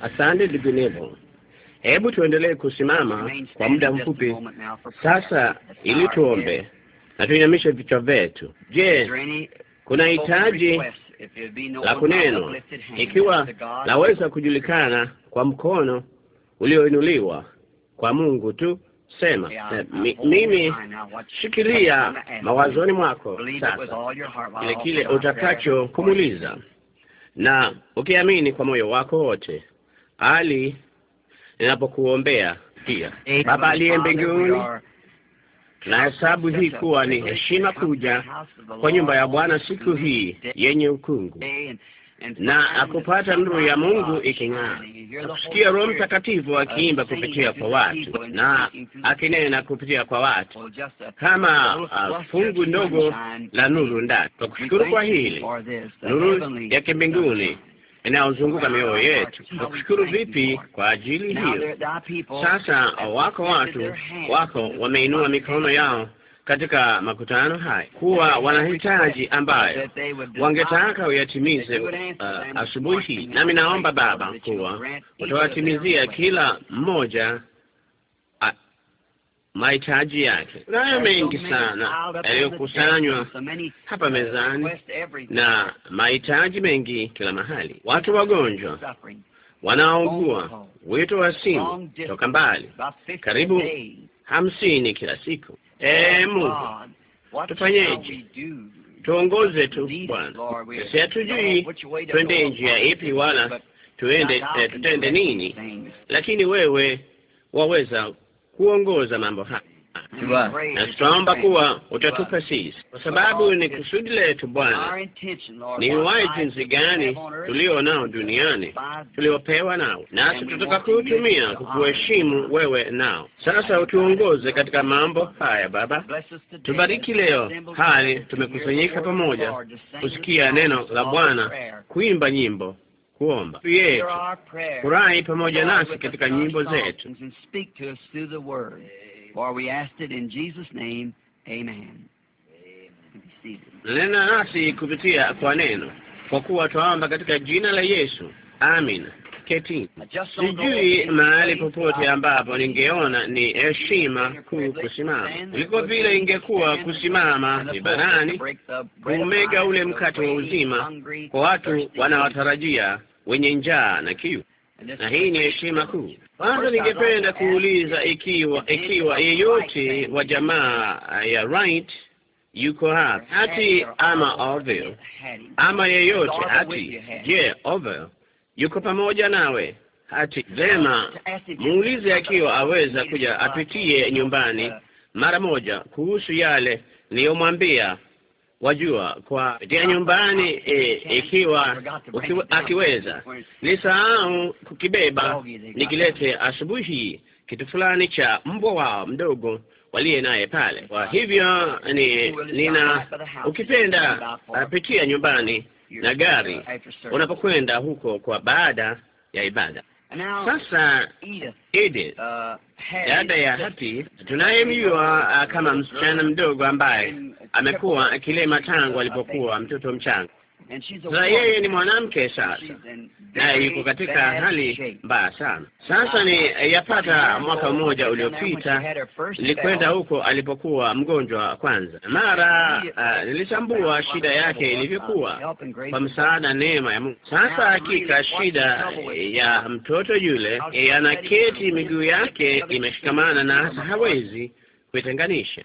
Asante ndugu Nebo. Hebu tuendelee kusimama kwa muda mfupi sasa, ili tuombe na tuinamishe vichwa vyetu. Je, kuna hitaji la kunenwa? Ikiwa naweza kujulikana kwa mkono ulioinuliwa kwa Mungu tu, sema mimi. Shikilia mawazoni mwako sasa kile kile utakacho na ukiamini kwa moyo wako wote hali ninapokuombea pia. Baba aliye mbinguni, na hesabu hii kuwa ni heshima kuja kwa nyumba ya Bwana siku hii yenye ukungu na akupata nuru ya Mungu iking'aa, akusikia Roho Mtakatifu uh, akiimba kupitia kwa watu na akinena kupitia kwa watu kama uh, fungu ndogo la nuru ndani. Tukushukuru kwa hili, nuru ya kimbinguni inayozunguka mioyo yetu. Nakushukuru vipi kwa ajili hiyo. Sasa wako watu wako wameinua mikono yao katika makutano haya kuwa wanahitaji ambayo wangetaka uyatimize uh, asubuhi hii, nami naomba Baba kuwa utawatimizia kila mmoja mahitaji yake. Kunayo mengi sana yaliyokusanywa hapa mezani na mahitaji mengi kila mahali, watu wagonjwa, wanaougua, wito wa simu toka mbali, karibu hamsini kila siku. Oh, ee Mungu, tufanyeje? Tuongoze tu Bwana, sisi hatujui twende njia ipi, wala tuende eh, tutende nini, lakini wewe waweza kuongoza mambo haya na tutaomba kuwa utatupa sisi, kwa sababu ni kusudi letu Bwana, ni wai jinsi gani tulio nao duniani tuliopewa nao, nasi tutaka kuutumia kukuheshimu wewe nao. Sasa utuongoze katika mambo haya Baba, tubariki leo hali tumekusanyika pamoja kusikia neno la Bwana, kuimba nyimbo kuomba yetu, furahi pamoja nasi katika nyimbo zetu. Nena nasi kupitia kwa neno, kwa kuwa twaomba katika jina la Yesu, amina. Sijui mahali popote ambapo ningeona ni heshima kuu kusimama, kuliko vile ingekuwa kusimama ni barani kuumega ule mkate wa uzima kwa watu wanawatarajia wenye njaa na kiu, na hii ni heshima kuu. Kwanza ningependa kuuliza ikiwa ikiwa yeyote wa jamaa uh, ya Wright yuko hapa hati ama Orville ama yeyote hati. Je, Orville yuko pamoja nawe? Hati vema, muulize akiwa aweza kuja apitie nyumbani mara moja kuhusu yale niliyomwambia wajua, kwa tia nyumbani e, ikiwa e, e, akiweza nisahau kukibeba nikilete asubuhi kitu fulani cha mbwa wao mdogo waliye naye pale. Kwa hivyo ni, nina ukipenda uh, pitia nyumbani na gari unapokwenda huko kwa baada ya ibada. Sasa Edith, uh, dada ya Happy, tunayemjua uh, kama msichana mdogo ambaye amekuwa akilema tangu uh, alipokuwa mtoto mchanga na yeye ni mwanamke sasa, naye yuko katika hali mbaya sana. Sasa ni yapata mwaka mmoja uliopita, nilikwenda huko alipokuwa mgonjwa kwanza. Mara uh, nilitambua shida yake ilivyokuwa, kwa msaada neema ya Mungu. Sasa hakika shida ya mtoto yule yanaketi, eh, miguu yake imeshikamana na hasa hawezi kuitenganisha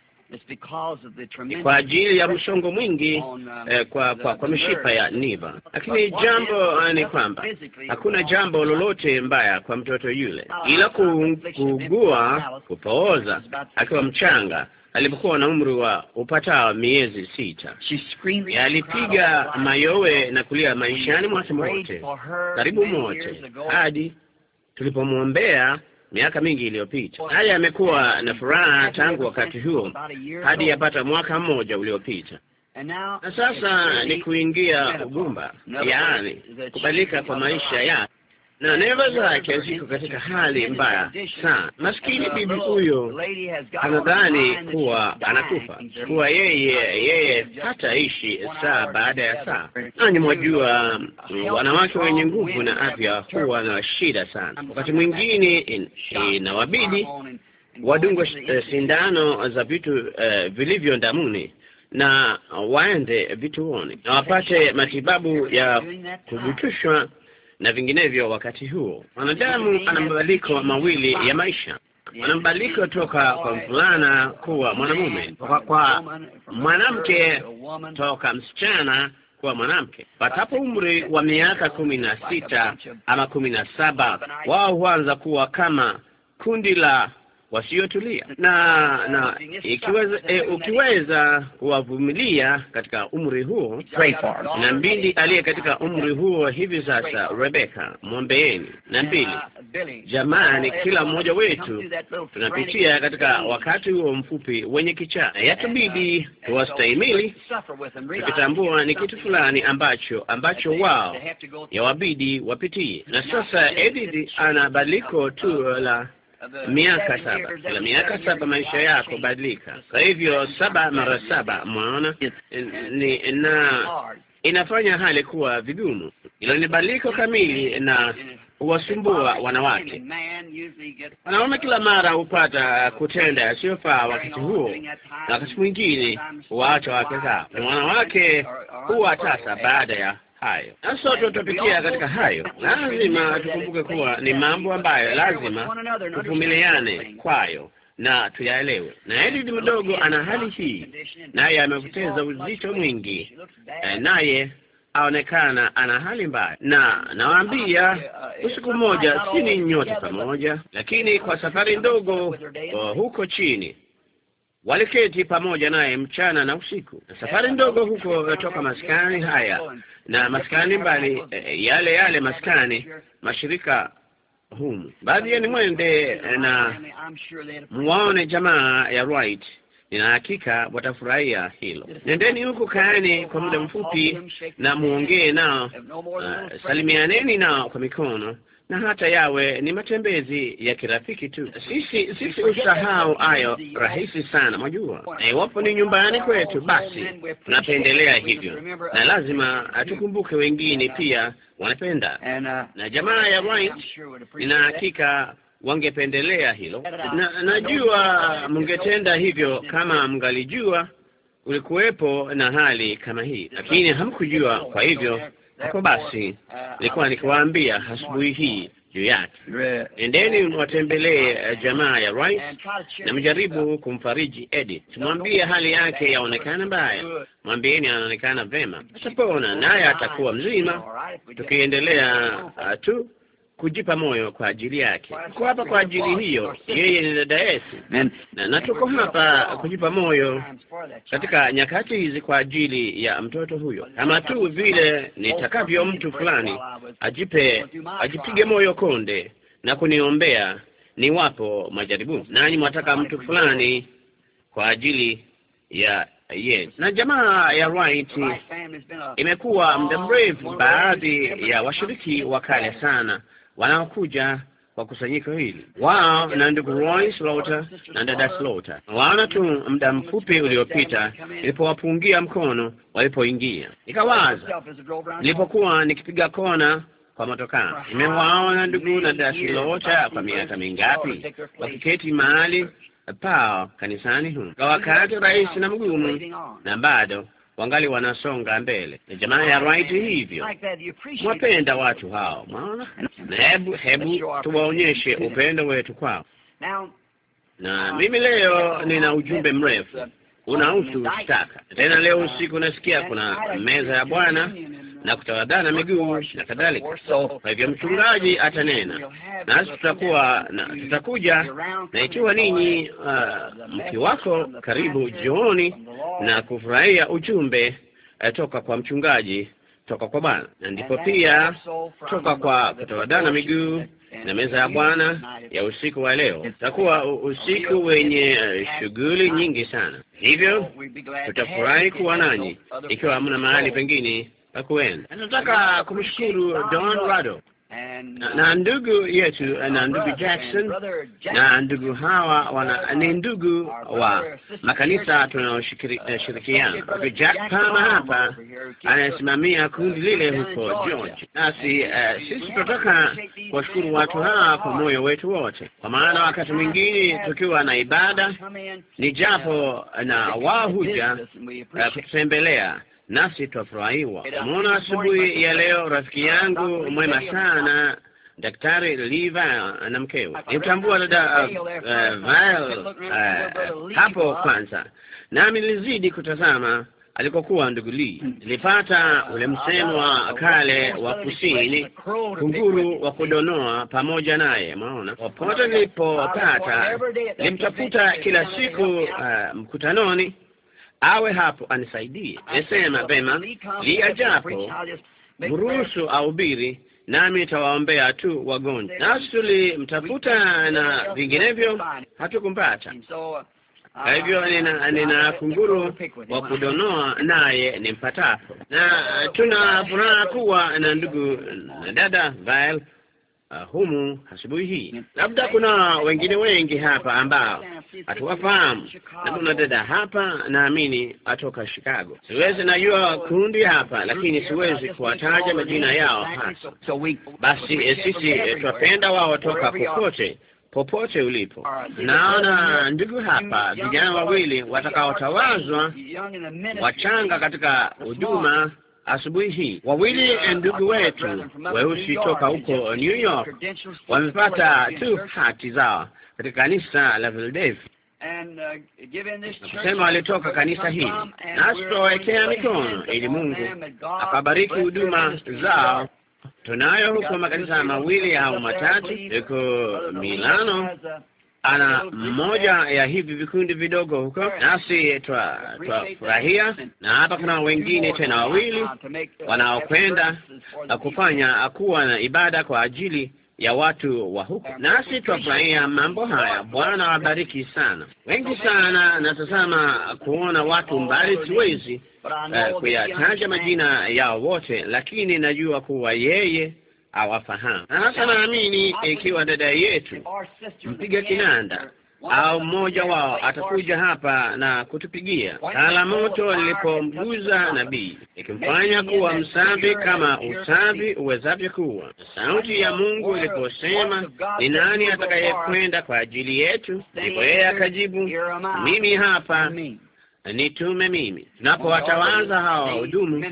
ni kwa ajili ya msongo mwingi um, eh, kwa kwa, kwa mishipa ya neva. Lakini jambo eh, ni kwamba hakuna jambo lolote mbaya kwa mtoto yule, ah, ila kuugua kupooza akiwa mchanga alipokuwa na umri wa upatao miezi sita, alipiga mayowe na kulia maishani mwake mote, karibu mote, hadi tulipomwombea miaka mingi iliyopita. Naye amekuwa na furaha tangu wakati huo hadi yapata mwaka mmoja uliopita, na sasa ni kuingia ugumba, yaani kubadilika kwa maisha yake na neva zake ziko katika hali mbaya sana. Maskini bibi huyo anadhani kuwa anakufa, kuwa yeye yeye hataishi saa baada ya saa. Nanyi mwajua mm, wanawake wenye nguvu na afya huwa na shida sana, wakati mwingine inawabidi wadungwe eh, sindano za vitu uh, vilivyo ndamuni na waende vituoni na wapate matibabu ya kubutushwa na vinginevyo. Wakati huo mwanadamu ana mabadiliko mawili ya maisha, ana mabadiliko toka kwa mvulana kuwa mwanamume, toka kwa mwanamke, toka msichana kuwa mwanamke. Patapo umri wa miaka kumi na sita ama kumi na saba, wao huanza kuwa kama kundi la wasiotulia, na na ikiweza, e, ukiweza kuwavumilia katika umri huo, na mbili aliye katika umri huo hivi sasa, Rebeka, mwombeeni. Na mbili, jamani, kila mmoja wetu tunapitia katika wakati huo mfupi wenye kichaa, yatubidi tuwastahimili, tukitambua ni kitu fulani ambacho ambacho wao yawabidi wapitie. Na sasa Edith ana badiliko tu la miaka saba. Kila miaka saba maisha yako badilika. Kwa hivyo saba mara saba, mwaona ni na inafanya hali kuwa vigumu. Hilo ni badiliko kamili na huwasumbua wanawake. Wanaume kila mara hupata kutenda yasiyofaa wakati huo, na wakati mwingine huwaacha wake zao, na wanawake huwa tasa baada ya hayo. Sasa tutapitia katika hayo, lazima tukumbuke kuwa ni mambo ambayo lazima tuvumiliane kwayo na tuyaelewe. Na Edith mdogo ana hali hii, naye amepoteza uzito mwingi, eh, naye aonekana ana hali mbaya, na nawaambia usiku mmoja ni nyote pamoja, lakini kwa safari ndogo oh, huko chini waliketi pamoja naye mchana na usiku. Na safari ndogo huko toka maskani haya na maskani mbali eh, eh, yale yale maskani mashirika humu, baadhi yenu mwende eh, na mwaone jamaa ya Wright. Nina hakika watafurahia hilo. Nendeni huko, kaani kwa muda mfupi na muongee nao, uh, salimianeni nao kwa mikono na hata yawe ni matembezi ya kirafiki tu. Sisi sisi usahau hayo rahisi sana, mwajua, na iwapo ni nyumbani kwetu, basi tunapendelea hivyo, na lazima tukumbuke wengine pia wanapenda, uh, na jamaa ya Wright, nina hakika wangependelea hilo, na najua mngetenda hivyo kama mngalijua ulikuwepo na hali kama hii, lakini hamkujua, kwa hivyo kwa basi, nilikuwa nikiwaambia asubuhi hii juu yake, endeni mwatembelee eh, jamaa ya Rice na mjaribu kumfariji Edith, mwambie hali yake yaonekana mbaya, mwambieni anaonekana vema, atapona naye atakuwa mzima, tukiendelea ah, tu kujipa moyo kwa ajili yake. Tuko hapa kwa ajili hiyo. Yeye ni dada yetu, na tuko hapa kujipa moyo katika nyakati hizi kwa ajili ya mtoto huyo, kama tu vile nitakavyo mtu fulani ajipe, ajipige moyo konde na kuniombea niwapo majaribuni. Nani mwataka mtu fulani kwa ajili ya Yes. Na jamaa ya Wright imekuwa muda mrefu baadhi ya washiriki wa kale sana wanaokuja kwa kusanyiko hili. Wao na ndugu Roy Slaughter na dada Slaughter, waona tu muda mfupi uliopita nilipowapungia mkono walipoingia. Nikawaza nilipokuwa nikipiga kona kwa motokaa, nimewaona ndugu na dada Slaughter kwa miaka mingapi wakiketi mahali pao kanisani humu, kwa wakati rahisi na mgumu, na bado wangali wanasonga mbele. jamaa ya right hivyo, mwapenda watu hao, maana na hebu hebu tuwaonyeshe upendo wetu kwao. Na mimi leo nina ujumbe mrefu unahusu staka Tena leo uh, usiku nasikia kuna meza ya Bwana na kutawadhana miguu na kadhalika. Kwa hivyo mchungaji atanena nasi, tutakuwa na tutakuja na ikiwa ninyi uh, mke wako karibu jioni na kufurahia ujumbe uh, toka kwa mchungaji toka kwa Bwana, na ndipo pia toka kwa kutawadhana miguu na meza ya Bwana ya usiku wa leo. Itakuwa usiku wenye uh, shughuli nyingi sana, hivyo tutafurahi kuwa nanyi, ikiwa hamna mahali pengine kuenda. Nataka kumshukuru Don Rado na, na ndugu yetu na ndugu Jackson na ndugu hawa wana, ni ndugu wa makanisa tunaoshirikiana. Ndugu Jack Palmer hapa anayesimamia kundi lile huko George. Nasi uh, sisi tunataka kuwashukuru watu hawa kwa moyo wetu wote, kwa maana wakati mwingine tukiwa na ibada ni japo na wao huja uh, eh, kututembelea nasi twafurahiwa. Muona asubuhi ya leo, rafiki yangu mwema sana Daktari Liva na mkewe nimtambua dada uh, uh, uh hapo kwanza, nami nilizidi kutazama alikokuwa ndugu Lee. Hmm. Nilipata uh, ule msemo wa kale wa kusini, kunguru wa kudonoa pamoja naye. Maona popote nilipopata, nilimtafuta kila siku uh, mkutanoni awe hapo anisaidie. Nisema vema, lia japo mruhusu ahubiri, nami nitawaombea tu wagonjwa. Nasi tulimtafuta na vinginevyo hatukumpata. Uh, Kwa hivyo uh, nina, uh, nina kunguru wa kudonoa naye nimpatapo, na tuna furaha kuwa na ndugu na dada Vail humu asubuhi hii. Labda kuna wengine wengi hapa ambao hatuwafahamu. Na kuna dada hapa, naamini atoka Chicago. Siwezi najua kundi hapa, lakini siwezi kuwataja majina yao hasa. Basi eh, sisi eh, twapenda wao toka popote popote ulipo. Naona ndugu hapa, vijana wawili watakaotawazwa wachanga katika huduma asubuhi hii, wawili eh, ndugu wetu weusi toka huko New York wamepata tu hati zao katika kanisa la Philadelphia uh, kusema walitoka kanisa hili, nasi tutawawekea mikono ili Mungu akabariki huduma zao. Tunayo huko makanisa mawili au matatu, yuko Milano ana mmoja ya hivi vikundi vidogo huko, nasi twafurahia. Na hapa kuna wengine tena uh, wawili wanaokwenda na kufanya akuwa uh, na ibada kwa ajili ya watu wa huku, nasi twafurahia mambo haya. Bwana wabariki sana. Wengi sana natazama kuona watu mbali, siwezi uh, kuyataja majina yao wote, lakini najua kuwa yeye awafahamu. Sasa naamini ikiwa dada yetu mpiga kinanda au mmoja wao atakuja hapa na kutupigia kala. Moto lilipomguza nabii, ikimfanya kuwa msafi kama usafi uwezavyo kuwa, sauti ya Mungu iliposema, ni nani atakayekwenda kwa ajili yetu? Ndipo yeye akajibu, mimi hapa nitume mimi. Tunapowatawaza hawa wahudumu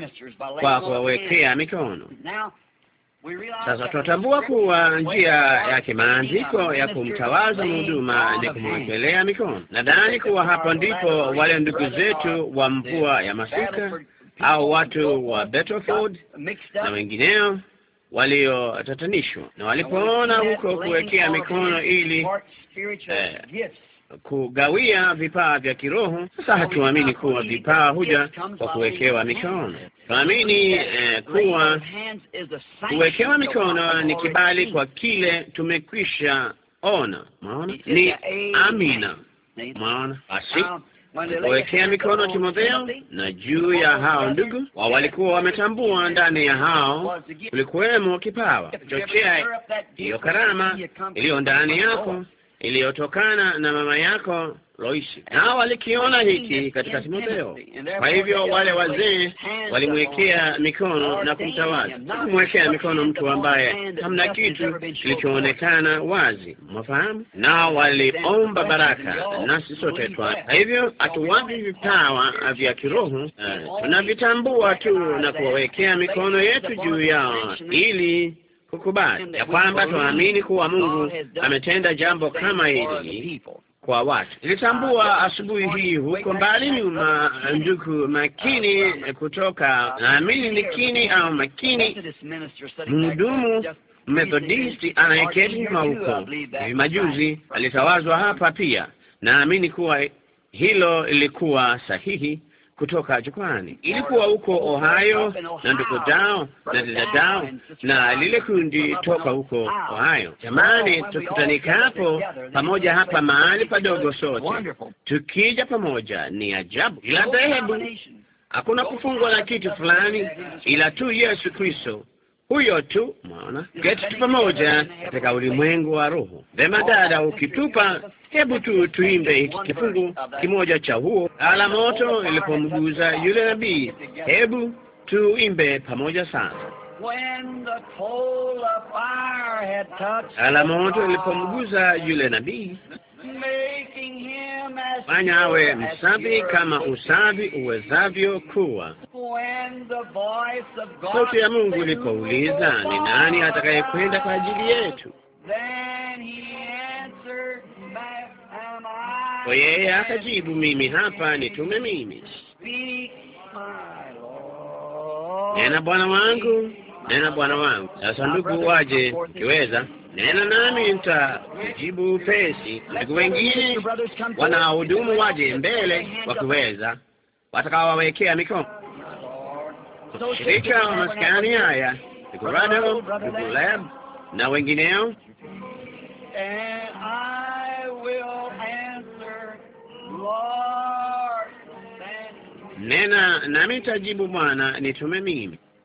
kwa kuwawekea mikono sasa tunatambua kuwa njia ya kimaandiko ya kumtawaza mhuduma ni kumwekelea mikono. Nadhani kuwa hapo ndipo wale ndugu zetu wa mvua ya masika au watu wa Betterford na wengineo waliotatanishwa na walipoona huko kuwekea mikono ili eh, kugawia vipaa vya kiroho. Sasa hatuamini kuwa vipaa huja kwa kuwekewa mikono. Tuamini eh, kuwa kuwekewa mikono ni kibali kwa kile tumekwisha ona. Maona ni amina, maona basi kuwekea mikono Timotheo na juu ya hao ndugu wa walikuwa wametambua ndani ya hao kulikuwemo kipawa chochea hiyo karama iliyo ndani yako iliyotokana na mama yako Loishi. Nao walikiona hiki katika Timotheo. Kwa hivyo wale wazee walimwekea mikono na kumtawaza. Kumwekea mikono mtu ambaye hamna kitu kilichoonekana wazi, mwafahamu. Nao waliomba baraka, nasi sote twa. Kwa hivyo hatuwapi vipawa vya kiroho, eh, tunavitambua tu na kuwawekea mikono yetu juu yao ili kukubali ya kwamba tunaamini kuwa Mungu ametenda jambo kama hili kwa watu. Nilitambua ah, asubuhi hii huko mbali nyuma, nduku makini ah, kutoka, ah, naamini ni kini au makini, mhudumu Methodisti anayeketi nyuma huko, hivi majuzi alitawazwa hapa pia. Naamini kuwa hilo ilikuwa sahihi kutoka jukwani. Ilikuwa huko Ohio na ndugu zao na dada zao na lile kundi toka huko Ohio. Jamani, tukutanikapo pamoja hapa mahali padogo, sote tukija pamoja, ni ajabu. Ila dhehebu hakuna kufungwa na kitu fulani, ila tu Yesu Kristo huyo tu. Maana keti tu pamoja katika ulimwengu wa roho. Vema dada, ukitupa, hebu tu tuimbe hiki kifungu kimoja cha huo ala moto ilipomguza yule nabii. Hebu tuimbe pamoja sana. Ala moto ilipomguza yule nabii fanya awe msafi kama usafi uwezavyo kuwa. Sauti ya Mungu ilipouliza ni nani atakayekwenda kwa ajili yetu, kwa yeye akajibu, mimi hapa, nitume mimi. Nena Bwana wangu, nena Bwana wangu. Sasa ndugu, waje ukiweza nena nami nitakujibu upesi. Ndugu wengine wanahudumu waje mbele wakiweza, watakawawekea mikono shirika wa maskani haya Nikorado, ndugu Lab na wengineo. Nena nami tajibu, Bwana nitume mimi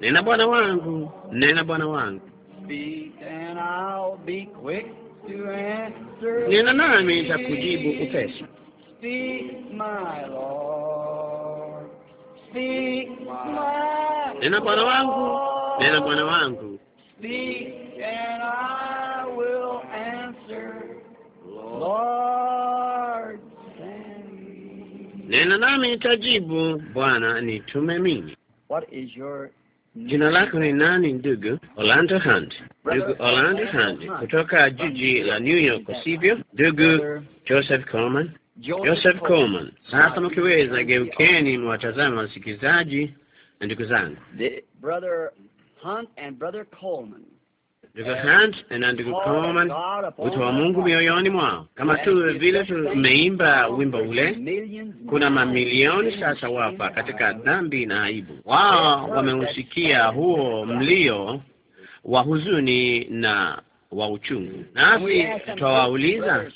nena Bwana wangu, nena Bwana wangu, nena nami nitakujibu upesi. Nena Bwana wangu, nena Bwana wangu, nena nami nitajibu, Bwana nitume mimi your... jina lako ni nani ndugu Orlando Hunt? Ndugu Orlando Hunt kutoka jiji la New York, kwa sivyo? Ndugu Joseph Coleman, Joseph Coleman. Sasa mkiweza, geukeni mwatazama wasikilizaji na ndugu zangu, brother Hunt and brother Coleman Ndugu Hunt na ndugu wa Mungu mioyoni mwao, kama tu vile tumeimba wimbo ule. Kuna mamilioni sasa wafa katika dhambi na aibu, wao wameusikia huo mlio wa huzuni na wa uchungu, nasi twawauliza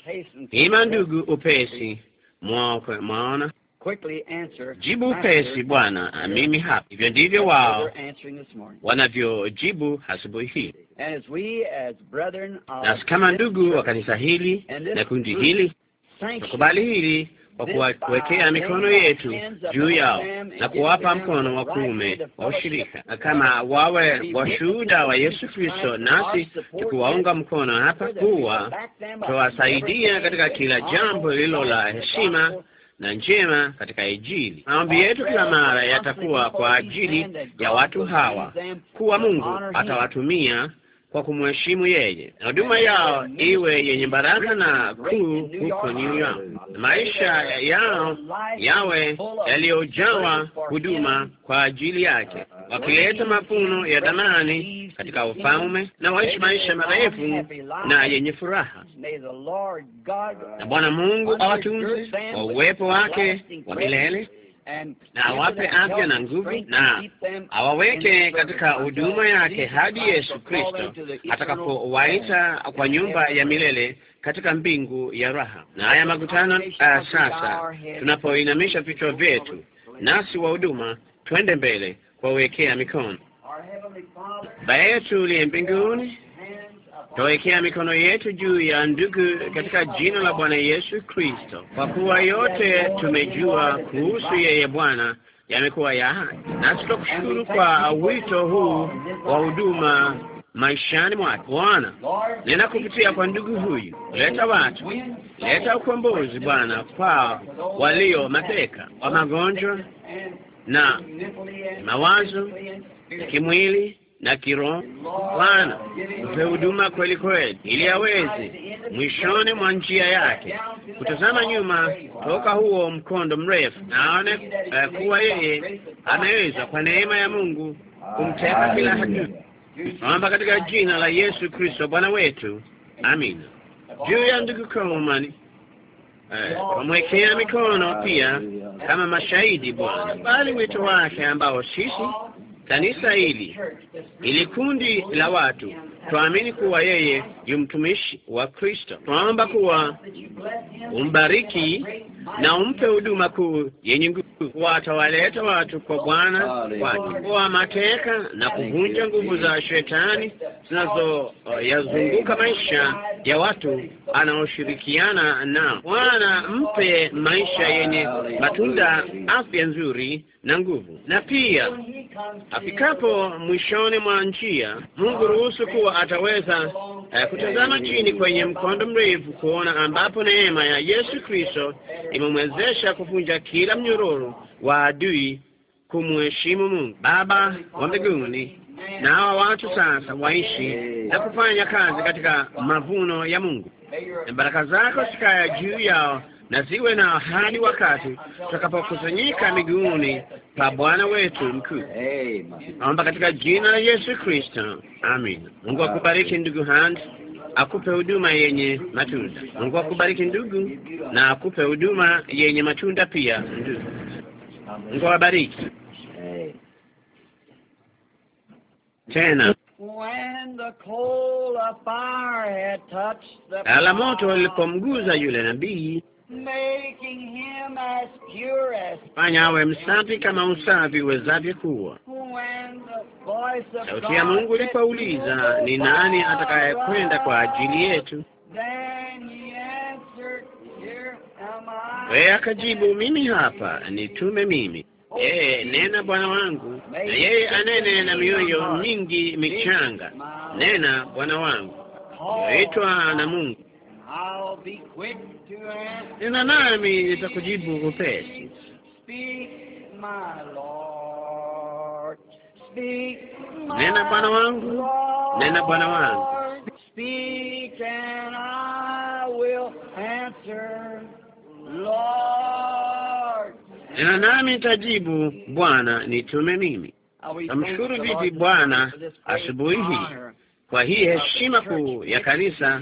ima, ndugu, upesi mwako, mwaona Jibu upesi Bwana, mimi hapa. Hivyo ndivyo wao wanavyojibu asubuhi hii nasi kama ndugu wa kanisa hili na kundi hili tukubali hili kwa kuwawekea mikono yetu juu yao na kuwapa mkono wa kuume wa ushirika, kama wawe washuhuda wa Yesu Kristo, nasi tukiwaunga mkono hapa kuwa tuwasaidia katika kila jambo lililo la heshima na njema katika Injili. Maombi yetu kila mara yatakuwa kwa ajili ya watu hawa, kuwa Mungu atawatumia kwa kumheshimu yeye, na huduma yao iwe yenye baraka na kuu huko New York, na maisha yao yawe yaliyojawa huduma kwa ajili yake, wakileta mafuno ya thamani katika ufalme, na waishi maisha marefu na yenye furaha. Na Bwana Mungu awatunze kwa uwepo wake wa milele na awape afya na nguvu, na awaweke katika huduma yake hadi Yesu Kristo atakapowaita kwa nyumba ya milele katika mbingu ya raha. Na haya makutano uh, sasa tunapoinamisha vichwa vyetu, nasi wa huduma twende mbele kuwawekea mikono. Baba yetu uliye mbinguni, Tuwekea mikono yetu juu ya ndugu katika jina la Bwana Yesu Kristo, kwa kuwa yote tumejua kuhusu yeye Bwana yamekuwa ya haki, na tutakushukuru kwa wito huu wa huduma maishani mwake. Bwana, ninakupitia kwa ndugu huyu, leta watu, leta ukombozi Bwana kwa walio mateka wa magonjwa na mawazo ya kimwili na kiroho. Bwana mpe huduma kweli kweli, ili aweze mwishoni mwa njia yake kutazama nyuma toka huo mkondo mrefu, naone uh, eh, kuwa yeye ameweza kwa neema ya Mungu kumteka kila hatua. Naomba katika jina la Yesu Kristo Bwana wetu, amina. Juu ya ndugu Coleman eh, wamwekea mikono pia kama mashahidi Bwana, bali wito wake ambao sisi kanisa hili, ili kundi la watu Twaamini kuwa yeye yu mtumishi wa Kristo. Twaomba kuwa umbariki na umpe huduma kuu yenye nguvu. Watawaleta watu kwa Bwana kwa mateka na kuvunja nguvu za shetani zinazoyazunguka maisha ya watu anaoshirikiana nao. Bwana, mpe maisha yenye matunda, afya nzuri na nguvu, na pia afikapo mwishoni mwa njia, Mungu ruhusu kuwa ataweza eh, kutazama chini kwenye mkondo mrefu kuona ambapo neema ya Yesu Kristo imemwezesha kuvunja kila mnyororo wa adui kumheshimu Mungu Baba wa mbinguni, na hawa watu sasa waishi na kufanya kazi katika mavuno ya Mungu, na baraka zako zikaya juu yao na ziwe na hadi wakati tutakapokusanyika miguuni pa Bwana wetu mkuu. Naomba katika jina la Yesu Kristo, amin. Mungu akubariki ndugu Hand, akupe huduma yenye matunda. Mungu akubariki ndugu, na akupe huduma yenye matunda pia ndugu. Mungu awabariki tena ala moto alipomguza yule nabii fanya awe msafi kama usafi uwezavyo kuwa. Sauti ya Mungu ilipouliza ni nani atakayekwenda kwa ajili yetu, yeye akajibu, mimi hapa, nitume mimi. Yeye nena, Bwana wangu, na yeye anene na mioyo mingi michanga. Nena, Bwana wangu, naitwa na Mungu nina nami nitakujibu upesi. Nena Bwana wangu, nena Bwana wangu, nena nami nitajibu. Bwana, nitume mimi. Namshukuru vipi Bwana asubuhi hii kwa hii heshima kuu ya kanisa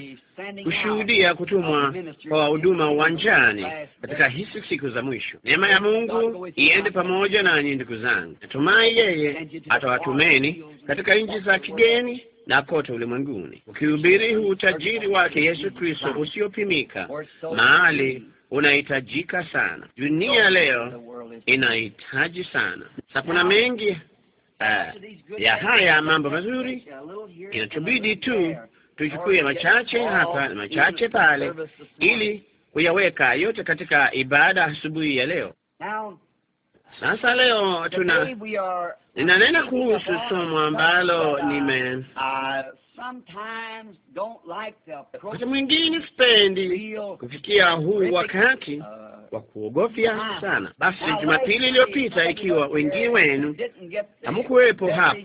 kushuhudia kutumwa kwa huduma uwanjani katika hizi siku za mwisho. Neema ya Mungu iende pamoja nanyi, ndugu zangu. Natumai yeye atawatumeni katika nchi za kigeni na kote ulimwenguni, ukihubiri huu utajiri wake Yesu Kristo usiopimika mahali unahitajika sana. Dunia leo inahitaji sana kuna mengi uh, ya haya mambo mazuri, inatubidi tu tuchukue machache hapa na machache pale, ili kuyaweka yote katika ibada asubuhi ya leo. Sasa leo tuna ninanena kuhusu somo ambalo nime uh, Wakati mwingine sipendi kufikia huu wakati uh, wa kuogofya ah, sana. Basi ah, Jumapili iliyopita, ikiwa wengine wenu hamkuwepo hapa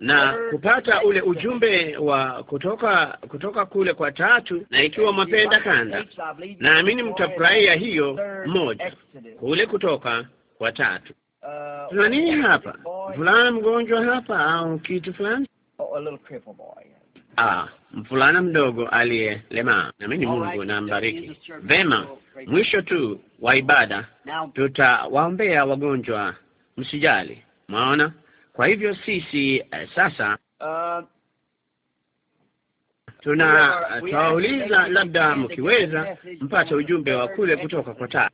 na kupata ule ujumbe wa kutoka kutoka kule kwa tatu, na ikiwa mapenda kanda, naamini mtafurahia hiyo moja kule kutoka kwa tatu. Uh, Tuna nini hapa? Fulani mgonjwa hapa au kitu fulani? Oh, ah, mfulana mdogo aliyelemaa. mimi Mungu nambariki vema. Mwisho tu wa ibada tutawaombea wagonjwa, msijali. Mwaona, kwa hivyo sisi eh, sasa uh, tuna twawauliza labda mkiweza mpate ujumbe wa kule kutoka kwa taa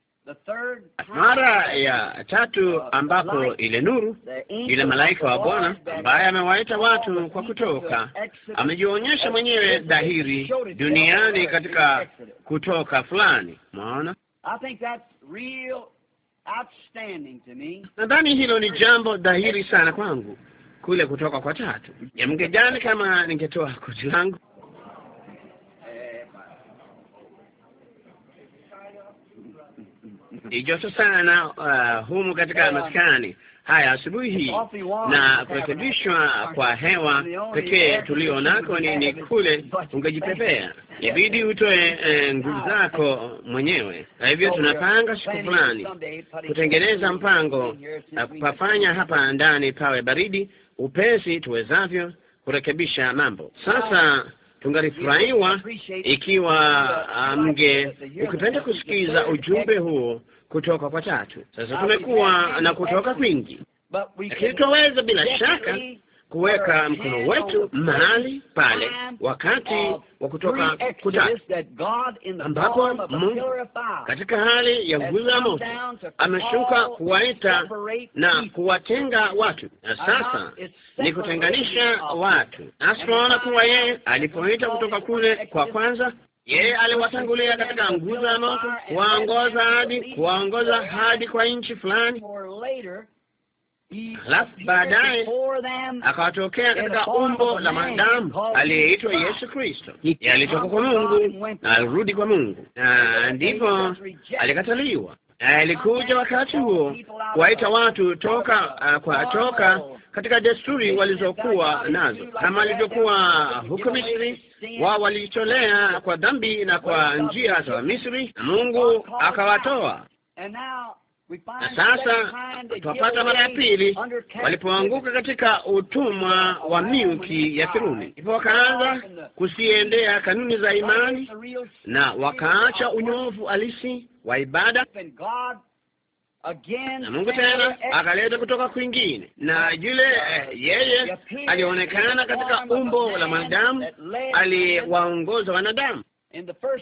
mara ya tatu ambapo ile nuru, ile malaika wa Bwana ambaye amewaita watu kwa kutoka, amejionyesha mwenyewe dhahiri duniani katika Kutoka fulani. Mwaona, nadhani hilo ni jambo dhahiri sana kwangu, kule kutoka kwa tatu. jani kama ningetoa koti langu ni joto sana uh, humu katika maskani haya asubuhi hii, na kurekebishwa kwa hewa pekee tulio nako ni ni kule ungejipepea, yabidi utoe eh, nguvu ah, zako ah. mwenyewe. Kwa hivyo tunapanga siku fulani kutengeneza mpango na kupafanya hapa ndani pawe baridi upesi tuwezavyo kurekebisha mambo sasa ah. tungalifurahiwa ikiwa mge ukipenda kusikiza ujumbe huo kutoka kwa tatu. Sasa tumekuwa na kutoka kwingi, lakini twaweza bila shaka kuweka mkono wetu mahali pale wakati wa kutoka kutatu, ambapo Mungu katika hali ya nguzo ya moto ameshuka kuwaita na kuwatenga watu, na sasa ni kutenganisha watu. tunaona kuwa yeye alipoita kutoka kule kwa kwanza yeye aliwatangulia katika nguzo ya moto kuwaongoza hadi kuwaongoza hadi kwa nchi fulani, alafu baadaye akawatokea katika umbo la mwanadamu aliyeitwa Yesu Kristo. Alitoka kwa Mungu na alirudi kwa Mungu, na ndipo alikataliwa. Alikuja wakati huo kuwaita watu toka uh, kwa toka katika desturi walizokuwa nazo, kama alivyokuwa huko Misri. Wao walitolea kwa dhambi na kwa njia za Wamisri, na Mungu akawatoa. Na sasa twapata mara ya pili walipoanguka katika utumwa wa miuki ya Kirumi, ndipo wakaanza kusiendea kanuni za imani na wakaacha unyofu halisi wa ibada na Mungu tena akaleta kutoka kwingine, na yule eh, yeye alionekana katika umbo la mwanadamu, aliwaongoza wanadamu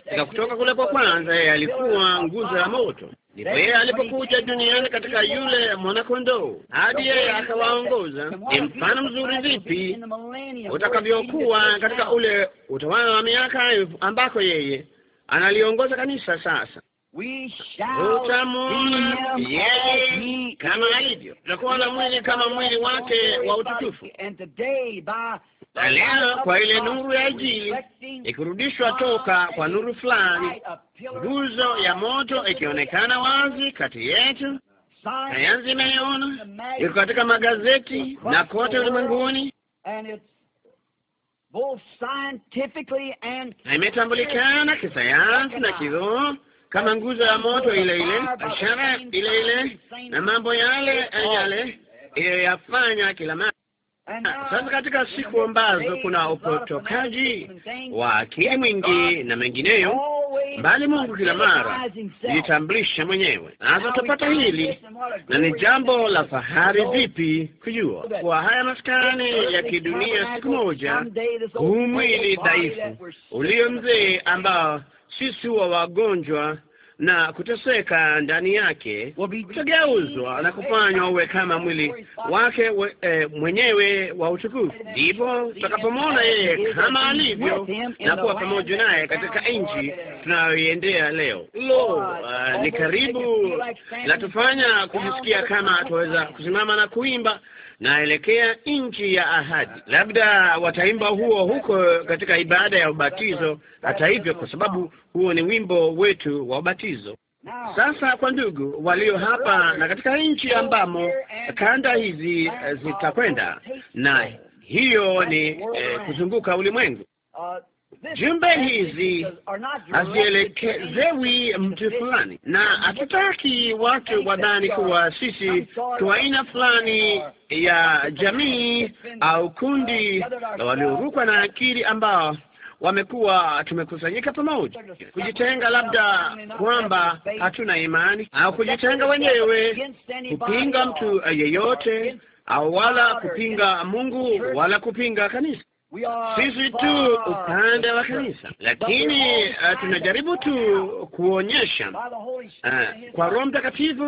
katika kutoka kule kwa kwanza. Yeye alikuwa nguzo ya moto, ndipo yeye alipokuja duniani katika yule mwanakondoo, hadi yeye akawaongoza. Ni mfano mzuri vipi utakavyokuwa katika ule utawala wa miaka elfu ambako yeye analiongoza kanisa sasa Utamwona yeye kama alivyo, tutakuwa na mwili kama mwili wake wa utukufu. Na leo kwa ile nuru ya Injili ikirudishwa toka kwa nuru fulani, nguzo ya moto ikionekana wazi kati yetu, sayansi inayoona iko katika magazeti na kote ulimwenguni na imetambulikana kisayansi na kiroho kama nguzo ya moto ile ile, ishara ile ile, na mambo yale yale iliyoyafanya kila mara. Sasa katika siku ambazo kuna upotokaji wa akili mwingi na mengineyo, bali Mungu kila mara jitambulisha mwenyewe. Sasa tupata hili, na ni jambo la fahari vipi kujua kwa haya maskani ya kidunia, siku moja huu mwili dhaifu ulio mzee ambao sisi huwa wagonjwa na kuteseka ndani yake, utageuzwa na kufanywa uwe kama mwili wake we, e, mwenyewe wa utukufu. Ndipo tutakapomwona yeye kama alivyo na kuwa pamoja naye katika nchi tunayoiendea leo. Lo, uh, ni karibu la tufanya kujisikia kama tuweza kusimama na kuimba naelekea nchi ya ahadi. Labda wataimba huo huko katika ibada ya ubatizo, hata hivyo, kwa sababu huo ni wimbo wetu wa ubatizo. Sasa kwa ndugu walio hapa na katika nchi ambamo kanda hizi eh, zitakwenda, na hiyo ni eh, kuzunguka ulimwengu. Jumbe hizi hazielekezewi mtu fulani, na hatutaki watu wadhani kuwa sisi kwa aina fulani ya jamii au uh, kundi la waliorukwa na akili ambao wamekuwa tumekusanyika pamoja, kujitenga labda kwamba hatuna imani au kujitenga wenyewe, kupinga mtu yeyote au wala kupinga Mungu wala kupinga kanisa sisi tu upande wa kanisa, lakini uh, tunajaribu tu kuonyesha uh, kwa Roho Mtakatifu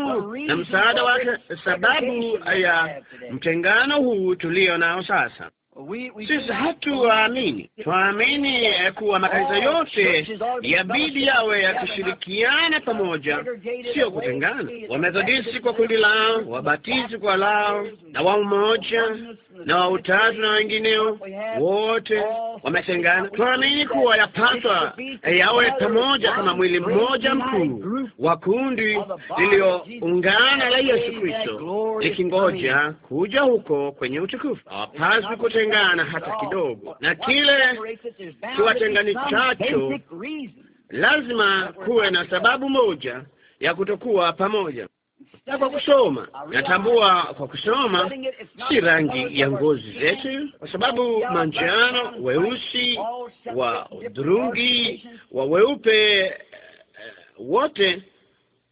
na msaada wake sababu ya mtengano huu tulio nao sasa. Sisi hatuamini, twaamini eh, kuwa makanisa oh, yote yabidi yawe yakishirikiana pamoja, sio kutengana. Wamethodisti kwa kundi lao, wabatizi kwa lao, na wa umoja na wa utatu na wengineo wote wametengana. Twaamini kuwa yapaswa yawe pamoja kama mwili mmoja mkuu wa kundi liliyoungana la Yesu Kristo, likingoja kuja huko kwenye utukufu. Hawapaswi kutengana hata kidogo, na kile kiwatenganichacho lazima kuwe na sababu moja ya kutokuwa pamoja. Na kwa kusoma, natambua kwa kusoma si rangi ya ngozi zetu, kwa sababu manjano, weusi, wa udhurungi, wa weupe, eh, wote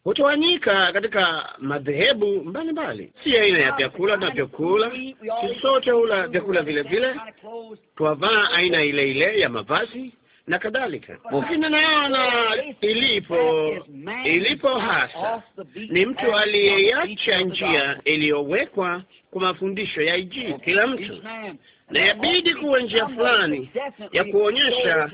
hutawanyika katika madhehebu mbalimbali. Si aina ya vyakula na sisi sote hula vyakula vile vile, twavaa aina ile ile ya mavazi na kadhalika. Lakini naona ilipo ilipo hasa ni mtu aliyeacha njia iliyowekwa kwa mafundisho ya Injili. Kila mtu na yabidi kuwa njia fulani ya kuonyesha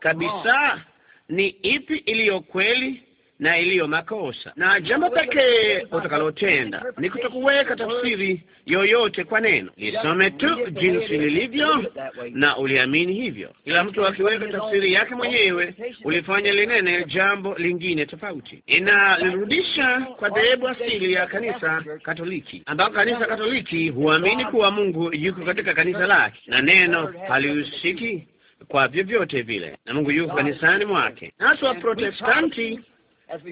kabisa ni ipi iliyo kweli na iliyo makosa, na jambo pekee utakalotenda ni kutokuweka tafsiri yoyote kwa neno. Lisome tu jinsi lilivyo na uliamini hivyo. Kila mtu akiweka tafsiri yake mwenyewe, ulifanya linene jambo lingine tofauti. Inalirudisha kwa dhehebu asili ya kanisa Katoliki, ambako kanisa Katoliki huamini kuwa Mungu yuko katika kanisa lake na neno halihusiki kwa vyovyote vile na Mungu yuko kanisani mwake. Nasi Waprotestanti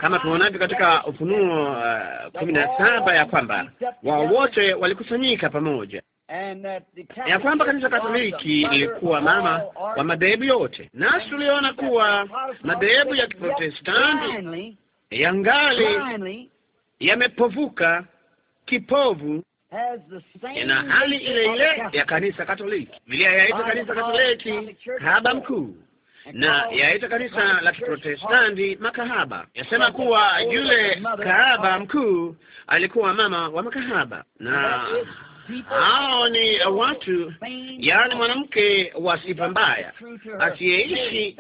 kama tuonavyo katika Ufunuo uh, kumi na saba ya kwamba wao wote walikusanyika pamoja ya kwamba kanisa Katoliki ilikuwa mama wa madhehebu yote, nasi tuliona kuwa madhehebu ya Kiprotestanti yangali yamepovuka kipovu na hali ile ile ya kanisa Katoliki. Biblia yaita kanisa Katoliki kaba mkuu, na yaita kanisa la Kiprotestanti makahaba, yasema kuwa yule kahaba mkuu alikuwa mama wa makahaba, na hao ni watu, yaani mwanamke wa sifa mbaya asiyeishi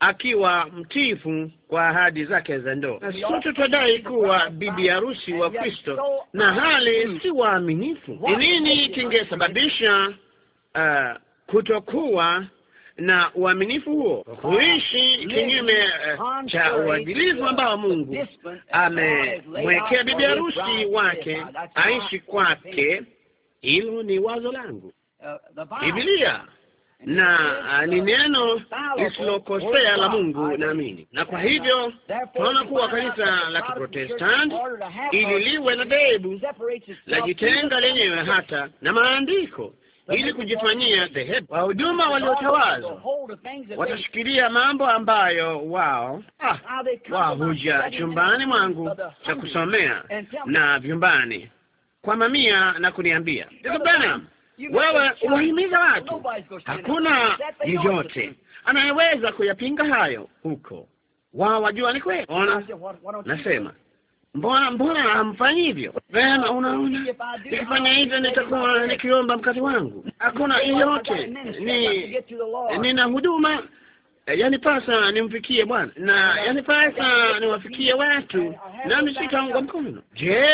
akiwa mtiifu kwa ahadi zake za ndoa. Sote twadai kuwa bibi harusi wa Kristo na hali si waaminifu. Ni nini kingesababisha uh, kutokuwa na uaminifu huo, kuishi kinyume eh, cha uadilifu ambao Mungu amemwekea bibi harusi wake aishi kwake. Hilo ni wazo langu. Uh, Biblia na uh, ni neno lisilokosea la Mungu, naamini. Na kwa uh, hivyo tunaona kuwa kanisa la Kiprotestanti ili liwe na debu la jitenga lenyewe hata na maandiko ili kujifanyia dhehebu. Wahuduma waliotawazwa watashikilia mambo ambayo wao ah, ah, wahuja chumbani mwangu cha kusomea na vyumbani kwa mamia na kuniambia, Branham, wewe unahimiza watu, hakuna yeyote anayeweza kuyapinga hayo huko. Wao wajua ni kweli. Ona, nasema Mbona mbona hamfanyi hivyo? Vema, unaona, nikifanya hivyo nitakuwa nikiomba mkati wangu. Hakuna yeyote ni nina huduma eh, yanipasa nimfikie Bwana na yanipasa niwafikie watu, nami sitaunga mkono. Je,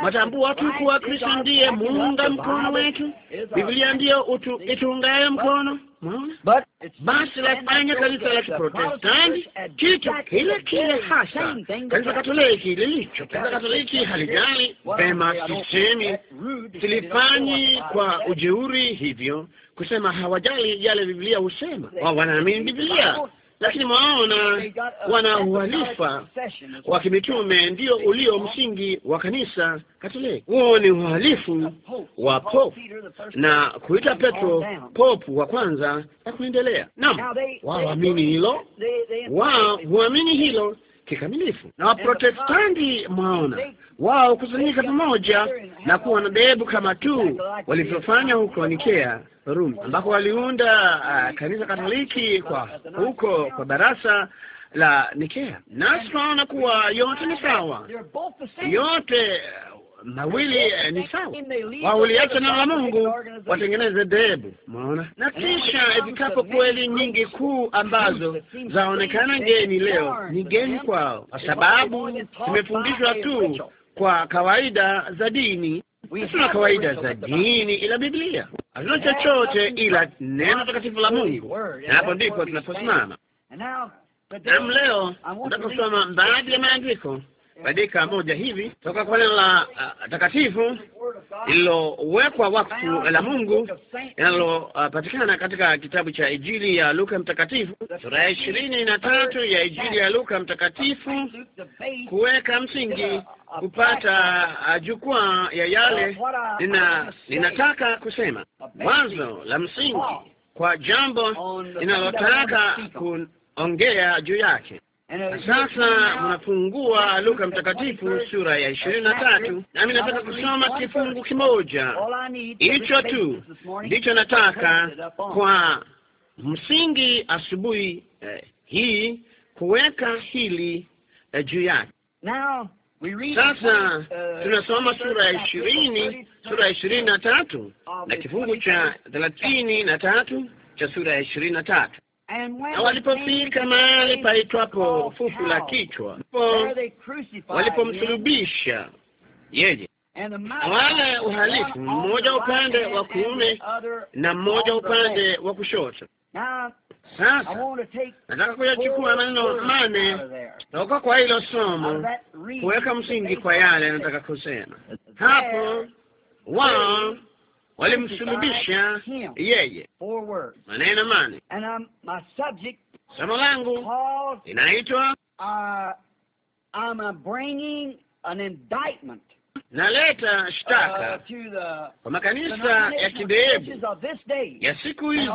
mwatambua tu kuwa Kristo ndiye muunga mkono wetu? Biblia ndiyo itungayo mkono basi lafanya kanisa la Kiprotestanti kitu kile kile hasa kanisa Katoliki lilicho. Kanisa Katoliki halijali pema, sisemi silifanyi kwa ujeuri hivyo kusema, hawajali yale Biblia husema, wao wanaamini Biblia lakini mwaona wana uhalifa wa kimitume ndio ulio msingi wa kanisa Katoliki. Huo ni uhalifu wa popu na kuita Petro popu wa kwanza na kuendelea. Naam, wao waamini hilo, wao huamini hilo kikamilifu. Na Waprotestanti, mwaona wao kusanyika pamoja na kuwa na dhehebu kama tu walivyofanya huko Nikea, Rumi, ambako waliunda uh, kanisa Katoliki kwa huko kwa barasa la Nikea. Nasi tunaona kuwa yote ni sawa, yote mawili eh, ni sawa, wauliacha neno la Mungu watengeneze dhehebu. Umeona, na kisha ifikapo um, kweli nyingi kuu um, ambazo zaonekana geni leo ni geni kwao, kwa sababu tumefundishwa tu kwa kawaida za dini. Hatuna kawaida za dini ila Biblia, hatuna chochote ila neno takatifu la Mungu, na hapo ndipo tunaposimama. Naam, leo nataka kusoma baadhi ya maandiko dakika moja hivi toka kwa neno la uh, takatifu lililowekwa wakfu la Mungu linalopatikana katika kitabu cha Injili ya Luka mtakatifu sura ya ishirini na tatu ya Injili ya Luka mtakatifu, kuweka msingi, kupata uh, jukwaa ya yale nina, ninataka kusema, wazo la msingi kwa jambo ninalotaka kuongea juu yake. Yaani, sasa unafungua Luka Mtakatifu sura ya ishirini na tatu, nami nataka kusoma kifungu kimoja. Hicho tu ndicho nataka kwa msingi asubuhi eh, hii kuweka hili eh, juu yake. Sasa uh, tunasoma sura ya ishirini sura ya ishirini na tatu na kifungu cha thelathini na tatu cha sura ya ishirini na tatu na walipofika mahali paitwapo fufu la kichwa, walipomsulubisha yeye na wale uhalifu, mmoja upande wa kuume na mmoja upande wa kushoto. Sasa nataka kuyachukua maneno mane toka kwa hilo somo, kuweka msingi kwa yale nataka kusema hapo wao walimsulubisha yeye. Maneno mane. Somo langu inaitwa uh, naleta shtaka uh, kwa makanisa ya kibehebu ya siku hizi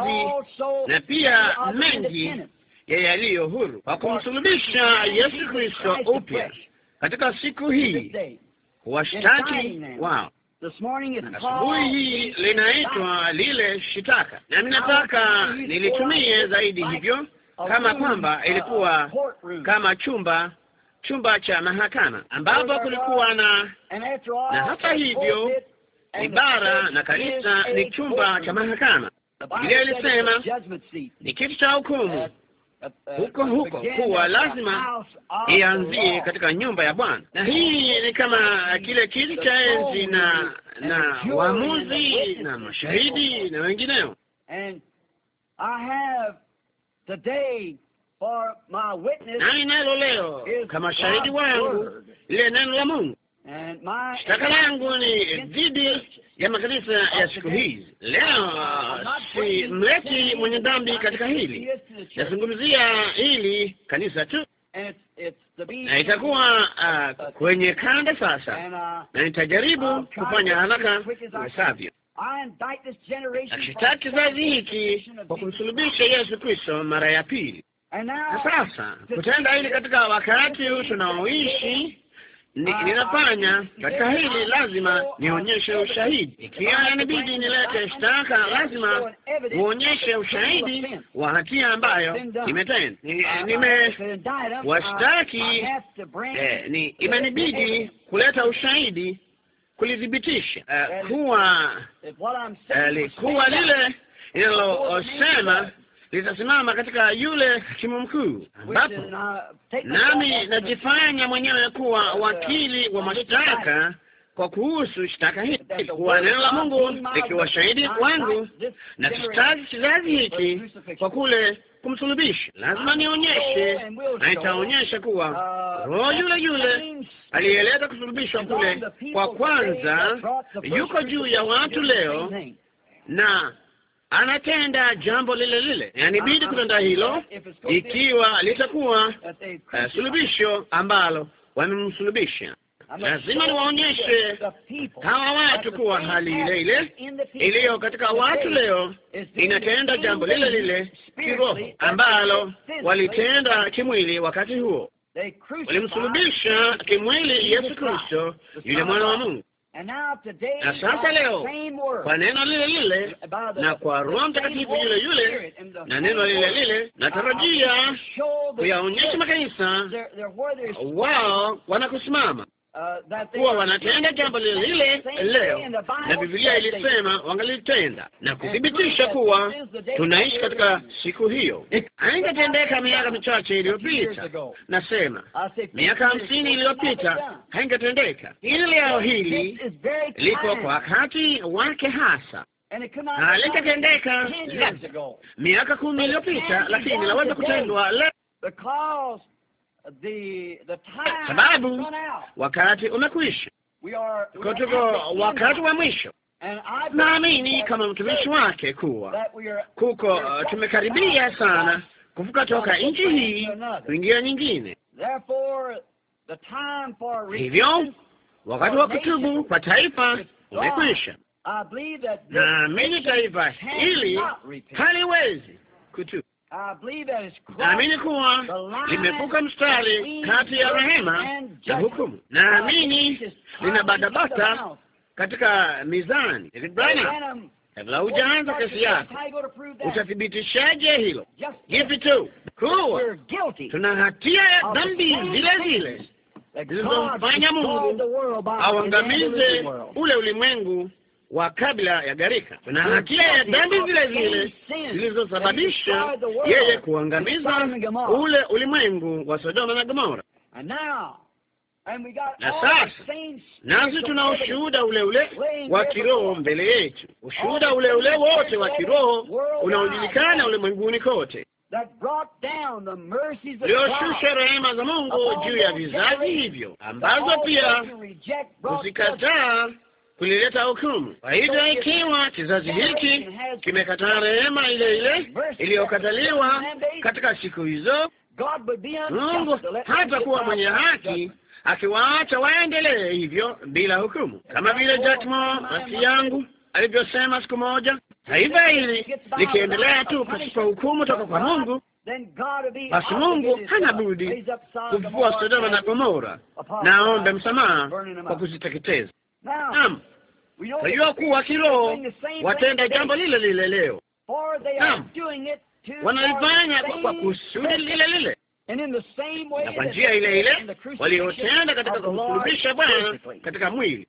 na pia mengi ya yaliyo huru kwa kumsulubisha Yesu Kristo upya katika siku hii, kuwashtaki wao Asubuhi hii linaitwa lile shitaka, na nataka nilitumie zaidi hivyo, kama kwamba ilikuwa kama chumba chumba cha mahakama ambapo kulikuwa na na hata hivyo, ibara na kanisa ni chumba cha mahakama. Biblia ilisema ni kitu cha hukumu, Uh, uh, huko huko kuwa lazima ianzie katika nyumba ya Bwana, na hii ni kama kile kiti cha enzi na na waamuzi na mashahidi na wengineo. Nami nalo leo kama shahidi wangu lile neno la Mungu. Shtaka langu ni dhidi ya makanisa ya siku hizi leo. Si mleti mwenye dhambi katika hili, nazungumzia hili kanisa tu, na itakuwa uh, kwenye kanda sasa, na nitajaribu kufanya haraka iwezavyo akishitaki kizazi hiki kwa kumsulubisha Yesu Kristo mara ya pili. Na sasa kutenda hili katika wakati huu tunaoishi Ah, ninafanya ah, katika hili, lazima uh, nionyeshe ushahidi. Ikiwa inabidi nilete shtaka, lazima uonyeshe ushahidi wa hatia ambayo imetenda ah, Nimewashtaki, eh, imenibidi kuleta ushahidi kulithibitisha kuwa eh, likuwa lile inalosema litasimama katika yule hakimu mkuu, ambapo nami najifanya mwenyewe kuwa wakili wa mashtaka kwa kuhusu shtaka hili, kuwa neno la Mungu likiwa shahidi wangu, na kizazi kizazi hiki kwa kule kumsulubisha. Lazima nionyeshe oh, na itaonyesha kuwa uh, roho yule yule aliyeleta kusulubishwa kule kwa kwanza yuko juu ya watu leo na anatenda jambo lile lile, yanibidi uh-huh. kutenda hilo ikiwa litakuwa uh, sulubisho ambalo wamemsulubisha. Lazima niwaonyeshe hawa watu kuwa hali ile ile iliyo katika watu leo inatenda jambo lile lile kiroho ambalo walitenda kimwili wakati huo. Walimsulubisha kimwili Yesu Kristo, yule mwana wa Mungu, na sasa leo kwa neno lile lile na kwa Roho Mtakatifu yule yule na neno lile lile, natarajia uh, kuyaonyesha makanisa wao wanakusimama kuwa wanatenda jambo lile lile leo, na Biblia ilisema wangalitenda na kuthibitisha kuwa tunaishi katika siku hiyo. Haingetendeka miaka michache iliyopita, nasema miaka hamsini iliyopita, haingetendeka ili leo hili liko kwa wakati wake hasa halingetendeka miaka kumi iliyopita, lakini laweza kutendwa leo sababu wakati umekwisha, ko tuko wakati wa mwisho. Naamini kama mtumishi wake kuwa kuko uh, tumekaribia sana kuvuka toka nchi hii kuingia nyingine. Hivyo wakati wa kutubu kwa taifa umekwisha. Naamini taifa hili haliwezi kutubu. Naamini kuwa limevuka mstari kati ya rehema na hukumu. Naamini nina badabata katika mizani. Kabla hujaanza kesi yako, utathibitishaje hilo? Jipi tu kuwa tuna hatia ya dhambi zile zile zilizomfanya Mungu auangamize ule ulimwengu wa kabla ya gharika, na hatia ya dhambi zile zile zilizosababisha yeye kuangamiza ule ulimwengu wa Sodoma na Gomora. Na sasa nasi tuna ushuhuda ule ule wa kiroho mbele yetu, ushuhuda ule ule wote wa kiroho unaojulikana ulimwenguni kote, ulioshusha rehema za Mungu juu ya vizazi hivyo, ambazo pia huzikataa kulileta hukumu. Kwa hivyo, ikiwa kizazi hiki kimekataa rehema ile ile iliyokataliwa katika siku hizo, Mungu hatakuwa mwenye haki akiwaacha waendelee hivyo bila hukumu, kama vile Jatmo rafiki yangu alivyosema siku moja, taifa hili likiendelea tu pasipo hukumu toka kwa Mungu, basi Mungu hana budi kufufua Sodoma na Gomora na msamaha kwa kuziteketeza. Naam, Najua kuwa kiroho watenda jambo lile lile leo, naam, wanalifanya kwa kusudi lile lile na kwa njia ile ile waliotenda katika kumsulubisha Bwana katika mwili.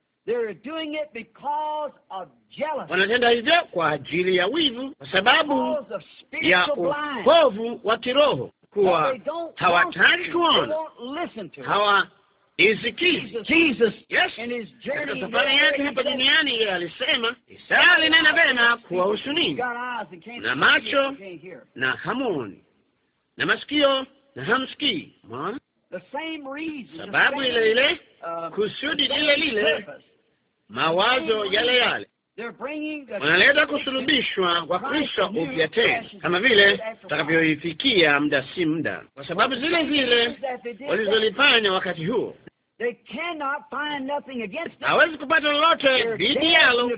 Wanatenda hivyo kwa ajili ya wivu, kwa sababu ya upovu wa kiroho, kuwa hawataki kuona, hawa Isikie Jesus katika safari yake hapa duniani, yeye alisema Isaya alinena vema kuwahusu ninyi, na macho na hamuoni, na masikio na hamsikii. Mwana sababu ile ile, uh, kusudi lile lile, mawazo yale yale wanaleta kusulubishwa kwa Kristo upya tena, kama vile takavyoifikia muda si muda, kwa sababu zile zile walizolifanya wakati huo hawezi kupata lolote dhidi yalo,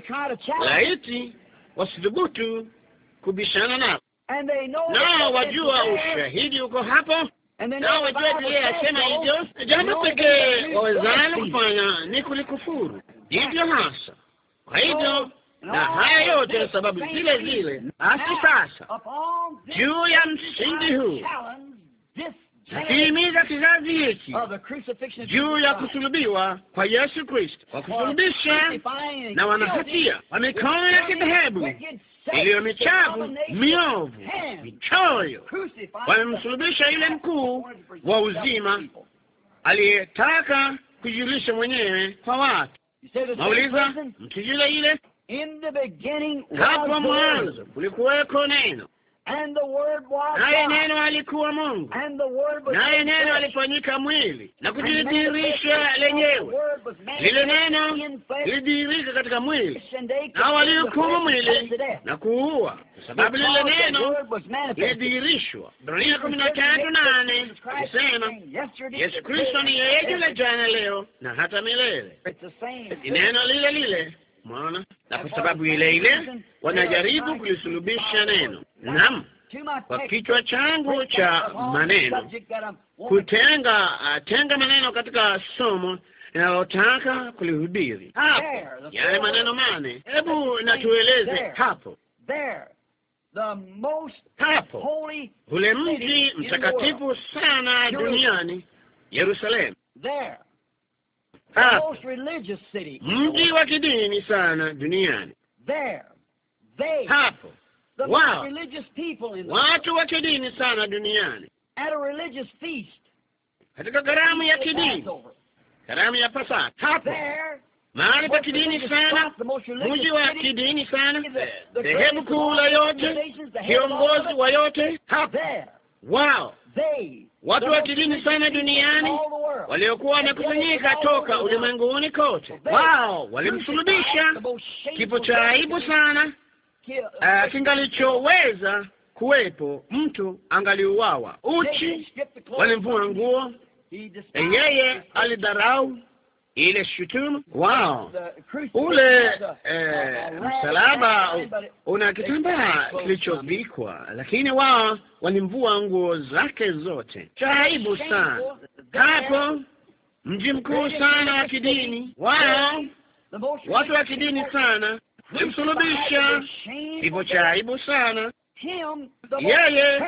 laiti wasidhubutu kubishana nao. Nao wajua ushahidi uko hapo, nao wajua jile yasema hivyo. Jambo pekee wawezalo kufanya ni kulikufuru, ndivyo hasa kwa hivyo na haya yote ni sababu zile zile. Basi sasa, juu ya msingi huu nakihimiza kizazi hiki juu ya kusulubiwa kwa Yesu Kristo, kwa kusulubisha na wanahatia wa mikono ya kidhehebu iliyo michafu, miovu, michoyo, wamemsulubisha yule mkuu wa uzima aliyetaka kujulisha mwenyewe kwa watu. Nauliza mti yule ile, hapo mwanzo kulikuweko neno naye neno alikuwa Mungu, naye neno alifanyika mwili na kujidhihirisha lenyewe. Lile neno lilidhihirika katika mwili, na walihukumu mwili na kuua, kwa sababu lile neno lilidhihirishwa. Ibrania kumi na tatu nane alisema Yesu Kristo ni yeye yule jana, leo na hata milele. Ni neno lile lile Mwaona, na kwa sababu ile ile wanajaribu kulisulubisha neno. Naam, kwa kichwa changu cha maneno kutenga uh, tenga maneno katika somo inayotaka kulihubiri hapo, yale maneno mane. Hebu natueleze hapo hapo, ule mji mtakatifu sana duniani Yerusalemu mji wa kidini sana duniani. Hapo wao watu wa kidini sana duniani, katika karamu ya kidini, karamu ya Pasaka, hapo mahali pa kidini sana, mji wa kidini sana, dhehebu kuu la yote, kiongozi wa yote, hapo wao watu wa kidini sana duniani waliokuwa wamekusanyika toka ulimwenguni kote. Wao walimsulubisha kifo cha aibu sana eh, kingalichoweza kuwepo, mtu angaliuawa uchi, walimvua nguo, eh, yeye alidharau ile shutuma wao, ule eh, msalaba una kitambaa kilichovikwa, lakini wao walimvua nguo zake zote. Cha aibu sana hapo, mji mkuu sana wa kidini, wao watu wa kidini sana walimsulubisha, hivyo cha aibu sana yeye,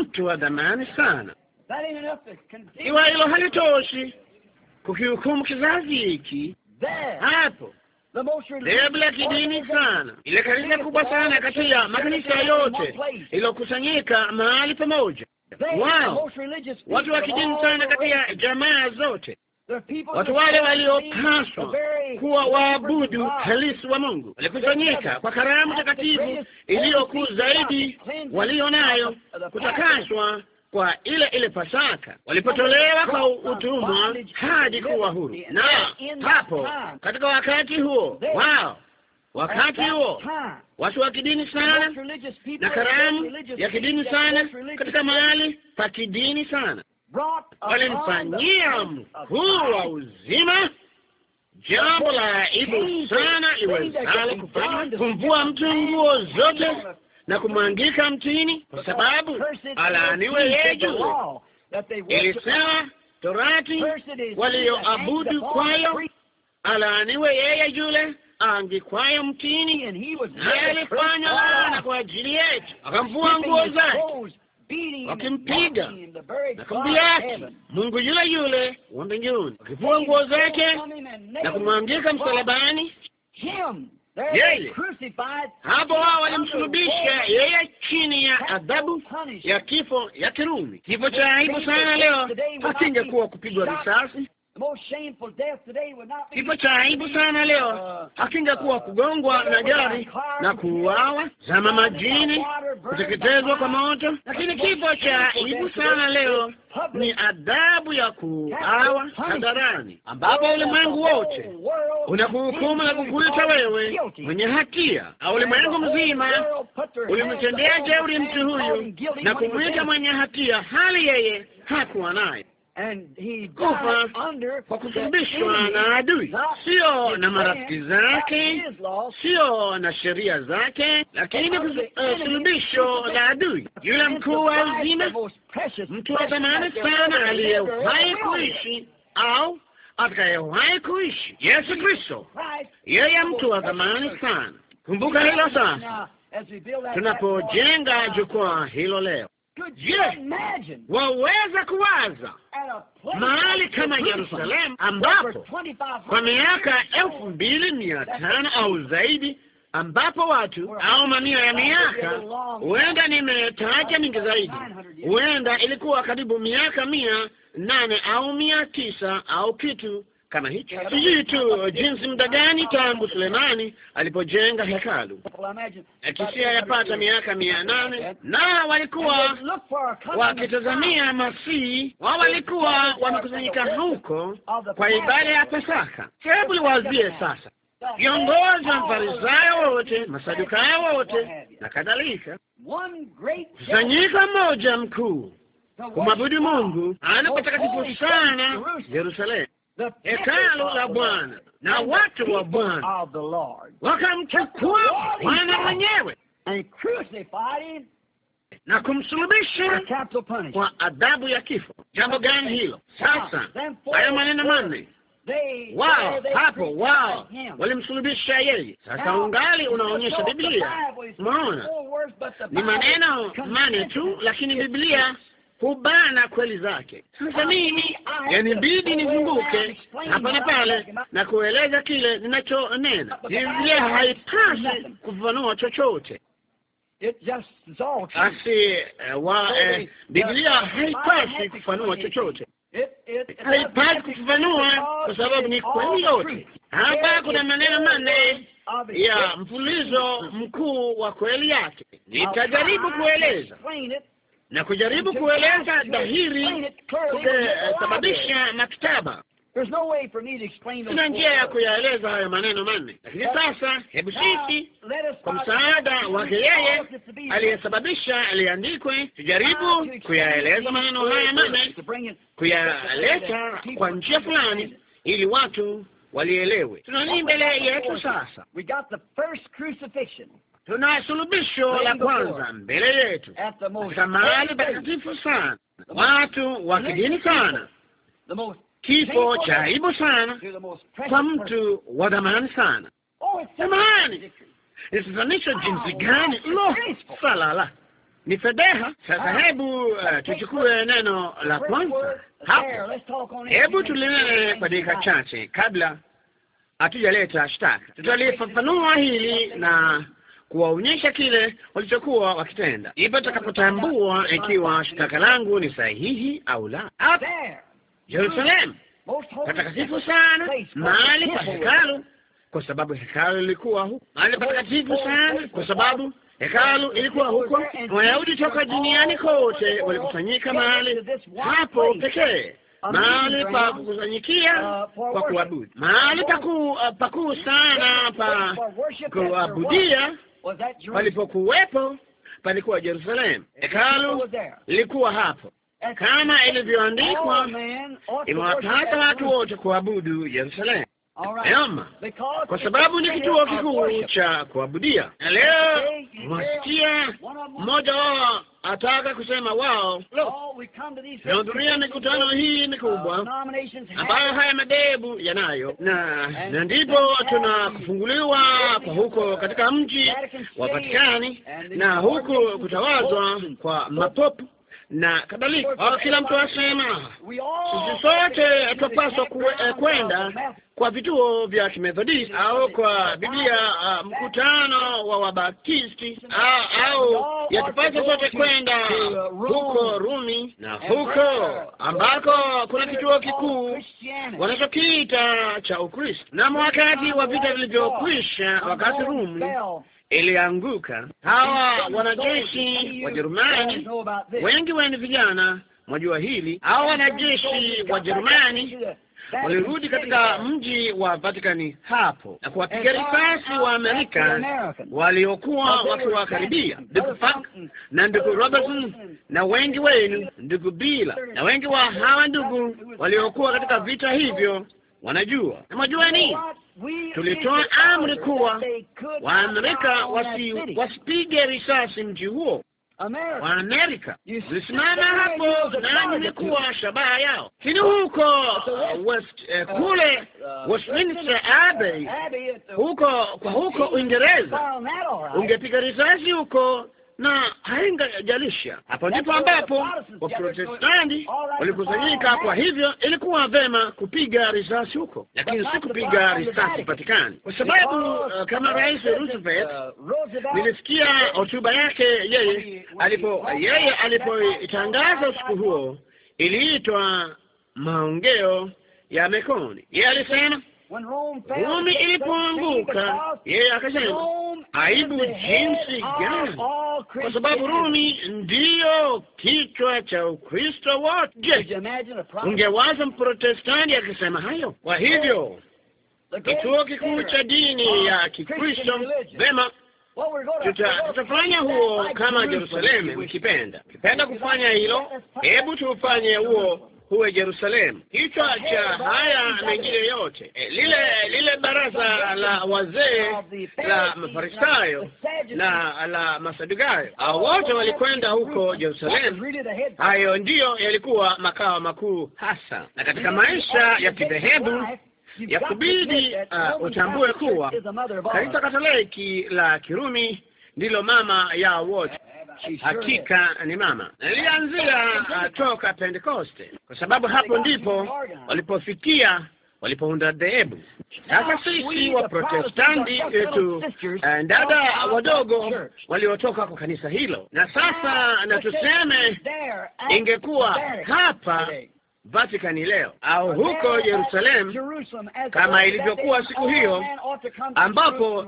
mtu wa dhamani sana. Iwa hilo halitoshi kukihukumu kizazi hiki hapo dhehebu kidini sana, ile kanisa kubwa sana kati ya makanisa yote iliyokusanyika mahali pamoja. Wao watu wa kidini sana kati ya jamaa zote, watu wale waliopaswa kuwa waabudu halisi wa Mungu walikusanyika kwa karamu takatifu iliyokuu zaidi walio nayo, kutakaswa kwa ile ile Pasaka walipotolewa kwa utumwa hadi kuwa huru, na hapo katika wakati huo wao wakati huo watu wa kidini sana na karamu ya kidini sana katika mahali pa kidini sana walimfanyia mkuu wa uzima, jambo la aibu sana iwezalo kufanya, kumvua mtu nguo zote na kumwangika mtini, kwa sababu alaaniwe yeye juu. Ilisema torati walioabudu kwayo, alaaniwe yeye yule aangikwayo mtini. Naye alifanya laana kwa ajili yetu, akamvua nguo zake, wakimpiga na kumbiaki. Mungu yule yule wa mbinguni akivua nguo zake na kumwangika msalabani yeye hapo wao walimsulubisha yeye chini ya adhabu ya kifo ya Kirumi, kifo cha aibu sana. Leo hasingekuwa kupigwa risasi Kifo cha aibu sana leo uh, hakingekuwa uh, kugongwa na gari na kuuawa, zama majini, kuteketezwa kwa moto, lakini kifo cha aibu sana leo ni adhabu ya kuuawa hadharani, ambapo ulimwengu wote unakuhukumu na kukuita wewe mwenye hatia, au ulimwengu mzima ulimtendea jeuri mtu huyu na kumwita mwenye hatia, hali yeye hakuwa naye kufa oh, kwa kukimbishwa na adui, sio na marafiki zake, sio na sheria zake, lakini eh, sulubisho la adui, yule mkuu wa uzima, mtu wa thamani sana, aliyewahi kuishi au atakayewahi kuishi, Yesu Kristo. Yeye mtu wa thamani sana. Kumbuka hilo sasa, tunapojenga jukwaa hilo leo Je, waweza kuwaza mahali kama Yerusalemu ambapo kwa miaka elfu mbili mia tano au zaidi ambapo watu au mamia ya miaka, huenda nimetaja mingi zaidi, huenda ilikuwa karibu miaka mia nane au mia tisa au kitu kama hicho. Sijui tu jinsi muda gani tangu Sulemani alipojenga hekalu, akisia eh, yapata miaka mia nane, na walikuwa wakitazamia Masihi. Wao walikuwa wamekusanyika huko kwa ibada ya Pasaka. Hebu liwazie sasa, viongozi wa Mfarisayo wote, Masadukayo wote na kadhalika, kusanyika mmoja mkuu kumwabudu Mungu alipotakatifu sana Yerusalemu hekalu la Bwana na watu wa Bwana wakamchukua Bwana mwenyewe na kumsulubisha kwa adhabu ya kifo. Jambo gani hilo? Sasa hayo maneno manne wao hapo, wao walimsulubisha yeye. Sasa ungali unaonyesha Biblia, unaona ni maneno mane tu, lakini Biblia hubana kweli zake. Sasa mimi ah, yanibidi nizunguke hapa na pale na kueleza kile ninachonena. Biblia haipasi kufafanua chochote basi. Uh, wa eh, Biblia haipasi kufafanua chochote, haipasi kufafanua kwa sababu ni kweli yote. Hapa kuna maneno manne ya mfululizo mkuu wa kweli yake, nitajaribu kueleza na kujaribu kueleza dhahiri kusababisha eh, maktaba. Sina njia ya kuyaeleza hayo maneno manne, lakini sasa, hebu sisi kwa msaada wake yeye aliyesababisha aliandikwe, tujaribu ah, kuyaeleza maneno haya manne, kuyaleta kwa njia fulani ili watu walielewe. Tuna nini mbele yetu sasa? tuna sulubisho la kwanza mbele yetu katika mahali patakatifu sana, watu wa kidini sana, kifo cha aibu sana kwa mtu wa dhamani sana. Oh, Jamani, isifanisho oh, jinsi gani! Lo, salala ni fedheha. Sasa ah, hebu uh, tuchukue neno la kwanza hapo. Hebu tulinene kwa dakika chache kabla hatujaleta shtaka. Tutalifafanua hili na kuwaonyesha kile walichokuwa wakitenda, ipo takapotambua ikiwa shtaka langu ni sahihi au la. Hapa Yerusalemu patakatifu sana, mahali pa hekalu, kwa sababu hekalu lilikuwa huko. Mahali patakatifu sana, kwa sababu hekalu ilikuwa huko. Wayahudi toka duniani kote walikusanyika mahali hapo pekee mahali pa kukusanyikia kwa kuabudu, mahali pakuu uh, pakuu sana pa kuabudia Palipokuwepo palikuwa jerusalemu hekalu lilikuwa hapo, kama ilivyoandikwa, imewapasa watu wote kuabudu Yerusalemu. Naam, kwa sababu ni kituo kikuu cha kuabudia. Na leo mwasikia mmoja wao ataka kusema wao, tunahudhuria mikutano hii mikubwa uh, ambayo haya madhehebu yanayo, na na ndipo kufunguliwa kwa huko katika mji wa Vatikani na huku kutawazwa kwa mapopu na kadhalika. Kila mtu asema sisi sote twapaswa kwenda kwa vituo vya Kimethodisti au kwa Biblia uh, mkutano wa Wabaptisti uh, au yatupasa sote kwenda huko Rumi na huko ambako kuna kituo kikuu wanachokiita cha Ukristo. Na wakati wa vita vilivyokwisha, wakati Rumi ilianguka. Hawa wanajeshi wa Jerumani, wengi wenu vijana mwajua hili. Hawa wanajeshi wa Jerumani walirudi katika mji wa Vatikani hapo na kuwapiga risasi wa Amerika waliokuwa wakiwakaribia. Ndugu Fak na ndugu Robertson na wengi wenu, ndugu Bila na wengi wa hawa ndugu waliokuwa katika vita hivyo wanajua. Na mwajua nini? tulitoa amri kuwa Waamerika wasi, wasipige risasi mji huo. wa amerika ulisimama hapo, ni kuwa shabaha yao. kini uh, huko uh, West, uh, uh, kule uh, Westminster Abbey huko kwa huko Uingereza, ungepiga risasi huko na haingajalisha. Hapo ndipo ambapo Waprotestanti walikusanyika. Kwa hivyo ilikuwa vema kupiga risasi huko, lakini si kupiga risasi Vatikani, kwa sababu uh, kama uh, Rais uh, Roosevelt, nilisikia hotuba yake yeye alipo yeye alipoitangaza siku huo, iliitwa maongeo ya Mekoni. Yeye alisema Rumi ilipoanguka yeye akasema, aibu jinsi gani! Kwa sababu Rumi ndiyo kichwa cha Ukristo wote. ungewaza Mprotestanti akisema hayo? Kwa hivyo kituo kikuu cha dini ya Kikristo, vema tutafanya huo kama jerusalemu ukipenda kipenda kufanya hilo, hebu tufanye huo kuwe jerusalemu Kichwa cha haya mengine yote e, lile lile baraza la wazee la Mafarisayo na la Masadukayo, hao wote walikwenda huko jerusalemu Hayo ndiyo yalikuwa makao makuu hasa, na katika maisha ya kidhehebu ya kubidi uh, utambue kuwa kanisa Katoliki la Kirumi ndilo mama yao wote hakika ni mama. ilianzia uh, toka Pentekoste, kwa sababu hapo ndipo walipofikia walipounda dhehebu. Sasa sisi wa Protestanti wetu uh, dada wadogo waliotoka kwa kanisa hilo, na sasa na tuseme ingekuwa hapa Vatikani leo au huko Yerusalemu, kama ilivyokuwa siku hiyo ambapo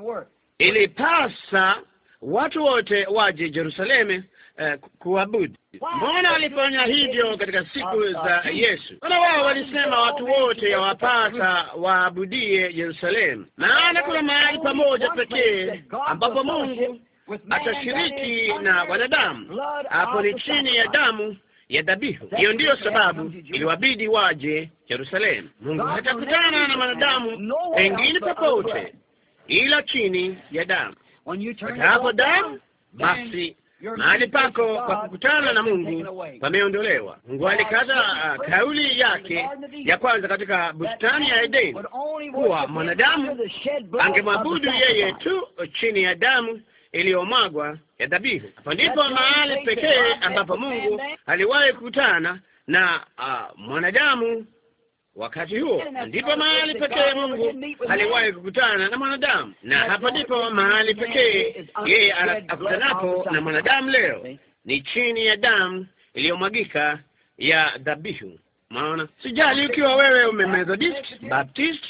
ilipasa watu wote waje Yerusalemu eh, kuabudu. Mbona walifanya hivyo katika siku za Yesu? Maana wao walisema watu wote yawapasa waabudie Yerusalemu, maana kuna mahali pamoja pekee ambapo Mungu atashiriki na wanadamu, hapo ni chini ya damu ya dhabihu. Hiyo ndiyo sababu iliwabidi waje Yerusalemu. Mungu hatakutana na wanadamu pengine popote ila chini ya damu wataapo damu, basi mahali pako kwa kukutana na Mungu pameondolewa. Mungu alikata ah, kauli yake ya kwanza katika bustani ya Edeni kuwa mwanadamu angemwabudu yeye tu chini ya damu iliyomwagwa ya dhabihu. Hapo ndipo mahali pekee ambapo Mungu aliwahi kukutana na uh, mwanadamu Wakati huo ndipo mahali pekee Mungu aliwahi kukutana na mwanadamu, na hapo ndipo mahali pekee yeye akutanapo na mwanadamu leo ni chini ya damu iliyomwagika ya dhabihu. Maana sijali ukiwa wewe umemethodist, baptist,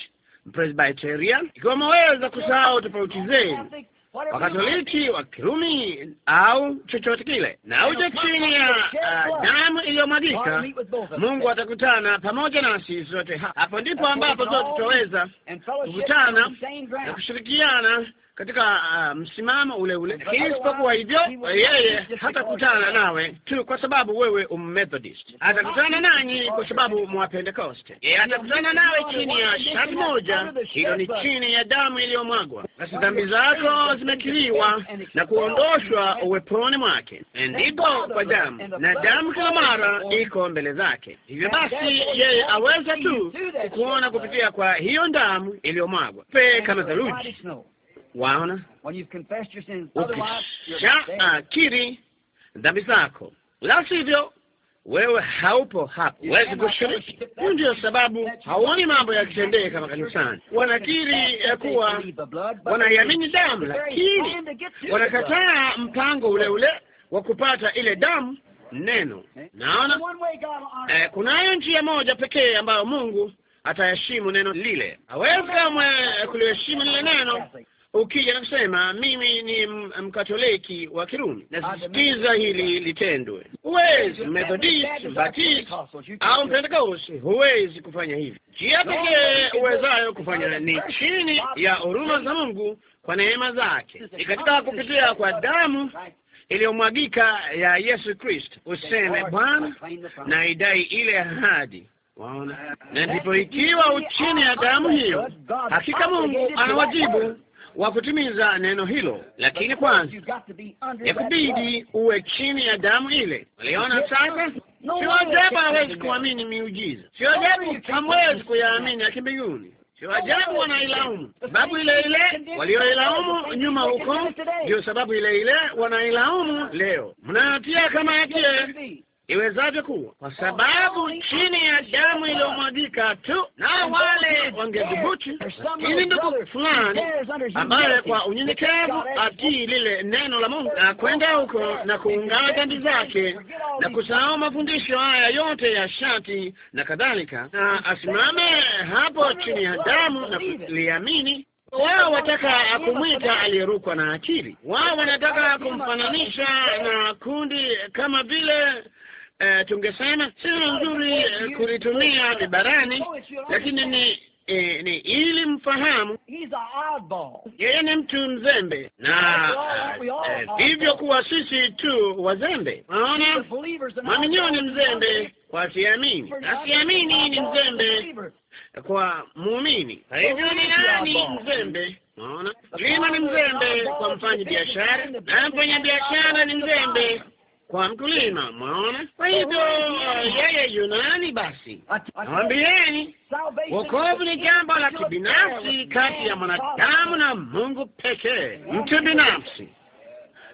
presbyterian, ikiwa umeweza kusahau tofauti zenu Wakatoliki wa Kirumi au chochote kile, na uje chini ya ah, damu iliyomwagika, Mungu atakutana pamoja nasi sote. Hapo ndipo ambapo sote tutaweza kukutana na kushirikiana katika uh, msimamo ule ule, lakini isipokuwa hivyo yeye hatakutana nawe tu kwa sababu wewe ummethodist. Atakutana nanyi kwa sababu mwapentekoste. Yeye atakutana nawe chini ya shati moja, hilo ni chini ya damu iliyomwagwa, basi dhambi zako zimekiriwa na kuondoshwa uweponi mwake, ndipo kwa damu na damu kila mara iko mbele zake. Hivyo basi yeye aweza tu kuona kupitia kwa hiyo damu iliyomwagwa pe kama theluji Waona, ukishakiri ah, dhambi zako, la sivyo wewe haupo hapo, huwezi kushiriki. Hiyo ndio sababu hauoni mambo yakitendeka kama kanisani. Wanakiri ya kuwa wanaiamini damu, lakini wanakataa mpango ule ule wa kupata ile damu neno. Naona eh, kunayo njia moja pekee ambayo Mungu ataheshimu neno lile, hawezi kamwe kuliheshimu lile neno ukija na kusema mimi ni mkatoliki wa Kirumi, nasisitiza hili litendwe. Huwezi Methodist, Baptist au Pentecost, huwezi kufanya hivi. Njia pekee uwezayo kufanya ni chini ya huruma za Mungu kwa neema zake, ni katika kupitia kwa damu iliyomwagika ya Yesu Kristo. Useme Bwana, na idai ile ahadi waona, na ndipo ikiwa uchini ya damu hiyo, hakika Mungu anawajibu wa kutimiza neno hilo, lakini kwanza yakubidi uwe chini ya damu ile. Waliona sasa? Sio ajabu hawezi kuamini miujiza, sio ajabu hamwezi kuyaamini ya kimbinguni. Sio ajabu wanailaumu sababu ile ile walioilaumu nyuma huko, ndio sababu ile ile wanailaumu leo. Mnatia kama atie iwezaje kuwa, kwa sababu chini ya damu iliyomwagika tu, na wale wangedhubuti ili ndugu fulani ambaye kwa unyenyekevu atii lile neno la Mungu na kwenda huko na kuungana dhambi zake na kusahau mafundisho haya yote ya shati na kadhalika, na asimame hapo chini ya damu na kuliamini wao wataka kumwita aliyerukwa na akili. Wao wanataka kumfananisha na kundi kama vile Uh, tungesema sio nzuri uh, kulitumia mibarani lakini ni E, ni ili mfahamu yeye ni mtu mzembe na hivyo uh, kuwa sisi tu wazembe. Naona mwaminio ni mzembe kwa na siamini ni mzembe kwa muumini. Kwa hivyo ni nani mzembe? Naona mlima ni mzembe kwa mfanya biashara, na mfanya biashara ni mzembe kwa mkulima, mwaona? Kwa hivyo yeye yunani, basi mwambieni, wokovu ni jambo la kibinafsi kati ya mwanadamu na Mungu pekee, mtu binafsi,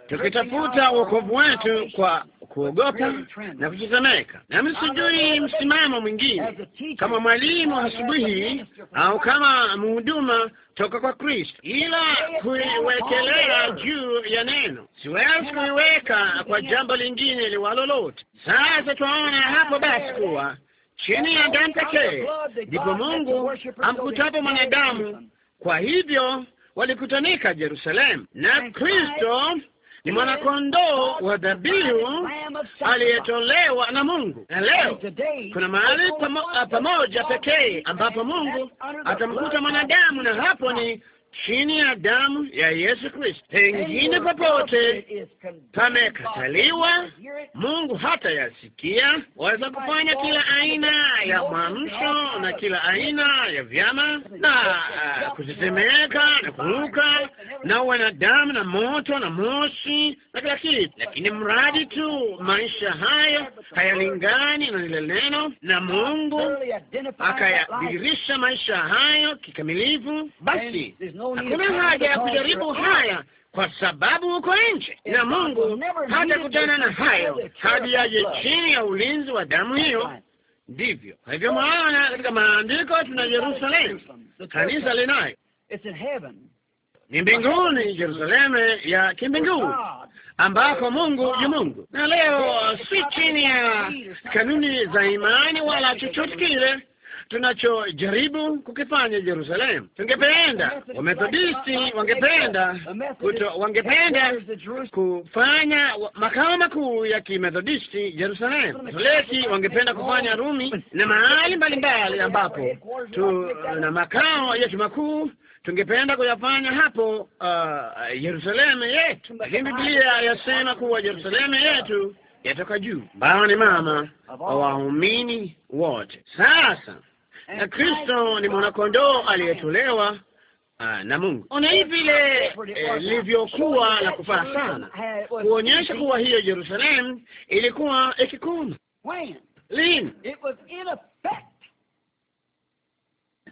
tukitafuta wokovu wetu kwa kuogopa na kujisemeka. Nami sijui msimamo mwingine kama mwalimu asubuhi au kama mhuduma toka kwa Kristo, ila kuiwekelea juu ya neno, siwezi kuiweka kwa jambo lingine liwalolote. Sasa twaona hapo basi kuwa chini ya damu pekee ndipo Mungu amkutapo mwanadamu. Kwa hivyo walikutanika Yerusalemu na Kristo ni mwanakondoo wa dhabihu aliyetolewa na Mungu. Na leo kuna mahali pamoja pekee ambapo Mungu atamkuta mwanadamu, na hapo ni chini ya damu ya Yesu Kristo. Pengine popote pamekataliwa, Mungu hata yasikia. Waweza kufanya kila aina ya mwamsho na kila aina ya vyama na uh, kutetemeka na kuruka na wanadamu na damu na moto na moshi na kila kitu, lakini mradi tu maisha hayo hayalingani na lile neno na Mungu akayadirisha maisha hayo kikamilifu, basi kuna haja ya kujaribu haya kwa sababu uko nje na Mungu hatakutana na hayo hadi aje chini ya ulinzi wa damu hiyo. Ndivyo hivyo, maana katika maandiko tuna Yerusalemu, kanisa linayo ni mbinguni, Yerusalemu ya kimbinguni ambako Mungu ni Mungu, na leo si chini ya kanuni za imani wala chochote kile tunachojaribu kukifanya Yerusalemu. Tungependa Wamethodisti wangependa kuto, wangependa kufanya makao makuu ya Kimethodisti Yerusalemu. Wasoleti wangependa kufanya Rumi na mahali mbalimbali ambapo tuna makao yetu makuu tungependa kuyafanya hapo uh, Yerusalemu yetu, lakini Biblia yasema kuwa Yerusalemu yetu yatoka juu, ambao ni mama wa waumini wote. Sasa na Kristo ni mwanakondoo aliyetolewa ah, na Mungu. Ona hii vile ilivyokuwa eh, na kufaa sana kuonyesha kuwa hiyo Yerusalemu ilikuwa ikikoma. Lini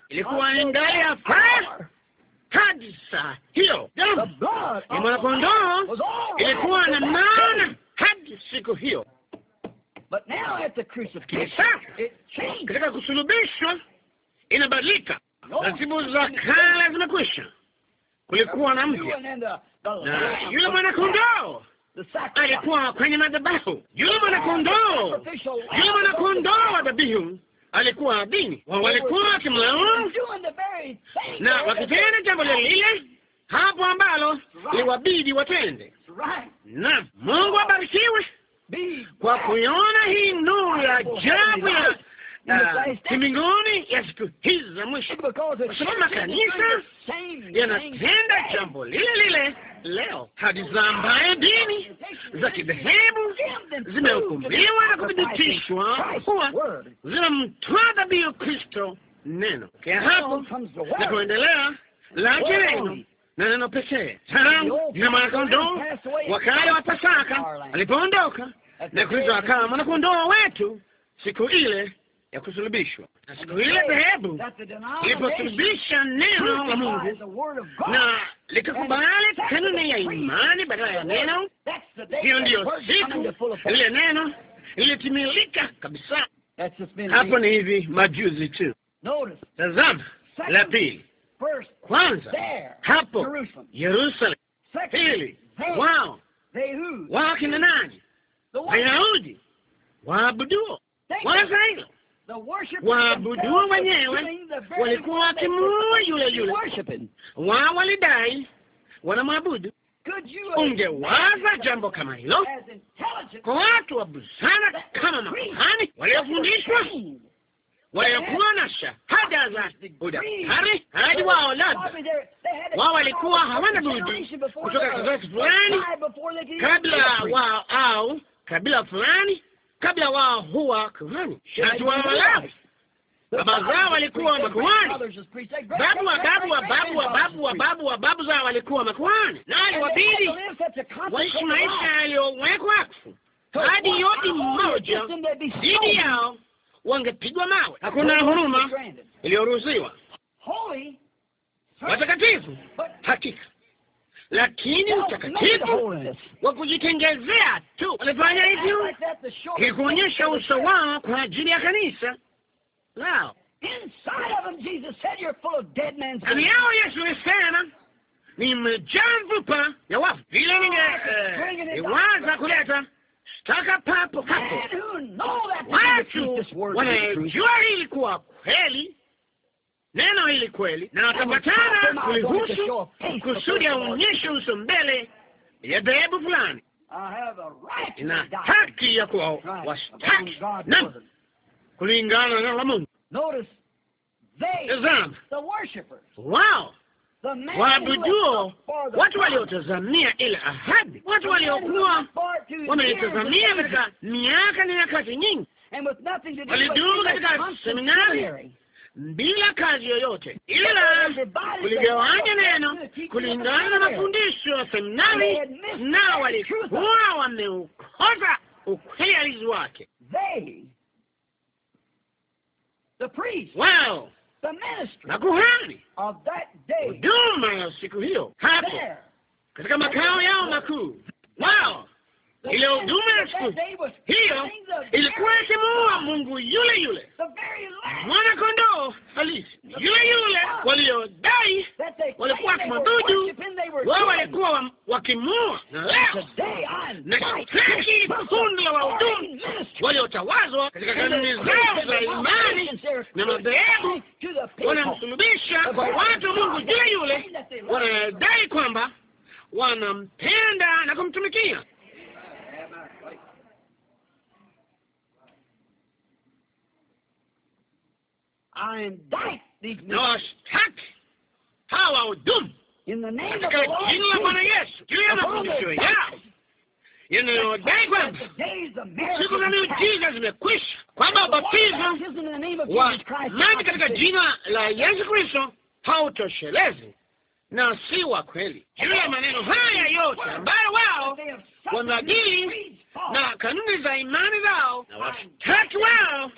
ilikuwa ingali hapa kabisa. Hiyo damu ya mwanakondoo ilikuwa na maana hadi siku hiyo. Sasa katika kusulubishwa inabadilika, taratibu za kale zimekwisha. Kulikuwa na mpya, na yule mwanakondoo alikuwa kwenye madhabahu. Yule mwanakondoo, yule mwanakondoo wa dhabihu alikuwa dini, walikuwa wakimlaumu na wakitenda jambo lile hapo ambalo liwabidi watende. Na Mungu abarikiwe kwa kuiona hii nuru ya ajabu ya kimbinguni ya siku hizi za mwisho, kwa sababu makanisa yanatenda jambo lile lile leo. Hadi za ambaye dini za kidhehebu zimehukumiwa na kuthibitishwa kuwa zinamtoa dhabihu Kristo neno kia hapo na kuendelea lake neno na neno pekee tangu na mwanakondoo wakale wa Pasaka alipoondoka na Kristo akawa mwanakondoo wetu siku ile ya kusulubishwa. Na siku ile dhehebu iliposulubisha neno la Mungu na likakubali kanuni ya imani badala ya neno, hiyo ndiyo siku ile neno lilitimilika kabisa. Hapo ni hivi majuzi tu. Tazama la pili, kwanza hapo Yerusalemu, pili wao kina nani? wayahudi waabuduo waza hilo waabuduo wenyewe walikuwa wakimuua yule yule, wao walidai wanamwabudu. Ungewaza jambo kama hilo kwa watu wa busara kama makuhani waliofundishwa, waliokuwa na shahada za udaktari, hadi wao labda wao walikuwa hawana budi kutoka kizazi fulani kabla wao au kabila fulani kabla wao huwa kuhani. Najua Walawi baba zao walikuwa makuhani, babu wa babu wa babu wa babu wa babu wa babu zao walikuwa makuhani, na waliwabidi waishi maisha yaliyowekwa hadi yote oh, mmoja dhidi yao wangepigwa mawe. Hakuna huruma iliyoruhusiwa watakatifu, hakika lakini utakatifu wa kujitengezea tu. Walifanya hivyo ili kuonyesha uso wao kwa ajili ya kanisa lao. Ndani yao Yesu alisema ni mjamvupa ya wafu. Vile ningeliwaza oh, kuleta staka papo hapo, watu wanajua hili kuwa kweli neno hili kweli, na watapatana kulihusu kusudi aonyeshe uso mbele ya dhehebu fulani. Ina haki ya kuwa washtaki na kulingana na neno la Mungu. Tazama wao waabuduo, watu waliotazamia ile ahadi, watu waliokuwa wameitazamia katika miaka na nyakati nyingi, walidumu katika seminari bila kazi yoyote, ila kuligawanya neno kulingana na mafundisho ya seminari, na walikuwa wameukoza ukweli wake wao makuhani, huduma ya siku hiyo hapo katika makao yao makuu wao ile huduma ya siku hiyo ilikuwa ikimuua Mungu yule yule, mwana kondoo halisi yule yule waliodai walikuwa wakimabudu wao, walikuwa wakimuua. Na leo nashtaki kundi la wahudumu waliotawazwa katika kanuni zao za imani na madhehebu, wanamsulubisha kwa watu Mungu yule yule, wanadai kwamba wanampenda na kumtumikia. nawashtaki hawa hudumu katika jina la Bwana Yesu juu ya mafundisho yao yanayodai kwamba siku za miujiza zimekwisha, kwamba ubatizo wa maji katika jina la Yesu Kristo hautoshelezi na si wa kweli juu ya maneno haya yote ambayo wao wamebadili na kanuni za imani zao, na watatu wao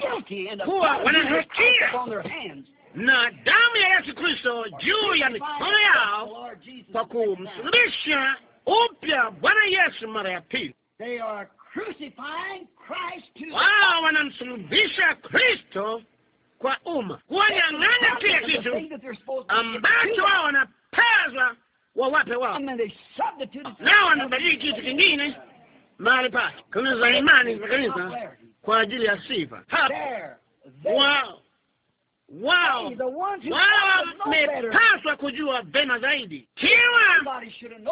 kuwa wanahatia na damu ya Yesu Kristo juu ya mikono yao kwa kumsulubisha upya Bwana Yesu mara ya pili. Wao wanamsulubisha Kristo kwa umma, kuwanyang'anya kile kitu ambacho wao wana wakawapaza wawape wao, nao wanabadili kitu kingine mahali pake. Kuna za imani za kanisa kwa ajili ya sifa hapo wao wao wamepaswa kujua vema zaidi. Kiwa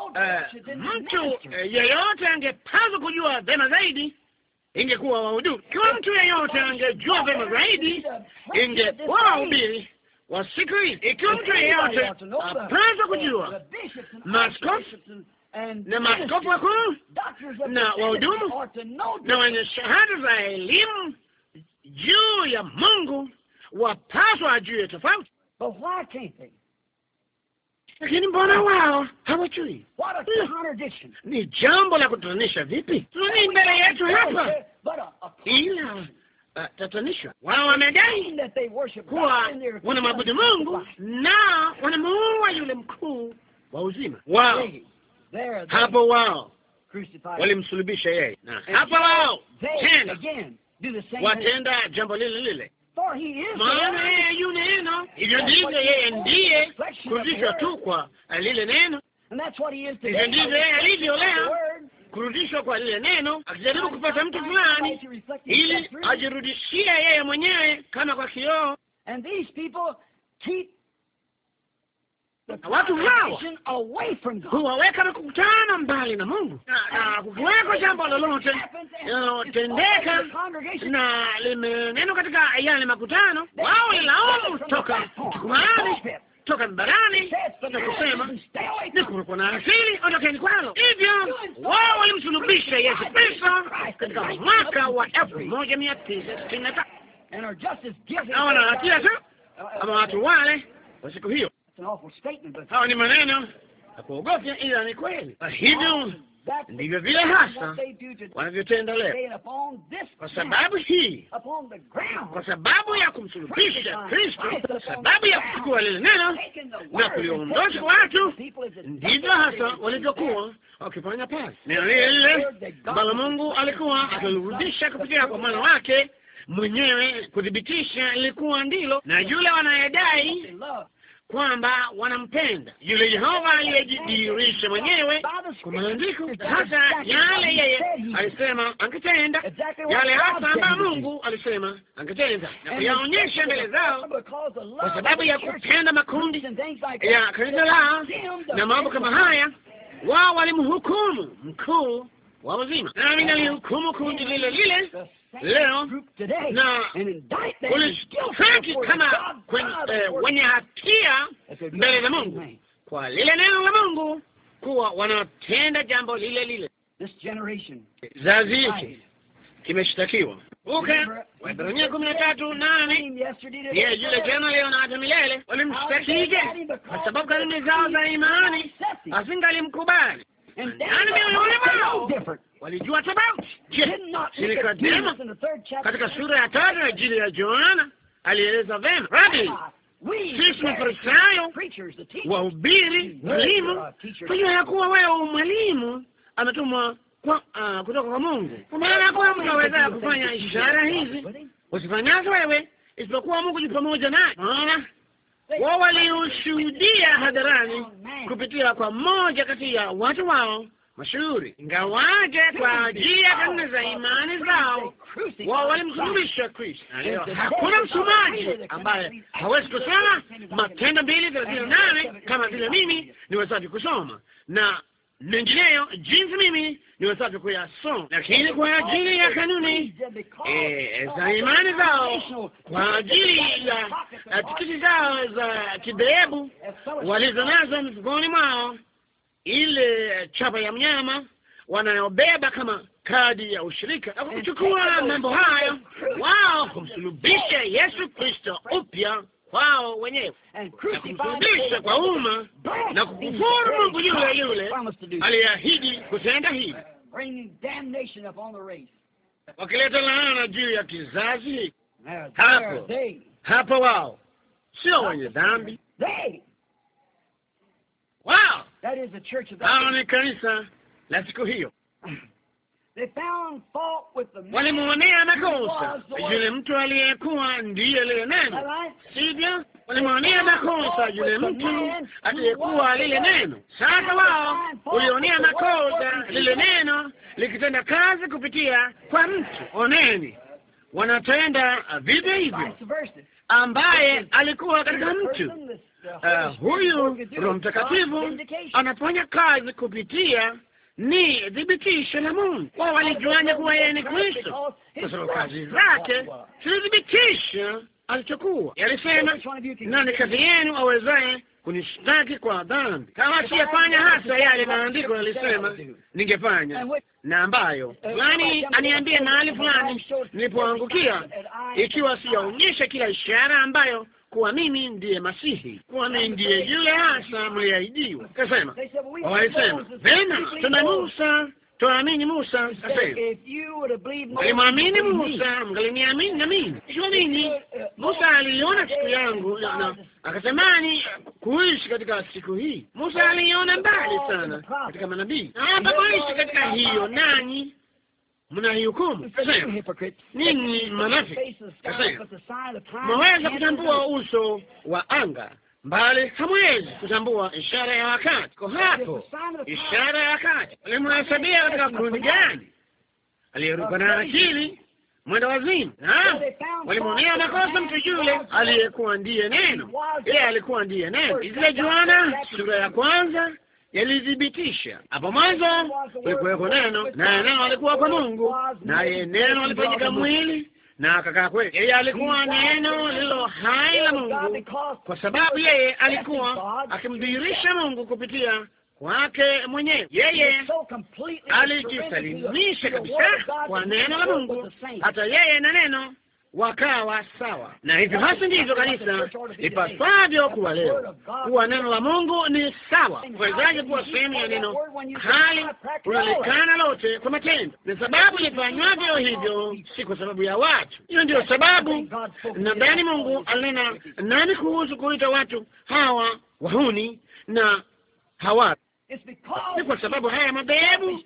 uh, mtu uh, yeyote angepaswa kujua vema zaidi, ingekuwa wahudumu. Kiwa mtu yeyote angejua vema zaidi, ingekuwa wahubiri wa siku hizi. Ikiwa mtu yeyote apaswa kujua maskofu na maaskofu wakuu na wahudumu na wenye shahada za elimu juu ya Mungu wapaswa ajue tofauti. Lakini mbona wao hawajui? Hmm. Ni jambo la kutatanisha vipi? Ni mbele yetu hapa, ila tatanisha. Wao wamedai kuwa wanamwabudu Mungu na wanamuua yule mkuu wa uzima. Wao hapo wao walimsulubisha yeye, na hapo wao tena watenda jambo lile lile maana yeye yule neno, hivyo ndivyo yeye ndiye kurudishwa tu kwa lile neno, hivyo ndivyo yeye alivyo leo kurudishwa kwa lile neno, akijaribu kupata mtu fulani ili ajirudishie yeye mwenyewe kama kwa kioo. Na watu hawa huwaweka na kukutana mbali na Mungu, na kukiweko jambo lolote linalotendeka na limenenwa katika yale makutano, wao lilaumu toka tukumani toka barani na kusema niko na asili, ondokeni kwalo. Hivyo wao walimsulubisha Yesu Kristo katika mwaka wa elfu moja mia tisa sitini na tatu na wanahatia tu uh, uh, ama watu wale wa siku hiyo. Hawa ni maneno hakuogofya, ila ni kweli. Kwa hivyo ndivyo vile hasa wanavyotenda leo, kwa sababu hii, kwa sababu ya kumsulubisha Kristo, kwa sababu ya kuchukua lile neno na kuliondosha watu. Ndivyo hasa walivyokuwa wakifanya pale. Neno lile lile ambalo Mungu alikuwa akilirudisha kupitia kwa mwana wake mwenyewe kuthibitisha ilikuwa ndilo, na yule wanayedai kwamba wanampenda yule Yehova aliyejidhihirisha mwenyewe kwa maandiko, sasa yale yeye alisema angetenda, yale hasa ambayo Mungu alisema angetenda na kuyaonyesha mbele zao, kwa sababu ya kupenda makundi ya kanisa lao na mambo kama haya. Wao walimhukumu mkuu wa uzima, nami nalihukumu kundi lile lile leo na kulishtaki kama eh, wenye hatia mbele za Mungu kwa lile neno la Mungu kuwa wanatenda jambo lile lile. Kizazi hiki kimeshtakiwa. Uke Waebrania kumi na tatu nane yeye yule jana, leo na hata milele. Walimshtakije kwa sababu kanuni zao za imani azingalimkubali ndani walijua tofauti. katika sura ya tatu ya Injili ya Yohana, alieleza vema Rabi, ah, sisi Mafarisayo, wahubiri, mwalimu, tunajua ya kuwa wewe mwalimu ametumwa ah, kutoka kwa Mungu, kwa maana hakuna mtu aweza kufanya ishara hizi usifanyazo wewe isipokuwa Mungu juu pamoja naye maana wao waliushuhudia hadharani kupitia kwa mmoja kati ya watu wao mashuhuri, ingawaje kwa ajili ya kanuni za imani zao wao walimsulubisha Kristo. hakuna msomaji ambaye hawezi kusoma Matendo mbili thelathini na nane kama vile mimi niwezaji kusoma na mengineyo jinsi mimi niwezavyo kuyasoma, lakini kwa ajili ya kanuni e, za imani zao, kwa ajili ya tikiti zao za kibehebu walizo nazo mfukoni mwao, ile chapa ya mnyama wanayobeba kama kadi ya ushirika, na kuchukua mambo hayo wao kumsulubisha Yesu Kristo upya wao wenyewe kumsulubisha kwa umma na kukufuru Mungu yule yule aliahidi kutenda hivi, wakileta laana juu ya kizazi Hapo hapo wao sio wenye dhambi wao, ni kanisa la siku hiyo. Walimwonea makosa yule mtu aliyekuwa ndiye lile neno, sivyo? Walimwonea makosa yule mtu aliyekuwa lile neno. Sasa wao ulionea makosa lile neno likitenda kazi kupitia kwa mtu. Oneni, wanatenda vivyo hivyo, ambaye alikuwa katika mtu uh, uh huyu Roho Mtakatifu anafanya kazi kupitia ni dhibitisho la Mungu. kwa walijuanya kuwa yeye ni Kristo kwa sababu kazi zake zilithibitisha alichokuwa. Alisema, nani kazi yenu awezaye kunishtaki kwa dhambi kama siyafanya hasa yale maandiko yalisema ningefanya, na ambayo fulani aniambie mahali fulani nilipoangukia, ikiwa siyaonyesha kila ishara ambayo kuwa mimi ndiye Masihi, kuwa mimi ndiye yule hasa mliahidiwa. Kasema walisema vema, tuna Musa, tuamini Musa. Mlimwamini Musa, mngaliniamini na mimi. Ikiwa nini? Musa aliona siku yangu na kuishi katika siku hii. Musa aliona mbali sana katika manabii, hapa kuishi katika hiyo nani mnaihukumu ninyi manafiki. Mwaweza kutambua uso wa anga mbali hamwezi kutambua ishara ya wakati. kwa hapo ishara ya wakati alimhesabia katika kundi gani? Aliyeruka na akili mwenda wazimu. Naam, walimwonea makosa mtu yule aliyekuwa ndiye neno, yeye alikuwa ndiye neno. Ile Yohana sura ya kwanza yalithibitisha. Hapo mwanzo kulikuweko neno, naye neno alikuwa kwa Mungu, naye neno alifanyika mwili na akakaa kweli. Yeye alikuwa neno lilo hai la Mungu, kwa sababu yeye alikuwa akimdhihirisha Mungu kupitia kwake mwenyewe. Yeye alijisalimisha kabisa kwa neno la Mungu, hata yeye na neno wakawa sawa. Na hivyo basi ndivyo kanisa lipasavyo kuwa leo, kuwa neno la Mungu ni sawa. Uwezaje kuwa sehemu ya neno hali unaonekana lote kwa matendo, na sababu lifanywavyo hivyo si kwa sababu ya watu. Hiyo ndiyo sababu nadhani Mungu alinena nani kuhusu kuita watu hawa wahuni na hawa ni kwa sababu haya madhehebu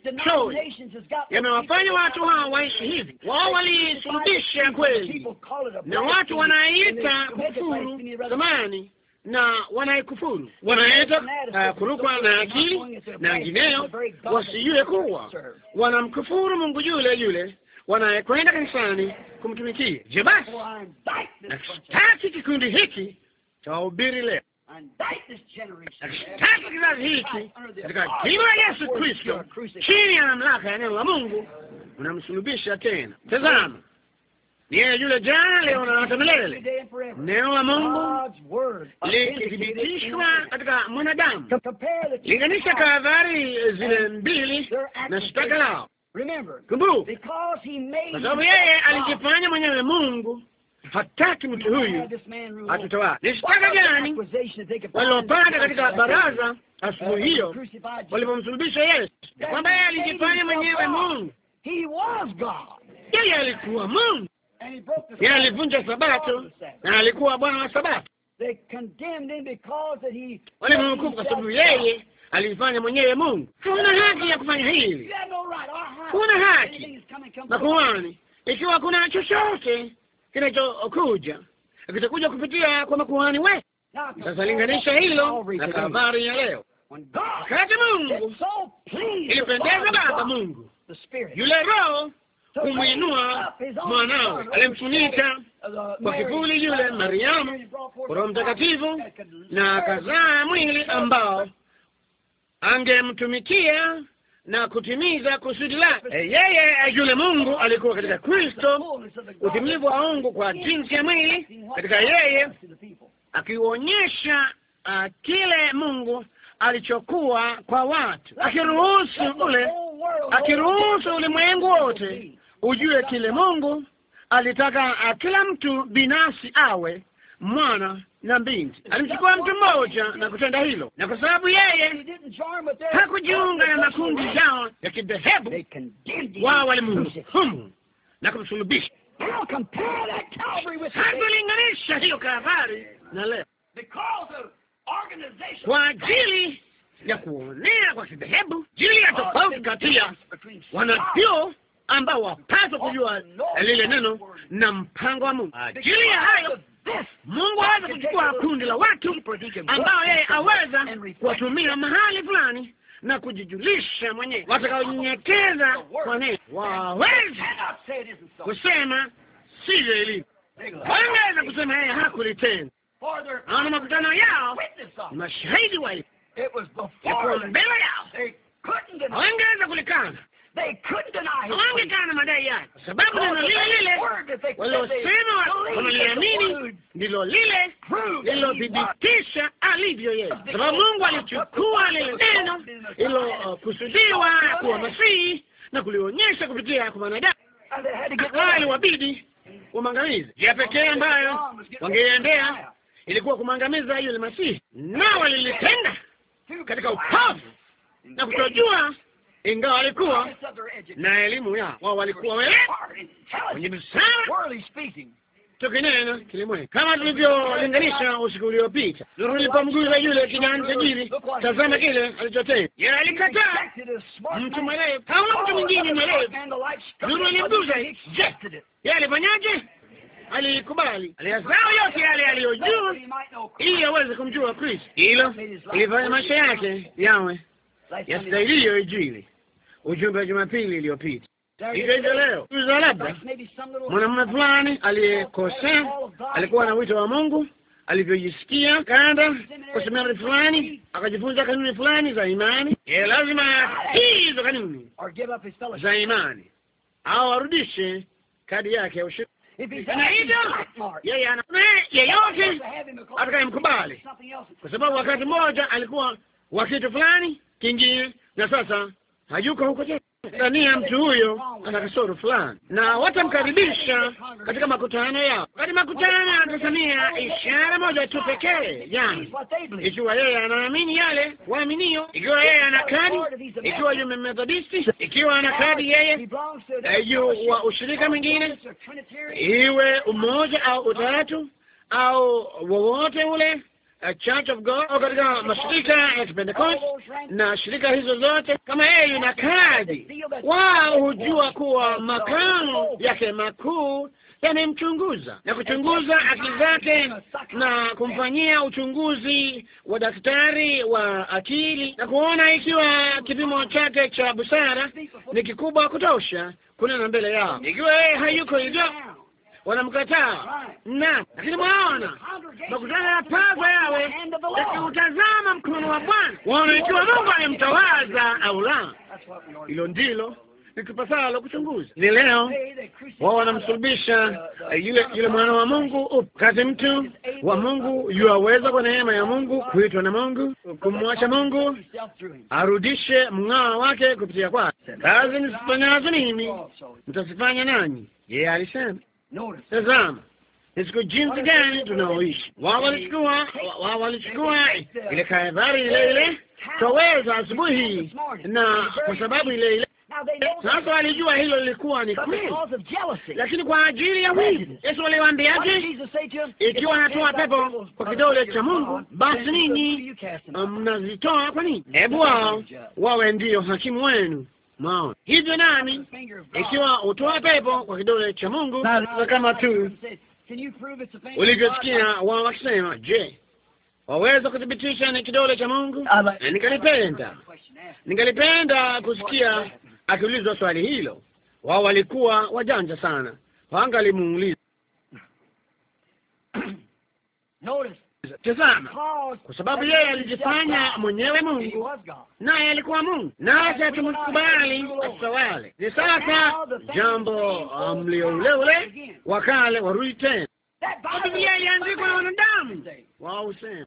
yamewafanya watu hao waishi hivi. Wao walisulubisha kweli, na watu wanaita kufuru zamani na wanaikufuru wanaita uh, kurukwa na akili na wengineo, wasijue kuwa wanamkufuru Mungu yule yule wanayekwenda kanisani kumtumikia. Je, basi nakitaki kikundi hiki cha wahubiri leo akitaka kizazi hiki katika jina la Yesu Kristo, chini ya mamlaka ya neno la Mungu, unamsulubisha tena. Tazama, ni yeye yule jana, leo na hata milele. Neno la Mungu likithibitishwa katika mwanadamu. Linganisha tahadhari eh, zile mbili na shtaka lao. Kumbuka, kwa sababu yeye alijifanya mwenyewe Mungu hataki mtu huyu atutawala. Ni shtaka gani walilopata katika baraza asubuhi uh, hiyo walipomsulubisha Yesu? Kwamba yeye alijifanya mwenyewe Mungu, yeye alikuwa Mungu, yeye alivunja Sabato na alikuwa Bwana wa Sabato. Walimhukumu kwa sababu yeye alifanya mwenyewe Mungu. Huna haki ya kufanya hili, huna haki makuhani, ikiwa kuna chochote kinachokuja kitakuja kupitia kwa makuhani we. Sasa linganisha hilo na habari ya leo. Wakati Mungu ilipendeza Baba Mungu yule Roho kumwinua mwanawe, alimfunika kwa kivuli yule Mariamu kwa Roho Mtakatifu, na akazaa mwili ambao angemtumikia na kutimiza kusudi lake. Eh, yeye eh, yule Mungu alikuwa katika Kristo, utimilivu wa Mungu kwa jinsi ya mwili katika yeye, akionyesha uh, kile Mungu alichokuwa kwa watu, akiruhusu ule akiruhusu ulimwengu wote ujue kile Mungu alitaka ah, kila mtu binafsi awe mwana na binti. Alimchukua mtu mmoja na kutenda hilo, na kwa sababu yeye hakujiunga na makundi yao ya kidhehebu, wao walimhukumu na kumsulubisha. Hakulinganisha hiyo kahari na leo kwa ajili ya kuonea kwa kidhehebu, jili ya tofauti kati ya wanavyo ambao wapaswa kujua lile neno na mpango wa Mungu. Ajili ya hayo Mungu aweza kuchukua kundi la watu ambao yeye aweza kuwatumia mahali fulani na kujijulisha mwenyewe, watakaonyenyekeza kwa neno, waweza kusema sivyo ilivyo. Wangeweza kusema yeye hakulitenda, ana makutano yao ni mashahidi wa mbele yao, wangeweza kulikana hawangekana madai yake, kwa sababu neno lile lile walilosema wanaliamini ndilo lile lililothibitisha alivyo yeye, sababu Mungu alichukua lile neno lilokusudiwa kuwa Masihi na kulionyesha kupitia kwa mwanadamu, aliwabidi wamwangamize. Njia pekee ambayo wangeiendea ilikuwa kumwangamiza yule Masihi, nao walilitenda katika upavu na kutojua ingawa walikuwa na elimu ya wao, walikuwa wenye busara tukinena kilimwe kama tulivyolinganisha usiku uliopita. Tulipomguza yule kijana tajiri, tazama kile alichotenda. Yeye alikataa. Mtu mwerevu kama mtu oh, mwingine mwerevu, nuru ilimguza. Je, yeye alifanyaje? Alikubali, aliyazao yote yale aliyojua ili aweze kumjua Kristo. Hilo ilifanya maisha yake yawe yastahiliyo ijili ujumbe wa Jumapili iliyopita. Hivyo hivyo leo uza, labda mwanamume fulani aliyekosea alikuwa na wito wa Mungu, alivyojisikia kanda kwa seminari fulani, akajifunza kanuni fulani za imani. Ye lazima hizo kanuni za imani, au arudishe kadi yake ya ushirika na hivyo yeye anamume atakaye mkubali, kwa sababu wakati mmoja alikuwa wa kitu fulani kingine, na sasa hayuko huko Tanzania. Mtu huyo ana kasoro fulani, na watamkaribisha katika makutano yao. Katika makutano ya Tanzania, ishara moja tu pekee, yani ikiwa yeye anaamini yale waaminio, ikiwa yeye ana kadi, ikiwa yume Methodisti, ikiwa ana kadi yeye eh, yu wa ushirika mwingine, iwe umoja au utatu au wowote ule Church of God oh, katika mashirika ya Pentecost na shirika hizo zote, kama yeye na kadi wao hujua kuwa makao yake makuu yamemchunguza na kuchunguza akili zake na kumfanyia uchunguzi wa daktari wa akili na kuona ikiwa kipimo chake cha busara ni kikubwa kutosha kunena mbele yao, ikiwa yeye hayuko hivyo wanamkataa. Naam, lakini mwaona makutano ya pagwa yawe yakiutazama mkono wa Bwana, waona ikiwa Mungu alimtawaza au la. Hilo ndilo litupasalo kuchunguza. Ni leo wao wanamsulubisha uh, uh, yule yule mwana wa Mungu, kati mtu wa Mungu yuaweza kwa neema ya Mungu kuitwa na Mungu, kumwacha Mungu arudishe mng'ao wake kupitia kwake. Kazi nisifanyazo mimi mtazifanya nanyi, yeye alisema Tazama ni siku jinsi gani tunaoishi. Wao walichukua wao walichukua ile kaedhari ile ile toweza asubuhi, na kwa sababu ile ile sasa walijua hilo lilikuwa ni kweli, lakini kwa ajili ya wivu Yesu aliwaambiaje? Ikiwa natoa pepo kwa kidole cha Mungu, basi ninyi mnazitoa kwa nini? Hebu wao wawe ndiyo hakimu wenu maoni. Hivyo nani, ikiwa utoa pepo kwa kidole cha Mungu, kama tu ulivyosikia wao wakisema, je, waweza kuthibitisha ni kidole cha Mungu? Ningalipenda, ningalipenda kusikia akiulizwa swali hilo. Wao walikuwa wajanja sana, wangalimuuliza Tazama, kwa sababu yeye alijifanya mwenyewe Mungu, naye alikuwa Mungu, nasi hatumkubali atutawale. Ni sasa jambo mlio ule ule wa kale warudi tena. Biblia iliandikwa na wanadamu wao usema,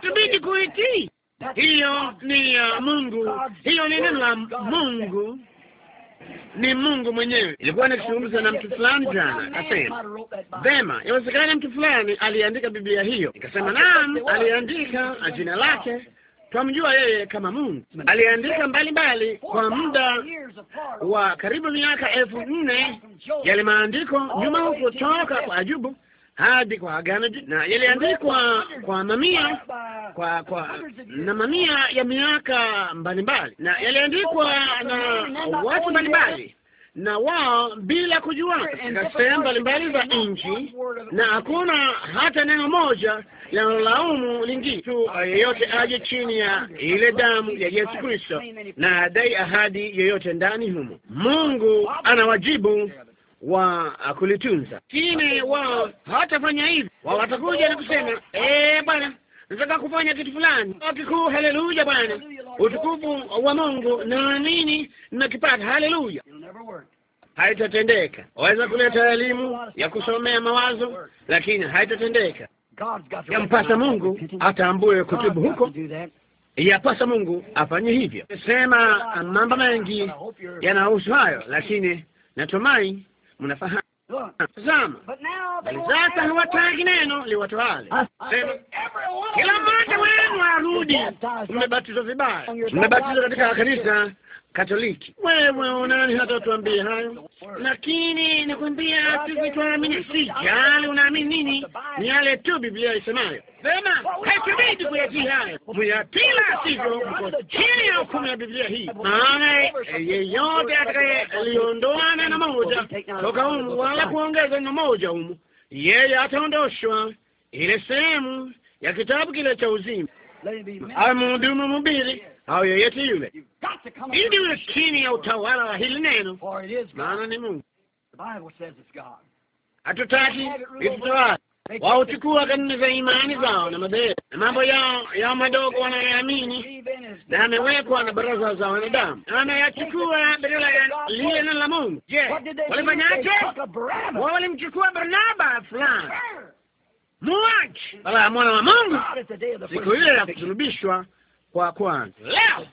tubidi kuitii. Hiyo ni ya uh, Mungu, hiyo ni neno la Mungu ni Mungu mwenyewe. Ilikuwa nikizungumza na mtu fulani jana, akasema vema, inawezekana mtu fulani aliandika Biblia hiyo. Nikasema naam, aliandika, jina lake twamjua yeye kama Mungu. Aliandika mbalimbali kwa muda wa karibu miaka elfu nne yale maandiko nyuma huko toka kwa Ajubu hadi kwa agano na yaliandikwa kwa mamia kwa kwa na mamia ya miaka mbalimbali, na yaliandikwa na watu mbalimbali na wao bila kujua katika sehemu mbalimbali za nchi, na hakuna hata neno moja linalolaumu lingine. Tu yeyote aje chini ya ile damu ya Yesu Kristo na adai ahadi yoyote ndani humo, Mungu anawajibu wa kulitunza, lakini wao hawatafanya hivyo. Wao watakuja na kusema eh, Bwana, nataka kufanya kitu fulani kikuu. Haleluya, Bwana, utukufu wa Mungu na nini nakipata. Haleluya. Haitatendeka. Waweza kuleta elimu ya kusomea mawazo, lakini haitatendeka. Yampasa Mungu atambue kutubu huko, yapasa Mungu afanye hivyo. Sema mambo mengi yanahusu hayo, lakini natumai mnafahamu. Tazama, bali sasa hawataki neno liwatwale. Sema kila mmoja wenu arudi. Mmebatizwa vibaya, mmebatizwa katika kanisa Katoliki. Wewe unani hata tuambie hayo, lakini nakwambia sisi twaamini, si jali unaamini nini, ni yale tu Biblia isemayo. Vema, haitubidi kuyatii hayo, kuyapila sivyo mko chini ya hukumu ya Biblia hii, maana yeyote atakayeliondoa neno moja toka humu wala kuongeza neno moja humu, yeye ataondoshwa ile sehemu ya kitabu kile cha uzima. Amhudumu mhubiri au yeyote yule, ili uwe chini ya utawala wa hili neno, maana ni Mungu. Hatutaki itutawala. chukua kanuni za imani zao na madhehebu na mambo yao ya madogo wanayoamini, na amewekwa na baraza za wanadamu, ameyachukua badala ya lile neno la Mungu. Je, walifanyaje? Wao walimchukua Barnaba fulani muachi, bala mwana wa Mungu siku ile ya kusulubishwa kwa kwanza. Leo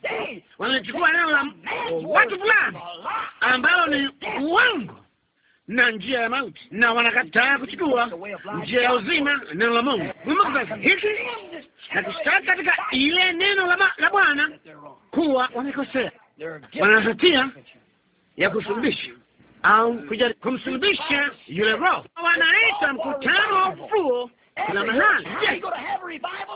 wanachukua neno la watu fulani ambalo ni uongo na njia ya mauti, na wanakataa kuchukua njia ya uzima, neno la Mungu hiki na kushtaki katika ile neno la Bwana kuwa wamekosea, wanahatia ya kusulubisha au kumsulubisha yule Roho. Wanaita mkutano wa ufufuo kila mahali.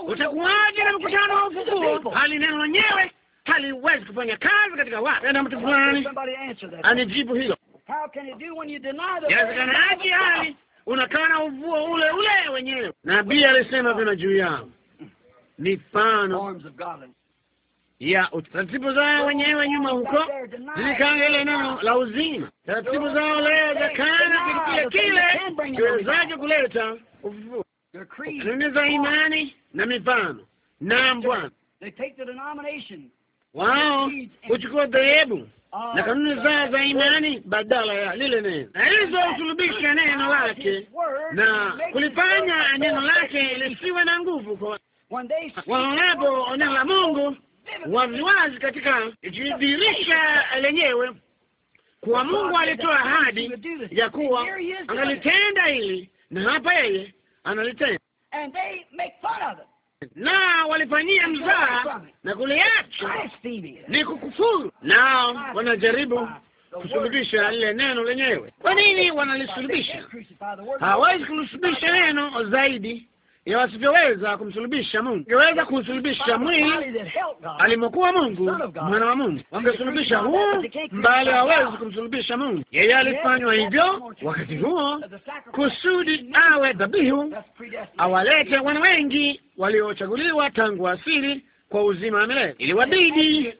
utakuwaje na mkutano wa ufufuo hali neno lenyewe haliwezi kufanya kazi katika watu? Na mtu fulani anijibu hilo, yawezekanaje hali unakana uvuo ule ule wenyewe? Nabii alisema vyema juu yao mifano ya taratibu zao wenyewe nyuma huko zilikana ile neno la uzima. Taratibu zao leo zakana kile kile, kiwezaje kuleta ufufuo? Kanuni za imani na mifano. Naam Bwana, wao huchukua dhehebu na kanuni zao za imani badala ya lile neno, na hizo husulubisha neno lake na kulifanya neno lake lisiwe na nguvu waonapo neno la Mungu waziwazi katika jidirisha lenyewe kuwa Mungu alitoa ahadi ya kuwa angalitenda hili, na hapa yeye analitenda na walifanyia mzaa na kuliacha ni kukufuru, nao wanajaribu kusulubisha lile neno lenyewe. Kwa nini wanalisulubisha? Hawawezi kulisulubisha neno zaidi ya wasivyoweza kumsulubisha Mungu, ingeweza kumsulubisha mwili alimokuwa Mungu, mwana wa Mungu, wangesulubisha huu mbali, hawezi kumsulubisha Mungu. Yeye alifanywa hivyo wakati huo kusudi awe dhabihu, awalete wana wengi waliochaguliwa tangu asili kwa uzima wa milele. Iliwabidi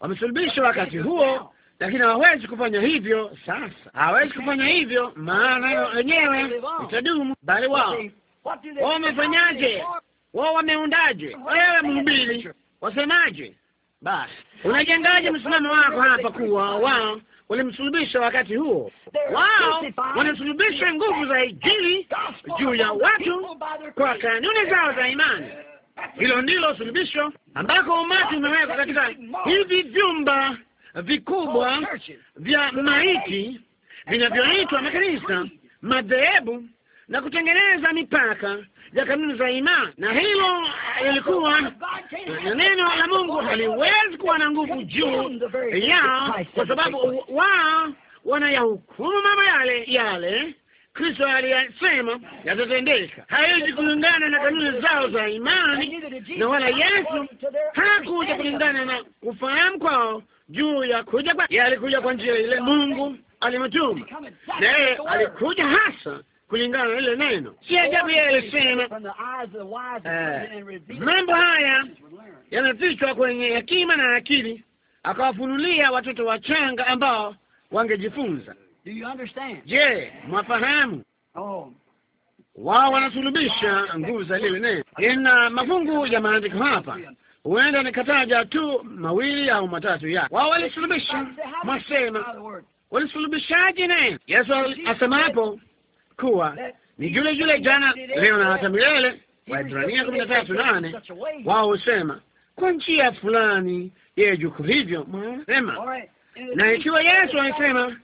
wamsulubisha wakati huo lakini hawezi kufanya hivyo sasa, hawezi kufanya hivyo, maana wenyewe itadumu, bali wao Wamefanyaje? Wao wameundaje? Wewe mhubiri, wasemaje? Basi unajengaje msimamo wako hapa, kuwa wao walimsulubisha wakati huo, wao wanasulubisha nguvu za Injili juu ya watu kwa kanuni zao za imani. Hilo ndilo sulubisho ambako umati umewekwa katika hivi vyumba vikubwa vya maiti vinavyoitwa makanisa, madhehebu na kutengeneza mipaka ya kanuni za imani, na hilo ilikuwa na neno la Mungu haliwezi kuwa na nguvu juu yao, kwa sababu wao wanayahukumu mambo yale yale Kristo aliyasema yatatendeka. Hawezi kulingana na kanuni zao za imani, na wala Yesu hakuja kulingana na kufahamu kwao juu ya kuja kwa, alikuja kwa njia ile Mungu alimtuma, na yeye alikuja hasa kulingana na ile neno. Si ajabu yeye alisema eh. mambo haya yanafichwa kwenye hekima na akili, akawafunulia watoto wachanga ambao wangejifunza. Je, mwafahamu? oh. Wao wanasulubisha nguvu za lile neno. Ina mafungu ya maandiko hapa, huenda nikataja tu mawili au matatu yake. Wao walisulubisha, mwasema walisulubishaje neno? Yesu asema hapo kuwa ni yule yule jana leo na hata milele. Waibrania kumi na tatu nane wao husema kwa njia fulani yeye juku hivyo sema. Na ikiwa Yesu alisema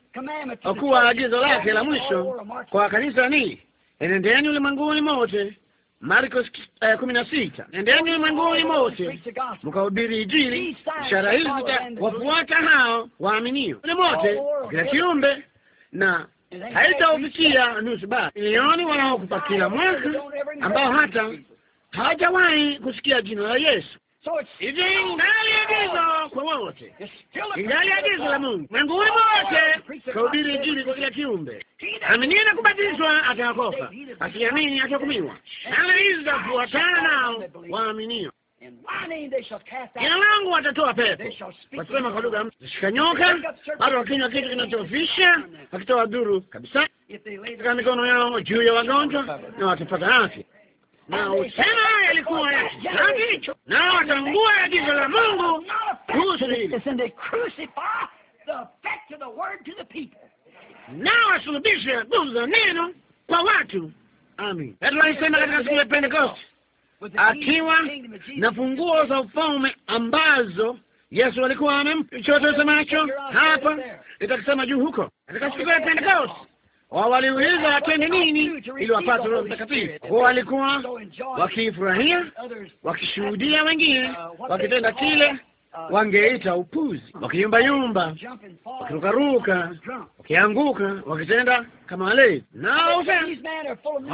kuwa agizo lake la mwisho kwa kanisa ni enendeni ulimwenguni mote, Marko eh, kumi na sita enendeni ulimwenguni mote mkahubiri Injili, ishara hizi zitawafuata hao waaminio. Ni mote kila kiumbe na haitawafikia nusu basi milioni wanaokufa kila mwaka ambao hata hawajawahi kusikia jina la Yesu. Hivi ngali agizo kwa wote, ingali agizo la Mungu mwenguni wote kuhubiri Injili kwa kila kiumbe. Aminiye na kubatizwa ataokoka, asiamini atahukumiwa. Hizi zafuatana nao waaminio. Jina langu watatoa pepo, watasema kwa lugha, watashika nyoka, bado wakinywa kitu kinachofisha, wakitoa dhuru kabisa katika mikono yao juu ya wagonjwa, na watapata afya. Na usema yalikuwa yakicho, na watangua agizo la Mungu kuhusu hili, na wasulubishe nguvu za neno kwa watu. Amin. Petro alisema katika siku ya Pentekoste akiwa na funguo za ufalme ambazo Yesu alikuwa amempa. Chochote usemacho hapa nitakisema juu huko. Katika siku ya Pentecost waliuliza watende nini ili wapate Roho Mtakatifu. Wao walikuwa wakifurahia, wakishuhudia wengine, uh, wakitenda kile uh, Uh, wangeita upuzi, wakiyumbayumba, wakirukaruka, wakianguka, wakitenda kama wale na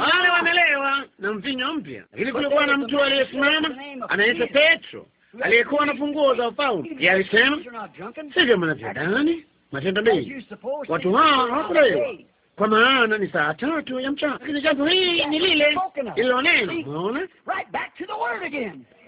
wale wamelewa na mvinyo mpya. Lakini kulikuwa na mtu aliyesimama anaitwa Petro, aliyekuwa na funguo za ufalme. Yeye alisema sivyo mnavyodhani, matendo mengi watu hawa hawakulewa kwa maana ni saa tatu ya mchana. Lakini jambo hii ni lile ililonena, unaona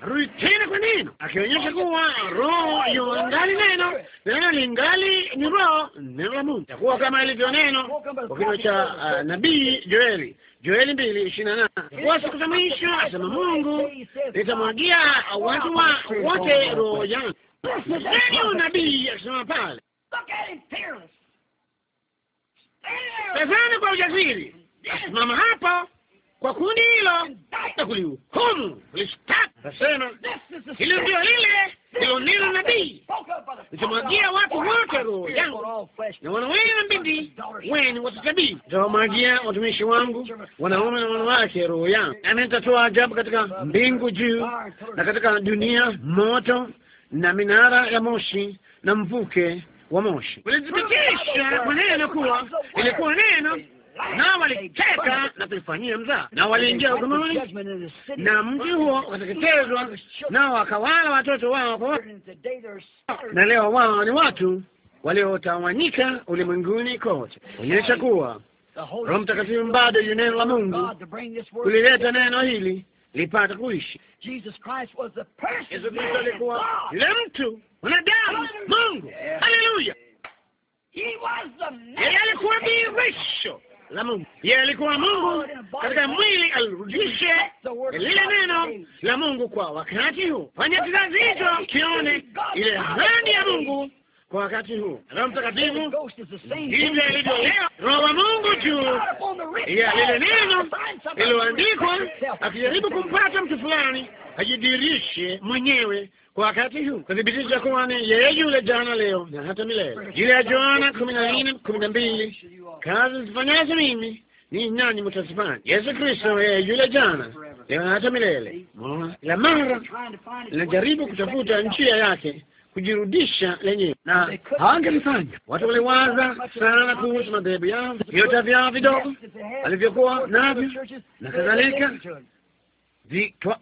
Rudi tena kwa neno, akionyesha kuwa roho ngali neno, neno lingali ni roho, neno la Mungu takuwa kama ilivyo neno kwa kinywa cha uh, nabii Joeli, Joeli mbili ishirini na nane kwa siku za mwisho, asema Mungu, nitamwagia watu wa wote roho yangu. Neno nabii akisema pale, tazama kwa ujasiri, simama hapo kwa kundi hilo na kulihukumu, kulishtaka. Nasema hilo ndio lile ilonena nabii, nitamwagia watu wote roho yangu, na wana wenu na mbindi wenu watatabii. Nitawamwagia watumishi wangu wanaume na wanawake roho yangu, nami nitatoa ajabu katika mbingu juu na katika dunia moto na minara ya moshi na mvuke wa moshi. Ulithibitisha kwa neno kuwa ilikuwa neno na waliteka na kuifanyia mzaa, na waliingia hukumuni, na mji huo ukateketezwa nao wakawala watoto wao kwa na leo wao ni watu waliotawanyika ulimwenguni kote. Onyesha kuwa Roho Mtakatifu bado yu neno la Mungu kulileta neno hili lipata kuishi. Yesu Kristo alikuwa yule mtu mwanadamu, Mungu. Haleluya! Yeye alikuwa dhihirisho la Mungu. Yeye alikuwa Mungu katika mwili, alirudishe lile neno la Mungu kwa wakati huu. Fanya kizazi hicho kione ile ahadi ya Mungu kwa wakati huu. Roho Mtakatifu ndivyo alivyo leo, Roho wa Mungu juu ya lile neno lililoandikwa, akijaribu kumpata mtu fulani ajidirishe mwenyewe kwa wakati huu kuthibitisha kuwa ni yeye yule jana, leo na hata milele. Ile ya Yohana kumi na nne kumi na mbili kazi zifanyazo mimi ni nani mtazifanya? Yesu Kristo yeye yule jana, leo na hata milele. Mona la mara linajaribu kutafuta njia yake kujirudisha lenyewe, na hawangemfanya. Watu waliwaza sana kuhusu madhehebu yao, viota vyao vidogo alivyokuwa navyo na kadhalika,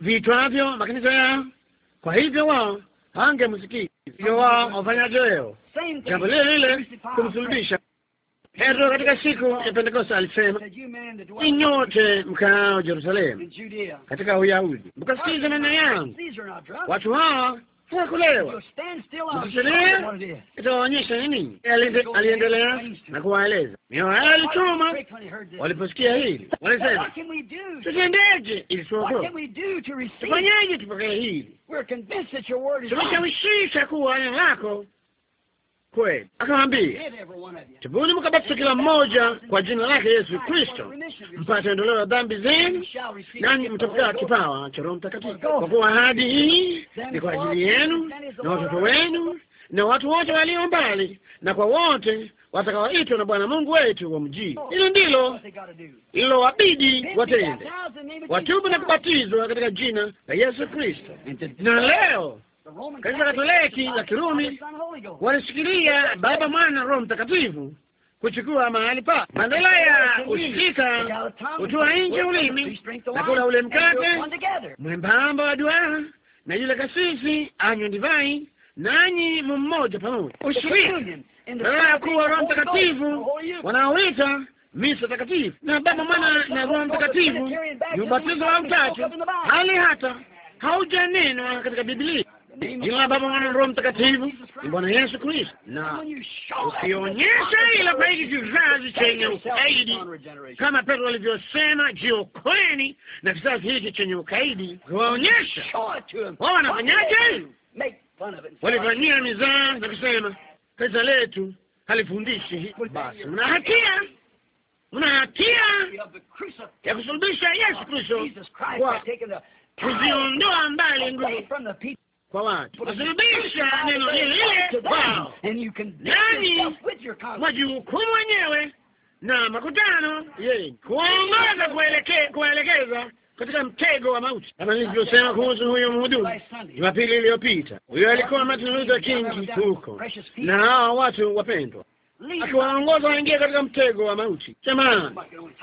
viitwavyo makanisa yao. Kwa hivyo wao hawangemsikia, hivyo wao wafanyaje leo? Jambo lile lile, kumsulubisha Petro katika siku ya Pentekoste alisema, ninyote mkaao Yerusalemu katika Uyahudi mkasikize maneno yangu. Watu hawa hakulewa msichelee, itawaonyesha ni nini. Aliendelea na kuwaeleza mioyo yao alichoma waliposikia hili, walisema tutendeje ili tuokoke? Tufanyeje tupokee hili? Tumeshawishika kuwa neno lako kweli. Akamwambia, tubuni mkabatizwe kila mmoja kwa jina lake Yesu Kristo, mpate ondoleo la dhambi zenu, nani mtapokea kipawa cha Roho Mtakatifu, kwa kuwa ahadi hii ni kwa ajili yenu na watoto wenu na watu wote walio mbali, na kwa wote watakaoitwa na Bwana Mungu wetu wa mji. Hilo ndilo lilowabidi watende, watubu na kubatizwa katika jina la Yesu Kristo. Na leo Kanisa Katoliki la Kirumi walishikilia Baba, Mwana, Roho Mtakatifu kuchukua mahali pa badala ya ushirika, utoa nje ulimi na kula ule mkate mwembamba wa duara na yule kasisi anywe divai, nanyi mmoja pamoja. Ushirika badala ya kuwa Roho Mtakatifu wanaoita misa takatifu na Baba, Mwana na Roho Mtakatifu ni ubatizo wa utatu, hali hata haujanenwa katika Biblia jina la Baba, Mwana na Roho Mtakatifu ni Bwana Yesu Kristo, na ukionyesha hilo kwa hiki kizazi chenye ukaidi, kama Petro alivyosema, jiokoeni na kizazi hiki chenye ukaidi. Ukiwaonyesha wao wanafanyaje? Walifanyia mizaa na kusema kanisa letu halifundishi. Basi mna hatia, mna hatia ya kusulubisha Yesu Kristo kwa kuziondoa mbali nguvu kwa watu, unazirudisha neno lile nani wajihukumu wenyewe na makutano yenu, kuwaongoza kuwaelekeza katika mtego wa mauti, kama nilivyosema kuhusu huyo mhudumu Jumapili iliyopita. Huyo alikuwa Martin Luther King huko, na hawa watu wapendwa, akiwaongoza waingie katika mtego wa mauti. Jamani,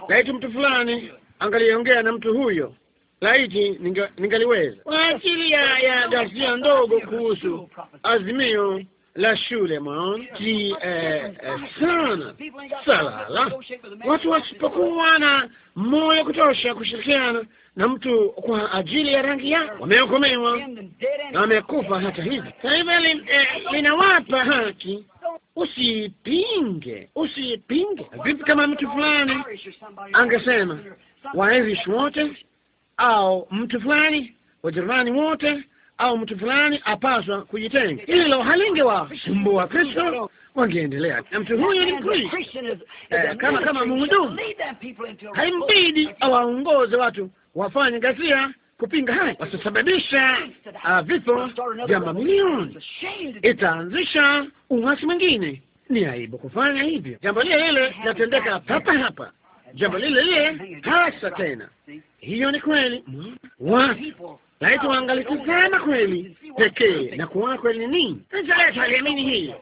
laiti mtu fulani angaliongea na mtu huyo laiti ningaliweza kwa ajili ya ya gazia ndogo kuhusu azimio la shule mwaona ki eh, eh, sana salala, watu wasipokuwa na moyo kutosha kushirikiana na mtu kwa ajili ya rangi yake wameokomewa na wamekufa. Hata hivyo taifa eh, linawapa haki. Usipinge, usipinge. Vipi kama mtu fulani angesema Wairish wote au mtu fulani, wajirani wote au mtu fulani apaswa kujitenga. Hilo halingewasumbua Kristo, wangeendelea na mtu huyu ni Mkristo eh, kama kama mhudumu. Haimbidi awaongoze watu wafanye ghasia kupinga haya, wasisababisha ah, vifo vya mamilioni. Itaanzisha uasi mwingine. Ni aibu kufanya hivyo. Jambo lile lile linatendeka papa hapa jambo lile lile hasa tena. Hiyo ni kweli, watu laiti waangalitizama kweli pekee na kuona kweli ni nini nzaleta aliamini hii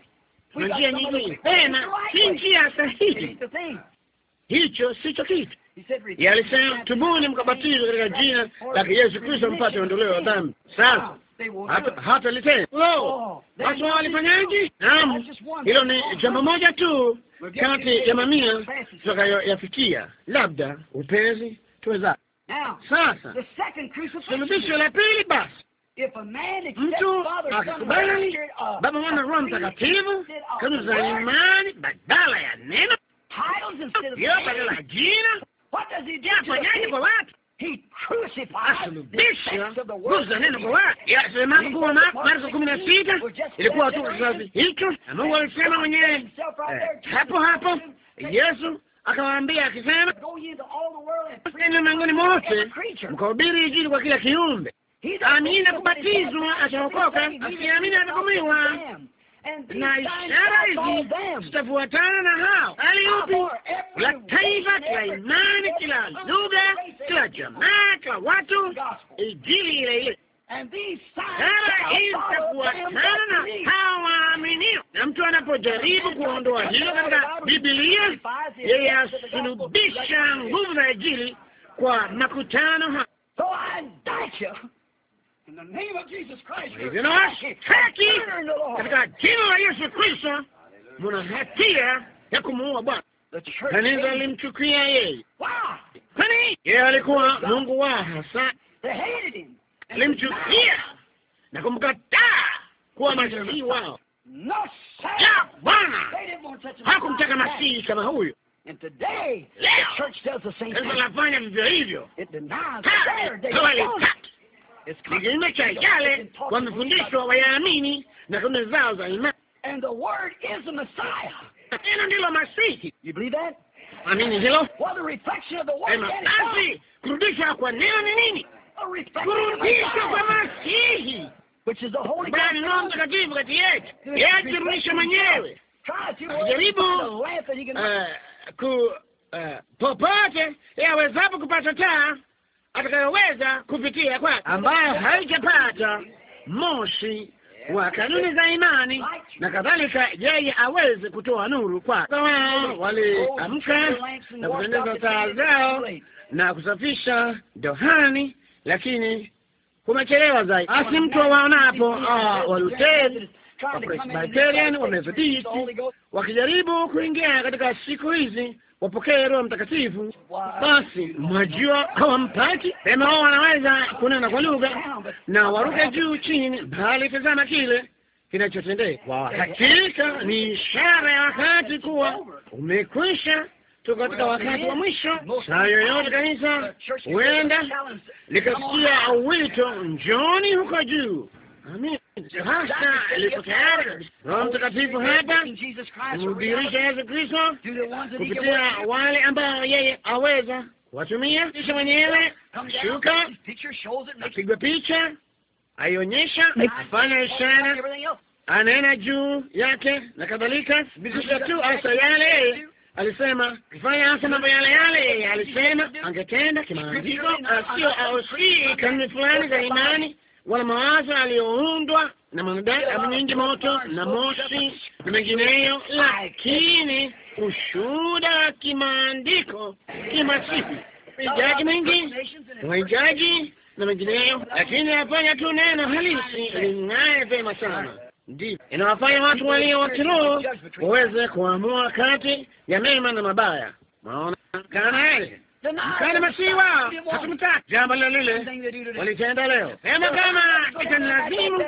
na njia nyingine tena, si njia sahihi. Hicho sicho kitu yalisema, tubuni mkabatizwe katika jina la Yesu Kristo mpate ondoleo la dhambi. Sasa hata hata litena basi, wao walifanyaje? Naam, hilo ni jambo moja tu kati ya mamia tutakayoyafikia, labda upezi tuweza. Sasa sulubisho la pili basi mtu akakubali uh, Baba, Mwana, Roho Mtakatifu uh, kama za imani badala ya neno badala ya jina, afanyaje kwa watu? alisuluhisha nguzo neno kwa kuwa Marko kumi na sita ilikuwa tu kizazi hicho, na Mungu alisema mwenyewe eh, hapo hapo. Yesu akawaambia akisema, ulimwenguni mote mkahubiri Injili kwa kila kiumbe, amini na kubatizwa ataokoka, asiamini atahukumiwa na ishara hizi zitafuatana na hao aliupi, kila taifa, kila imani, kila lugha, kila jamaa, kila watu, ijili ile ile. Ishara hizi zitafuatana na hao waaminio. Na mtu anapojaribu kuondoa hilo katika bibilia yeye asulubisha nguvu za ijili kwa makutano haya. In the name of Jesus Christ. Hivyo haki katika jina la Yesu Kristo, muna hatia ya kumuua Bwana. Kanisa limchukia yeye, kwani yeye alikuwa Mungu wao hasa, alimchukia na kumkataa kuwa masihi wao. Ja, Bwana hakumtaka masihi kama huyo. Kanisa lafanya vivyo hivyo, hawalitaki ni kinyume cha yale wamefundishwa wayaamini na tunu zao za imani. Neno ndilo Masihi. Amini hilo. Basi kurudishwa kwa neno ni nini? Kurudishwa kwa Masihi, bali Roho Mtakatifu kati yetu, uh, uh, yeye akirudisha mwenyewe. Jaribu popote yawezapo kupata taa atakayoweza kupitia kwake, ambayo haijapata moshi wa kanuni za imani na kadhalika, yeye aweze kutoa nuru kwake. Waliamka na kutendeza taa zao na kusafisha dohani, lakini kumechelewa zaidi. Basi mtu waonapo ah, Waluteri, Wapresbiterian, Wamethodisti wakijaribu kuingia katika siku hizi wapokee Roho Mtakatifu. Basi mwajua hawampati pema, wao wanaweza kunena kwa lugha na waruke juu chini, bali tazama kile kinachotendeka. Hakika ni ishara ya wakati kuwa umekwisha. Tuko katika wakati wa mwisho. Saa yoyote kanisa huenda likasikia wito, njoni huko juu. amina sasa lipo tayari kabisa. Roho Mtakatifu hapa mhudirisha Yesu Kristo kupitia wale ambao yeye aweza kuwatumia, kisha mwenyewe shuka, apigwa picha, aionyesha, afanya ishara, anena juu yake na kadhalika, kisha tu asa yale yeye alisema kufanya hasa mambo yale yale alisema angetenda kimaandiko, sio ausii kanuni fulani za imani wala mawazo aliyoundwa na mwanadamu nyingi, moto na moshi na mengineyo, lakini ushuhuda wa kimaandiko kimasihi, uijaji mingi uijaji na mengineyo, lakini afanya tu neno halisi ling'ae vema sana, ndio inawafanya watu walio wa kiroho waweze kuamua kati ya mema na mabaya. Maona kana yale mkana masiwa hatumtaki. jambo lile walitenda leo. Sema kama itanilazimu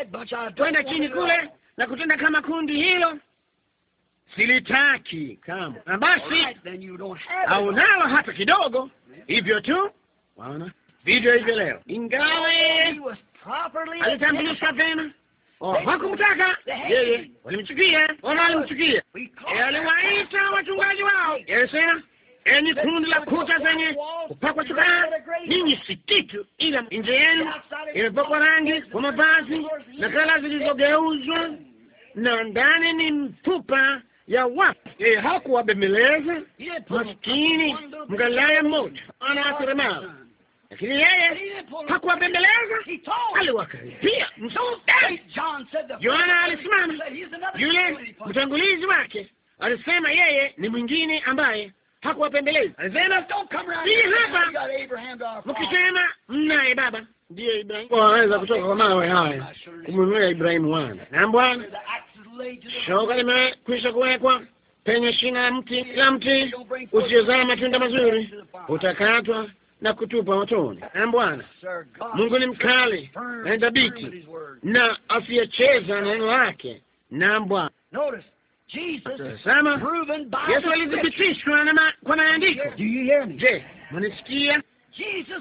kwenda chini kule na kutenda kama kundi hilo, silitaki kama na basi, au nalo hata kidogo. Hivyo tu waona video hivyo leo, ingawe alitambulishwa vyema hakumtaka yeye, walimchukia, walimchukia, aliwaita wachungaji wao yesena enyi kundi la kuta zenye kupakwa chokaa, ninyi si kitu, ila nje yenu imepakwa rangi kwa mavazi na kala zilizogeuzwa, na ndani ni mfupa ya wafu. Yeye hakuwabembeleza maskini mgalaya mmoja ana seremala, lakini yeye hakuwabembeleza, aliwakaribia. Yohana alisimama, yule mtangulizi wake alisema yeye ni mwingine ambaye hakuwapendelezaii hapa mkisema mnaye baba ndiye Ibrahimu waweza kutoka kwa mawe haya kumwinulia Ibrahimu wana na Bwana. Shoka limekwisha kuwekwa penye shina ya mti kila mti usiozaa matunda mazuri, utakatwa na kutupa motoni. Na Bwana Mungu ni mkali na dhabiti, na asiyecheza neno lake. Na Bwana Tazama, Yesu alithibitishwa kwa maandiko. Je, mwanisikia? Yesu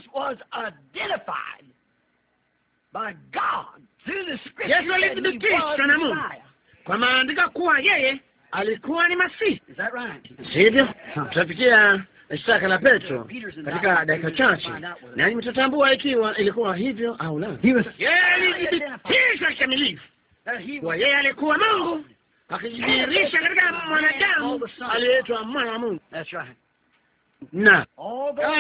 alithibitishwa na Mungu kwa maandiko kuwa yeye alikuwa ni Masihi, sivyo? Tutafikia shtaka la Petro katika dakika chache, nani mtatambua ikiwa ilikuwa hivyo au la. Yeye alithibitishwa kikamilifu kuwa yeye alikuwa Mungu akijidhihirisha katika mwanadamu aliyeitwa mwana wa Mungu. Na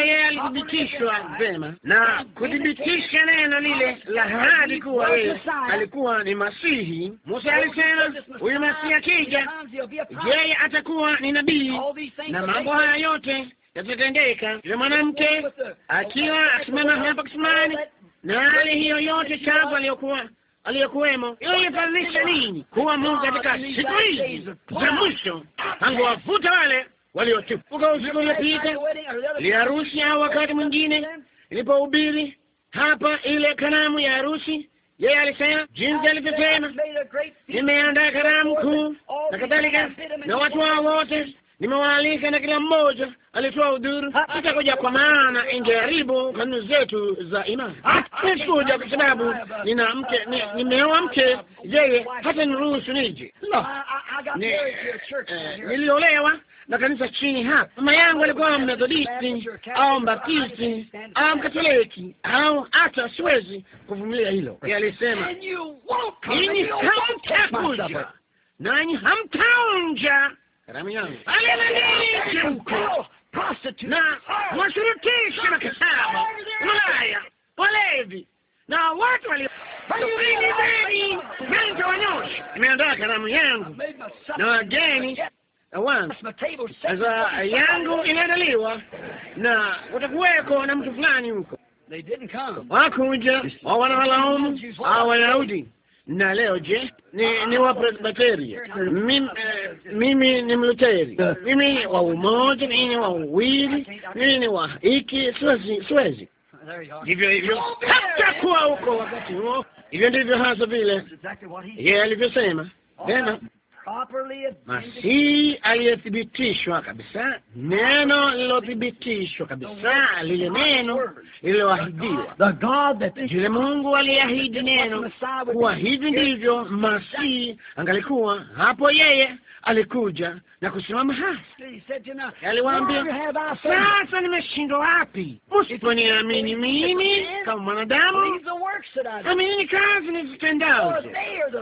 yeye alithibitishwa vema na kuthibitisha neno lile la ahadi kuwa yeye alikuwa ni Masihi. Musa alisema huyu Masihi akija, yeye atakuwa ni nabii, na mambo haya yote yatatendeka. Yule mwanamke akiwa akisimama hapa kisimani, na hali hiyo yote chafu aliyokuwa aliyekuwemo. Ilifananisha nini kuwa Mungu katika siku hizi za mwisho, tangu wavuta wale waliotuka. Usiku uliopita liharusi, au wakati mwingine ilipohubiri hapa ile karamu ya harusi, yeye alisema jinsi alivyosema, nimeandaa karamu kuu na kadhalika, na watu hao wote nimewaalika na kila mmoja alitoa udhuru. Sitakuja kwa maana ingeharibu kanuni zetu za imani. Sikuja kwa sababu nina mke, nimeoa mke, yeye hata niruhusu nije. Eh, niliolewa na kanisa chini hapa. Mama yangu alikuwa Methodisti au Mbaptisti au Mkatoliki au hata, siwezi kuvumilia hilo. Alisema nini? hamtakuja nanyi hamtaonja karamu yangu alimanishi huko na washurutisha makataba walevi na watu walioinizeni menja Nimeandaa karamu yangu na wageni wangu, yangu imeandaliwa na watakuweko na mtu fulani huko. Wakuja wawanawalaumu au Wayahudi na leo je, ni ni wa mimi eh, mimi ni Mluteri, mimi wa umoja, mimi ni wa uwili, mimi ni wa hiki, siwezi siwezi Hivyo hivyo, hata hatakuwa huko wakati huo. Hivyo ndivyo hasa vile yeye alivyosema tena Masihi aliyethibitishwa kabisa, neno lilothibitishwa kabisa, lile neno lililoahidiwa, yule Mungu aliyeahidi neno kuwa hivi ndivyo Masihi angalikuwa hapo. Yeye alikuja na kusimama hasa. aliwaambia sasa, nimeshindwa wapi? Msiponiamini mimi kama mwanadamu, amini kazi nizitendazo,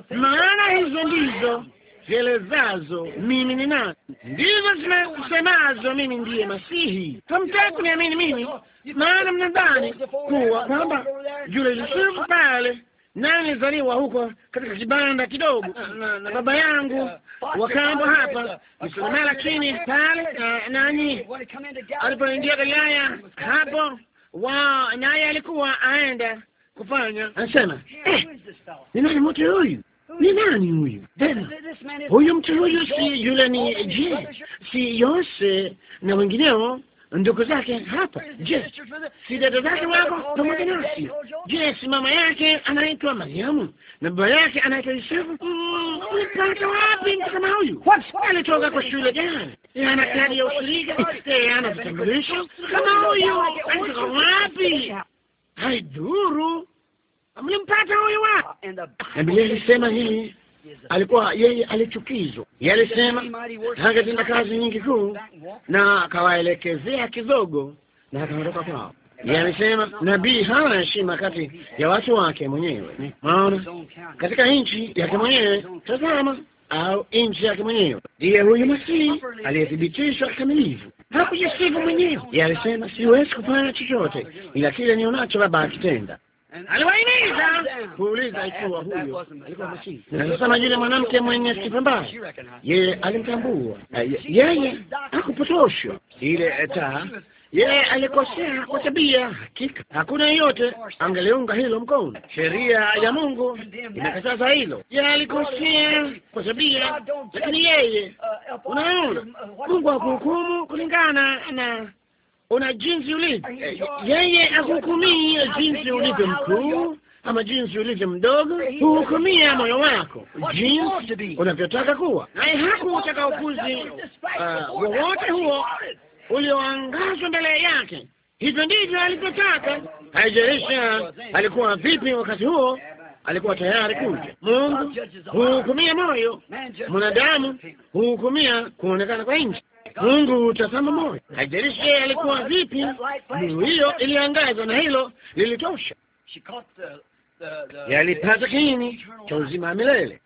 maana hizo ndizo zielezazo mimi ni nani, ndizo zinasemazo mimi ndiye Masihi. Hamtaki kuniamini mimi, maana mnadhani kuwa kwamba yule Yusufu pale nani zaliwa huko katika kibanda kidogo na baba yangu wakambo hapa msema, lakini pale nani alipoingia Galilaya hapo wa naye alikuwa aenda kufanya, anasema eh, ni nani mtu huyu? Ni nani huyu tena? Huyu mtu huyu si yule, ni je, si Yose na wengineo ndugu zake hapa? Je, si dada zake wako pamoja nasi? Je, si mama yake anaitwa Mariamu na baba yake anaitwa Yusufu? Mm, Ulipata wapi mtu kama huyu? Alitoka kwa shule gani? Ana kadi ya ushirika? Eh, ana vitambulisho kama huyu? Alitoka wapi? Haidhuru mlimpata huyu wapi? Uh, na Biblia ilisema hii alikuwa yeye alichukizwa, yeye alisema hangetenda kazi nyingi kuu, na akawaelekezea kidogo na akaondoka kwao. Yeye alisema nabii hana heshima kati ya watu wake mwenyewe, maana katika nchi yake mwenyewe, tazama, au nchi yake mwenyewe ndiye huyu Masihi aliyethibitishwa kikamilifu. Hakujisifu mwenyewe, yeye alisema siwezi kufanya chochote ila kile nionacho Baba akitenda aliwahimiza kuuliza ikiwa huyo alikuwa mashini. Nasema yule mwanamke mwenye sifa yeye alimtambua yeye, hakupotoshwa ile taa. Yeye alikosea kwa tabia, hakika hakuna yeyote angeliunga hilo mkono. Sheria ya Mungu imekataza hilo. Yeye alikosea kwa tabia, lakini yeye, unaona, Mungu hakuhukumu kulingana na una jinsi ulivyo. Eh, yeye akuhukumia jinsi ulivyo mkuu ama jinsi ulivyo mdogo, huhukumia moyo wako jinsi unavyotaka kuwa naye. Hakutaka ukuzi uh, wowote huo ulioangazwa mbele yake. Hivyo ndivyo alivyotaka, Haijalisha uh, alikuwa vipi wakati huo alikuwa tayari kuja. Mungu huhukumia moyo, mwanadamu huhukumia kuonekana kwa nje. Mungu utazama moyo, haijalishi yeye alikuwa vipi. Nuru hiyo iliangazwa na hilo lilitosha. Yalipata kiini cha uzima wa milele.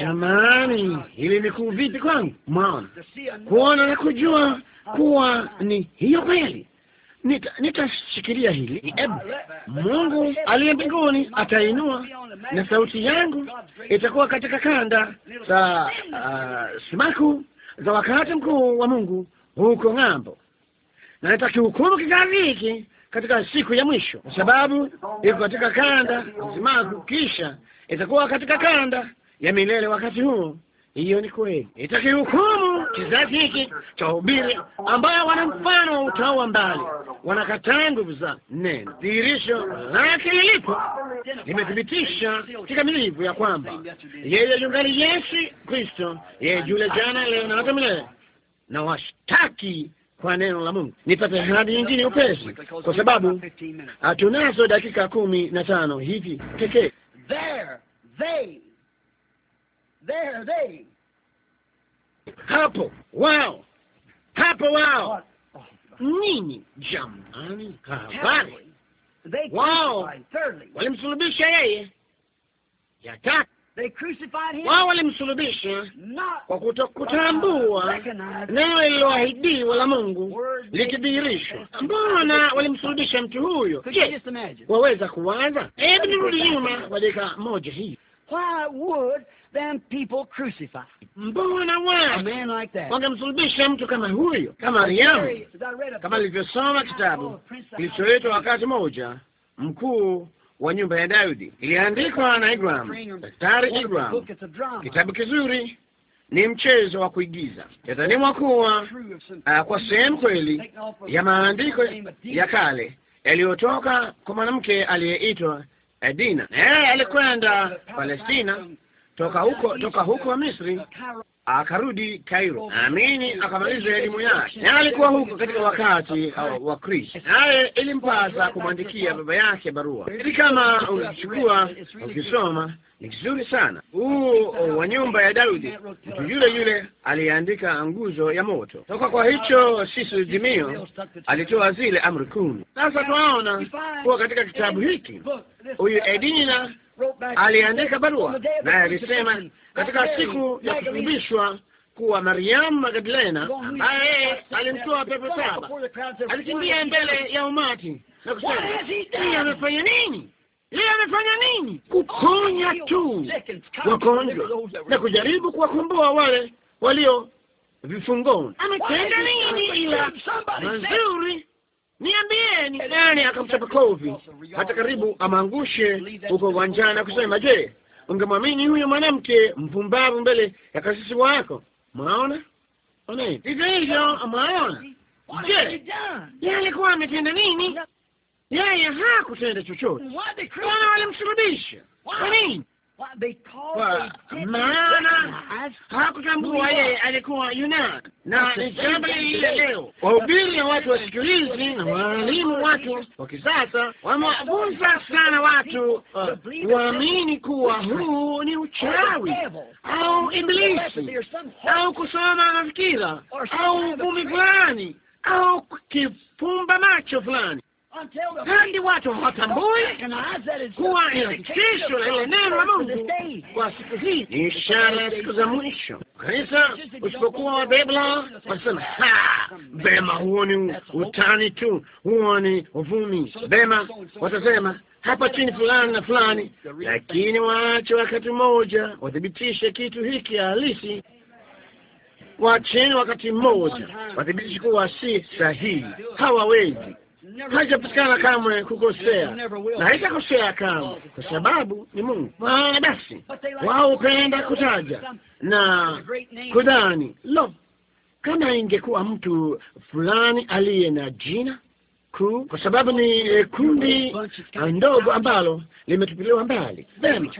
Jamani, hili ni kuu vipi kwangu! Mwaona, kuona na kujua kuwa ni hiyo kweli. Nitashikilia nita hili. Ah, Ebu Mungu aliye mbinguni atainua, na sauti yangu itakuwa katika kanda za uh, simaku za wakati mkuu wa Mungu huko ng'ambo, na nitakihukumu kizazi hiki katika siku ya mwisho, kwa sababu iko katika kanda zimagu, kisha itakuwa katika kanda ya milele wakati huo. Hiyo ni kweli, itakihukumu kizazi hiki cha ubiri ambayo wana mfano wa utao wa mbali, wanakataa nguvu za neno. Dhihirisho lake lilipo limethibitisha kikamilifu ya kwamba yeye yungali Yesu Kristo, yeye yule jana, leo na hata milele, na washtaki kwa neno la Mungu. Nipate hadi nyingine upesi, kwa sababu hatunazo dakika kumi na tano hivi pekee hapo wao, hapo wao nini, jamani, habari! Wao walimsulubisha yeye. Ya tatu, wao walimsulubisha kwa kutokutambua neno lililoahidiwa la Mungu likidhihirishwa. Mbona walimsulubisha mtu huyo? Je, waweza kuwaza? Hebu nirudi nyuma kwa dakika moja hii Mbona watu wangemsulubisha mtu kama huyo, kama Mariamu? Kama nilivyosoma kitabu oh, kilichoitwa wakati mmoja mkuu wa nyumba ya Daudi, iliandikwa na Ingram, Daktari Ingram. Kitabu kizuri, ni mchezo wa kuigiza. Yadhaniwa kuwa uh, ah, kwa sehemu kweli ya maandiko ya kale yaliyotoka kwa mwanamke aliyeitwa Edina. na eh, yeye alikwenda Palestina toka huko toka huko Misri akarudi Kairo, amini, akamaliza elimu yake, na alikuwa huko katika wakati uh, wa Kristo, naye ilimpasa kumwandikia baba yake barua. Ili kama ukichukua ukisoma, ni kizuri sana huu uh, wa nyumba ya Daudi, mtu yule yule aliyeandika nguzo ya moto. Toka kwa hicho zimio alitoa zile amri kumi. Sasa tunaona kuwa katika kitabu hiki huyu Edina aliandika barua, naye alisema katika siku ya kufumbishwa kuwa Mariamu Magdalena ambaye yeye alimtoa pepo saba alikimbia mbele ya umati na kusema, yeye amefanya nini? Yeye amefanya nini? Kuponya tu wagonjwa na kujaribu kuwakomboa wale walio vifungoni. Ametenda nini ila mazuri niambieni nani akamchapa kovi hata karibu amaangushe huko uwanjani na kusema, je, ungemwamini huyo mwanamke mpumbavu mbele ya kasisi wako? Mwaona vivyo hivyo, mwaona. Je, yeye alikuwa ametenda nini? Yeye hakutenda chochote, wana walimsulubisha. Kwa nini? kwa maana hakutambua yeye alikuwa Yunani, na ni jambo lile leo wahubiri wa watu wa siku hizi na waalimu watu wa kisasa wamewaguza sana watu uh, waamini kuwa huu ni uchawi au ibilisi au kusoma mafikira au uvumi fulani au kifumba macho fulani kandi watu hawatambui kuwa inafikishwa na ile neno la Mungu kwa siku hii. Ni ishara ya siku za mwisho. Kanisa usipokuwa wa Biblia wanasema bema, huo ni utani tu, huo ni uvumi. Bema watasema hapa chini fulani na fulani, lakini waache wakati mmoja wathibitishe kitu hiki halisi wacheni wakati mmoja wathibitishe kuwa si sahihi, hawawezi hajapatikana kamwe kukosea na haitakosea kamwe, kwa sababu ni Mungu. Maana ah, basi wao hupenda kutaja na kudhani, lo, kama ingekuwa mtu fulani aliye na jina kuu, kwa sababu ni eh, kundi ah, ndogo ambalo limetupiliwa mbali. Vema,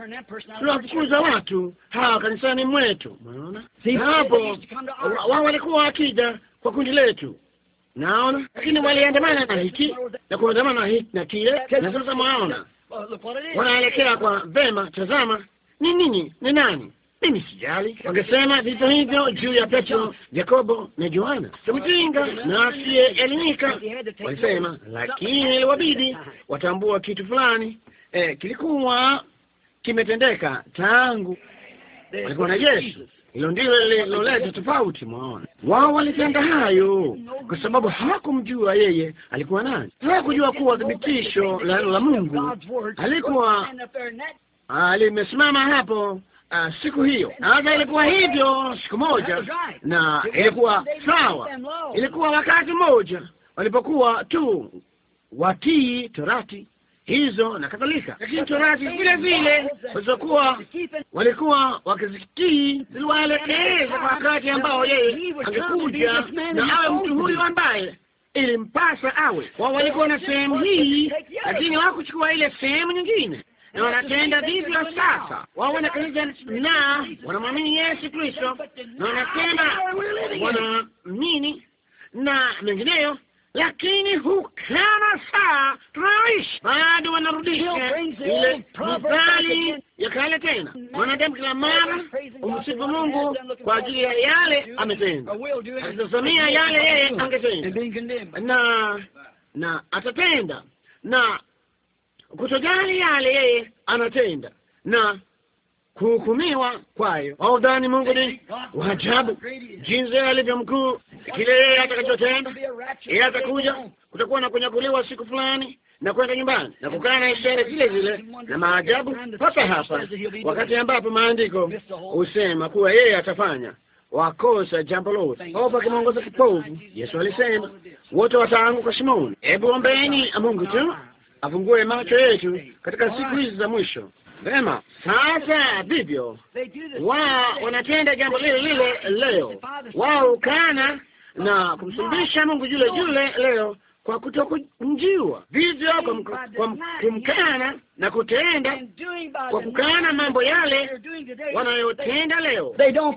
tunawafukuza watu hawa kanisani mwetu. Unaona hapo, wao walikuwa wakija kwa kundi letu naona, lakini waliandamana na hiki na kuandamana hiki na kile, na sasa mwaona wanaelekea kwa vema. Tazama, ni nini ni nani? Mimi sijali. Wangesema vitu hivyo juu ya Petro, Yakobo na Yohana, simtinga na asiyeelimika walisema, lakini iliwabidi watambua kitu fulani eh, kilikuwa kimetendeka tangu walikuwa na Yesu hilo ndilo lililoleta tofauti. Mwaona, wao walipenda hayo kwa sababu hawakumjua yeye alikuwa nani. Hawakujua kuwa thibitisho la neno la Mungu alikuwa alimesimama ah, hapo. Uh, siku hiyo hata ilikuwa hivyo siku moja, na ilikuwa sawa. Ilikuwa wakati mmoja walipokuwa tu watii torati hizo na kadhalika, lakini torati vile vile walizokuwa walikuwa wakizitii ziliwaelekeza kwa wakati ambao yeye angekuja na awe mtu huyu ambaye ilimpasa awe. kwa, walikuwa na sehemu hii, lakini hawakuchukua ile sehemu nyingine, na wanatenda vivyo sasa. Wao wana kanisa na wanamwamini Yesu Kristo na wanasema wanaamini na mengineyo lakini hukana saa tunayoishi bado wanarudisha ile mithali ya kale tena. Mwanadamu kila mara umsifu Mungu kwa ajili ya yale ametenda, akitazamia yale yeye angetenda na na atatenda, na kutojali yale yeye anatenda na kuhukumiwa kwayo. Waudhani Mungu ni waajabu jinsi alivyo mkuu, kile yeye atakachotenda. Yeye atakuja, kutakuwa na kunyakuliwa siku fulani na kwenda nyumbani na kukaa na ishara zile zile na maajabu hapa hapa, wakati ambapo maandiko husema kuwa yeye atafanya wakosa jambo lote au pakimwongoza kipofu. Yesu alisema wote wataanguka shimoni. Hebu ombeni Mungu tu afungue macho yetu katika siku hizi za mwisho, Vema, sasa vivyo wao wanatenda jambo lile lile leo, wao ukana na oh, kumsulubisha Mungu yule yule leo kwa kutokunjiwa, vivyo kwa kumkana na kutenda kwa kukana mambo yale wanayotenda leo.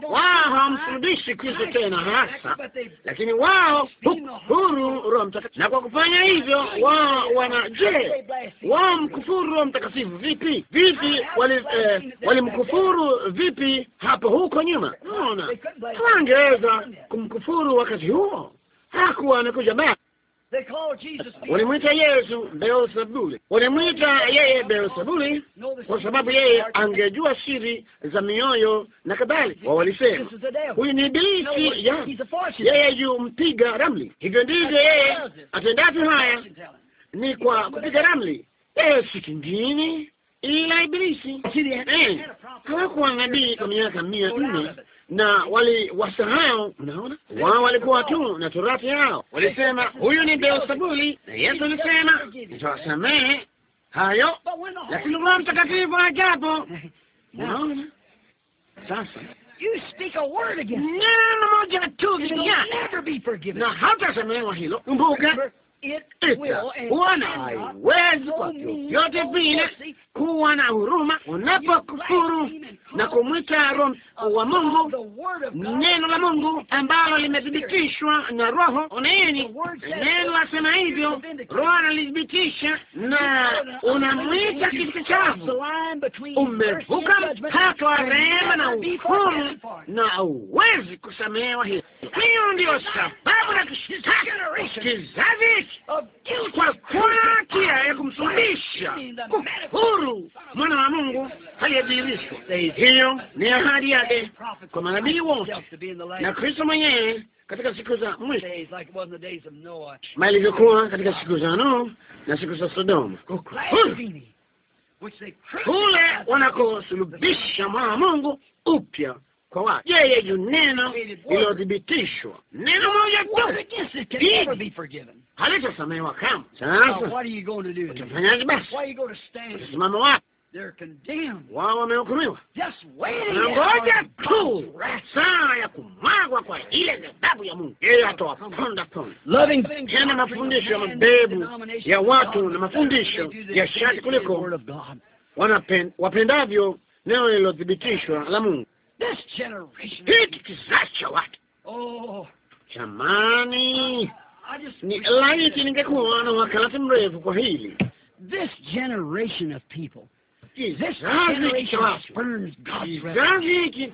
Wao hawamsurudishi Kristo tena hasa, lakini wao huru Roho Mtakatifu, na kwa kufanya hivyo wao wana je, wao mkufuru Roho Mtakatifu vipi? Vipi eh, walimkufuru eh, wali vipi hapo huko nyuma? Naona hawangeweza kumkufuru wakati huo, hakuwa anakuja basi Walimwita Yesu Beelzebuli, walimwita yeye Beelzebuli kwa sababu yeye angejua siri za mioyo na kadhalika. Wao walisema huyu ni ibilisi, yeye yumpiga ramli. Hivyo ndivyo yeye atendavyo. Haya ni kwa kupiga ramli, yeye si kingine ila ibilisi. Eh, Hawakuwa nabii kwa miaka mia nne na waliwasahau. Unaona, wao walikuwa tu na torati yao, walisema huyu ni Beelzebuli, na Yesu alisema nitawasamehe hayo, lakini Roho Mtakatifu ajapo. Unaona, sasa neno moja tu na hatasamehewa hilo. Kumbuka Bwana haiwezi kwa vyovyote vile kuwa na huruma unapokufuru na kumwita Roho wa Mungu, neno la Mungu ambalo limethibitishwa na Roho. Oneni, neno lasema hivyo, Roho analithibitisha, na unamwita kitu chako. Umevuka mpaka wa rehema na ukuu, na uwezi kusamehewa hilo hiyo ndiyo sababu na kizazi kwa kuatia ya kumsulubisha kufuru mwana wa Mungu aliyedhihirishwa. Hiyo ni ahadi yake kwa manabii wote na Kristo mwenyewe katika siku za mwisho kama ilivyokuwa katika siku za Nuhu na siku za Sodoma, kule wanakosulubisha mwana wa Mungu upya kwa watu. Yeye yu neno lililothibitishwa, neno moja tu halitasamehewa kamwe. Sasa utafanyaje? Basi utasimama wapi? Wao wamehukumiwa. Ngoja tu saa ya kumwagwa kwa ile ghadhabu ya Mungu. Yeye atawaponda ponda. Tena mafundisho ya mabebu ya watu na mafundisho ya shati kuliko wapendavyo neno lililothibitishwa la Mungu. This generation. Exactly what. Oh. Jamani. Ni laiti ningekuwa na wakati mrefu kwa hili. This generation of people. This generation spurns God's revelation.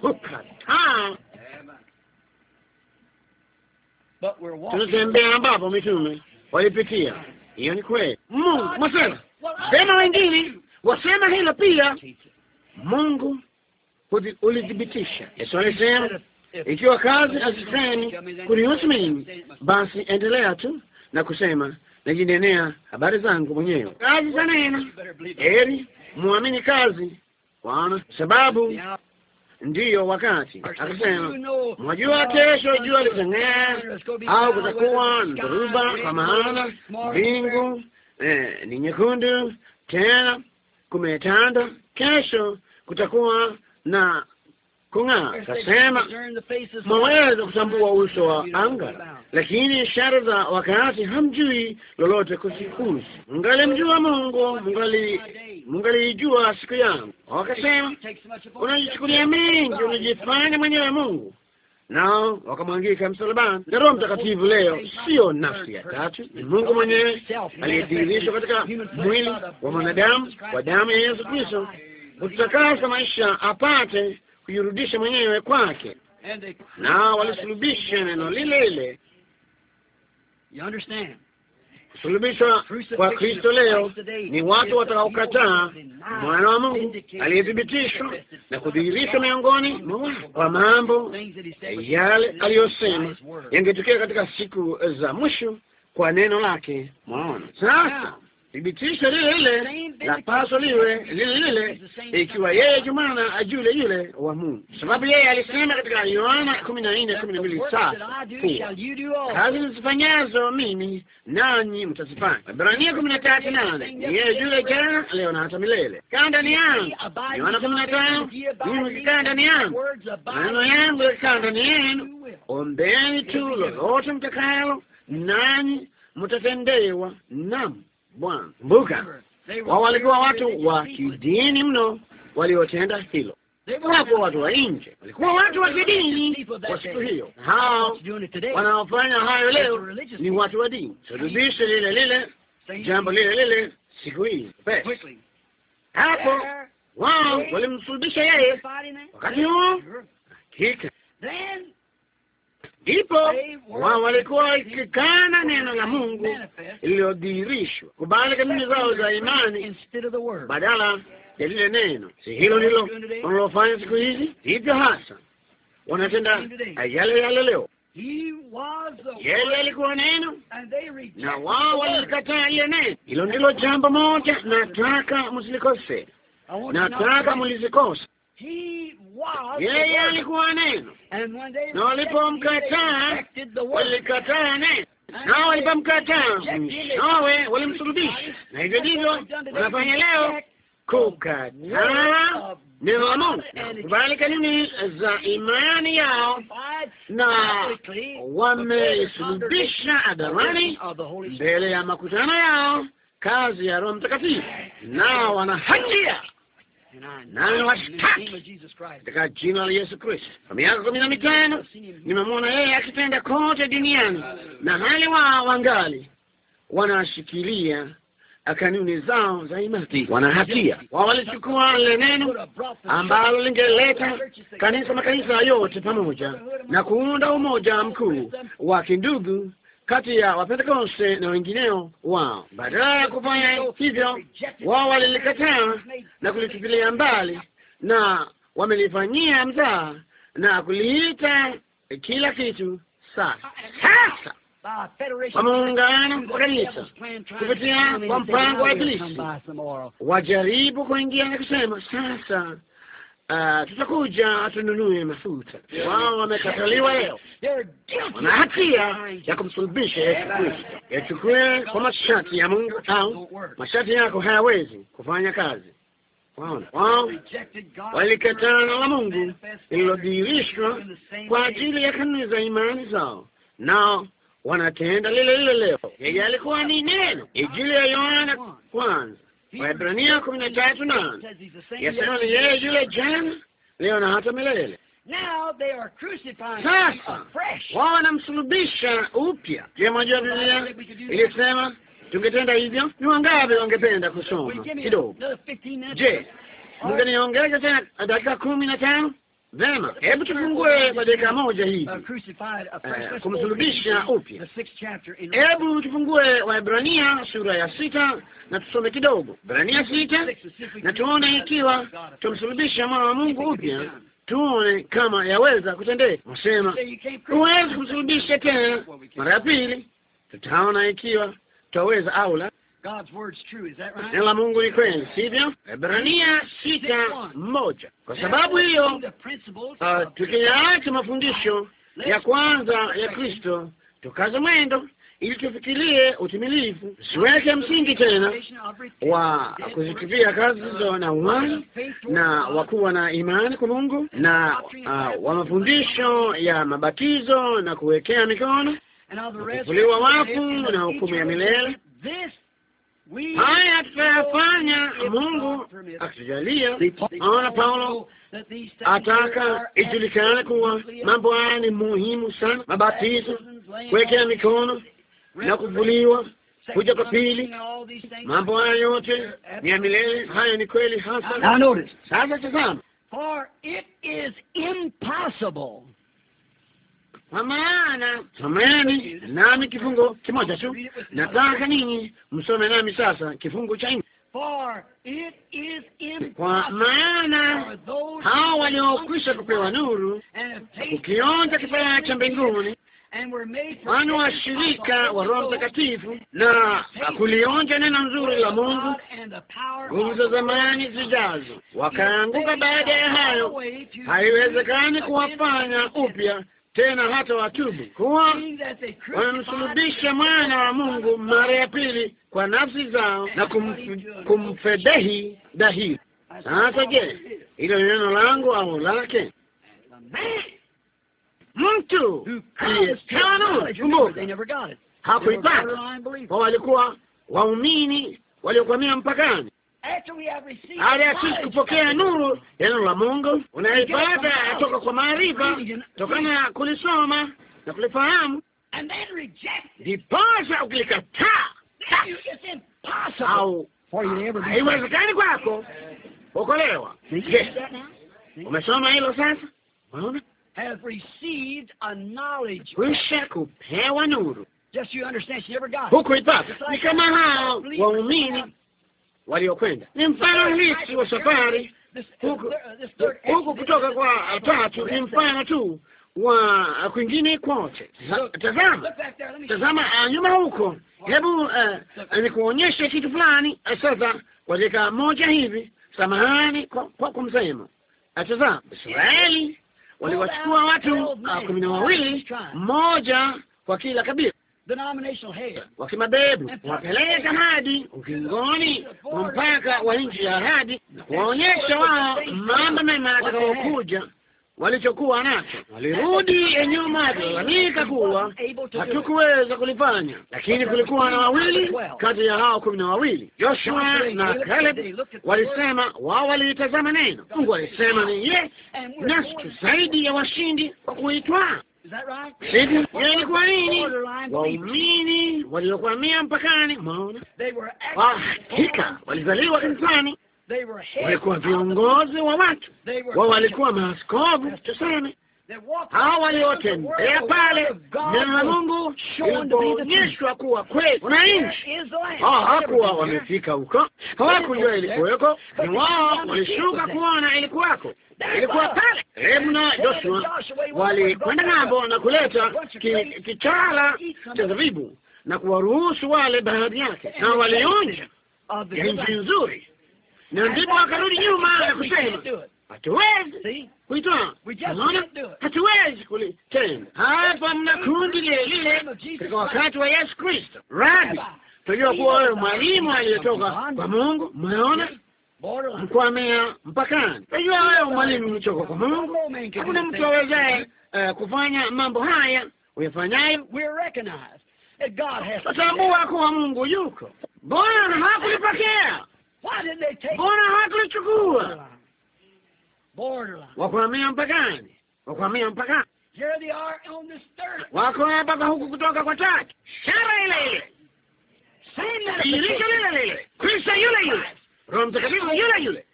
Tunatembea ambapo mitume walipitia. Hiyo ni kweli. Mungu mwasema, sema wengine wasema hilo pia. Mungu ulithibitisha. Yesu alisema ikiwa kazi hazisemi kunihusu mimi, basi endelea tu na kusema najinenea habari zangu mwenyewe. Kazi za neno, heri muamini kazi, kwa sababu ndiyo wakati. Akasema, mwajua uh, kesho uh, jua litang'aa au kutakuwa dhoruba, kwa maana mbingu eh, ni nyekundu, tena kumetanda. Kesho kutakuwa na kung'aa. Kasema mwaweza kutambua uso wa anga, lakini ishara za wakati hamjui lolote kusihusu. mjua Mungu, mngali mngaliijua siku yangu. Wakasema unajichukulia mengi, unajifanya mwenyewe Mungu nao wakamwangika msalabani. Na Roho Mtakatifu leo sio nafsi ya tatu, ni Mungu mwenyewe aliyedhihirishwa katika mwili wa mwanadamu wa damu ya Yesu Kristo kutakasa maisha apate kujirudisha mwenyewe kwake, na walisulubisha neno lile lile kusulubishwa kwa Kristo leo ni watu watakaokataa mwana wa Mungu aliyethibitishwa na kudhihirishwa miongoni kwa mambo yale aliyosema yangetokea katika siku za mwisho kwa neno lake. Mwaona sasa thibitisho lile lile lapaswa liwe lile lile, ikiwa yeye Jumana ajule yule wa Mungu, sababu yeye alisema katika Yohana kumi na nne kumi na mbili sasa kazi nizifanyazo mimi nanyi mtazifanya. Ibrania kumi na tatu nane ni yeye yule jana, leo na hata milele. Kaa ndani yangu, Yohana kumi na tano mimi ni ndani yangu, maneno yangu yakikaa ndani yenu, ombeni tu lolote mtakalo, nanyi mtatendewa. Naam. Bwana, kumbuka wao walikuwa watu wa kidini mno waliotenda hilo. Hawakuwa watu wa nje, walikuwa watu wa kidini kwa siku hiyo. Hao wanaofanya hayo leo ni watu wa dini. Sulubishi lile lile jambo lile lile siku hii hapo wao walimsubisha yeye wakati huo hakika Ndipo wao walikuwa wakikana neno la Mungu lililodhihirishwa, kubali kanuni zao za imani badala ya lile neno. Si hilo ndilo wanalofanya siku hizi? Hivyo hasa wanatenda yale yale leo. Yeye alikuwa neno na wao walikataa ile neno. Hilo ndilo jambo moja nataka msilikose, nataka mlizikose yeye alikuwa neno, na walipomkataa walikataa neno, na walipomkataa nawe walimsulubisha. Na hivyo ndivyo wanafanya leo, kukataa neno la Mungu na kanuni za imani yao, na wamesulubisha adharani mbele ya makutano yao kazi ya Roho Mtakatifu, nao wana hatia nami washtaki katika jina la Yesu Kristo. Kwa miaka kumi na mitano nimemwona yeye akitenda kote duniani, na hali wao wangali wanashikilia kanuni zao za imani, wanahatia wao. Walichukua lile neno ambalo lingeleta kanisa makanisa yote pamoja na kuunda umoja mkuu wa kindugu kati ya Wapentekoste na wengineo wao. Badala ya kufanya hivyo, wao walilikataa na kulitupilia mbali, na wamelifanyia mzaa na kuliita kila kitu. Sasa sasa wameungana kwa kanisa kupitia kwa mpango wa Ibilisi, wajaribu kuingia na kusema sasa Uh, tutakuja tununue mafuta. Wao wamekataliwa leo, wana hatia ya kumsulubisha Yesu Kristo. Yachukue kwa masharti ya Mungu, au masharti yako hayawezi kufanya kazi. Waona, wao walikataa la Mungu lililodhihirishwa kwa ajili ya kanisa, imani zao nao wanatenda lile lile leo. Yeye alikuwa ni neno, Injili ya Yohana kwanza Waebrania kumi na tatu na yasema ni yeye yule jana leo na hata milele. Sasa wao wanamsulubisha upya. Je, mwajua Biblia ilisema tungetenda hivyo? Ni wangapi wangependa kusoma kidogo? Je, mungeniongeza tena dakika kumi na tano? Vema, hebu tufungue kwa dakika moja hivi uh, uh, eh, kumsulubisha upya. Hebu tufungue Waebrania sura ya sita na tusome kidogo, Ebrania sita na tuone ikiwa tumsulubisha mwana wa Mungu upya, tuone kama yaweza kutendeka. Nasema huwezi kumsulubisha tena mara ya pili, tutaona ikiwa tutaweza au la. Neno la Mungu ni kweli, sivyo? Ebrania sita moja. Kwa sababu hiyo, uh, tukiyaacha mafundisho ya kwanza ya Kristo, tukaze mwendo ili tufikirie utimilifu, siweke msingi tena wa kuzitupia kazi zilizo na umani na wakuwa na imani kwa Mungu na uh, wa mafundisho ya mabatizo na kuwekea mikono, kufufuliwa wafu na hukumu ya milele haya tutayafanya, Mungu akitujalia. Ona, Paulo ataka ijulikane kuwa mambo haya ni muhimu sana: mabatizo, kuwekea mikono na kuvuliwa, kuja kwa pili. Mambo haya yote ni ya milele. Haya ni kweli hasa. Sasa tazama kwa maana someni nami kifungo kimoja tu, nataka ninyi msome nami sasa kifungu cha nne. Kwa maana hao waliokwisha kupewa nuru, ukionja kifaa cha mbinguni, kwani washirika wa Roho Mtakatifu na kulionja neno nzuri la Mungu, nguvu za zamani zijazo, wakaanguka baada ya hayo, haiwezekani kuwafanya upya tena hata watubu, kuwa wamemsulubisha mwana wa Mungu mara ya pili kwa nafsi zao na kumf, kumfedehi dahi Sasa je, hilo ni neno langu au lake? Mtu hakuipata kwa walikuwa waumini waliokwamia mpakani baada ya sisi kupokea nuru ya neno la Mungu, unaipata toka kwa maarifa, tokana ya kulisoma na kulifahamu, ndipasa ukilikataa au haiwezekani kwako okolewa. Umesoma hilo sasa, unaona kisha kupewa nuru huku ipata ni kama hao waumini waliokwenda. Ni mfano halisi wa safari huku, huku kutoka kwa tatu ni mfano tu wa kwingine kwote. Tazama, tazama ah, nyuma huko, hebu uh, nikuonyeshe kitu fulani eh, sasa. Kwa dakika moja hivi, samahani kwa kumsema. Ah, tazama, Israeli waliwachukua watu ah, kumi na wawili, mmoja kwa kila kabila wa kimadhehebu wapeleka hadi ukingoni wa mpaka wa nchi ya hadi kuwaonyesha wao mambo mema yatakayokuja walichokuwa nacho. Walirudi nyuma wakilalamika kuwa hatukuweza kulifanya, lakini kulikuwa na wawili kati ya hao kumi na wawili, Joshua na Caleb, walisema wao waliitazama neno Mungu, walisema ni ye nasi zaidi ya washindi kwa kuitwa Right? Yalikuwa nini? Waumini waliokwamia mpakani, umeona, hakika walizaliwa kanisani, walikuwa viongozi wa watu, wao walikuwa maaskofu tuseme hawa waliotembea pale neno la Mungu ilipoonyeshwa kuwa kweli, wananchi hawakuwa wamefika huko, hawakujua ilikuweko, ni wao walishuka kuona ilikuwako, ilikuwa pale. Hebu na Joshua walikwenda ng'ambo na kuleta kichala cha zabibu na kuwaruhusu wale baadhi yake, na walionja nchi nzuri, na ndipo wakarudi nyuma na kusema hatuwezi kuitoa, unaona, hatuwezi kulitenda. Hapa mna kundi lile lile katika wakati wa Yesu Kristo, rabi, tunajua kuwa wewe mwalimu aliyetoka kwa Mungu, mnaona mkwamea mpakani. Unajua wewe mwalimu mchoka kwa Mungu, hakuna mtu awezaye eh, kufanya mambo haya uyafanyayo. Watambua kuwa Mungu yuko. Mbona hakulipokea? Mbona hakulichukua? wakuhamia mpakani, wakuhamia mpakani, wako hapa kwa huku kutoka kwa tatu, shara ile ile, dirisha lile lile, Kristo yule yule, Roho Mtakatifu yule yule,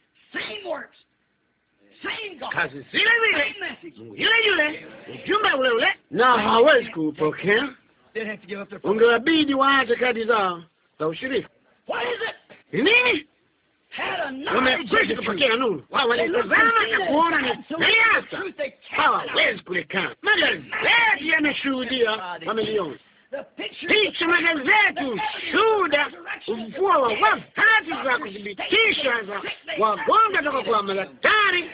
kazi zile zile, Mungu yule yule, ujumbe ule ule, na hawezi kuupokea. Ungewabidi waache kadi zao za ushirika. Nini? umekwisha kupokea nuru. Wao walitazama na kuona ni nini hasa, hawawezi kulikana. Magazeti yameshuhudia, wameliona picha, magazeti, ushuhuda, ufufuo wa wafu, hati za kuthibitisha za wagonjwa toka kwa madaktari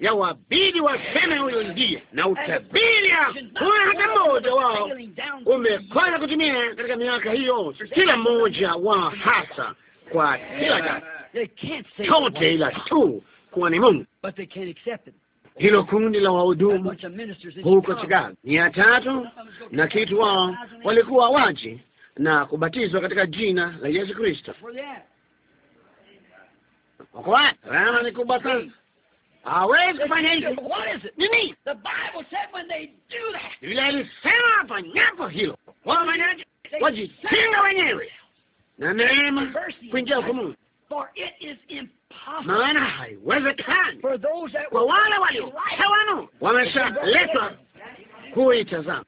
ya wabidi waseme huyo ndiye, na utabiri hakuna hata mmoja wao umekosa kutumia katika miaka hiyo, kila mmoja wao hasa kwa kila kote, ila tu kuwa ni Mungu. Hilo kundi la wahudumu huko Chicago ni ya tatu na kitu, wao walikuwa waji na kubatizwa katika jina la Yesu Kristo. Rama ni kubatiza, hawezi kufanya hivyo. Nini Biblia ilisema? Hafanyapo hilo wafanyaje? Wajitenga wenyewe na neema kuingia kwa Mungu maana haiwezekani kwa wale walio nuru wameshaletwa kuitazama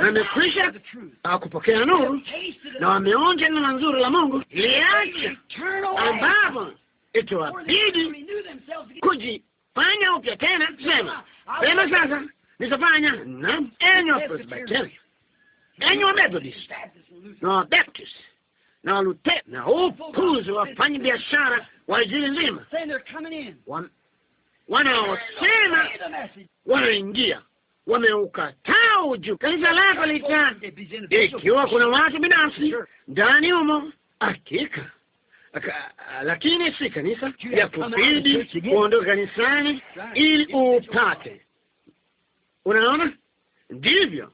wamekwisha kupokea nuru na wameonja neno nzuri la Mungu liacha ambapo itawabidi kujifanya upya tena. Sema sema, sasa nitafanya naam, enyi Wapresbiteri, enyi Wamethodisti na Wabaptisti na walute na upuzi wafanya biashara wa Injili nzima, wanaosema wanaingia wameukataa uju kanisa lako lita, ikiwa kuna watu binafsi ndani humo, hakika lakini si kanisa ya kubidi kuondoka kanisani ili upate. Unaona, ndivyo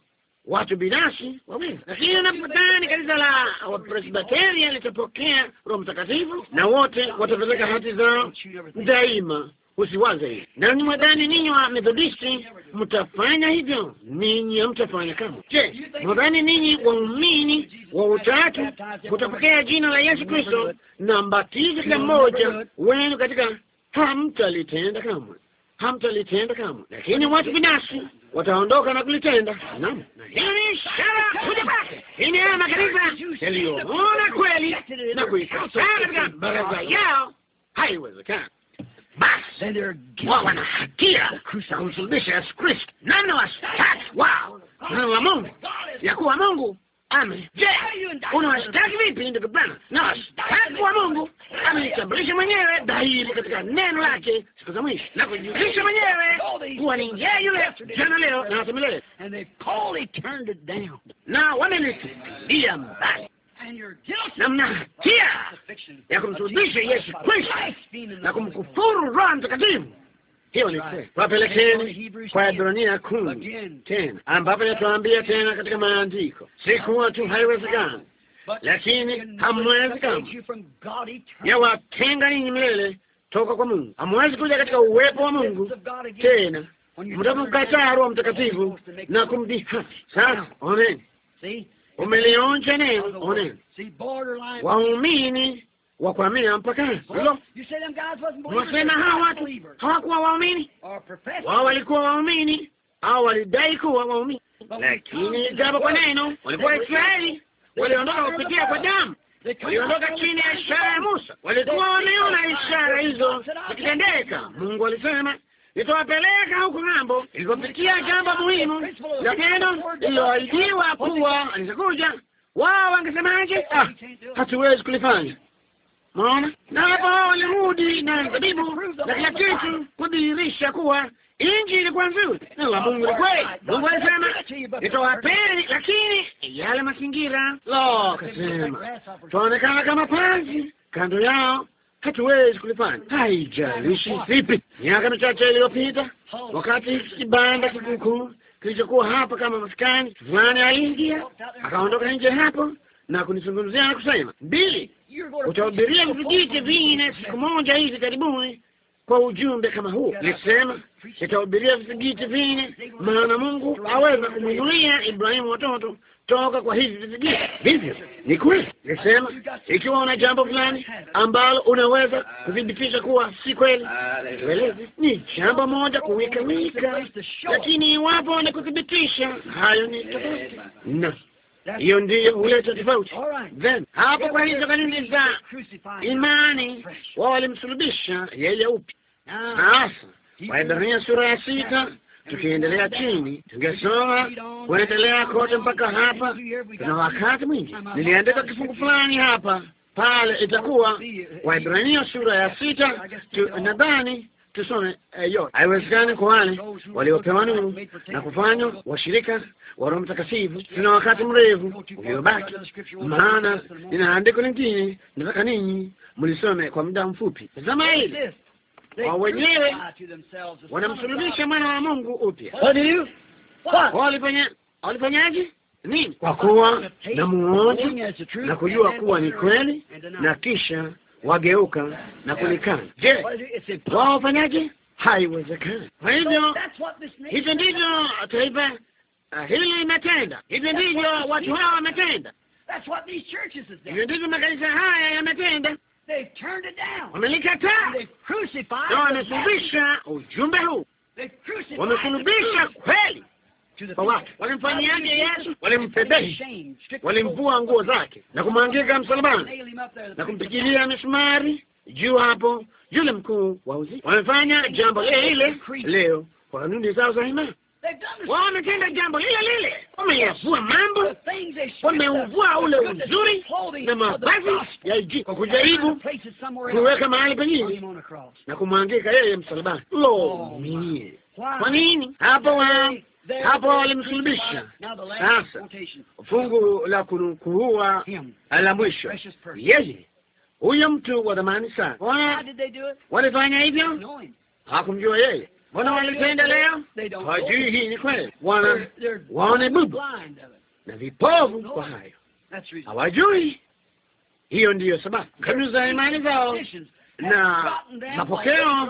watu binafsi wawili lakini unapodhani kanisa la Wapresbiteria litapokea Roho Mtakatifu na wote watapeleka hati zao daima, usiwaze hivi. Na ni mwadhani ninyi wa Methodisti mtafanya hivyo? Ninyi hamtafanya kama. Je, mwadhani ninyi waumini wa Utatu mtapokea jina la Yesu Kristo na mbatizo kila mmoja wenu katika? Hamtalitenda kamwe hamtalitenda kama, lakini watu binafsi wataondoka na kulitenda. Naam, hiyo ni ishara kuja kwake. Hii ni haya makanisa yaliyoona kweli na kuikataa baraza yao, haiwezekani. Basi wao wana hatia kumsulubisha Yesu Kristo, nani washtaki wao? Nani wa Mungu ya kuwa Mungu Amen. Je, unawashtaki vipi ndugu bwana? Na tatu wa Mungu amenitambulisha mwenyewe dhahiri katika neno lake siku za mwisho na kujulisha mwenyewe kuwa ni yeye yule jana, leo na hata milele, na wamenitupilia mbali na mnahatia ya kumsulubisha Yesu Kristo na kumkufuru Roho Mtakatifu hiyo ni kweli. Wapelekeni kwa Waebrania kumi tena, ambapo inatuambia tena katika maandiko, si tu haiwezekani, lakini hamwezi kama yawatenga ninyi milele toka kwa Mungu. Hamwezi kuja katika uwepo wa Mungu tena, mtamkataa Roho Mtakatifu na kumdhihaki. Sasa oneni, umelionja neno, oneni waumini wa kuamini mpaka hilo. Oh, Unasema hawa watu hawakuwa waumini, wao walikuwa waumini au walidai kuwa waumini, lakini jambo kwa neno, walikuwa Israeli, waliondoka kupitia kwa damu, waliondoka chini ya ishara ya Musa, walikuwa wameona ishara hizo zikitendeka. Mungu alisema nitawapeleka huko ng'ambo. Ilipopitia jambo muhimu la neno lililoahidiwa kuwa litakuja, wao wangesemaje? Ah, hatuwezi kulifanya maana napo Wayahudi na zabibu na kila kitu kudhihirisha kuwa inji ilikuwa nzuri na Mungu ni kweli. Mungu alisema nitoa peri, lakini yale mazingira lo, kasema tuonekana kama panzi kando yao, hatuwezi kulifanya. Haijalishi vipi. Miaka michache iliyopita, wakati kibanda kikukuu kilichokuwa hapa kama maskani fulani, aliingia akaondoka nje hapo na kunizungumzia na kusema mbili utahubiria vijiji vingi na siku moja hivi karibuni kwa ujumbe kama huu nisema nitahubiria vizigiti vinne, maana Mungu aweza kumwinulia Ibrahimu watoto toka kwa hivi vizigiti. Vivyo ni kweli, nisema ikiwa una jambo fulani ambalo unaweza kuthibitisha kuwa si kweli, tueleze. Ni jambo moja kuwika wika, lakini iwapo ni hayo ni tofauti na hiyo ndiyo huleta tofauti. Then hapo, kwa hizo kanuni za imani, wao walimsulubisha yeye upya. Sasa Waebrania sura ya sita, tukiendelea chini, tungesoma kuendelea kote mpaka hapa. Tuna wakati mwingi, niliandika kifungu fulani hapa pale, itakuwa Waebrania sura ya sita, nadhani tusome eh, yote. Haiwezekani kwa wale waliopewa nuru na kufanywa washirika wa Roho Mtakatifu. Tuna wakati mrefu uliobaki, maana nina andiko lingine nataka ninyi mlisome kwa muda mfupi. Tazama hili, wao wenyewe wanamsulubisha mwana wa Mungu upya. Walifanya walifanyaje? Nini? Kwa kuwa na muoji na kujua kuwa ni kweli na kisha wageuka na kulikana Je, wao wafanyaje? Haiwezekani. Kwa hivyo hivyo ndivyo taifa ah, hili imetenda hivyo ndivyo watu hawa wametenda, hivyo ndivyo makanisa haya yametenda. Wamelikataa na wamesulubisha ujumbe huu, wamesulubisha kweli kwa watu. Walimfanyiaje Yesu? Walimpepesha, walimvua nguo zake na kumwangika msalabani na kumpigilia misumari juu hapo yule mkuu wa uzi. Wamefanya jambo lile lile leo kwa kanuni zao za imani. Wametenda jambo lile lile, wameyavua mambo, wameuvua ule uzuri na mavazi ya juu kwa kujaribu kuweka mahali pengine na kumwangika yeye msalabani. Lo, mimi kwa nini hapo wao hapo walimsulubisha. Sasa fungu la kunukuua la mwisho, yeye huyo mtu wa dhamani sana. Walifanya hivyo, hakumjua yeye. Mbona walipendelea? Hajui hii ni kweli, wana waone bubu na vipovu kwa hayo hawajui. Hiyo ndiyo sababu kanuni za imani zao na mapokeo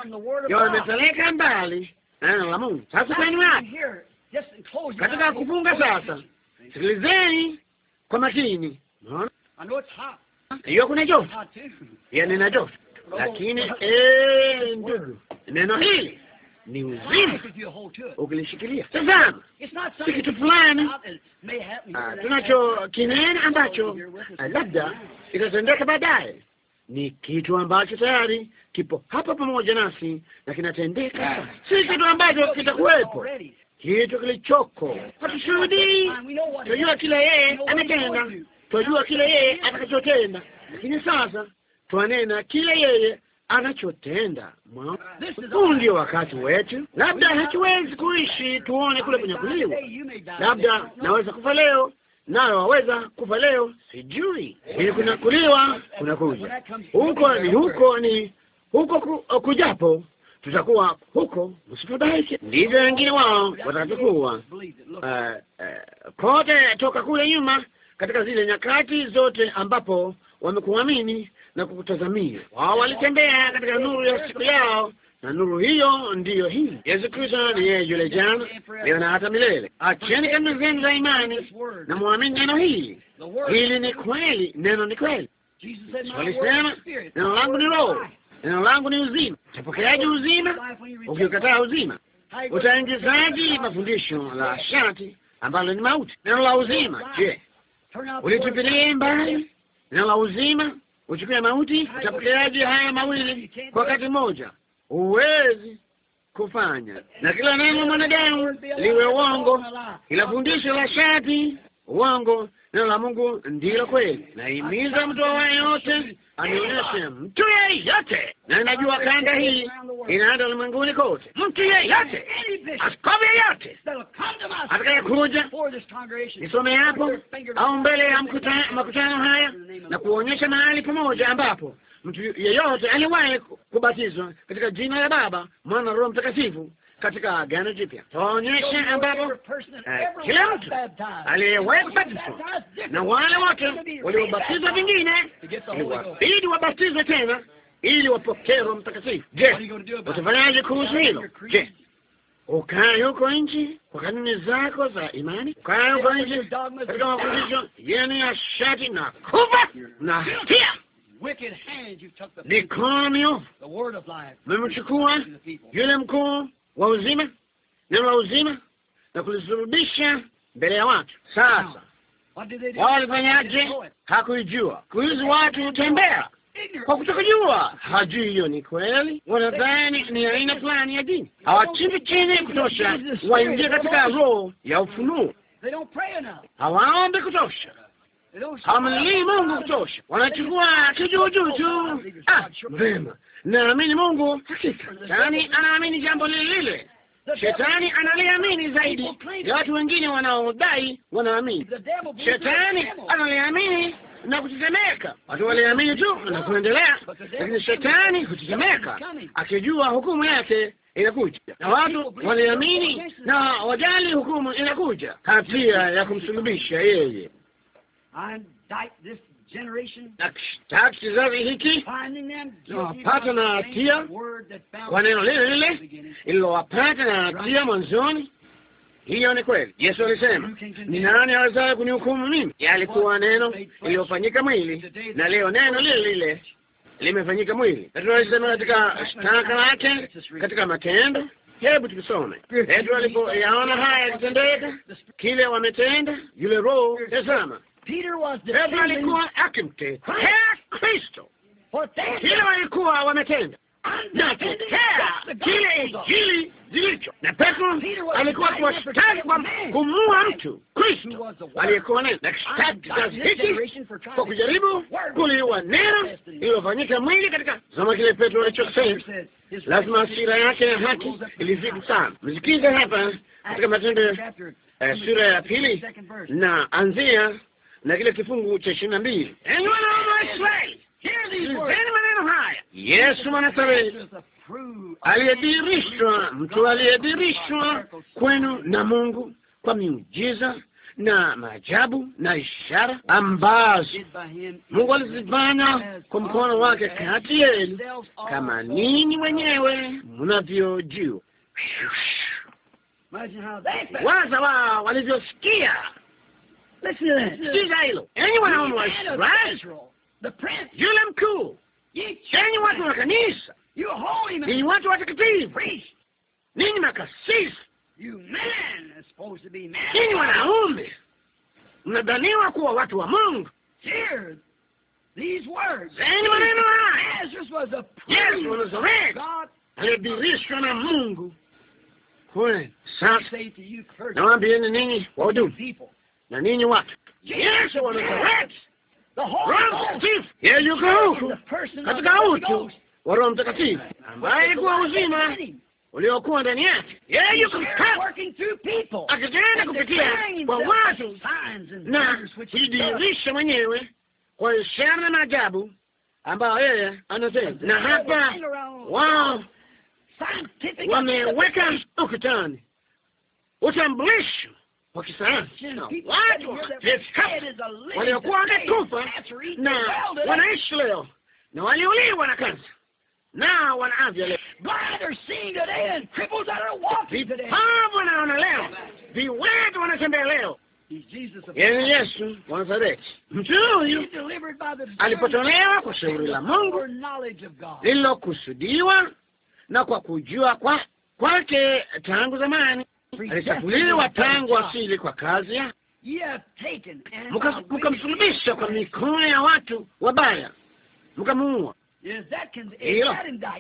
yawamepeleka mbali neno la Mungu. Sasa kwani wapi katika kufunga sasa, sikilizeni kwa makini. Hiyo kuna joto ya nina joto, lakini e, ndugu, neno hili ni uzima ukilishikilia. Tazama, si kitu fulani ah, tunacho kinene ambacho ah, labda itatendeka baadaye, ni kitu ambacho tayari kipo hapa pamoja nasi na kinatendeka, ah. si kitu ambacho kitakuwepo kitu kilichoko. Hatushuhudii, tunajua kile yeye ametenda, tunajua kile yeye atakachotenda, lakini sasa twanena kile yeye anachotenda. Huu ndio wakati wetu. Labda hatuwezi kuishi tuone kule kunyakuliwa, labda naweza kufa leo nayo waweza kufa leo, sijui ili kunakuliwa kunakuja huko, ni huko, ni huko uh, kujapo tutakuwa huko, msifadhaike. Ndivyo wengine wao watakavyokuwa uh, uh, kote toka kule nyuma, katika zile nyakati zote ambapo wamekuamini na kukutazamia. Wao walitembea katika nuru ya siku yao, na nuru hiyo ndiyo hii. Yesu Kristo ni yeye yule jana, leo na hata milele. Acheni kanuni zenu za imani na muamini neno hili. Hili ni kweli, neno ni kweli. Walisema neno langu ni roho Neno langu ni uzima. Utapokeaje uzima ukikataa uzima? Utaingizaje mafundisho la shati ambalo ni mauti? Neno la uzima, je, ulitupilie mbali neno la uzima uchukue mauti? Utapokeaje haya mawili kwa wakati mmoja? Huwezi kufanya. Na kila neno mwanadamu liwe uongo, kila fundisho la shati uongo neno la Mungu ndilo kweli. Nahimiza mtu wa yote anionyeshe mtu yeyote, na najua kanda hii inaenda ulimwenguni kote, mtu yeyote, askofu yeyote kuja nisome hapo au mbele ya makutano haya na kuonyesha mahali pamoja ambapo mtu yeyote aliwahi kubatizwa katika jina la Baba, Mwana, Roho Mtakatifu katika Agano Jipya, tuonyeshe ambapo eh, kila mtu aliyewekwa batizo na wale wote waliobatizwa vingine iliwabidi wabatizwe tena ili wapokee Roho Mtakatifu. Je, utafanyaje kuhusu hilo? Je, ukae huko nchi kwa kanuni zako za imani, ukae huko nchi katika mafundisho yenu ya shati na kuva na hatia mikono, mmemchukua yule mkuu wa uzima, neno la uzima na kulisurudisha mbele ya watu. Sasa wao walifanyaje? Hakuijua. Kuizi watu hutembea kwa kutokujua, hajui hiyo ni kweli. Wanadhani ni aina fulani ya dini, hawachimbi chini kutosha waingie katika roho ya ufunuo, hawaombi kutosha, hawamlilii Mungu kutosha, wanachukua kijuujuu tu. Ah, vema naamini Mungu hakika. Shetani anaamini jambo lile lile. Shetani analiamini zaidi ya watu wengine wanaodai wanaamini. Shetani analiamini na kutetemeka. Watu waliamini tu na kuendelea, lakini shetani hutetemeka akijua hukumu yake inakuja, na watu waliamini na wajali hukumu inakuja, hatia ya kumsulubisha yeye na kizazi hiki wapata na hatia kwa neno lile lile ililowapata na hatia mwanzoni. Hiyo ni kweli. Yesu alisema, ni nani awezaye kunihukumu mimi? Yalikuwa neno iliyofanyika mwili, na leo neno lile lile limefanyika mwili. Petro alisema katika shtaka lake, katika matendo Hebu tukisome Petro alipoyaona haya yakitendeka, kile wametenda, yule Roho, tazama Petro alikuwa akimtetea Kristo, kile walikuwa wametenda na kutetea kile Injili zilicho na Petro alikuwa kuwashtaki kwa kumuua mtu Kristo aliyekuwa naye, na kishtaki hiki kwa kujaribu kuliua neno iliyofanyika mwili katika zama kile. Petro alichosema lazima asira yake ya haki ilizidi sana. Msikize hapa katika Matendo eh, sura ya pili na anzia na kile kifungu cha ishirini na mbili Sikilizeni maneno haya, Yesu Mwanazareti aliyedirishwa, mtu aliyedirishwa kwenu na Mungu kwa miujiza na maajabu na ishara ambazo Mungu alizifanya kwa mkono wake kati yenu, kama ninyi wenyewe mnavyojua. Waza wao walivyosikia Listen. was right. The The Prince. You You You you let him cool. a man man. is supposed to be among. Sikiza hilo. Enyi wanaume, yule mkuu, enyi watu wa kanisa, ninyi watu watakatifu, ninyi makasisi, ninyi wanaume, be kuwa from wa Mungu. Enyi maneno to you? wa Nazareti alidhihirishwa na Mungu kweli. Sasa nawaambieni do? People na ninyi watu Yesu wanatorati Roho Mtakatifu yeye yuko huku katika utu wa Roho Mtakatifu ambaye ilikuwa uzima uliokuwa ndani yake. Yeye yuko akitenda kupitia kwa watu na kujidhihirisha mwenyewe kwa ishara na maajabu ambayo yeye anatenda, na hapa wao wameweka ukutani utambulisho wa kisayansi na watu waliokuwa wamekufa na wanaishi leo na waliuliwa na kansa na wana afya leo, wanaona leo, viwete wanatembea leo. Yeye Yesu wa Nazareti, mtu huyu alipotolewa kwa shauri la Mungu lililokusudiwa na kwa kujua kwake tangu zamani alichafuliwa tangu asili kwa kazi yake, mkamsulubisha kwa mikono ya watu wabaya, mkamuua.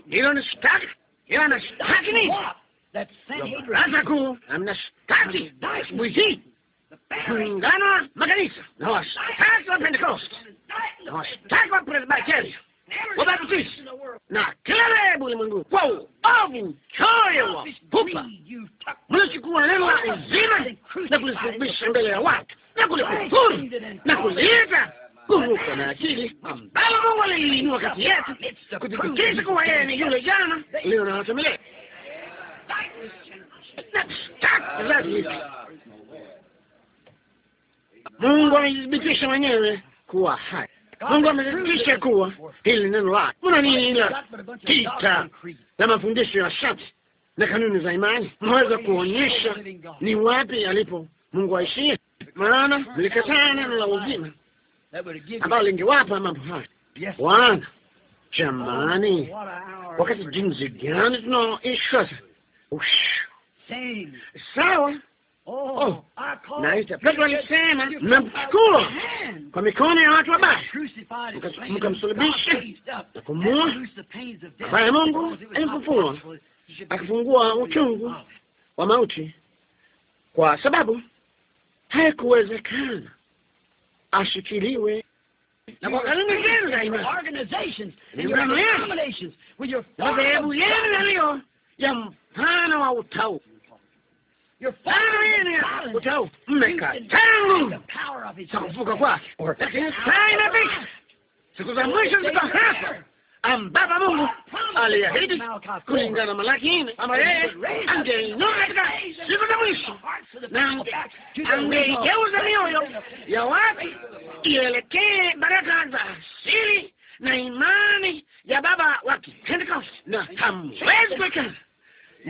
Hilo ni shtaki, hilo anashtaki nini? Baraza Kuu amnashtaki asubuhi hii kulingana makanisa na washtaki wa Pentekoste na washtaki wa Presbiteria wabatishi na kila dhehebu kwa uovu wa pupa. Mlichukua neno la uzima na mbele ya watu na kulikufuru na kuliita kuruka na akili, ambalo Mungu aliinua kati yetu, kuwa yeye ni yule jana, leo na hata milele. Mungu mwenyewe kuwa hai. Mungu amethibitisha kuwa hili neno lake. Mna nini ina kita na mafundisho ya shati na kanuni za imani? Mnaweza kuonyesha ni wapi alipo Mungu aishie? Maana nilikataa neno la uzima ambalo lingewapa mambo haya. Bwana jamani, wakati jinsi gani tunaoishi sasa! Sawa Oh, oh naita Petro alisema mnamchukua kwa mikono ya watu wabaya, mkamsulubisha na kumua, ambaye Mungu alimfufua akifungua uchungu wa mauti, kwa sababu haikuwezekana ashikiliwe na kwa kanuni zenu za imani, madhehebu yenu yaliyo ya mfano wa utau You're Laini utaumeka tangu za kufuka kwake, lakini taina vita siku za mwisho ziko hapa, ambapa Mungu aliahidi kulingana na Malaki nne ama yeye angeinua katika siku za mwisho na angeigeuza mioyo ya watu ielekee baraka za asili na imani ya baba wa Pentecost, na hamwezi kuwekana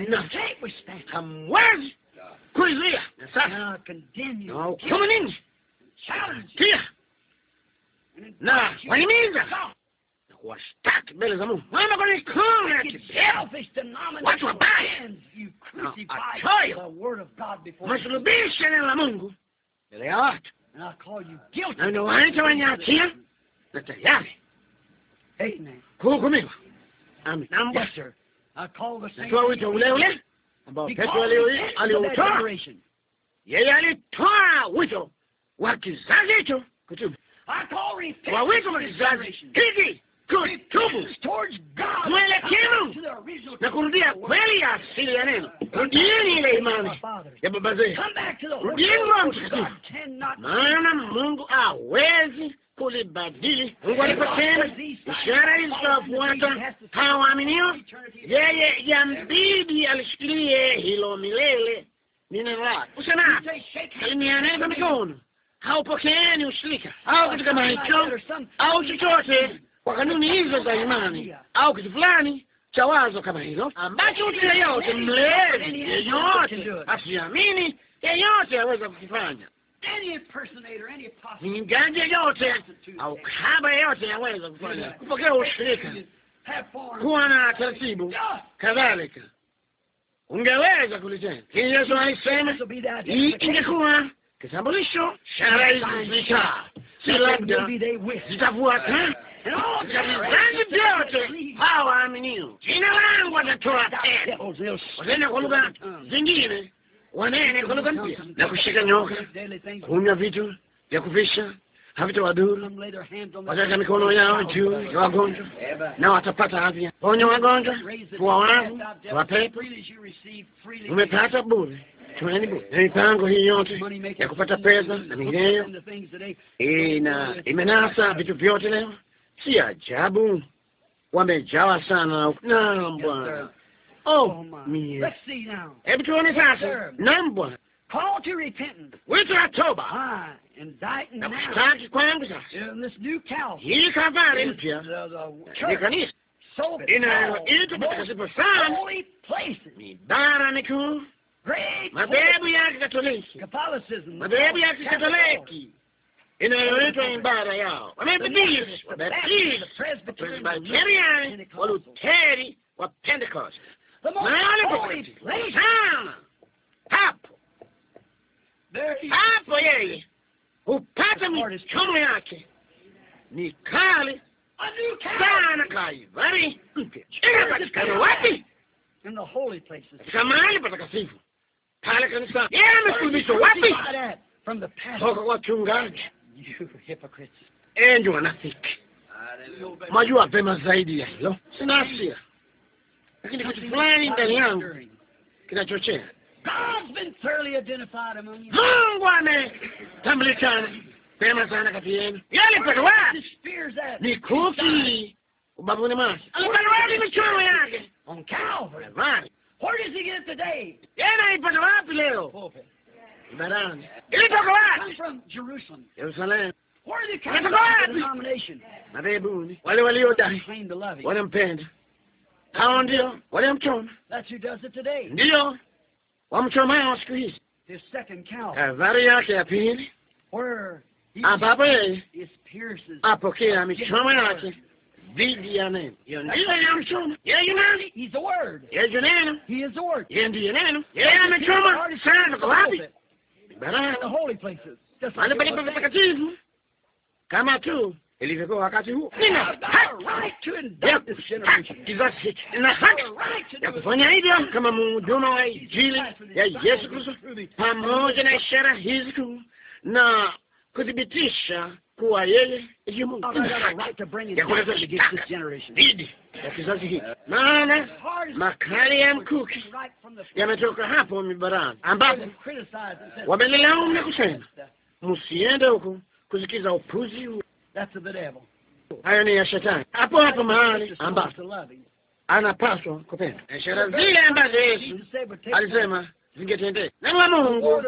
na hamwezi in Now, I'm going you You kuizuia sasa, na hukumu ninyi pia na wanimiza na kuwashtaki mbele za I maana kwa mikono ya kibevu watu wabaya na atoyo masulubisha neno la Hey, mbele ya watu, na inawaita wenye hatia na tayari kuhukumiwa. Amina. Natoa wito ule ule ambao Petro aliutoa, yeye alitoa wito wa kizazi hicho kutubu, wa wito wa kizazi hiki kutubu, mwelekeo na kurudia kweli ya asili ya neno. Rudieni ile imani ya baba zetu, rudieni Roho Mtakatifu, maana Mungu hawezi kulibadili. Mungu aliposema ishara ilizofuata hawa waaminio, yeye yambidi alishikilie hilo milele. Ni neno mikono, haupokeeni ushirika au kitu kama au chochote kwa kanuni hizo za imani au kitu fulani cha wazo kama hilo, ambacho mtu yeyote mlevi yeyote asiamini yeyote aweza kukifanya. Mngaji yeyote au kahaba yeyote aweza kufanya kupokea ushirika, kuwa na taratibu kadhalika, ungeweza kulitenda. Lakini Yesu alisema hii ingekuwa kitambulisho, shara hizi zichaa, si labda zitafuata vizazi vyote hawaaminio, jina langu watatoa tena, watenda kwa lugha zingine wanene kwa lugha mpya na kushika nyoka, kunywa vitu vya kufisha havitawadhuru. Wataweka mikono yao juu ya wagonjwa na watapata afya. Ponya wagonjwa, kuwa wavu, kuwa pepo. Umepata bure, tumaini bure. Na mipango hii yote ya kupata pesa na mingineyo ina imenasa vitu vyote leo. Si ajabu wamejawa sana na Bwana Oh, oh let's see now. Number call to to repentance. October? time In this ovu. Hebu tuone sasa. Naam Bwana, wito wa toba na kushtaki kwangu sasa. Hii Kalvari mpya ni kanisa inayoitwa patakatifu sana, ni bara mikuu, madhehebu ya Kikatoliki, madhehebu ya Kikatoliki inayoitwa ibara yao, Wamethodisti, Wabaptisti, Wapresbiteriani, Waluteri, wa Pentekoste mahali holy sana hapo hapo yeye you. michomo yake ni kali sana, kaivari mpya inapatikana wapi? Katika mahali patakatifu pale kanisa. Yeye amesulubishwa wapi? Toka wachungaji, enyi wanafiki, mwajua vema zaidi ya hilo. Sina hatia lakini kitu fulani ndani yangu kinachochea. Mungu ametambulikana pema sana kati yenu. Yalipelwa ni ubavuni mwake, alipelwa michoro yake anaipata wapi leo? Barani ilitoka wapi? Yerusalemu. Inatoka wapi? Madhebuni wale waliodai wanampenda Hao ndio waliomchoma, ndiyo wamchomao siku hizi. Habari yake ya pili ambapo yeye apokea michomo yake dhidi ya neno, hiyo ndiyo inamchoma yeye. Nani? Yeye neno, yeye ndiye neno. Yeye amechoma sana. Kwa wapi? Barani, mahali palipo patakatifu, kama tu ilivyokuwa wakati huo. Nina haki ya kizazi haki ya kufanya hivyo kama mhuduma wa Injili ya Yesu Kristo, pamoja na ishara hizi kuu na kuthibitisha kuwa yeye ya kizazi hiki, maana makali ya mkuki yametoka hapo mibarani, ambapo wamelilaumu na kusema msiende huko kusikiza upuzi huu. Hayo ni ya shetani, hapo hapo mahali ambapo anapaswa kupenda. Ishara zile ambazo Yesu alisema zingetendeka, neno la Mungu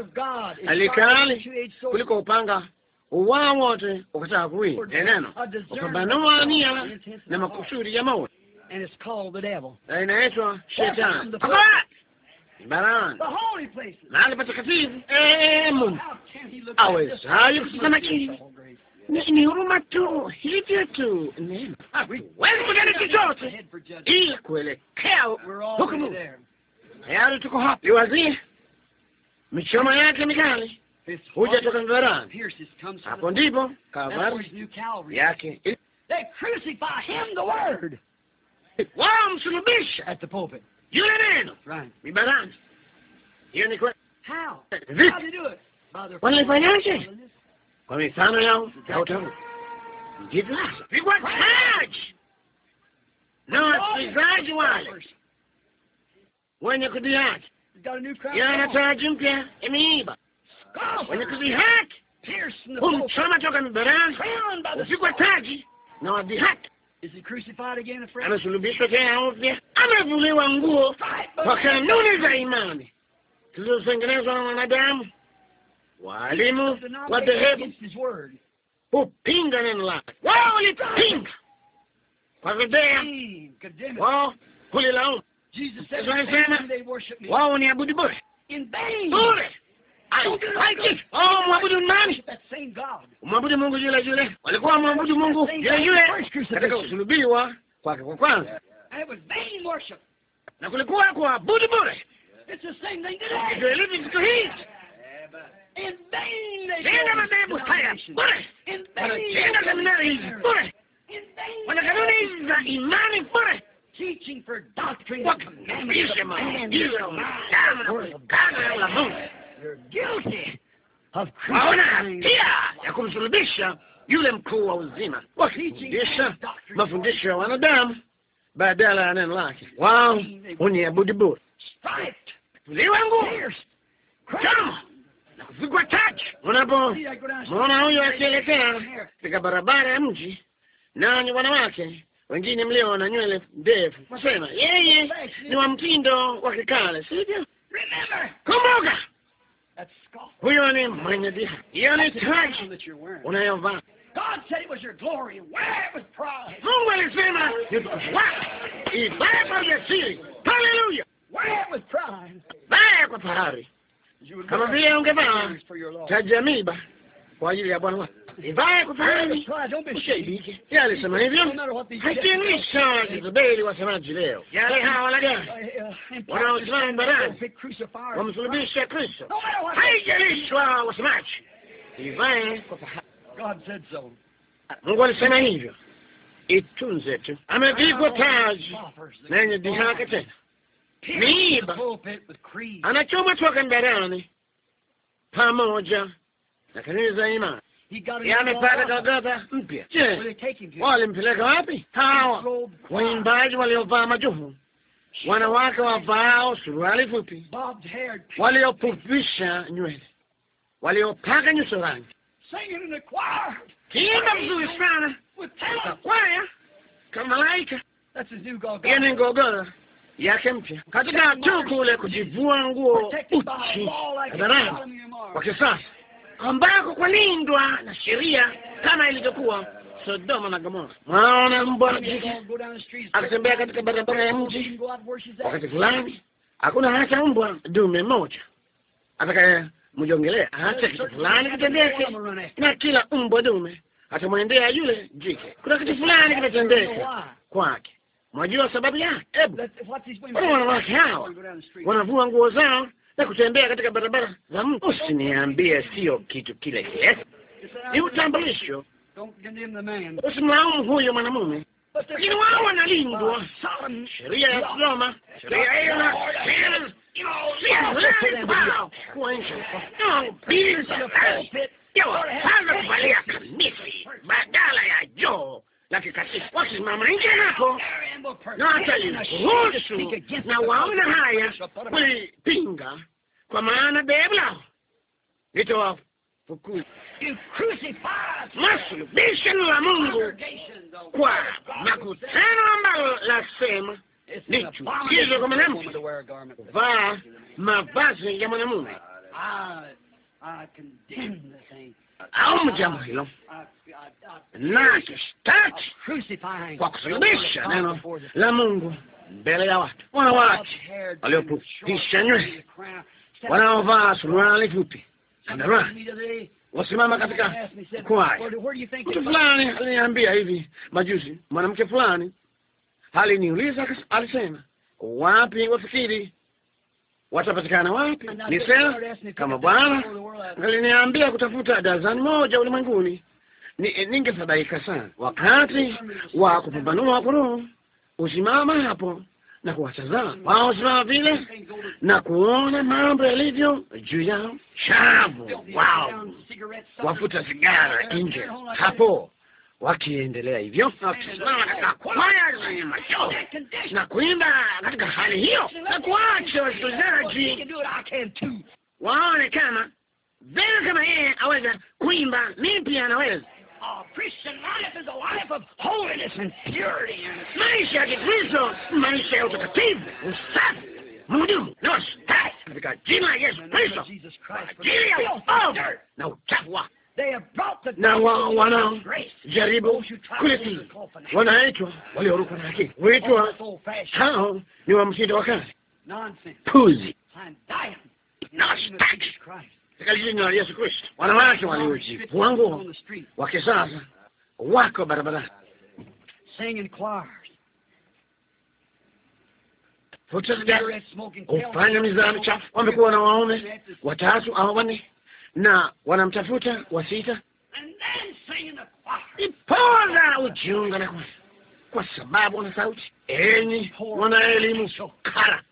alikali kuliko upanga uwao wote ukataa kuwili neno ukapambanua nia na makusudi ya moyo, na inaitwa shetani barani mahali patakatifu. Eh, Mungu awezaye kusimama ni huruma tu, hivyo tu, huwezi kujali chochote ili kuelekea hukumu. Tayari tuko hapa, iwazie michoma yake mikali huja toka Mvarani. Hapo ndipo Kalvari yake wao msulubisha yule neno mibarani. Hiyo ni kweli. Wanafanyaje? kwa mifano yao ya utamu. Ndivyo pigwa taji na wasikilizaji wale wenye kudhihaki, yana taji mpya imeiba, wenye kudhihaki humchoma toka mibarani, upigwa taji na wadhihaki. Amesulubishwa tena upya, amevuliwa nguo kwa kanuni za imani zilizotengenezwa na wanadamu Walimu wa dhehebu hupinga neno lake, wao walipinga kwa bebea, wao hulilaumu. Yesu alisema wao ni abudu bure bure, wao mwabudu nani? Mwabudu Mungu yule yule, walikuwa mwabudu Mungu yule yule katika kusulubiwa kwake kwa kwanza, na kulikuwa kuabudu bure, ilivyo siku hizi Jina la madhehebu haya bure, wanajenga seminari hizi bure, wana kanuni za imani bure, wakafundisha maadili damu na kutokana na ulamungu. Waona hatia ya kumsulubisha yule mkuu wa uzima, wakifundisha mafundisho ya wanadamu badala ya neno lake. Wao huniabudu bure, tuliwe nguvu na kupigwa tatu. Unapomwona huyo akielekea katika barabara ya mji, nanyi wanawake wengine mlio na nywele ndefu nasema yeye ni wa mtindo wa kikale, sivyo? Kumbuka huyo ni mwenye dhihaka. Hiyo ni taji unayovaa. Mungu alisema ibaya kwa ujasiri. Haleluya! baya kwa fahari kama vile ungevaa cha jamiba kwa ajili ya Bwana. Ivaa kufani ushaibike. Yeye alisema hivyo, haitinisha Jezebeli wasemaji leo, yale hawa lagani wanaosimama barani wamsulubisha Kristo, haijalishwa wasemaji. Ivae kwa fahari. Mungu alisema hivyo, itunze tu. Amevigwa taji na yenye dhihaka tena miiba, anachoma toka mdarani pamoja na kanisa imani yamepata Golgotha mpya. Je, walimpeleka wapi? Hawa waimbaji waliovaa majoho, wanawake wavao suruali fupi, waliopufisha nywele, waliopaka nyuso rangi, kiimba mzuri sana kwaya kama malaika. Hiyo ni Golgotha. yake mpya katika tu kule kujivua nguo uchi hadharani kwa kisasa ambako kulindwa na sheria kama ilivyokuwa Sodoma na Gomora. Mwaona mbwa jike akitembea katika barabara ya mji. Wakati fulani hakuna hata mbwa dume moja atakaye mjongelea, hata kitu fulani kitendeke, na kila mbwa dume atamwendea yule jike. Kuna kitu fulani kinatendeka kwake Mwajua sababu yake? Hebu ona, wanawake hawa wanavua nguo zao na kutembea katika barabara za mtu. Usiniambie sio kitu kile kile, ni utambulisho. Usimlaumu huyo mwanamume, lakini wao wanalindwa sheria ya Roma, sheria hiyo kuwaisha kuvalia kamisi badala ya joo la kikatifu wakisimama nje hapo na wataliruhusu na waona haya kulipinga, kwa maana dhehebu lao litawafukuza. Masulubisho la Mungu kwa makutano ambalo lasema ni chukizo kwa mwanamke kuvaa mavazi ya mwanamume au jambo hilo na kishtaki kwa kusulubisha neno la Mungu mbele ya watu, wanawake waliopupisha nywele, wanaovaa suruali fupi kandarani, wasimama katika kwaya. Mtu fulani aliniambia hivi majuzi, mwanamke fulani aliniuliza, alisema, wapi wafikiri watapatikana wapi? Ni sema kama Bwana aliniambia kutafuta dazani moja ulimwenguni, eh, ningefadhaika sana. Wakati wa kupambanua kuruhu usimama hapo na kuwatazama mm. wao simama vile na kuona mambo yalivyo juu yao, shavu wao wafuta sigara nje hapo, wakiendelea hivyo wakisimama katika kwaya kufanya mazote na kuimba katika hali hiyo, na kuacha wasikilizaji waone kama vile kama yeye aweza kuimba, mimi pia anaweza. Maisha ya Kikristo, maisha ya utakatifu, usafi, mhudumu na wastari katika jina la Yesu Kristo, ajili ya uovu na uchafu wake na wanaojaribu kuliti wanaitwa walioruka na akili, huitwa hao ni wa mtindo wa kale, puzi nashtaki katika jina la Yesu Kristo. Wanawake walioji wangu wa kisasa wako barabarani, hufanya mizaha michafu, wamekuwa na waume watatu au wanne na wanamtafuta wasita, ipoza ujiunga na kwa, kwa sababu na sauti. Enyi wanaelimu kara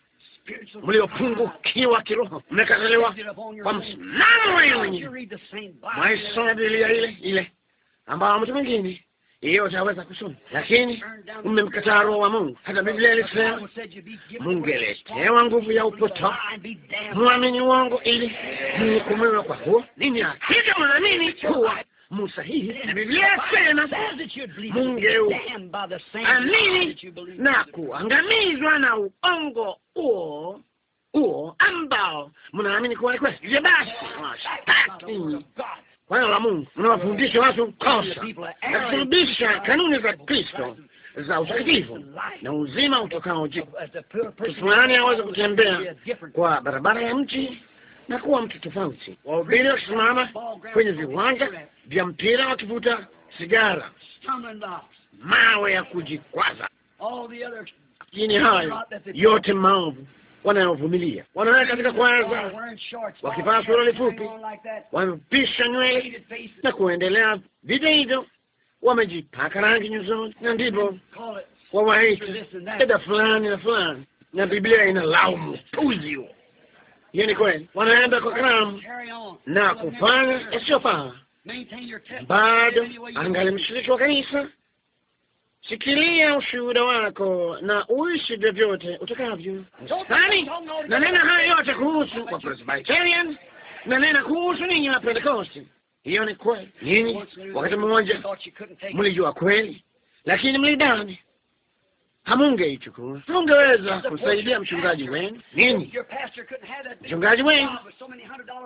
mliopungukiwa kiroho, mmekataliwa kwa msimamo wenu wenyewe, mwaisoma Biblia ile ile ambayo mtu mwingine hiyo utaweza kusoma, lakini mmemkataa Roho wa Mungu. Hata Biblia ilisema mungeletewa nguvu ya upoto, mwamini uongo ili mhukumiwe kwa huo nini. Hivyo mnaamini kuwa musahihi, na Biblia sema mungeamini na kuangamizwa na uongo huo huo ambao mnaamini kuwa kweli. Basi neno la Mungu unawafundisha watu kosa na kusulubisha kanuni za Kristo za utakatifu na uzima utokao juu. Kisimani aweze kutembea kwa barabara ya mji na kuwa mtu tofauti. Wahubiri wakisimama kwenye viwanja vya mpira wakivuta sigara, mawe ya kujikwaza, ini hayo yote maovu wanayovumilia. Wanaweka katika kwanza, wakivaa suruali fupi, wamepisha nywele na kuendelea vivyo hivyo, wamejipaka rangi nyusoni, na ndipo wawaita dada fulani na fulani, na Biblia ina laumu puzi. Hiyo ni kweli, wanaenda kwa karamu na kufanya yasiyofaa. Bado angali mshiriki wa kanisa shikilia ushuhuda wako na uishi vyovyote utakavyo. Nani nanena haya yote kuhusu wa Presbyterian, nanena kuhusu ninyi wa Pentekosti. Hiyo ni kweli. nini wakati mmoja mlijua kweli, lakini mlidani hamungeichukua. ungeweza kusaidia mchungaji wenu nini? Mchungaji wenu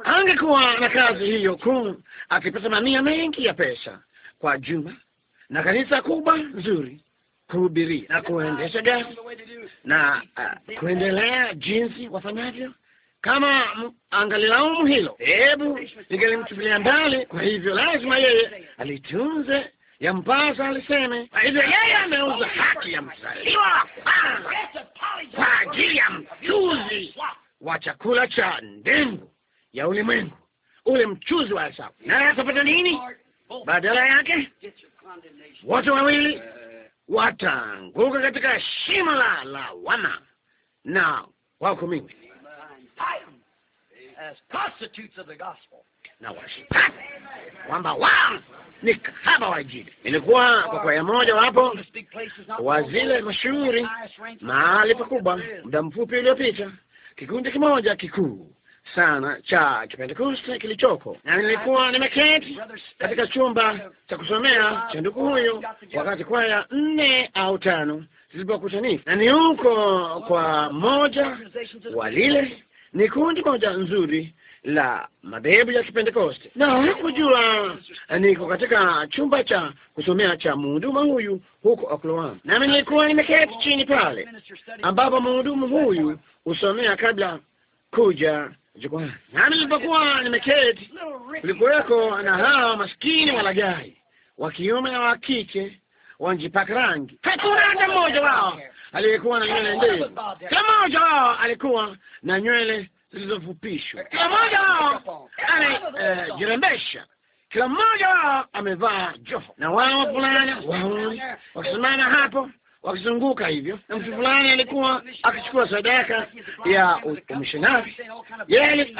angekuwa na kazi hiyo kuu, akipata mamia mengi ya pesa kwa juma na kanisa kubwa nzuri kuhubiria na kuendesha gari na uh, kuendelea jinsi wafanyavyo. Kama angalilaumu hilo, hebu ningelimtupilia mbali. Kwa hivyo lazima yeye alitunze ya mpasa aliseme. Kwa hivyo yeye ameuza haki ya mzaliwa wa kwanza kwa ajili ya mchuzi wa chakula cha ndengu ya ulimwengu, ule mchuzi wa hesabu, naye akapata nini badala yake? watu wawili wataanguka katika shimo la lawama na wahukumiwa na washitaki kwamba wao ni kahaba wa Injili. Ilikuwa kwa kwaya moja wapo wa zile mashuhuri mahali pakubwa muda mfupi uliopita, kikundi kimoja kikuu sana cha Kipentekoste kilichopo, na nilikuwa nimeketi katika chumba cha kusomea cha ndugu huyu wakati kwaya nne au tano zilipokutanika, na ni huko kwa moja wa lile ni kundi moja nzuri la madhehebu ya Kipentekoste, na hakujua niko katika chumba cha kusomea cha mhuduma huyu huko Oklahoma, nami nilikuwa nimeketi chini pale ambapo mhudumu huyu husomea kabla kuja jukwaa, nami nilipokuwa nimeketi, kulikuweko na hawa maskini walaghai wa kiume na wa kike wanjipaka rangi. Kakuranda mmoja wao aliyekuwa na nywele ndefu, kila mmoja wao alikuwa na nywele zilizofupishwa, kila mmoja wao amejirembesha, eh, kila mmoja wao amevaa joho, na wao fulana wauni wakisimama hapo wakizunguka hivyo, na mtu fulani alikuwa akichukua sadaka ya umishonari. Yeye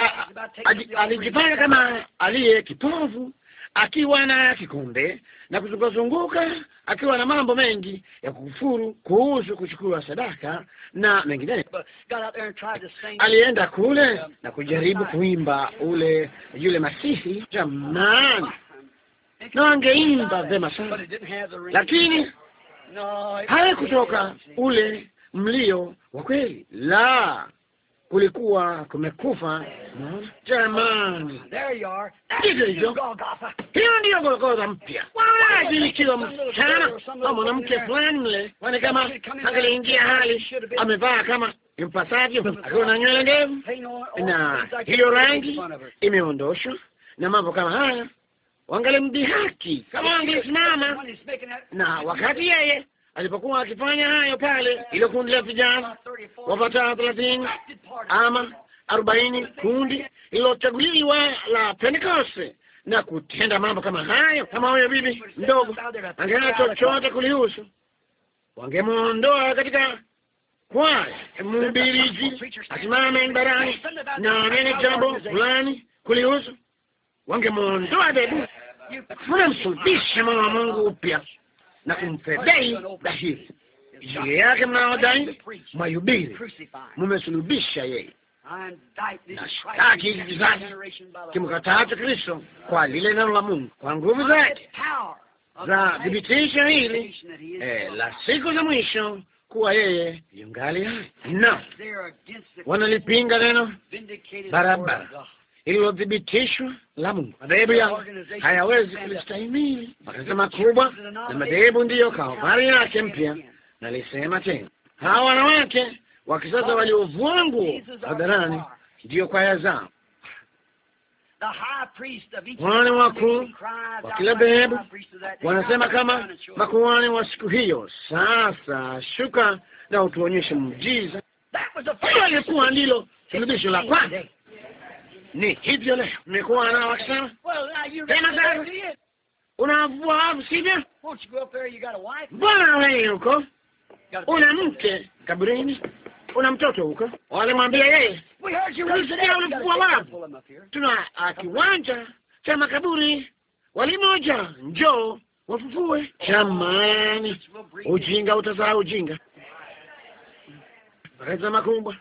alijifanya kama aliye kipofu akiwa na kikombe na kuzungukazunguka akiwa na mambo mengi ya kukufuru kuhusu kuchukua sadaka na mengine Alienda kule na kujaribu kuimba ule yule Masihi, jamani, na angeimba vema sana, lakini hai kutoka ule mlio wa kweli, la kulikuwa kumekufa. Jamani, hivyo hivyo, hiyo ndiyo Golgotha mpya. Walaji ikiwa msichana au mwanamke fulani mle ani, kama angaliingia hali amevaa kama impasavyo, akiwa na nywele ndevu na hiyo rangi imeondoshwa na mambo kama haya wangalimdhihaki kama wangelisimama na wakati yeye alipokuwa akifanya hayo pale, ile kundi la vijana wapatao thelathini ama arobaini, kundi lililochaguliwa la Pentekoste na kutenda mambo kama hayo. Kama huyo bibi mdogo angeacha chochote kulihusu, wangemwondoa katika kwaya. Mhubiriji asimame barani na anene jambo fulani kulihusu, wangemwondoa kabisa mnamsulubisha mwana wa Mungu upya na kumfedhei dhahiri. Juu yake mnaodai mwayubiri mmesulubisha yeye. Nashtaki kizazi kimkataacho Kristo kwa lile neno la Mungu kwa nguvu zake za dhibitisha hili eh, la siku za mwisho kuwa yeye yungali hai. na wanalipinga neno barabara ililothibitishwa la Mungu. Madhehebu yao hayawezi kulistahimili. Makanisa makubwa na madhehebu ndiyo kahabari yake mpya. Nalisema tena, hawa wanawake wa kisasa waliovua nguo hadharani ndiyo kwaya zao. Kuhani wakuu wa kila dhehebu wanasema kama makuhani wa siku hiyo, sasa shuka na utuonyeshe muujiza. Hiyo ilikuwa ndilo suluhisho la kwanza ni hivyo leo. Nimekuwa nao wakisema tena sasa, unavua wavu sivyo? Mbona wewe huko una mke kaburini, una mtoto huko. Walimwambia yeye, tulisikia unavua wavu, tuna kiwanja cha makaburi, walimoja, njoo wafufue. Jamani, ujinga utazaa ujinga. Makanisa makubwa,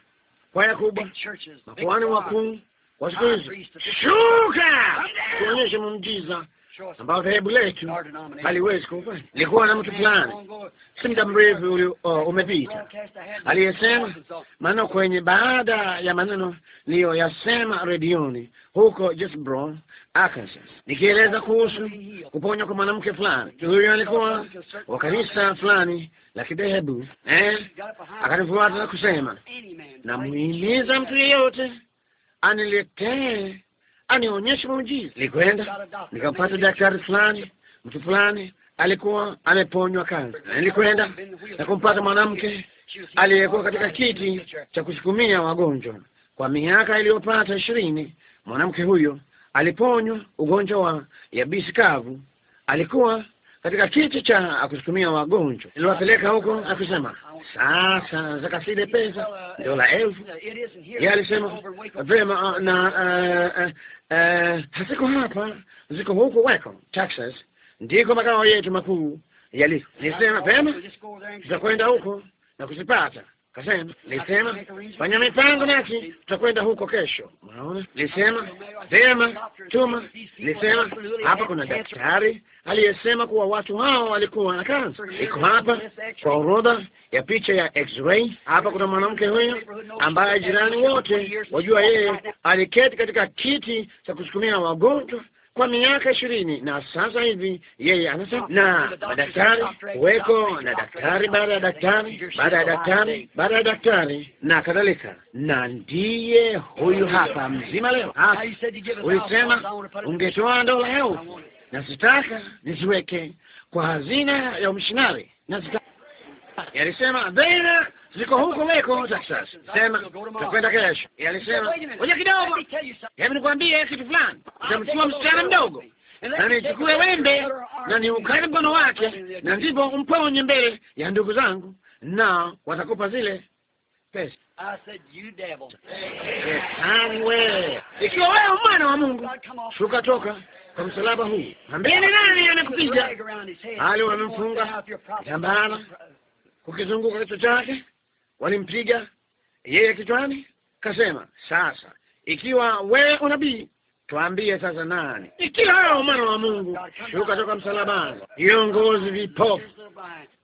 kwaya kubwa, makuhani wakuu kwa siku hizi. Shuka tuonyeshe muujiza ambao dhehebu letu haliwezi kufanya. Ilikuwa na mtu fulani, si muda mrefu oh, umepita, aliyesema maneno kwenye baada ya maneno yasema redioni huko Jonesboro, Arkansas, nikieleza kuhusu kuponywa kwa mwanamke fulani. Huyo alikuwa wa kanisa fulani la kidhehebu eh, akanifuata na kusema, namhimiza mtu yeyote aniletee, anionyeshe muujiza. Nilikwenda nikampata daktari fulani, mtu fulani alikuwa ameponywa kansa. Nilikwenda na kumpata mwanamke aliyekuwa katika kiti cha kusukumia wagonjwa kwa miaka iliyopata ishirini. Mwanamke huyo aliponywa ugonjwa wa yabisi kavu, alikuwa katika kiti cha akusukumia wagonjwa. Niliwapeleka huko, akisema sasa zakaside pesa dola elfu. Yeye alisema vema, uh, na uh, uh, haziko hapa, ziko huko weko Texas, ndiko makao yetu makuu yali. Nisema vema, tutakwenda huko na kuzipata Kasema lisema fanya mipango nasi tutakwenda huko kesho. Unaona, lisema sema tuma. Lisema hapa kuna daktari aliyesema kuwa watu hao walikuwa na kansa. Iko hapa kwa orodha ya picha ya x-ray. Hapa kuna mwanamke huyo ambaye jirani wote wajua, yeye aliketi katika kiti cha kusukumia wagonjwa kwa miaka ishirini na sasa hivi yeye anasema na madaktari kuweko na daktari baada ya daktari baada ya daktari baada ya daktari na kadhalika, na ndiye huyu hapa mzima leo. Ah, Ulisema ungetoa dola elfu na sitaka niziweke kwa hazina ya umishonari, na sitaka yalisema dhena ziko huko leko za Sema tutakwenda kesho. Alisema ngoja kidogo, hebu nikwambie kitu fulani. Utamchukua msichana mdogo na nichukue wembe na niukate mkono wake, na ndipo umponye mbele ya ndugu zangu, na watakupa zile pesa. Shetani ikiwa wewe mwana wa Mungu, shuka toka kwa msalaba huu. Ambeni nani anakupiga? Hali wamemfunga tambara kukizunguka kichwa chake walimpiga yeye kichwani. Kasema, sasa ikiwa wewe unabii Tuambie sasa nani ikiwa mwana wa Mungu shuka toka msalabani. Viongozi vipofu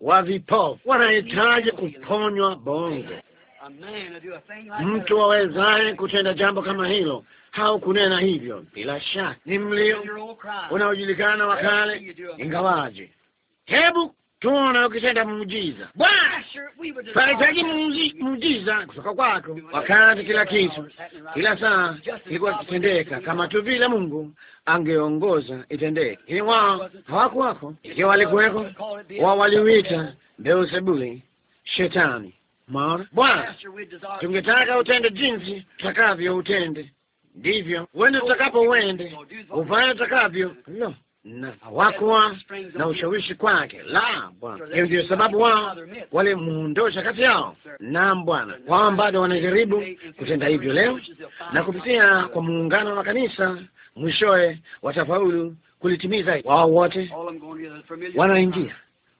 wa vipofu wanahitaji kuponywa bongo. Mtu awezaye kutenda jambo kama hilo au kunena hivyo, bila shaka ni mlio unaojulikana wa kale, ingawaje hebu tuona ukitenda muujiza Bwana, tunahitaji muujiza kutoka kwako, wakati kila kitu kila saa kilikuwa kitendeka kama tu vile Mungu angeongoza itendeke. Lakini wao hawakuwako, ikiwa walikuweko, wao waliuita Beelzebuli, shetani. Maona Bwana, tungetaka utende jinsi tutakavyo, utende ndivyo uende, tutakapo uende ufanye utakavyo. Lo, na hawakuwa na ushawishi kwake. La, Bwana, hiyo sababu wao walimuondosha kati yao. Naam, Bwana, wao bado wanajaribu kutenda hivyo leo, na kupitia kwa muungano wa kanisa mwishowe watafaulu kulitimiza. Wao wote wanaingia,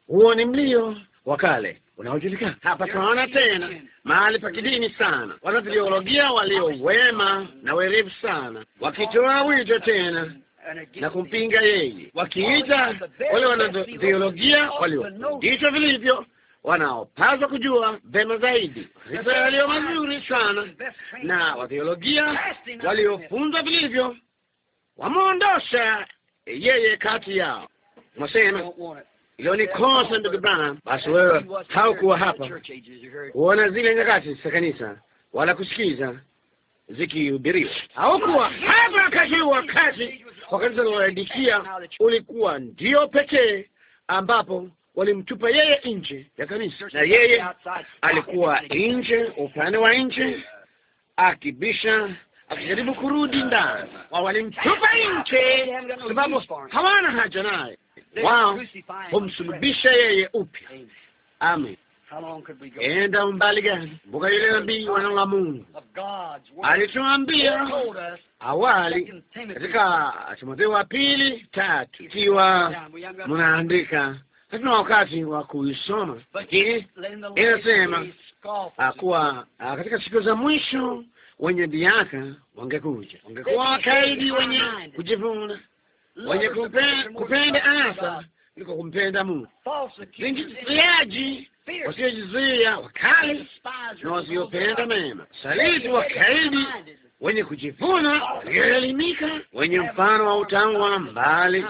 huo ni mlio wa kale unaojulikana hapa. Tunaona tena mahali pa kidini sana, wanatheolojia walio wema na werevu sana, wakitoa wito tena na kumpinga yeye, wakiita wale wanatheolojia waliofundishwa vilivyo, wanaopaswa kujua vema zaidi hizo yaliyo mazuri sana, na wadhiologia waliofunzwa vilivyo wameondosha yeye kati yao. Mwasema ilo ni kosa, ndugu bana. Basi wewe haukuwa hapa kuona zile nyakati za kanisa wala kusikiza zikihubiriwa, haukuwa hapa wakati wakati la Laodikia ulikuwa ndio pekee ambapo walimtupa yeye nje ya kanisa, na yeye alikuwa nje, upande wa nje, akibisha akijaribu kurudi ndani. Walimtupa nje sababu hawana haja naye, wao humsulubisha yeye upya. Amen enda umbali gani? Mbuka yule nabii wanala Mungu alituambia awali katika Timotheo wa pili tatu, ikiwa mnaandika hatuna wakati wa kuisoma, lakini inasema kuwa ah, katika siku za mwisho wenye biaka wangekuja, wangekuwa wakaidi, wenye kujivuna, wenye kupenda anasa kuliko kumpenda Mungu, vingiaji wasiojizuia, wakali na wasiopenda mema, saliti, wakaidi, wenye kujivuna, walioelimika, wenye mfano wa utangu wa mbali,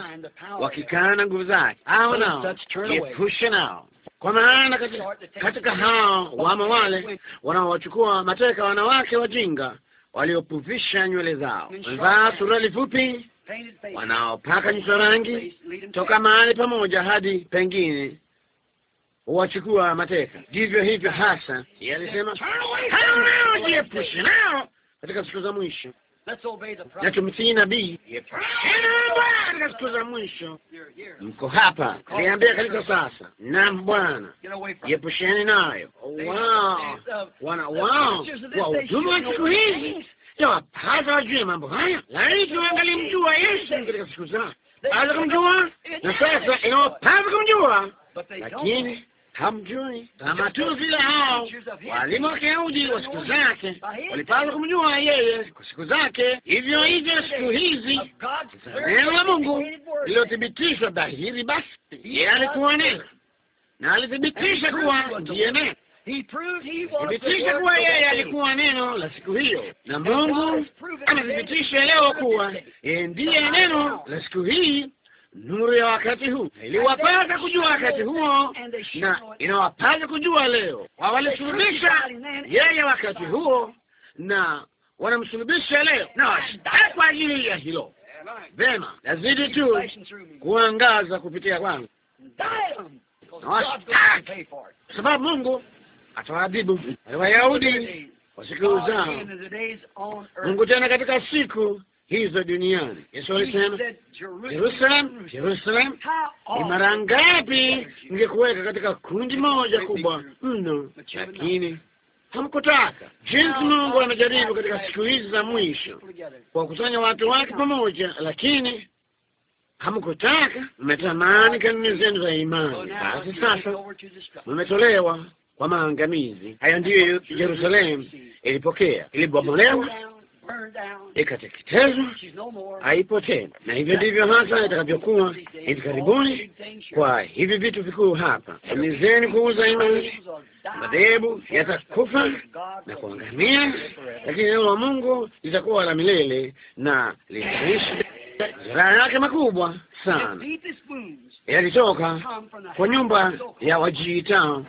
wakikana nguvu zake. Hao nao jiepushe nao, kwa maana katika, katika hao wamo wale wanaowachukua mateka wanawake wajinga waliopuvisha nywele zao, wamevaa suruali fupi, wanaopaka nyuso rangi toka mahali pamoja hadi pengine wachukua mateka. Ndivyo hivyo hasa alisema, hayo jiepushe nao katika siku za mwisho, na tumtii nabii katika siku za mwisho. Mko hapa aliambia katika sasa. na Bwana, jiepusheni nayo. Wana wao wahudumu wa siku hizi yawapasa wajue mambo haya, laiti wangalimjua Yesu katika siku za aza kumjua na sasa inawapasa kumjua lakini hamjui kama tu vile hao walimu wa Kiyahudi wa siku zake walipaswa kumjua yeye kwa siku zake, hivyo hivyo siku hizi neno la Mungu lililothibitishwa dhahiri. Basi yeye alikuwa neno na alithibitisha kuwa ndiye neno, thibitisha kuwa yeye alikuwa neno la siku hiyo, na Mungu anathibitisha leo kuwa yeye ndiye neno la siku hii nuru ya wakati huu iliwapaza kujua wakati huo, na inawapata kujua leo. walisulubisha yeye wakati huo, na wanamsulubisha leo, na washtaki kwa ajili ya hilo. Vema, nazidi tu kuangaza kupitia kwangu, na kwa sababu Mungu atawaadhibu Wayahudi kwa siku zao. Mungu tena katika siku hizo duniani. Yesu alisema Jerusalem, Jerusalem, ni mara ngapi ningekuweka katika kundi moja kubwa mno, lakini hamkutaka. Jinsi Mungu amejaribu katika siku hizi za mwisho kuwakusanya watu wake pamoja, lakini hamkutaka. Mmetamani kanuni zenu za imani, basi sasa mmetolewa kwa maangamizi. haya ndiyo Yerusalemu ilipokea, ilibomolewa ikateketezwa, haipo tena. Na hivyo ndivyo hasa itakavyokuwa hivi karibuni kwa hivi vitu vikuu hapa. Amizeni kuuza imani, madhehebu yatakufa na kuangamia, lakini neno la Mungu litakuwa la milele na litaishi. Jeraha yake makubwa sana yalitoka kwa nyumba ya wajiitao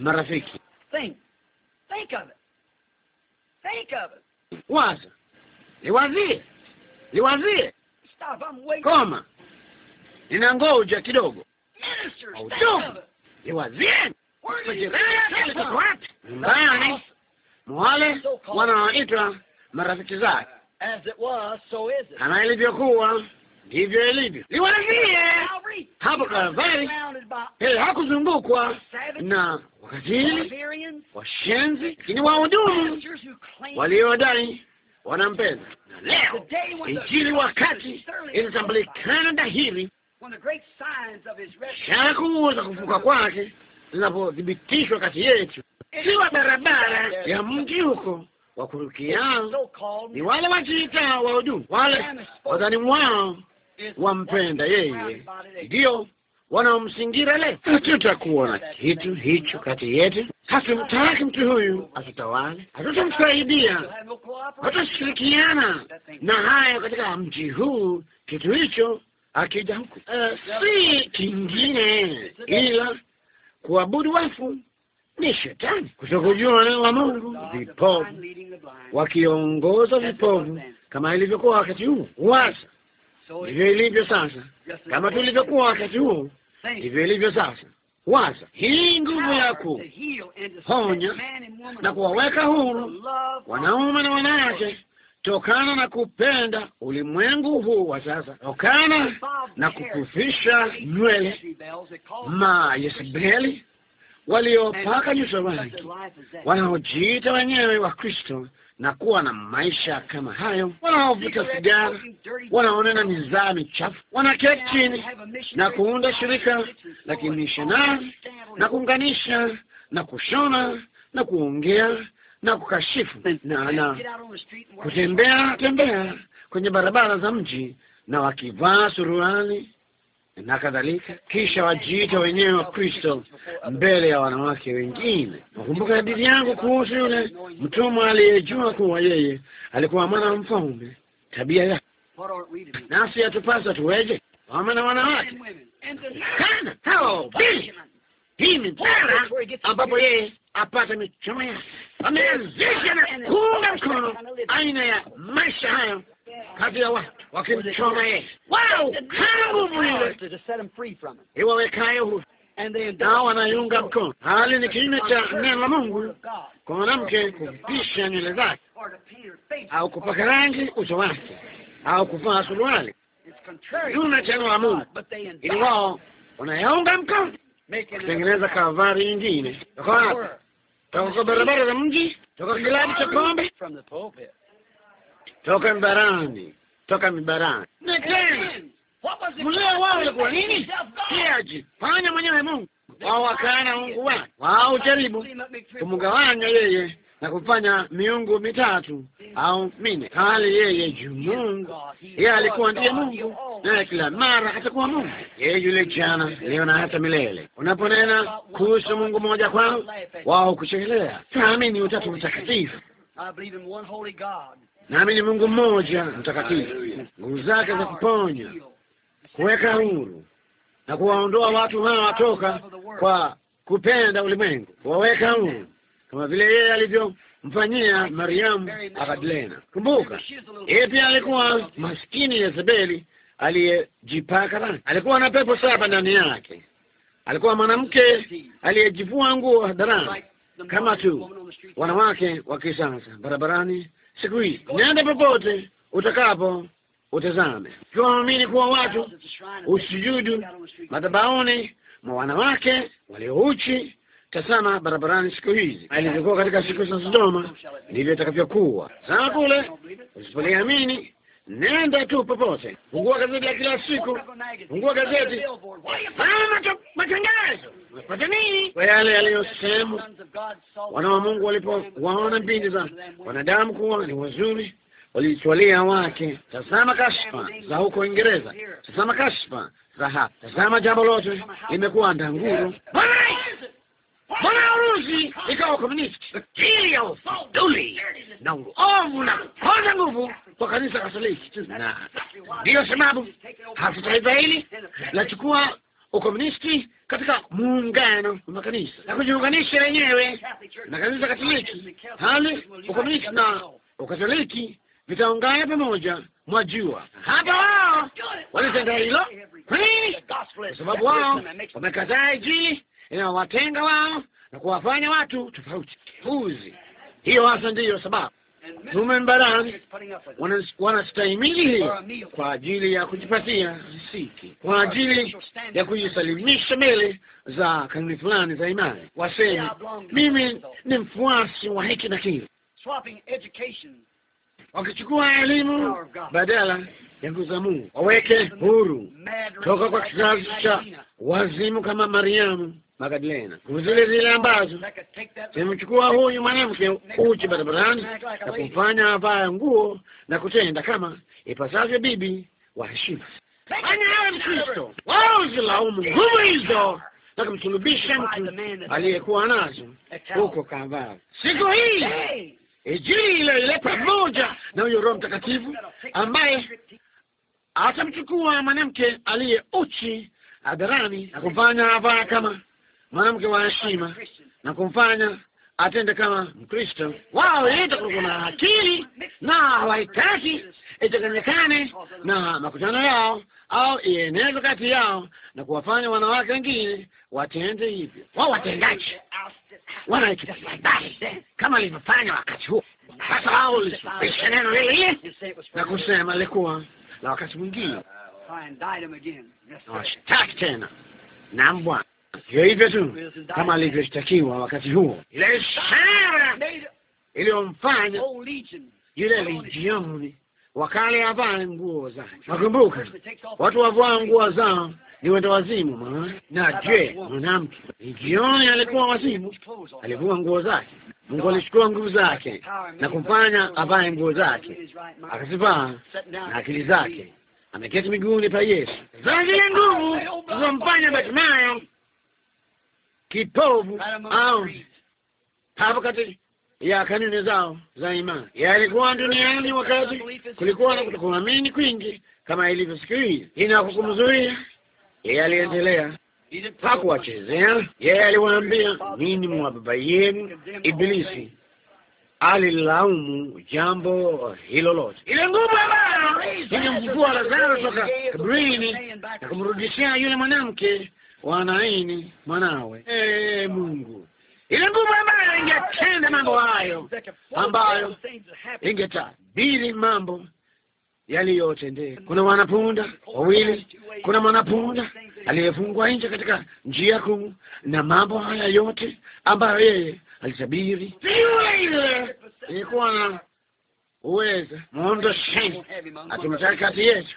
marafiki. Think. Think of it. Think of it. Waza, liwazie, liwazie, koma, ninangoja kidogo. Ndugu, liwazieni Nyumbani mwale wanaoitwa marafiki zake, kama ilivyokuwa ndivyo ilivyo. Liwazie hapo Kalvari, eh, hakuzungukwa na wakatili, washenzi, lakini wahudumu waliodai wanampenda. Na leo Injili, wakati inatambulikana dhahiri, ishara kuu za kufuka kwake zinapothibitishwa kati yetu, siwa barabara ya mji huko wakurukia ni wale wajiita wahudumu, wale wadhani mwao wampenda yeye, ndio wanaomsingira leo. Hatutakuwa na kitu hicho kati yetu. Hatumtaki mtu huyu atutawale, hatutamsaidia, hatutashirikiana na hayo katika mji huu. Kitu hicho akija huku, uh, si kingine ila kuabudu wafu ni shetani, kutokujua neno la Mungu, vipovu wakiongoza vipovu, kama ilivyokuwa wakati huu wasa Ndivyo ilivyo sasa, kama tulivyokuwa wakati huo, ndivyo ilivyo sasa. Waza hii nguvu ya kuponya na kuwaweka huru wanaume na wanawake tokana na kupenda ulimwengu huu wa sasa, tokana na kukufisha nywele ma Yezebeli waliopaka nyuso rangi, wanaojiita wenyewe wa Kristo na kuwa na maisha kama hayo. Wanaovuta sigara, wanaonena mizaa michafu, wanaketi chini na kuunda shirika la kimishonari na kuunganisha na kushona na kuongea na kukashifu na, na kutembea tembea kwenye barabara za mji na wakivaa suruali na kadhalika, kisha wajiita wenyewe wa Kristo mbele ya wanawake wengine. Nakumbuka hadithi yangu kuhusu yule mtumwa aliyejua kuwa yeye alikuwa mwana mfalme. Tabia yake nasi yatupasa tuweje? Wame na wanawake kana hao bili hii ni bara ambapo yeye apata michomo yake. Wameanzisha na kuunga mkono aina ya maisha hayo kati ya watu wakimchoma yeye. Wow, hana nguvu ile iwawekaye huru, nao wanaiunga mkono. Hali ni kinyume cha neno la Mungu kwa mwanamke kumpisha nywele zake au kupaka rangi uso wake au kuvaa suruali nyuma cha neno la Mungu, ili wao wanayaunga mkono kutengeneza kavari nyingine toka barabara za mji, toka kilabu cha pombe toka mibarani, toka mibarani. Nekeni mlio wao ulikuwa nini? Kiaji fanya mwenyewe Mungu wao wakana Mungu wao wao jaribu kumgawanya yeye na kufanya miungu mitatu au mine hali yeye juu Mungu. Yeye alikuwa ndiye Mungu, naye kila mara atakuwa Mungu, yeye yule jana, leo na hata milele. Unaponena kuhusu Mungu mmoja kwangu, wao kuchekelea. Taamini Utatu Mtakatifu nami ni Mungu mmoja mtakatifu, nguvu zake za kuponya, kuweka huru na kuwaondoa watu hawa toka kwa kupenda ulimwengu, kuwaweka huru kama vile yeye alivyomfanyia Mariamu Magdalena. Kumbuka yeye pia alikuwa maskini Yezebeli aliyejipaka rangi, alikuwa na pepo saba ndani yake, alikuwa mwanamke aliyejivua nguo hadharani kama tu wanawake wa kisasa barabarani siku hizi. Nenda popote utakapo, utazame. kiwa waamini kuwa watu usujudu madhabahuni mwa wanawake waliouchi, tazama barabarani siku hizi, ilivyokuwa katika siku za Sodoma ndivyo itakavyokuwa. Saa kule usipoliamini nenda tu popote, fungua gazeti ya kila siku, fungua gazeti, fanya matangazo, unapata nini kwa yale yaliyosemwa. Wana wa Mungu walipowaona mbindi za wanadamu kuwa ni wazuri walitwalia wake. Tazama kashfa za huko Uingereza, tazama kashfa za hapa, tazama jambo lote limekuwa ndanguro mwana harusi ikawa komunisti, akili ya ufaduli na uovu na koza nguvu kwa kanisa Katoliki. Na ndiyo sababu hasa taifa hili lachukua ukomunisti katika muungano wa makanisa na kujiunganisha wenyewe na kanisa Katoliki. Hali ukomunisti na ukatoliki vitaungana pamoja, mwajua. Hata wao walitenda hilo, kwa sababu wao wamekataa Injili inayowatenga wao na kuwafanya watu tofauti uzi. Hiyo hasa ndiyo sababu tume mbarani wanastahimili hiyo kwa ajili ya kujipatia riziki, kwa ajili ya kujisalimisha mbele za kanuni fulani za imani. Waseme mimi ni mfuasi wa hiki na kile, wakichukua elimu badala ya nguvu za Mungu, waweke huru toka kwa kizazi cha wazimu kama Mariamu Magdalena zile zile ambazo zimchukua huyu mwanamke uchi barabarani na kumfanya avae nguo na kutenda kama ipasavyo bibi wa heshima. Fanya awe Mkristo, wao zilaumu nguvu hizo na kumsulubisha mtu aliyekuwa nazo huko Kalvari. Siku hii Injili ile ile pamoja na huyo Roho Mtakatifu ambaye atamchukua mwanamke aliye uchi hadharani na kufanya avae kama mwanamke wa heshima na kumfanya atende kama Mkristo. Wao ita kulikuwa na akili na hawahitaji itakanyekane na makutano yao au ienezwe kati yao na kuwafanya wanawake wengine watende hivyo. Wao watendaji wanaikitafadhali kama ilivyofanya wakati huo. Sasa wao lisha neno lile lile na kusema lilikuwa la wakati mwingine, nawashtaki tena na mbwa hivyo hivyo tu kama alivyoshtakiwa wakati huo. Ile ishara iliyomfanya yule legioni, wakale avae nguo zake. Nakumbuka watu wavaa nguo zao ni wenda wazimu maana. Na je, mwanamke legioni alikuwa wazimu? Alivua nguo zake. Mungu alichukua nguvu zake na kumfanya avae nguo zake, akazivaa na akili zake, ameketi miguuni pa Yesu. Zile nguvu zilizomfanya Batmaya kitovu au Hapo kati ya kanuni zao za imani, yalikuwa duniani wakati kulikuwa na kutokuamini kwingi, kama ilivyo siku hii. Inakukumzuia yeye, aliendelea hakuwachezea. Yeye aliwaambia mimi mwa baba yenu Ibilisi alilaumu jambo hilo lote. Ile nguvu ambayo ilimfufua Lazaro toka kaburini na kumrudishia yule mwanamke wanaini mwanawe. Ee Mungu, ile nguvu ambayo ingetenda mambo hayo, ambayo ingetabiri mambo yaliyotendeka. Kuna wanapunda wawili, kuna mwanapunda aliyefungwa nje katika njia kuu, na mambo haya yote ambayo yeye alitabiri, si yule ile ilikuwa na uweza muondosheni, kati yetu.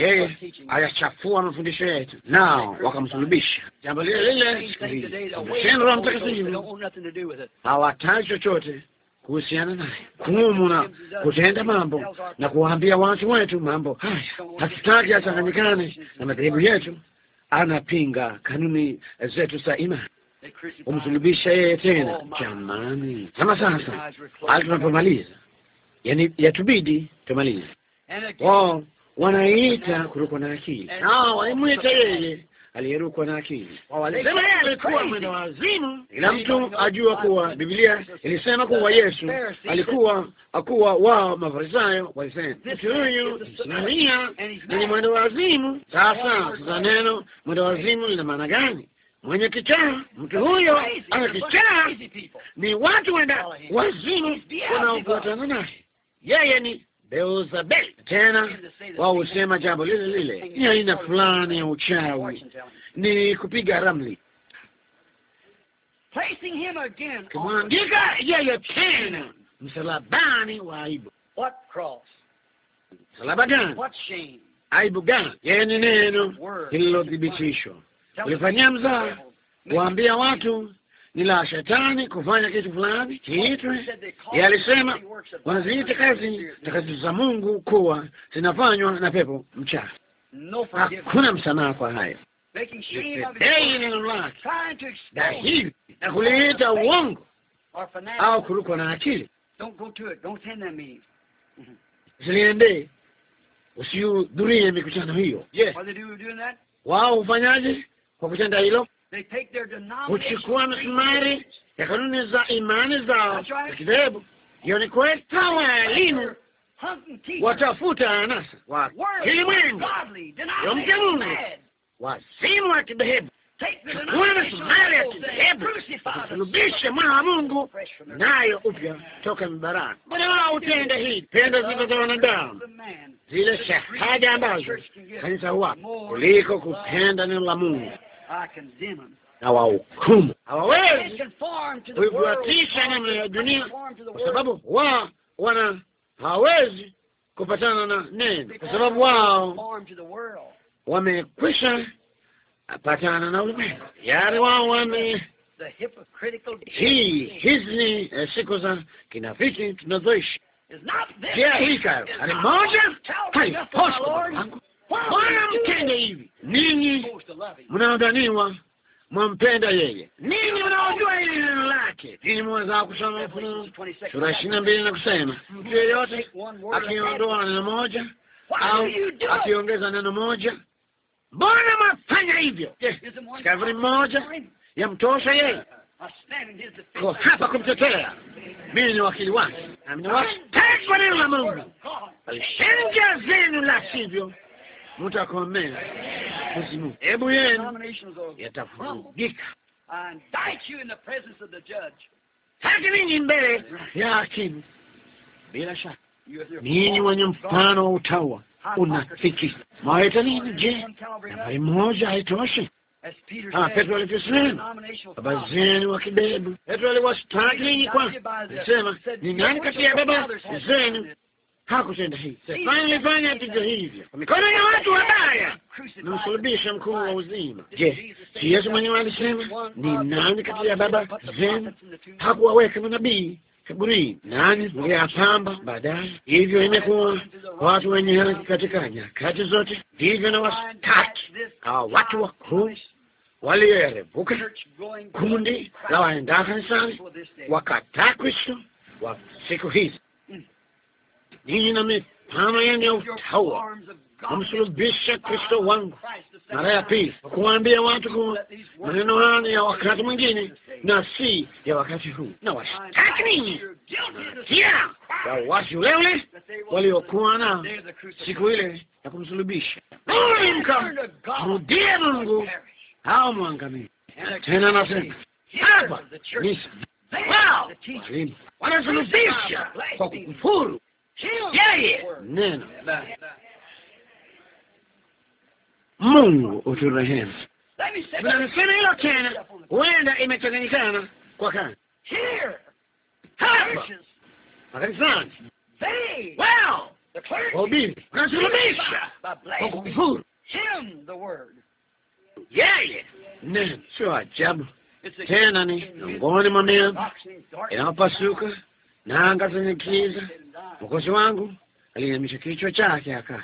Yeye ayachafua mafundisho yetu, nao wakamsulubisha. Jambo lile lile, ondosheni Roho Mtakatifu, hawataki chochote kuhusiana naye kumu na kutenda mambo na kuwaambia watu wetu mambo haya. Hatutaki achanganyikane na madhehebu yetu. Anapinga kanuni zetu za imani, umsulubisha yeye tena. Jamani, kama sasa hali tunapomaliza yani yatubidi tumalize. Wao oh, wanaita kurukwa na akili, nao ah, walimwita yeye aliyerukwa na akili, oh, walisema yeye alikuwa mwenda wazimu. Ila mtu ajua kuwa Biblia ilisema kuwa Yesu alikuwa akuwa, wao Mafarisayo walisema mtu huyu msimamia ni mwenda wazimu. Sasa oh, sasa, neno mwenda wazimu lina maana gani? Mwenye kichaa, mtu huyo ana kichaa, ni watu wenda wazimu wanaofuatana naye yeye ni Beelzebuli. Tena wao husema jambo lile lile, ni aina fulani ya uchawi, ni kupiga ramli, kumwandika yeye tena msalabani wa aibu. Msalaba gani? Aibu gani? Yeye ni neno lililothibitishwa, ulifanyia mzaa, waambia watu ni la shetani kufanya kitu fulani kiitwe. Yeye alisema wanaziita kazi takatifu za Mungu kuwa zinafanywa na pepo mchafu. Hakuna msamaha kwa hayo neno lake na kuliita uongo au kurukwa na akili ziliendee, usihudhurie mikutano hiyo. wao hufanyaje kwa kutenda hilo? kuchukua msumari ya kanuni za imani zao za kidhehebu. Hiyo ni kweli. Hawa walimu watafuta anasa wa kilimwengu, yo mcha Mungu, wazimu wa kidhehebu, chukua msumari ya kidhehebu, kusulubishe mwana wa Mungu nayo upya toka mibarani. Mbona wao utenda hii pendo zile za wanadamu zile shahada ambazo kanisa huwa kuliko kupenda neno la Mungu na wahukumu. Hawawezi kuifuatisha namna ya dunia, kwa sababu wao wana hawawezi kupatana na neno, kwa sababu wao wamekwisha patana na ulimwengu, yaani wao wame hii hizi ni eh, siku za kinafiki tunazoishi. Njia hii kayo ani moja haiposi Bwana mtende hivi, ninyi mnaodhaniwa mwampenda yeye, ninyi mnaojua hili neno lake. Ninyi mwaweza kusoma Ufunuo sura ishirini na mbili na kusema mtu yeyote akiondoa neno moja au akiongeza neno moja, Bwana mwafanya hivyo? moja mmoja yamtosha yeye uh, uh, ko hapa kumtetea. Mimi ni wakili wake, na mnawashtaki kwa neno la Mungu, balisheni zenu, la sivyo mtakomea kuzimu, hebu yenu yatafurugika. Haki ninyi mbele ya hakimu, bila shaka ninyi wenye mfano wa utawa unafiki maweta nini? Je, nambari moja haitoshi? Ah, Petro alivyosema, baba zenu wa kibebu. Petro aliwashtaki ninyi kwa alisema, ni nani kati ya baba zenu hakutenda hivi. Shetani alifanya vivyo hivyo kwa mikono ya watu wabaya, namsulubisha mkuu wa uzima. Je, si Yesu mwenyewe alisema ni nani kati ya baba zenu hakuwaweka manabii kaburini, nani mngeyapamba baadaye? Hivyo imekuwa watu wenye haki katika nyakati zote, hivyo na wastaki hawa watu wakuu walioerevuka, kundi la waenda kanisani wakataa Kristo wa siku hizi ninyi na mifano yenu ya utawa kumsulubisha Kristo wangu mara ya pili, kuwaambia watu maneno haya ya wakati mwingine na si ya wakati huu, na washtaki ninyi natia ya wasi ule ule waliokuwa na siku ile ya kumsulubisha. mka Mkamrudie Mungu hao mwangamizi. Tena anasema hapa wanasulubisha kwa kukufuru yeye neno Mungu uturehemu. Tunasema hilo tena, huenda imechanganyikana kwa kazi hapa makanisani. Wao wahubiri wanasulumisha kwa kukufuru yeye neno. Sio ajabu tena, ni miongoni mwa mema inayopasuka nanga zenye giza. Mwokozi wangu aliinamisha kichwa chake aka,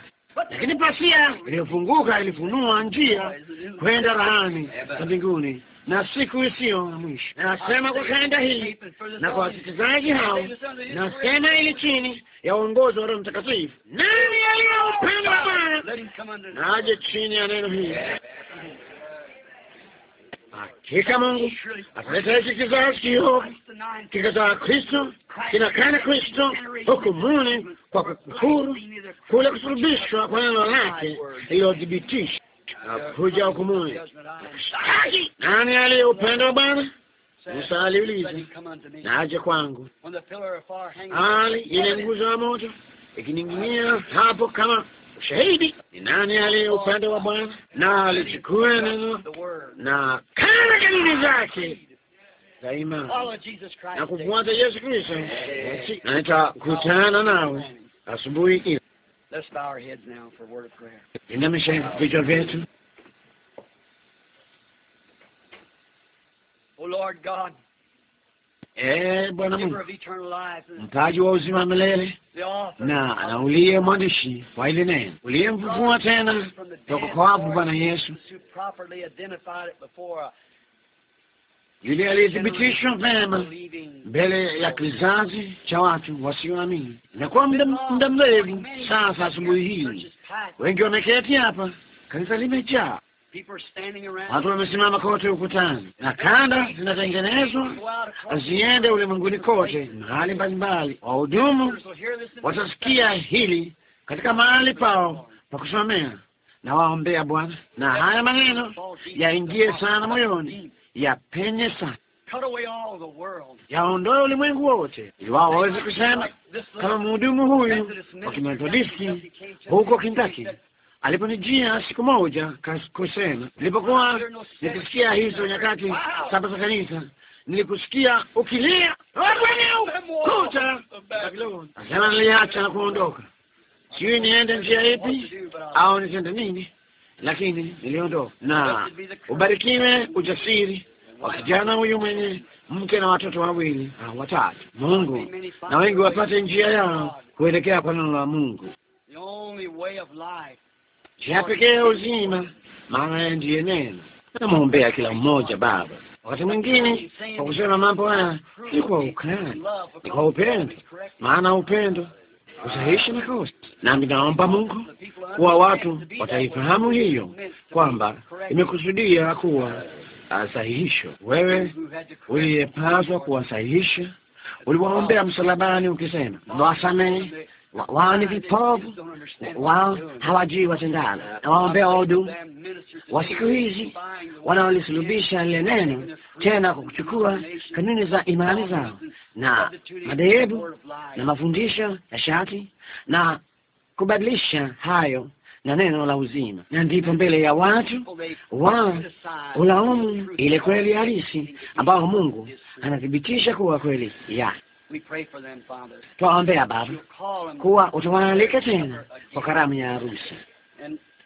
lakini pasia iliyofunguka ilifunua njia kwenda rahani za mbinguni na siku isiyo na mwisho. Nasema kwa kanda hii na kwa wasikilizaji hao, nasema ili chini ya uongozi wa Roho Mtakatifu, nani aliye upendo wa Bwana na aje chini ya neno hili hakika Mungu ataleta hiki kizazi kiovu, kikataa Kristo, kinakana Kristo hukumuni kwa kukufuru kule kusulubishwa kwa neno lake lililodhibitisha kuja hukumuni. Nani aliye upendo wa Bwana? Musa aliuliza, na aje kwangu. Ali ile nguzo ya moto ikining'inia hapo kama ushahidi ni nani aliye upande wa Bwana, na alichukua neno na kana kanuni zake za imani na kufuata Yesu Kristo, na nitakutana nawe asubuhi hiyo. Inamisha vichwa vyetu. Oh Lord God Eh, Bwana Mungu, mtaji wa uzima milele, na na uliye mwandishi wa ile neno, uliyemfufua tena toka kwa wafu, Bwana Yesu, yule aliyethibitishwa vema mbele ya kizazi cha watu wasioamini. Na kwa muda mrefu sasa, asubuhi hii wengi wameketi hapa, kanisa limejaa Watu wamesimama kote ukutani na kanda zinatengenezwa ziende ulimwenguni kote, mahali mbalimbali. Wahudumu watasikia hili katika mahali pao pa kusomea na waombea Bwana, na haya maneno yaingie sana moyoni, yapenye sana, yaondoe ulimwengu wote, ili wao waweze kusema kama mhudumu huyu wa Kimethodisti huko Kentucky aliponijia siku moja kusema, nilipokuwa nikisikia hizo nyakati saba za kanisa, nilikusikia ukilia kuta asema, niliacha na kuondoka. Sijui niende njia ipi au nitende nini, lakini niliondoka. Na ubarikiwe ujasiri wa kijana huyu mwenye mke na watoto wawili au watatu. Mungu na wengi wapate njia yao kuelekea kwa neno la Mungu njia pekee ya uzima, maana ndiye neno. Namwombea kila mmoja Baba. Wakati mwingine kwa kusema mambo haya ni kwa ukali, ni kwa upendo, maana upendo usahihisha makosa. Nami naomba Mungu kuwa watu wataifahamu hiyo, kwamba imekusudia kuwa sahihisho. Wewe uliyepaswa kuwasahihisha uliwaombea msalabani, ukisema wasamehe ni vipofu, wao hawajui watendalo, na waombea wahudumu wa siku hizi wanaolisulubisha lile neno tena kwa kuchukua kanuni za imani zao na madhehebu na mafundisho ya shati na kubadilisha hayo na neno la uzima, na ndipo mbele ya watu wao ulaumu ile kweli halisi ambayo Mungu anathibitisha kuwa kweli yake. Twaombea Baba kuwa utawaalika tena kwa karamu ya harusi,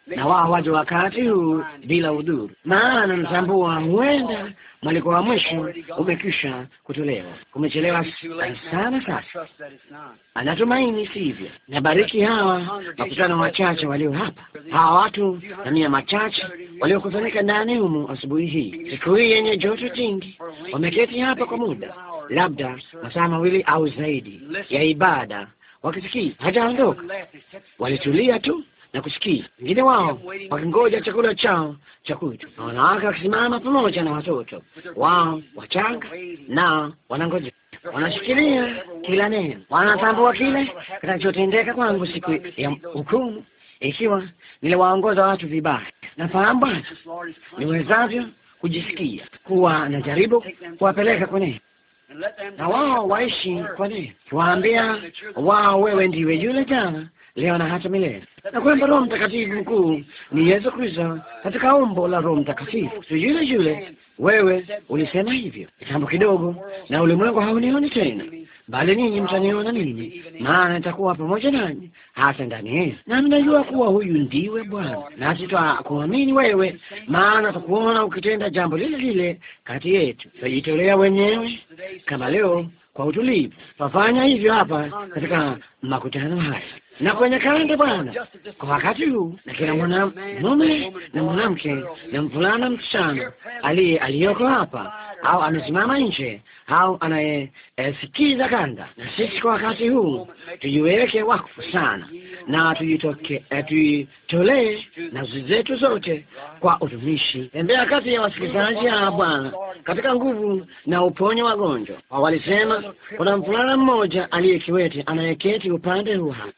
na wao waje wakati huu bila udhuru, maana natambua huenda mwaliko wa mwisho umekwisha kutolewa. Kumechelewa sana sasa. Anatumaini sivyo? Nabariki hawa makutano wachache walio hapa, hawa watu na mia machache waliokusanyika ndani humu asubuhi hii, siku hii yenye joto jingi, wameketi hapa kwa muda labda masaa mawili au zaidi ya ibada wakisikia. Hajaondoka, walitulia tu na kusikia, wengine wao wakingoja chakula chao cha kutu, na wanawake wakisimama pamoja na watoto wao wachanga, na wanangoja, wanashikilia kila neno, wanatambua kile kinachotendeka kwangu siku ya hukumu, ikiwa niliwaongoza watu vibaya. Nafahamu Bwana niwezavyo kujisikia kuwa najaribu kuwapeleka kwenye na wao waishi kwa nini, waambia wao wewe ndiwe yule jana leo na hata milele, na kwamba Roho Mtakatifu mkuu ni Yesu Kristo katika umbo la Roho Mtakatifu si yule yule. Wewe ulisema hivyo kitambo kidogo, na ulimwengu haunioni tena bali ninyi mtaniona mimi, maana nitakuwa pamoja nanyi hata ndani yenu, na mnajua kuwa huyu ndiwe Bwana. Na kuamini wewe, maana tukuona ukitenda jambo lile lile kati yetu. tajitolea wenyewe kama leo kwa utulivu, twafanya hivyo hapa katika makutano haya na kwenye kuonekana Bwana kwa wakati huu, na kila mwanamume na mwanamke na mvulana msichana aliye aliyoko hapa au amesimama nje au anayesikiza kanda, na sisi kwa wakati huu tujiweke wakfu sana na tujitoke eh, tuitolee nafsi zetu zote kwa utumishi. Tembea kati ya wasikilizaji hawa Bwana katika nguvu na uponye wagonjwa. Walisema kuna mvulana mmoja aliyekiwete anayeketi upande huu hapa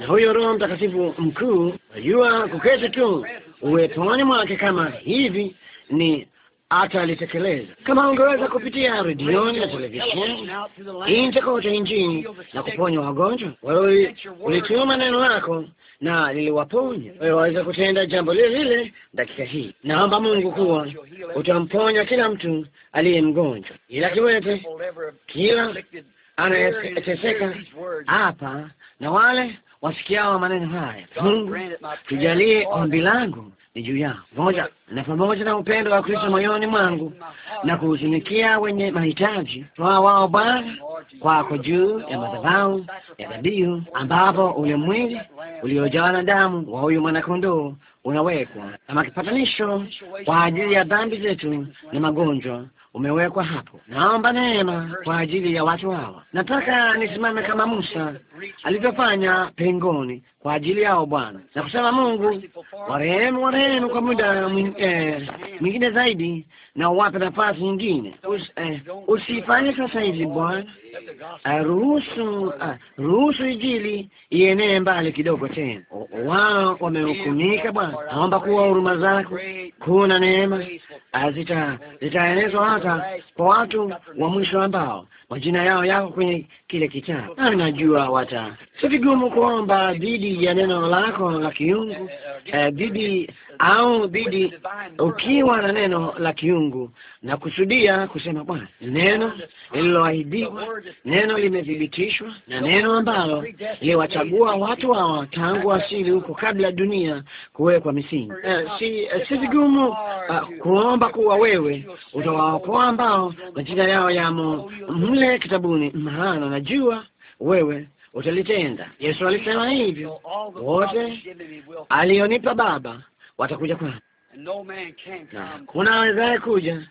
na huyo Roho Mtakatifu mkuu, najua kuketi tu uweponi mwake kama hivi ni atalitekeleza. Kama ungeweza kupitia redioni na televisheni nje kote nchini na kuponya wagonjwa, wewe ulituma neno lako na liliwaponya. Wewe waweza kutenda jambo lile lile dakika hii. Naomba Mungu kuwa utamponya kila mtu aliye mgonjwa, ila kiwete, kila anayeteseka hapa na wale wasikiao maneno haya, Mungu tujalie, ombi langu ni juu yao moja, na pamoja na upendo wa Kristo moyoni mwangu na kuhuzumikia wenye mahitaji, twaa wao Bwana kwako juu ya madhabahu ya dhabihu, ambapo ule mwili uliojawa na damu wa huyu mwanakondoo unawekwa kama kipatanisho kwa ajili ya dhambi zetu na magonjwa umewekwa hapo. Naomba neema kwa ajili ya watu hawa. Nataka nisimame kama Musa alivyofanya pengoni kwa ajili yao Bwana, na kusema Mungu warehemu, warehemu kwa muda eh, mwingine eh, zaidi na uwape nafasi nyingine. Us, eh, usifanye sasa hivi Bwana, eh, ruhusu eh, ruhusu ijili ienee mbali kidogo tena. Wao wamehukumika Bwana, naomba kuwa huruma zako, kuna neema zitaenezwa hata kwa watu wa mwisho ambao majina yao yako kwenye kile kitabu, na najua wata, si vigumu kuomba dhidi ya neno lako la kiungu, eh, dhidi au dhidi, ukiwa na neno la kiungu na kusudia kusema Bwana, neno lililoahidiwa, neno limethibitishwa, na neno ambalo liwachagua watu hawa tangu asili huko kabla dunia kuwekwa misingi. Uh, si uh, si vigumu uh, kuomba kuwa wewe utawaokoa ambao majina yao yamo mle kitabuni, maana najua wewe utalitenda. Yesu alisema hivyo, wote alionipa Baba watakuja kwangu na kuna awezaye kuja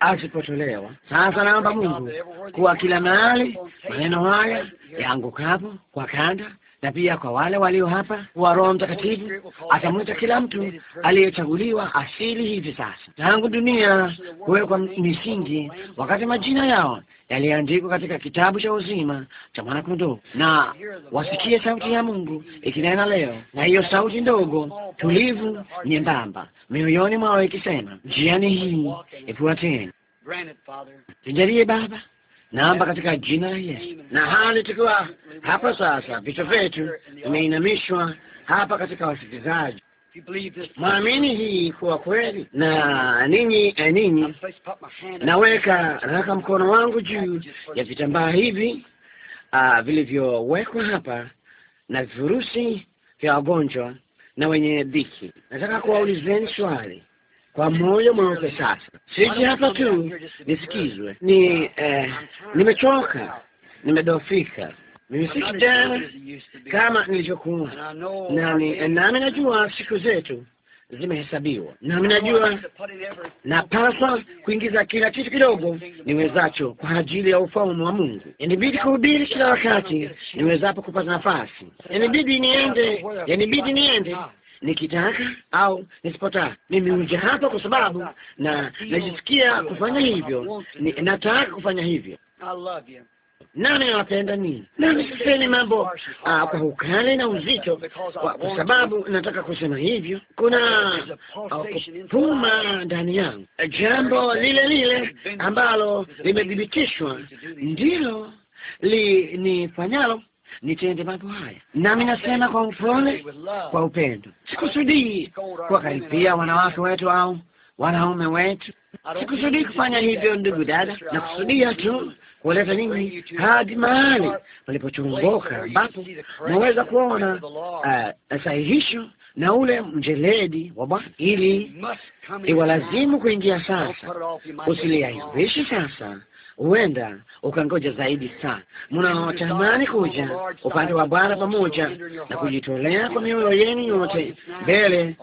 asipotolewa. Sasa naomba Mungu kuwa kila mahali maneno haya yaangukapo kwa kanda na pia kwa wale walio hapa wa Roho Mtakatifu atamwita kila mtu aliyechaguliwa asili hivi sasa, tangu dunia kuwekwa misingi, wakati majina yao yaliandikwa katika kitabu cha uzima cha mwanakondoo, na wasikie sauti ya Mungu ikinena leo, na hiyo sauti ndogo tulivu nyembamba mioyoni mwao ikisema, njiani hii ifuateni. Tujalie Baba naomba katika jina la Yesu. Na hali tukiwa hapa sasa, vichwa vyetu vimeinamishwa hapa katika wasikilizaji, mwamini hii kuwa kweli, na ninyi eh, ninyi, naweka naweka mkono wangu juu ya vitambaa hivi uh, vilivyowekwa hapa na virusi vya wagonjwa na wenye dhiki. Nataka kuwaulizeni swali kwa moyo mweupe. Sasa siji hapa tu nisikizwe, ni eh, nimechoka, nimedofika mimi si kijana kama nilivyokuwa, nami eh, nami najua siku zetu zimehesabiwa, nami najua napaswa kuingiza kila kitu kidogo niwezacho kwa ajili ya ufalme wa Mungu. Inibidi kuhubiri kila wakati niwezapo kupata nafasi, inibidi niende, inibidi niende nikitaka au nisipotaka. Nimekuja hapa kwa sababu na najisikia kufanya hivyo, nataka kufanya hivyo. Nani anapenda nini? Nami sisemi mambo uh, kwa ukali na uzito, kwa sababu nataka kusema hivyo. Kuna ah, kupuma ndani yangu, jambo lile lile ambalo limedhibitishwa ndilo linifanyalo nitende mambo haya, nami nasema kwa upole, kwa upendo. Sikusudii kuwakaripia wanawake wetu au wanaume wetu, sikusudii kufanya hivyo, ndugu dada, na kusudia tu kuleta nyinyi hadi mahali palipochongoka, ambapo mwaweza kuona uh, sahihisho na ule mjeledi wa Bwana, ili iwalazimu kuingia sasa. Usiliahirishe sasa huenda ukangoja zaidi sana. Mnaotamani kuja upande wa Bwana pamoja na kujitolea kwa mioyo yenu yote mbele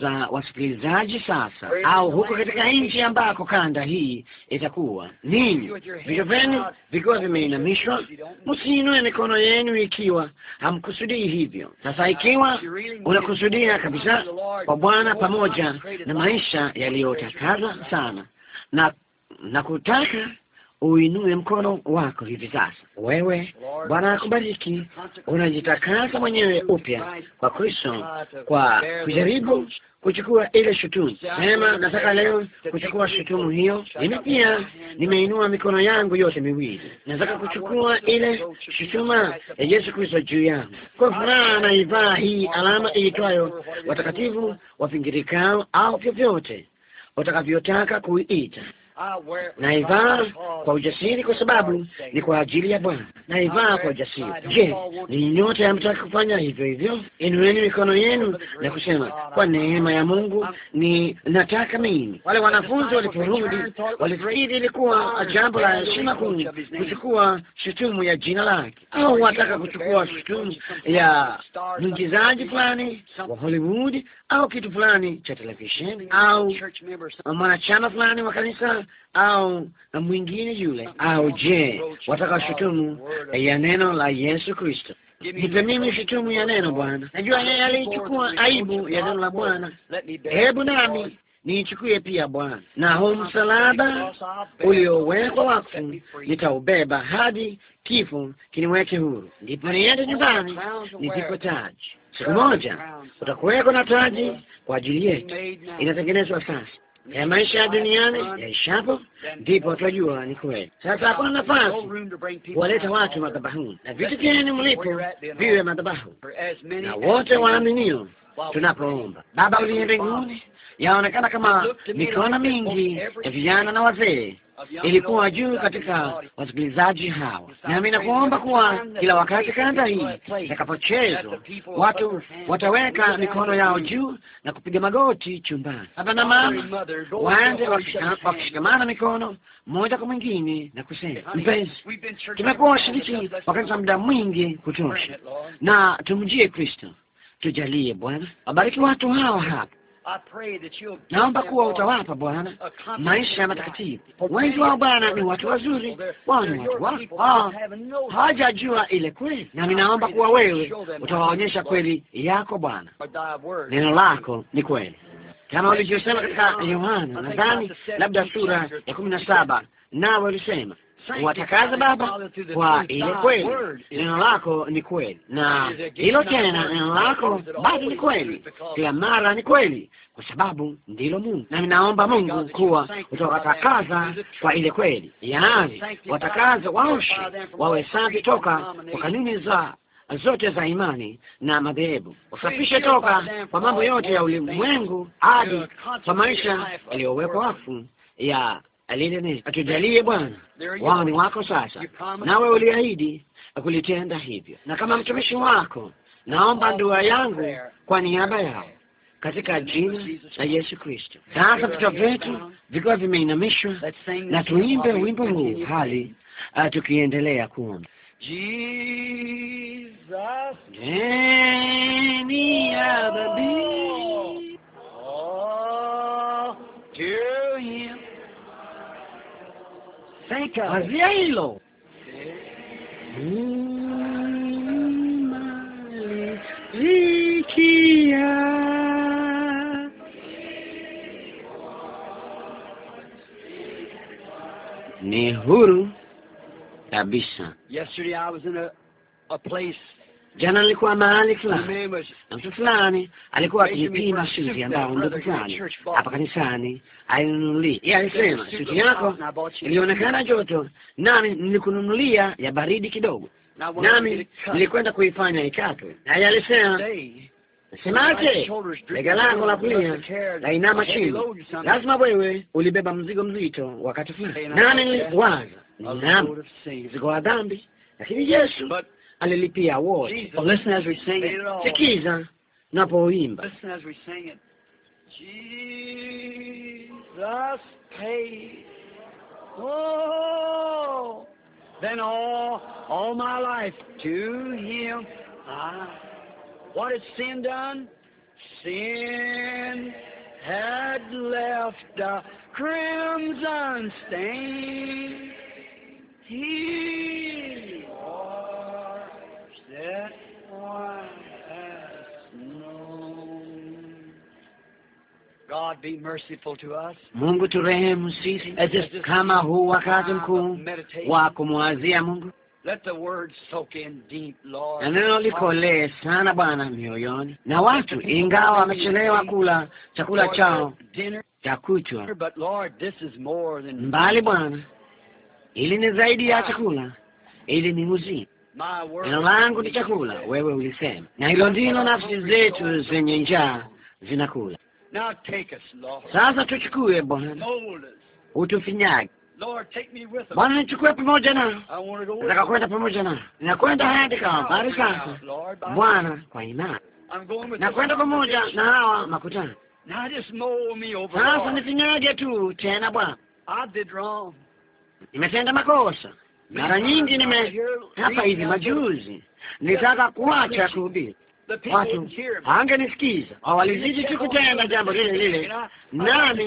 za wasikilizaji sasa, au huko katika nchi ambako kanda hii itakuwa ninyi, vichwa vyenu vikiwa vimeinamishwa, msiinue mikono yenu ikiwa hamkusudii hivyo. Sasa ikiwa unakusudia kabisa kwa Bwana pamoja na maisha yaliyotakaza sana na na kutaka uinue mkono wako hivi sasa. Wewe Bwana akubariki, unajitakasa mwenyewe upya kwa Kristo, kwa kujaribu kuchukua ile shutumu. Sema, nataka leo kuchukua shutumu hiyo. Mimi pia nimeinua mikono yangu yote miwili, nataka kuchukua ile shutuma ya Yesu Kristo juu yangu. Kwa furaha naivaa hii alama iitwayo watakatifu wapingirikao, au vyovyote utakavyotaka kuiita naivaa kwa ujasiri kwa sababu ni kwa ajili ya Bwana, naivaa kwa ujasiri. Je, ni nyote hamtaki kufanya hivyo hivyo? Inueni mikono yenu na kusema, kwa neema ya Mungu ni nataka mimi. Wale wanafunzi waliporudi walifikiri ilikuwa jambo la heshima kuu kuchukua shutumu ya jina lake, au wataka kuchukua shutumu ya mwigizaji fulani wa Hollywood au kitu fulani cha televisheni au mwanachama fulani wa kanisa au mwingine yule, au je, shutumu ya neno la Yesu Kristo? Nipe mimi shutumu ya neno Bwana. Najua yeye alichukua aibu ya neno la Bwana, hebu nami niichukue pia Bwana, na huu msalaba uliowekwa wakfu nitaubeba hadi kifo kiniweke huru, ndipo niende nyumbani nitipwe taji siku moja utakuweko na taji kwa ajili yetu, inatengenezwa sasa ya maisha ya duniani yaishapo, ndipo twajua ni kweli. Sasa hakuna nafasi kuwaleta watu madhabahuni, na vitu vyenu mlipo viwe madhabahu, na wote waaminio tunapoomba. Baba uliye mbinguni yaonekana kama mikono mingi ya vijana na wazee ilikuwa juu katika wasikilizaji hawa, nami nakuomba kuwa kila wakati kanda hii itakapochezwa, watu wataweka mikono yao juu na kupiga magoti chumbani. Baba na mama waende wakishikamana mikono mmoja kwa mwingine na kusema, mpenzi, tumekuwa washiriki wa kanisa muda mwingi kutosha, na tumjie Kristo. Tujalie Bwana, wabariki watu hawa hapa Naomba kuwa utawapa Bwana maisha ya matakatifu. Wengi wao Bwana ni watu wazuri, wao ni watu wako, hawajajua ile kweli, na ninaomba kuwa wewe utawaonyesha kweli yako Bwana. Neno lako ni kweli, kama ulivyosema katika Yohana, nadhani labda sura ya kumi na saba, nawe ulisema kuwatakaza Baba kwa ile kweli. Neno lako ni kweli, na hilo tena, neno lako bado ni kweli, kila mara ni kweli, kwa sababu ndilo Mungu. Na ninaomba Mungu kuwa utawatakaza kwa ile kweli, yaani watakaze waoshi, wawe safi toka kwa kanuni za zote za imani na madhehebu, usafishe toka kwa mambo yote ya ulimwengu hadi kwa maisha yaliyowekwa wafu ya aliyeniambia, atujalie Bwana wao wako sasa, nawe uliahidi kulitenda hivyo, na kama mtumishi wako naomba ndoa yangu kwa niaba yao katika jina la Yesu Kristo. Sasa vichwa vyetu vikiwa vimeinamishwa, na tuimbe wimbo huu hali ah, tukiendelea kuomba. Jesus wazia hilo ni huru kabisa. Jana nilikuwa mahali fulani na mtu fulani alikuwa akijipima suti ambayo ndugu fulani hapa kanisani alinunulia. Yeye alisema suti yako ilionekana joto, nami nilikununulia ya baridi kidogo, nami nilikwenda kuifanya ikatwe. Naye alisema Semaje, bega lako la kulia la inama chini, lazima wewe ulibeba mzigo mzito wakati fulani. Nami niliwaza, naam, mzigo wa dhambi, lakini Yesu alilipia wote. we sing, it. sikiza napoimba Oh, then all, all my life to him. Ah, what has sin done? Sin had left a crimson stain. He God be merciful to us. Mungu turehemu sisi kama huu wakati mkuu wa kumwazia Mungu. Let the word soak in deep, Lord. Na neno likolee sana Bwana mioyoni, na watu ingawa wamechelewa kula chakula chao cha kuchwa, mbali Bwana, ili ni zaidi ya ah. chakula, ili ni muzimu neno langu ni chakula, wewe ulisema, na hilo ndilo nafsi zetu zenye njaa zinakula. Sasa tuchukue Bwana, utufinyage Bwana, nichukue pamoja na, nataka kwenda pamoja na, ninakwenda hadi Kalvari. Sasa Bwana, kwa imani nakwenda pamoja na hawa makutano. Sasa nifinyage tu tena Bwana, nimetenda makosa mara nyingi nime hapa hivi majuzi, nitaka kuacha kuhubiri, watu hangenisikiza, walizidi tu kutenda jambo lile lile, nami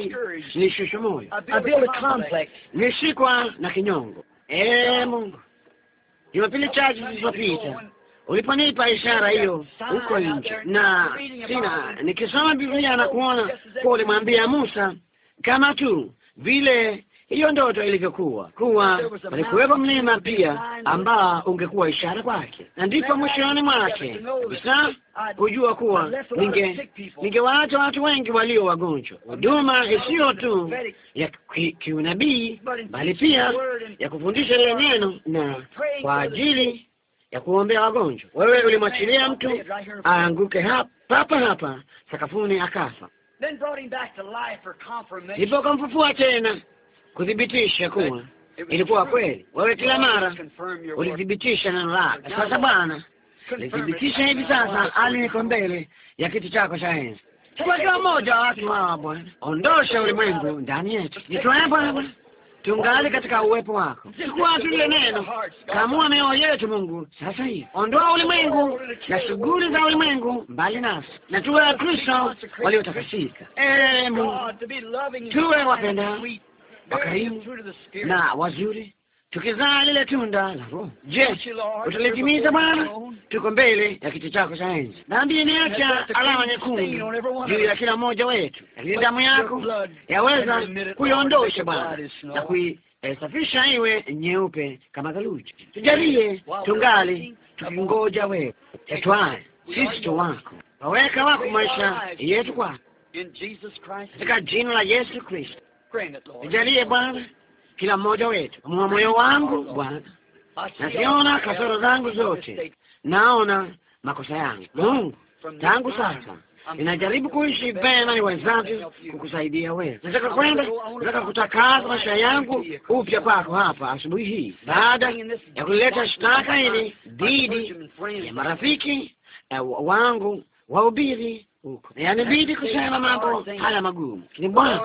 ni moyo, nishikwa na kinyongo. Ee Mungu, Jumapili chache zilizopita uliponipa ishara hiyo huko nje, na sina nikisoma Biblia na kuona kuwa ulimwambia Musa kama tu vile hiyo ndoto ilivyokuwa kuwa palikuwepo mlima pia ambao ungekuwa ishara kwake, na ndipo mwishoni mwake kabisa kujua kuwa ninge ningewaacha watu wengi walio wagonjwa, huduma isiyo tu ya kiunabii bali pia ya kufundisha ile neno na kwa ajili ya kuombea wagonjwa. Wewe ulimwachilia mtu aanguke hapa papa hapa sakafuni akafa, ndipo kamfufua tena kuthibitisha kuwa ilikuwa kweli. Wewe kila mara ulithibitisha neno lako. Sasa Bwana lithibitisha hivi sasa, hali iko mbele ya kiti chako cha enzi. Chukua kila mmoja wa watu hawa Bwana, ondosha ulimwengu ndani yetu. Nitwapo Bwana, tungali katika uwepo wako. Chukua tu ile neno, kamua mioyo yetu Mungu sasa hivi. Ondoa ulimwengu na shughuli za ulimwengu mbali nasi, na tuwe Wakristo waliotakasika. Ee Mungu, tuwe wapenda wakarimu na wazuri, tukizaa lile tunda la Roho. Je, utalitimiza Bwana? Tuko mbele ya kiti chako cha enzi, naambi imeacha alama nyekundu juu ya kila mmoja wetu, lakini damu yako yaweza kuiondosha Bwana na kui iwe nyeupe kama theluji. Tujalie tungali tukingoja wewe, yatwaye sisi to wako, waweka wako maisha yetu kwako, katika jina la Yesu Kristo. Nijalie Bwana kila mmoja wetu mwa moyo wangu Bwana, naziona kasoro zangu zote, naona makosa yangu. Mungu, tangu sasa ninajaribu kuishi vema niwezavyo kukusaidia wewe. Nataka kwenda, nataka kutakaza maisha yangu upya kwako hapa asubuhi hii, baada ya kuleta shtaka hili dhidi ya marafiki eh, wangu wahubiri huko, yanibidi kusema mambo haya magumu, lakini Bwana,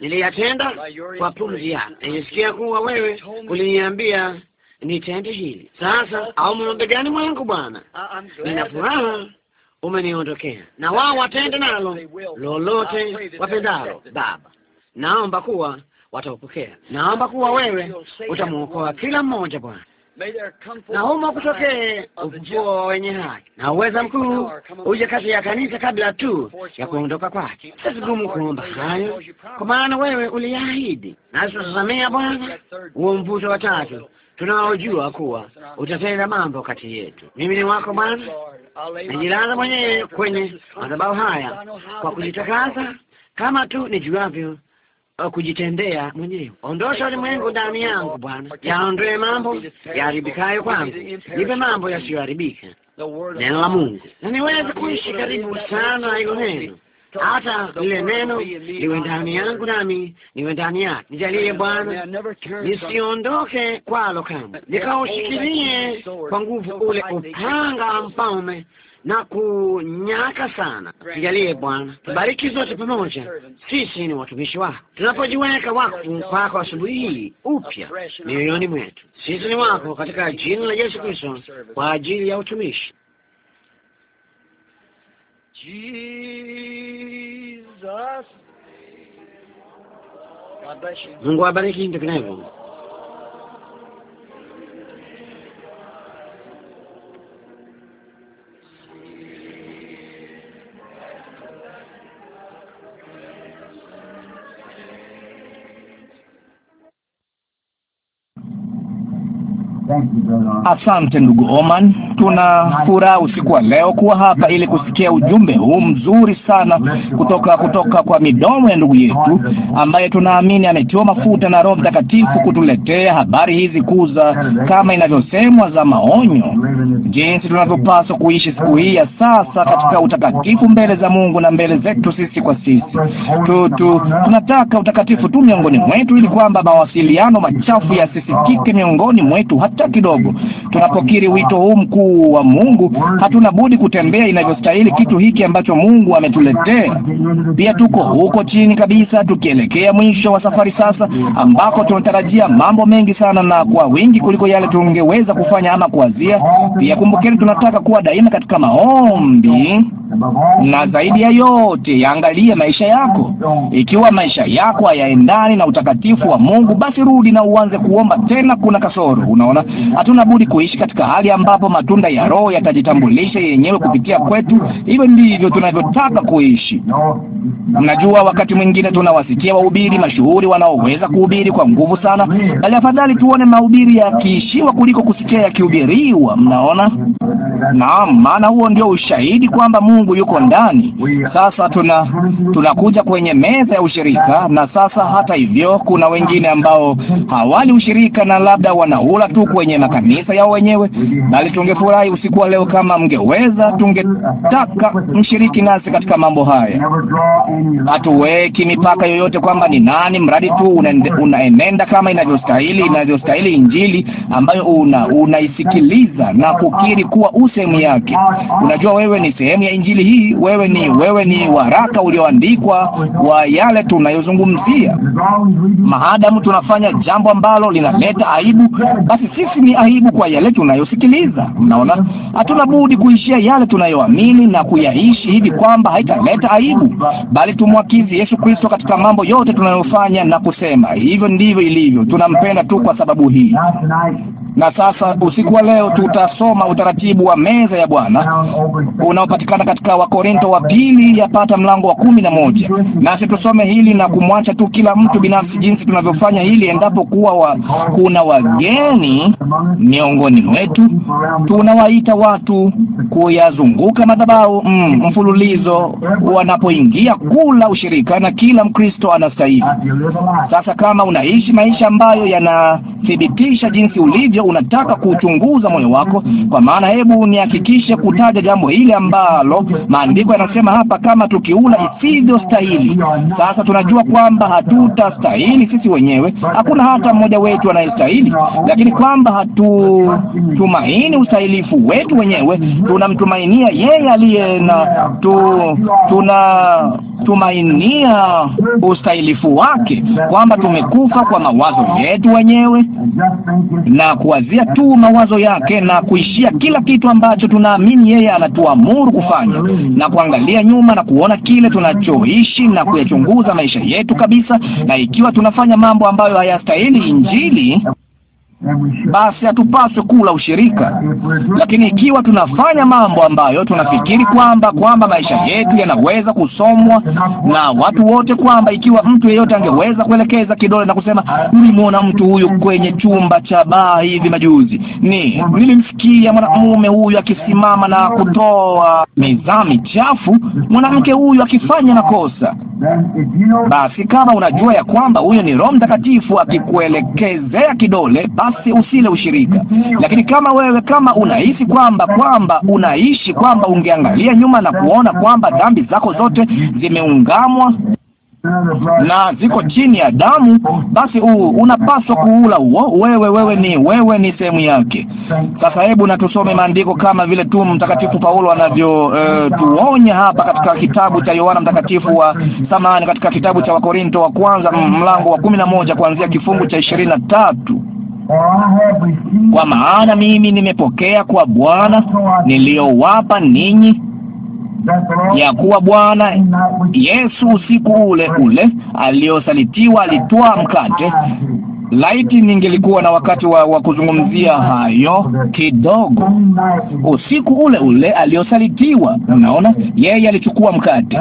niliyatenda kwa pumzi yako. Nilisikia kuwa wewe uliniambia nitende hili sasa, au mnobe gani mwangu Bwana, nina furaha umeniondokea, na wao watende nalo lolote wapendalo. Baba, naomba kuwa wataupokea, naomba kuwa wewe utamwokoa kila mmoja Bwana na humo kutokee ufufuo wenye haki na uweza mkuu uje kati ya kanisa kabla tu ya kuondoka kwake. Si vigumu kuomba hayo, kwa maana wewe uliahidi. Nasi tunatazamia Bwana huo mvuto wa tatu tunaojua kuwa utatenda mambo kati yetu. Mimi ni wako Bwana, najilaza mwenyewe kwenye madhabahu haya kwa kujitakasa kama tu nijuavyo Uh, kujitendea mwenyewe. Ondosha ulimwengu ndani yangu, Bwana, yaondoe mambo yaharibikayo kwangu, nipe mambo yasiyoharibika, neno la Mungu, na niweze kuishi karibu sana na hilo neno hata lile neno liwe ndani yangu nami niwe ndani yake. Nijalie Bwana, nisiondoke kwalo kamwe, nikaushikilie kwa nguvu ule upanga wa mfalme na kunyaka sana. Tujalie Bwana, tubariki zote pamoja. Sisi ni watumishi wako, tunapojiweka wakfu kwako asubuhi hii upya mioyoni mwetu, sisi ni wako, katika jina la Yesu Kristo, kwa ajili ya utumishi Jesus. Mungu abariki ndivyo. Asante ndugu Oman, tuna furaha usiku wa leo kuwa hapa ili kusikia ujumbe huu mzuri sana kutoka kutoka kwa midomo ya ndugu yetu ambaye tunaamini ametiwa mafuta na Roho Mtakatifu kutuletea habari hizi kuu za kama inavyosemwa za maonyo, jinsi tunavyopaswa kuishi siku hii ya sasa katika utakatifu mbele za Mungu na mbele zetu sisi kwa sisi. Tu, tu tunataka utakatifu tu miongoni mwetu ili kwamba mawasiliano machafu yasisikike miongoni mwetu hata hata kidogo. Tunapokiri wito huu mkuu wa Mungu, hatuna budi kutembea inavyostahili kitu hiki ambacho Mungu ametuletea. Pia tuko huko chini kabisa, tukielekea mwisho wa safari sasa, ambako tunatarajia mambo mengi sana na kwa wingi kuliko yale tungeweza kufanya ama kuwazia. Pia kumbukeni, tunataka kuwa daima katika maombi, na zaidi ya yote yaangalie maisha yako. Ikiwa maisha yako hayaendani na utakatifu wa Mungu, basi rudi na uanze kuomba tena. Kuna kasoro, unaona hatuna budi kuishi katika hali ambapo matunda ya Roho yatajitambulisha yenyewe kupitia kwetu. Hivyo ndivyo tunavyotaka kuishi. Mnajua, wakati mwingine tunawasikia wahubiri mashuhuri wanaoweza kuhubiri kwa nguvu sana, bali afadhali tuone mahubiri yakiishiwa kuliko kusikia yakihubiriwa. Mnaona? Naam, maana huo ndio ushahidi kwamba Mungu yuko ndani. Sasa tuna tunakuja kwenye meza ya ushirika, na sasa hata hivyo kuna wengine ambao hawali ushirika na labda wanaula tu kwenye makanisa yao wenyewe, bali tungefurahi usiku wa leo kama mngeweza. Tungetaka mshiriki nasi katika mambo haya. Hatuweki mipaka yoyote kwamba ni nani, mradi tu unaenenda kama inavyostahili, inavyostahili Injili ambayo una unaisikiliza na kukiri kuwa sehemu yake. Unajua, wewe ni sehemu ya Injili hii, wewe ni wewe ni waraka ulioandikwa wa yale tunayozungumzia. Maadamu tunafanya jambo ambalo linaleta aibu, basi si sisi ni aibu kwa yale tunayosikiliza. Mnaona, hatuna budi kuishia yale tunayoamini na kuyaishi hivi kwamba haitaleta aibu, bali tumwakizi Yesu Kristo katika mambo yote tunayofanya na kusema. Hivyo ndivyo ilivyo, tunampenda tu kwa sababu hii. Na sasa usiku wa leo tutasoma utaratibu wa meza ya Bwana unaopatikana katika Wakorinto wa pili yapata mlango wa kumi na moja. Nasi tusome hili na kumwacha tu kila mtu binafsi jinsi tunavyofanya hili, endapo kuwa wa, kuna wageni miongoni mwetu, tunawaita watu kuyazunguka madhabahu mm, mfululizo wanapoingia kula ushirika, na kila Mkristo anastahili. Sasa kama unaishi maisha ambayo yanathibitisha jinsi ulivyo unataka kuchunguza moyo wako, kwa maana hebu nihakikishe kutaja jambo hili ambalo maandiko yanasema hapa, kama tukiula stahili Sasa tunajua kwamba hatutastahili sisi wenyewe, hakuna hata mmoja wetu anayestahili, lakini kwamba hatutumaini ustahilifu wetu wenyewe, tunamtumainia yeye aliye na tu, tunatumainia ustahilifu wake, kwamba tumekufa kwa mawazo yetu wenyewe na kwa kuwazia tu mawazo yake na kuishia kila kitu ambacho tunaamini yeye anatuamuru kufanya, na kuangalia nyuma na kuona kile tunachoishi na kuyachunguza maisha yetu kabisa, na ikiwa tunafanya mambo ambayo hayastahili Injili basi hatupaswe kula ushirika. Lakini ikiwa tunafanya mambo ambayo tunafikiri kwamba kwamba maisha yetu yanaweza kusomwa na watu wote, kwamba ikiwa mtu yeyote angeweza kuelekeza kidole na kusema nilimwona mtu huyu kwenye chumba cha baa hivi majuzi, ni nilimsikia mwanamume huyu akisimama na kutoa mizaa michafu, mwanamke huyu akifanya na kosa basi kama unajua ya kwamba huyo ni Roho Mtakatifu akikuelekezea kidole, basi usile ushirika. Lakini kama wewe kama unahisi kwamba kwamba unaishi kwamba ungeangalia nyuma na kuona kwamba dhambi zako zote zimeungamwa na ziko chini ya damu, basi huu unapaswa kuula huo. Wewe wewe ni wewe ni sehemu yake. Sasa hebu na tusome maandiko kama vile tu Mtakatifu Paulo anavyotuonya eh, uh, hapa katika kitabu cha Yohana Mtakatifu wa samani, katika kitabu cha Wakorinto wa kwanza mlango wa kumi na moja kuanzia kifungu cha ishirini na tatu kwa maana mimi nimepokea kwa Bwana niliyowapa ninyi ya kuwa Bwana Yesu usiku ule ule aliosalitiwa alitwaa mkate Laiti ningelikuwa na wakati wa, wa kuzungumzia hayo kidogo. Usiku ule ule aliosalitiwa, unaona, yeye alichukua mkate,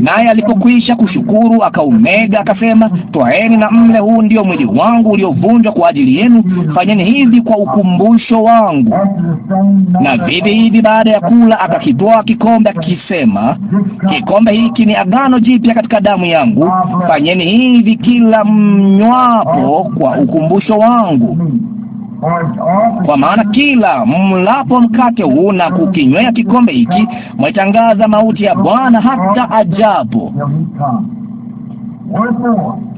naye alipokwisha kushukuru akaumega, akasema, twaeni na mle, huu ndio mwili wangu uliovunjwa kwa ajili yenu, fanyeni hivi kwa ukumbusho wangu. Na vivi hivi baada ya kula, akakitoa kikombe akisema, kikombe hiki ni agano jipya katika damu yangu, fanyeni hivi kila mnywapo kwa kwa ukumbusho wangu, kwa maana kila mlapo mkate huu na kukinywea kikombe hiki mwaitangaza mauti ya Bwana hata ajapo.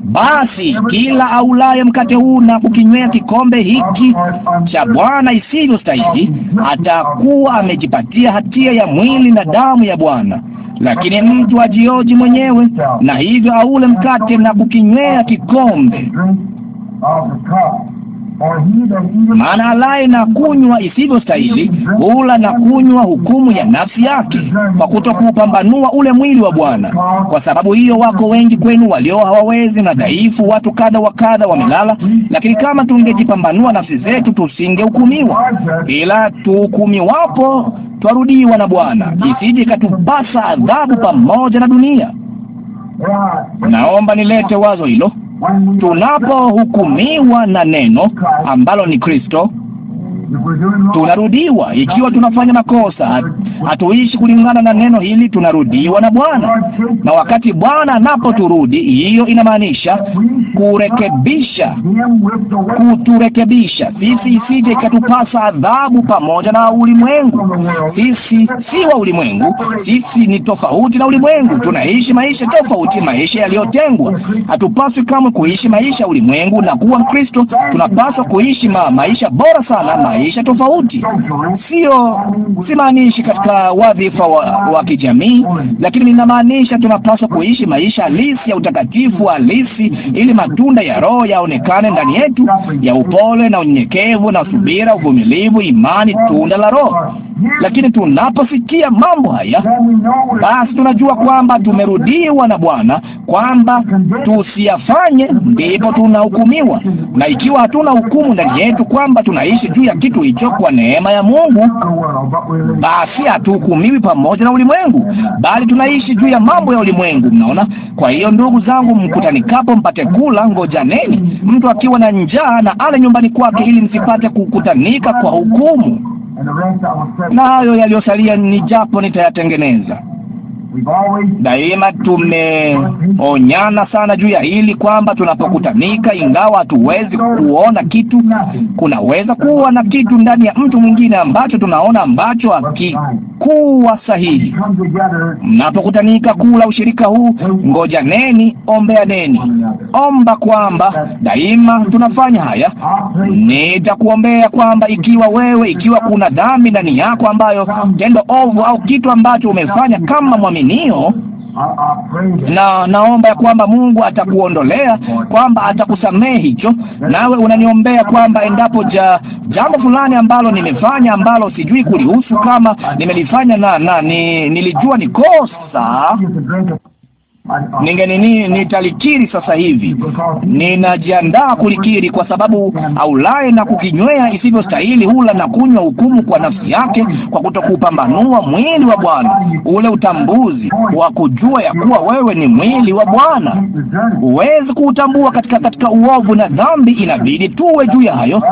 Basi kila aulaye mkate huu na kukinywea kikombe hiki cha Bwana isivyo stahili atakuwa amejipatia hatia ya mwili na damu ya Bwana. Lakini mtu ajioji mwenyewe, na hivyo aule mkate na kukinywea kikombe maana alaye na kunywa isivyo stahili hula na kunywa hukumu ya nafsi yake, kwa kutokuupambanua ule mwili wa Bwana. Kwa sababu hiyo, wako wengi kwenu walio hawawezi na dhaifu, watu kadha wa kadha wamelala. Lakini kama tungejipambanua nafsi zetu, tusingehukumiwa, ila tuhukumiwapo twarudiwa na Bwana, isije ikatupasa adhabu pamoja na dunia. Naomba nilete wazo hilo tunapohukumiwa na neno ambalo ni Kristo tunarudiwa ikiwa tunafanya makosa. Hatuishi kulingana na neno hili, tunarudiwa na Bwana, na wakati Bwana anapoturudi, hiyo inamaanisha kurekebisha, kuturekebisha sisi, isije ikatupasa adhabu pamoja na ulimwengu. Sisi si wa ulimwengu, sisi ni tofauti na ulimwengu, tunaishi maisha tofauti, maisha yaliyotengwa. Hatupaswi kamwe kuishi maisha ya ulimwengu na kuwa kristo Tunapaswa kuishi ma maisha bora sana, maisha maisha tofauti. Sio, simaanishi katika wadhifa wa, wa kijamii, lakini ninamaanisha tunapaswa kuishi maisha halisi ya utakatifu halisi, ili matunda ya Roho yaonekane ndani yetu, ya upole na unyenyekevu na subira, uvumilivu, imani, tunda la Roho. Lakini tunaposikia mambo haya, basi tunajua kwamba tumerudiwa na Bwana, kwamba tusiyafanye, ndipo tunahukumiwa. Na ikiwa hatuna hukumu ndani yetu kwamba tunaishi juu ya kitu hicho kwa neema ya Mungu, basi hatuhukumiwi pamoja na ulimwengu, bali tunaishi juu ya mambo ya ulimwengu. Mnaona? Kwa hiyo ndugu zangu, mkutanikapo mpate kula, ngojaneni. Mtu akiwa na njaa na ale nyumbani kwake, ili msipate kukutanika kwa hukumu. Na hayo yaliyosalia ni japo nitayatengeneza Daima tumeonyana sana juu ya hili kwamba tunapokutanika, ingawa hatuwezi kuona kitu, kunaweza kuwa na kitu ndani ya mtu mwingine ambacho tunaona ambacho hakikuwa sahihi. Mnapokutanika kula ushirika huu, ngojaneni, ombeaneni, omba kwamba daima tunafanya haya. Nitakuombea kwamba ikiwa wewe, ikiwa kuna dhambi ndani yako ambayo tendo ovu au kitu ambacho umefanya kama mwamini uiaminio na naomba ya kwamba Mungu atakuondolea, kwamba atakusamehe hicho. Nawe unaniombea kwamba endapo ja jambo fulani ambalo nimefanya ambalo sijui kulihusu, kama nimelifanya na, na ni, nilijua ni kosa nini, nitalikiri sasa hivi, ninajiandaa kulikiri, kwa sababu aulaye na kukinywea isivyostahili hula na kunywa hukumu kwa nafsi yake, kwa kutokupambanua mwili wa Bwana, ule utambuzi wa kujua ya kuwa wewe ni mwili wa Bwana. Huwezi kuutambua katika katika uovu na dhambi. Inabidi tuwe juu ya hayo,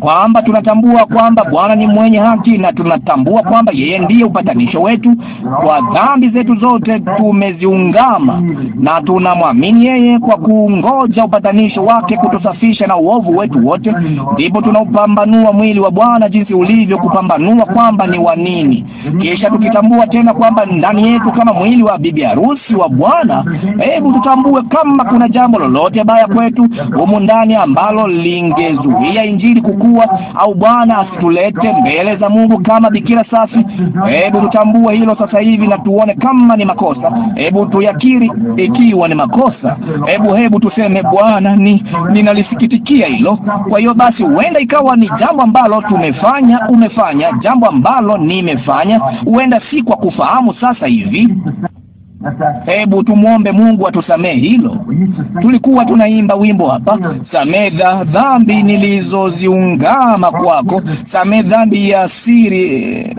kwamba tunatambua kwamba Bwana ni mwenye haki, na tunatambua kwamba yeye ndiye upatanisho wetu kwa dhambi zetu zote tumeziungama na tunamwamini yeye kwa kungoja upatanisho wake kutusafisha na uovu wetu wote, ndipo tunaupambanua mwili wa Bwana jinsi ulivyo, kupambanua kwamba ni wa nini, kisha tukitambua tena kwamba ndani yetu kama mwili wa bibi harusi wa Bwana, hebu tutambue kama kuna jambo lolote baya kwetu humu ndani ambalo lingezuia injili kukua, au Bwana asitulete mbele za Mungu kama bikira safi. Hebu tutambue hilo sasa hivi na tuone kama ni makosa, hebu tuyakiri ikiwa ni makosa. Hebu hebu tuseme, Bwana, ni ninalisikitikia hilo. Kwa hiyo basi, huenda ikawa ni jambo ambalo tumefanya, umefanya jambo ambalo nimefanya, huenda si kwa kufahamu sasa hivi, Hebu tumwombe Mungu atusamehe hilo. Tulikuwa tunaimba wimbo hapa, samehe dhambi nilizoziungama kwako, samehe dhambi ya siri,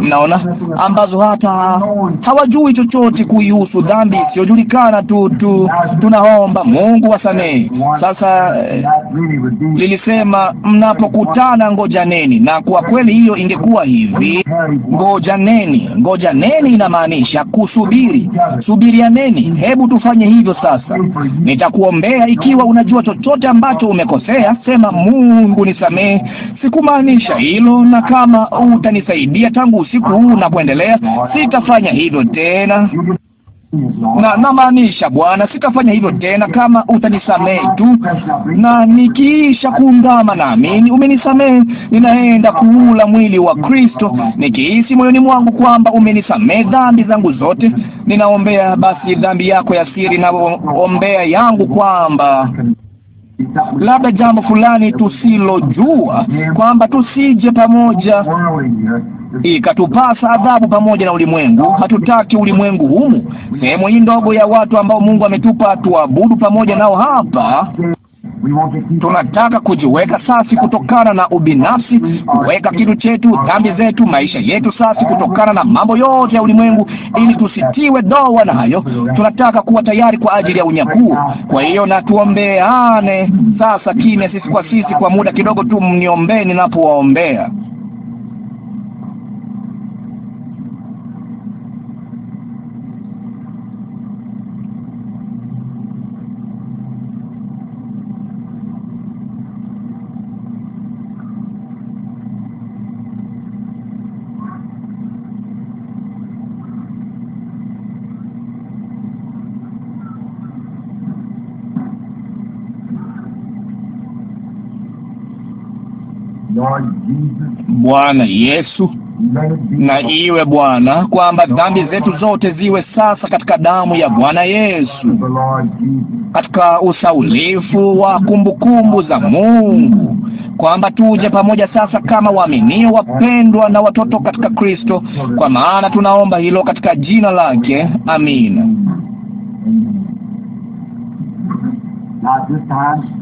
naona ambazo hata hawajui chochote kuihusu, dhambi isiyojulikana tu, tu tunaomba Mungu wasamehe. Sasa eh, lilisema mnapokutana ngojaneni, na kwa kweli hiyo ingekuwa hivi, ngojaneni. Ngojaneni inamaanisha kusubiri subirianeni. Hebu tufanye hivyo sasa. Nitakuombea ikiwa unajua chochote ambacho umekosea, sema Mungu nisamehe, sikumaanisha hilo, na kama utanisaidia tangu usiku huu na kuendelea, sitafanya hivyo tena na namaanisha, Bwana, sitafanya hivyo tena kama utanisamehe tu, na nikiisha kuungama, naamini umenisamehe, ninaenda kuula mwili wa Kristo, nikihisi moyoni mwangu kwamba umenisamehe dhambi zangu zote. Ninaombea basi dhambi yako ya siri, naombea yangu kwamba labda jambo fulani tusilojua, kwamba tusije pamoja ikatupasa eh, adhabu pamoja na ulimwengu. Hatutaki ulimwengu humu, sehemu hii ndogo ya watu ambao Mungu ametupa tuabudu pamoja nao hapa tunataka kujiweka safi kutokana na ubinafsi, kuweka kitu chetu, dhambi zetu, maisha yetu safi kutokana na mambo yote ya ulimwengu, ili tusitiwe doa na hayo Tunataka kuwa tayari kwa ajili ya unyakuo. Kwa hiyo na tuombeane sasa kimya, sisi kwa sisi, kwa muda kidogo tu. Mniombee ninapowaombea. Bwana Yesu, na iwe Bwana, kwamba dhambi zetu zote ziwe sasa katika damu ya Bwana Yesu, katika usaulifu wa kumbukumbu za Mungu, kwamba tuje pamoja sasa kama waaminio wapendwa na watoto katika Kristo, kwa maana tunaomba hilo katika jina lake, amina.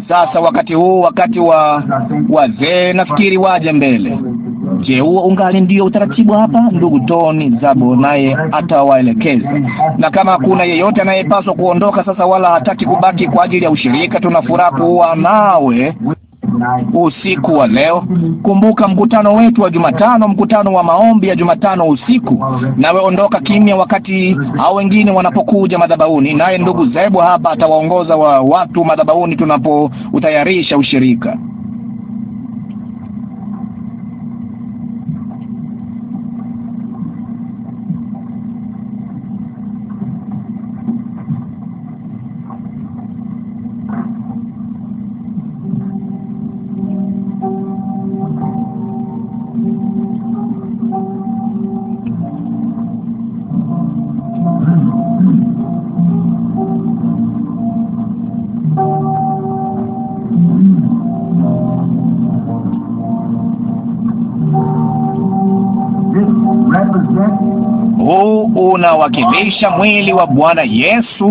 Sasa wakati huu, wakati wa wazee, nafikiri waje mbele. Je, huo ungali ndio utaratibu hapa? Ndugu Toni Zabo naye atawaelekeza, na kama hakuna yeyote anayepaswa kuondoka sasa wala hataki kubaki kwa ajili ya ushirika, tuna furaha kuwa nawe usiku wa leo. Kumbuka mkutano wetu wa Jumatano, mkutano wa maombi ya Jumatano usiku. Nawe ondoka kimya wakati hao wengine wanapokuja madhabahuni, naye ndugu Zebu hapa atawaongoza wa watu madhabahuni tunapoutayarisha ushirika. unawakilisha mwili wa Bwana Yesu,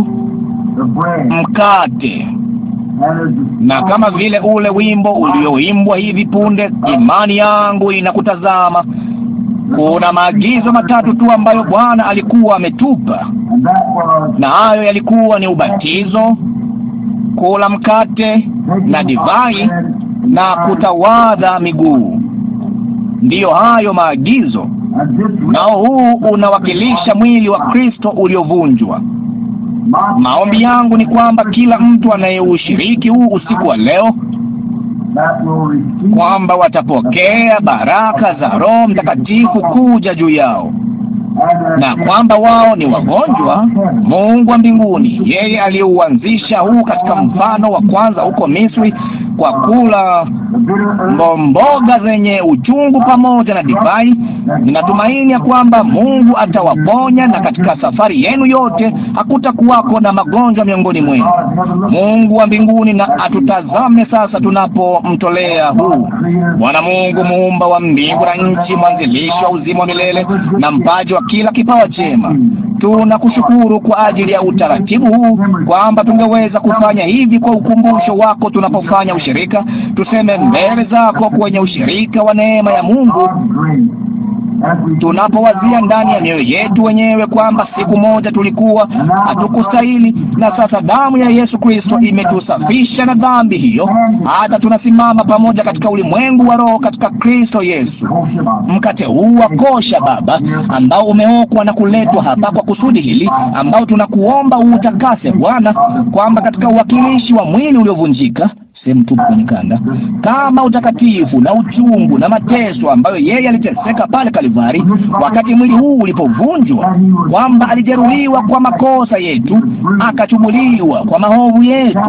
mkate. Na kama vile ule wimbo ulioimbwa hivi punde, imani yangu inakutazama. Kuna maagizo matatu tu ambayo Bwana alikuwa ametupa, na hayo yalikuwa ni ubatizo, kula mkate na divai, na kutawadha miguu. Ndiyo hayo maagizo nao huu unawakilisha mwili wa Kristo uliovunjwa. Maombi yangu ni kwamba kila mtu anayeushiriki huu usiku wa leo kwamba watapokea baraka za Roho Mtakatifu kuja juu yao na kwamba wao ni wagonjwa. Mungu wa mbinguni, yeye aliyeuanzisha huu katika mfano wa kwanza huko Misri, kwa kula mboga zenye uchungu pamoja na divai. Ninatumaini ya kwamba Mungu atawaponya, na katika safari yenu yote hakutakuwako na magonjwa miongoni mwenu. Mungu wa mbinguni na atutazame sasa tunapomtolea huu. Bwana Mungu muumba wa mbingu na nchi, mwanzilishi wa uzima wa milele na mpaji wa kila kipawa chema, tunakushukuru kwa ajili ya utaratibu huu kwamba tungeweza kufanya hivi kwa ukumbusho wako tunapofanya ushirika, tuseme mbele zako kwenye ushirika wa neema ya Mungu, tunapowazia ndani ya mioyo yetu wenyewe kwamba siku moja tulikuwa hatukustahili, na sasa damu ya Yesu Kristo imetusafisha na dhambi hiyo, hata tunasimama pamoja katika ulimwengu wa roho katika Kristo Yesu. Mkate huu wa kosha, Baba, ambao umeokwa na kuletwa hapa kwa kusudi hili, ambao tunakuomba uutakase Bwana, kwamba katika uwakilishi wa mwili uliovunjika sehemu tupu kwenye kanda, kama utakatifu na uchungu na mateso ambayo yeye aliteseka pale Kalivari, wakati mwili huu ulipovunjwa, kwamba alijeruhiwa kwa makosa yetu, akachumuliwa kwa maovu yetu.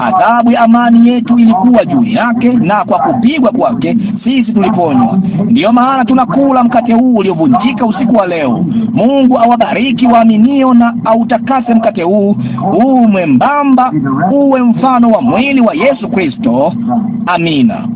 Adhabu ya amani yetu ilikuwa juu yake, na kwa kupigwa kwake sisi tuliponywa. Ndiyo maana tunakula mkate huu uliovunjika usiku wa leo. Mungu awabariki waaminio na autakase mkate huu huu mwembamba uwe mfano wa mwili wa Yesu questo. Amina.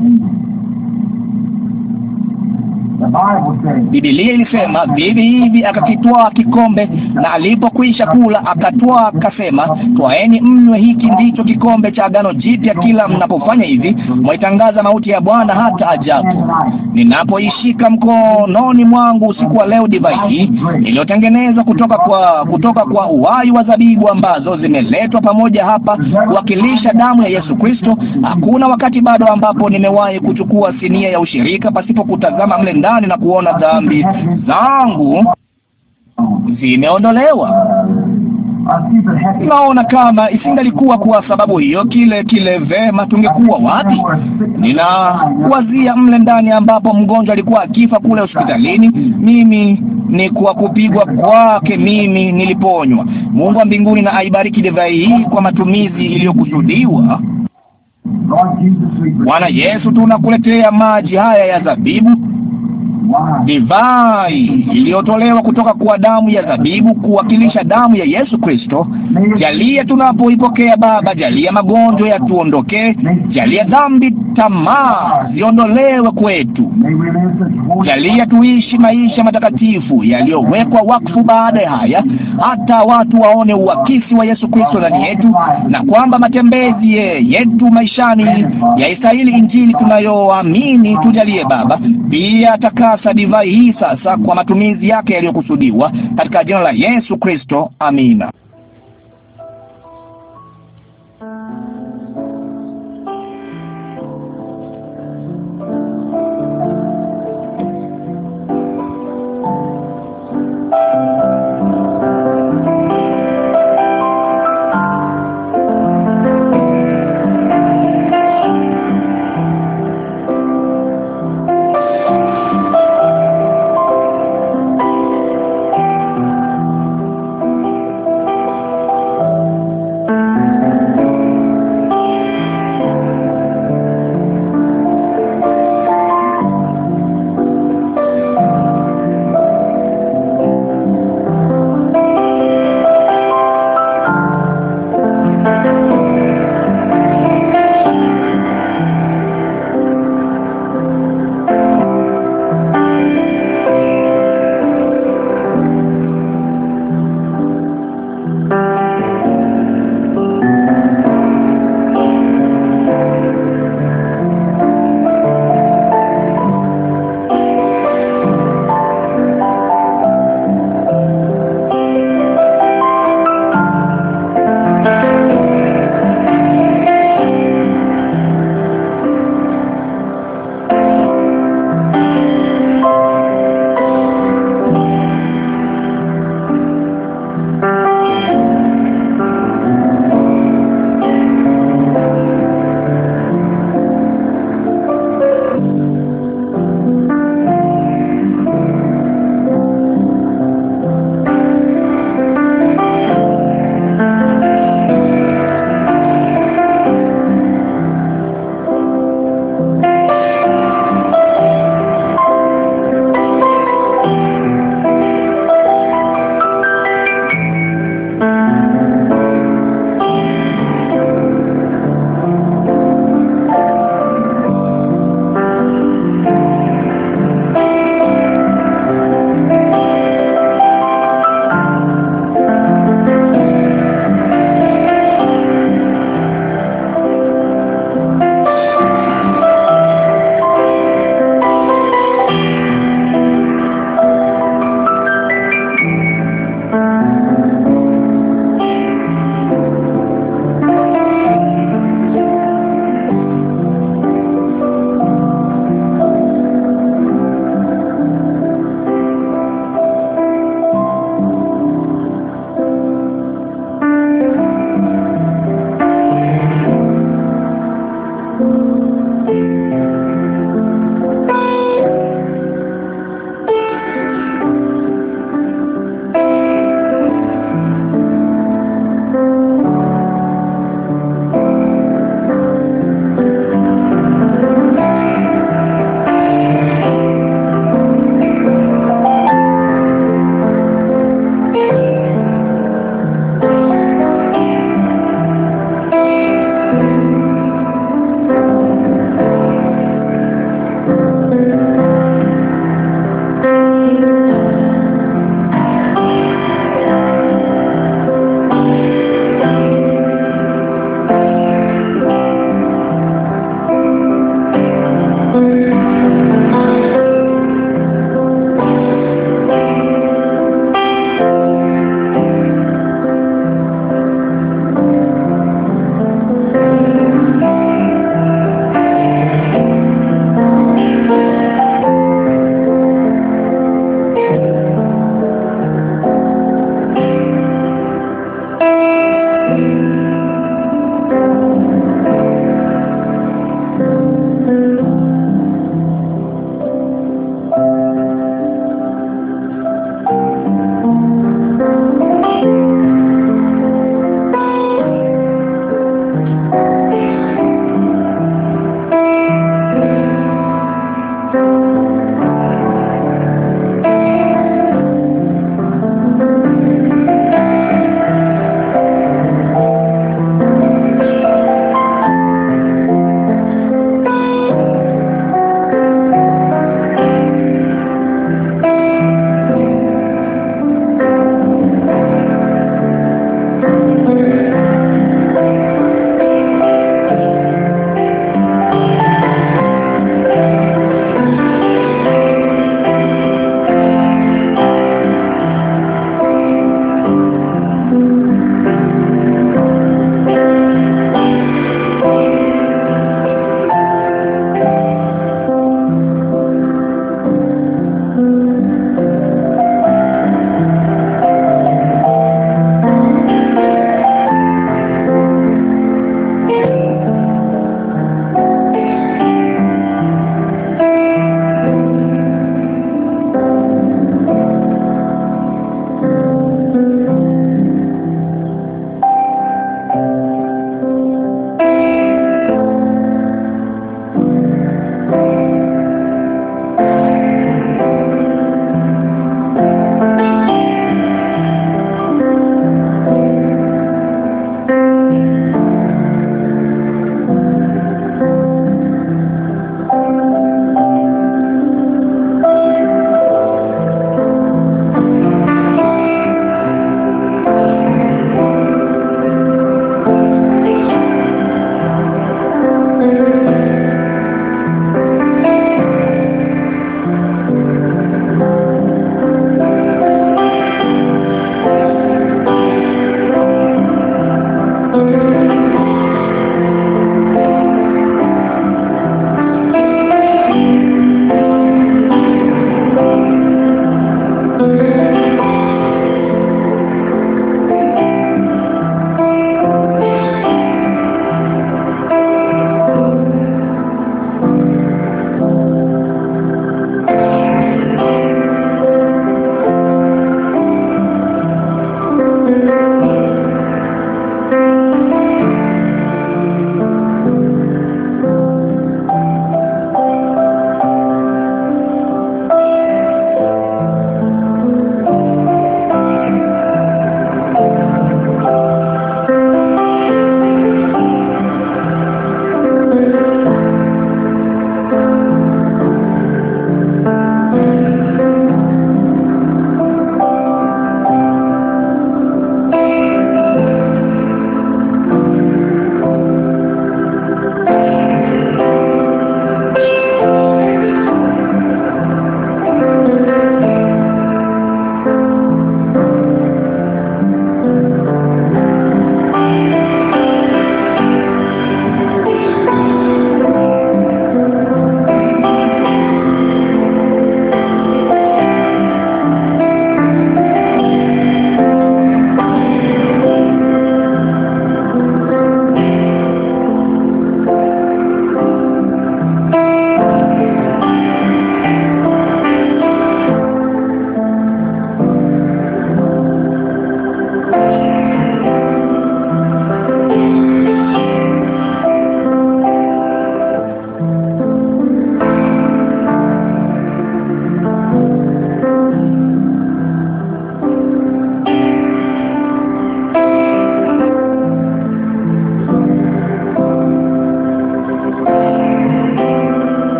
Bibilia ilisema vivi hivi, akakitwaa kikombe na alipokwisha kula akatwaa, akasema, twaeni mnywe, hiki ndicho kikombe cha agano jipya. Kila mnapofanya hivi, mwaitangaza mauti ya Bwana hata ajapo. Ninapoishika mkononi mwangu usiku wa leo divai hii iliyotengenezwa kutoka kwa kutoka kwa uhai wa zabibu ambazo zimeletwa pamoja hapa kuwakilisha damu ya Yesu Kristo. Hakuna wakati bado ambapo nimewahi kuchukua sinia ya ushirika pasipo kutazama mle ndani ndani na kuona dhambi zangu zimeondolewa. Naona kama isingalikuwa kwa sababu hiyo, kile kile, vema, tungekuwa wapi? Ninawazia mle ndani ambapo mgonjwa alikuwa akifa kule hospitalini. Mimi ni kwa kupigwa kwake mimi niliponywa. Mungu wa mbinguni na aibariki divai hii kwa matumizi iliyokusudiwa. Bwana Yesu, tunakuletea maji haya ya zabibu divai iliyotolewa kutoka kwa damu ya zabibu kuwakilisha damu ya Yesu Kristo. Jalia tunapoipokea Baba, jalia magonjwa yatuondokee, jalia dhambi, tamaa ziondolewe kwetu, jalia tuishi maisha matakatifu yaliyowekwa wakfu. Baada ya haya, hata watu waone uwakisi wa Yesu Kristo ndani yetu, na kwamba matembezi yetu maishani yaistahili Injili tunayoamini. Tujalie Baba pia ataka sasa divai hii sasa kwa matumizi yake yaliyokusudiwa katika jina la Yesu Kristo. Amina.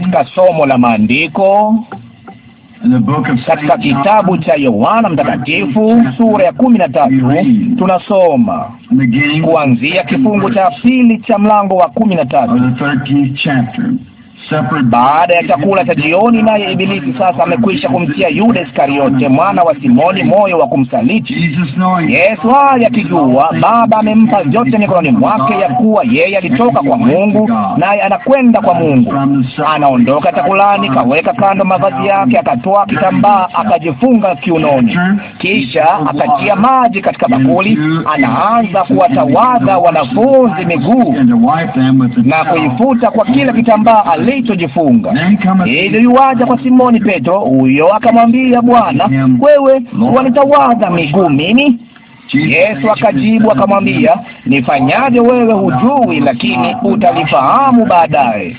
katika somo la maandiko katika kitabu cha Yohana Mtakatifu sura ya kumi na tatu tunasoma kuanzia kifungu cha pili cha mlango wa kumi na tatu baada ya chakula cha jioni, naye Ibilisi sasa amekwisha kumtia Yuda Iskariote mwana wa Simoni moyo wa kumsaliti Yesu. Haya akijua Baba amempa vyote mikononi mwake, ya kuwa yeye alitoka kwa Mungu naye anakwenda kwa Mungu. Anaondoka chakulani, kaweka kando mavazi yake, akatoa kitambaa akajifunga kiunoni, kisha akatia maji katika bakuli. Anaanza kuwatawadha wanafunzi miguu na kuifuta kwa kila kitambaa ali kilichojifunga. Hivyo eh, yuwaja kwa Simoni Petro huyo, akamwambia Bwana, wewe wanitawadha miguu mimi? Yesu akajibu akamwambia, nifanyaje wewe hujui, lakini utalifahamu baadaye.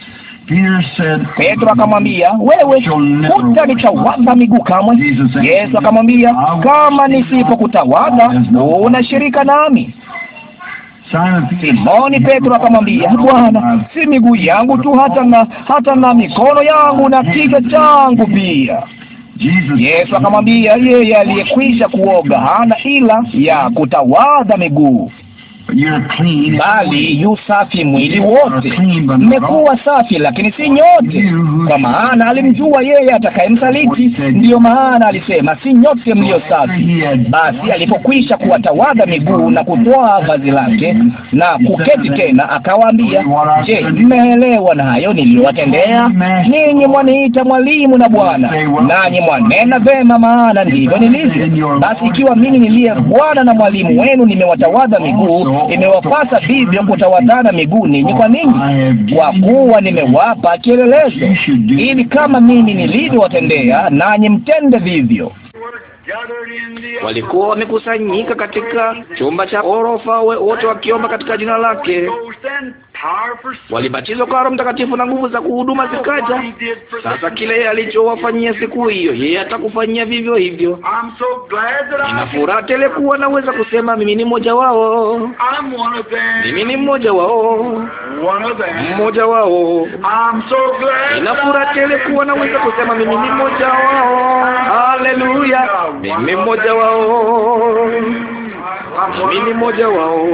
Petro akamwambia, wewe hutanitawadha miguu kamwe. Yesu akamwambia, kama nisipokutawadha, unashirika nami. Simoni Petro akamwambia, Bwana, si miguu yangu tu, hata na hata na mikono yangu na kichwa changu pia. Yesu akamwambia, yeye aliyekwisha kuoga hana ila ya kutawadha miguu bali yu safi mwili wote. Mmekuwa safi, lakini si nyote, kwa maana alimjua yeye atakayemsaliti. Ndiyo maana alisema si nyote mlio safi. Basi alipokwisha kuwatawadha miguu na kutoa vazi lake na kuketi tena, akawaambia, je, mmeelewa na hayo niliyowatendea ninyi? Mwaniita mwalimu na Bwana, nanyi mwanena vema, maana ndivyo nilivyo. Basi ikiwa mimi niliye Bwana na mwalimu wenu nimewatawadha miguu imewapasa vivyo kutawazana miguuni. Ni kwa nini? Kwa kuwa nimewapa kielelezo, ili kama mimi nilivyowatendea, nanyi mtende vivyo. Walikuwa wamekusanyika katika chumba cha orofa, wote wakiomba katika jina lake. Walibatizwa kwa Roho Mtakatifu na nguvu za kuhuduma zikaja. Sasa kile yeye alichowafanyia siku hiyo, yeye atakufanyia vivyo hivyo. Nina furaha tele kuwa naweza kusema mimi ni mmoja wao, mimi ni mmoja wao, mmoja wao. Nina furaha tele kuwa naweza kusema mimi ni mmoja wao. Haleluya, mimi mmoja wao, mimi ni mmoja wao.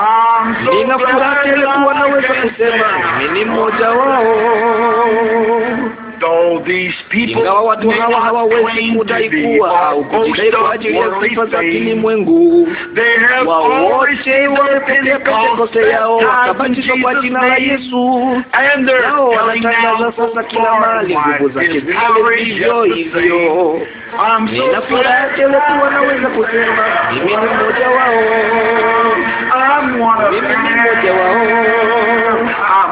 Ah, Nina furaha tele kuwa naweza kusema mimi ni mmoja wao ingawa watu hawa hawawezi kudai kuwa au kujidai kwa ajili ya sifa za kilimwengu, wao wote wamepitia Pentekoste yao wakabatizwa kwa jina la Yesu, nao wanatangaza sasa kila mahali nguvu zake vile vivyo hivyo. Nina furaha tele kuwa naweza kusema mimi ni mmoja wao, mimi ni mmoja wao.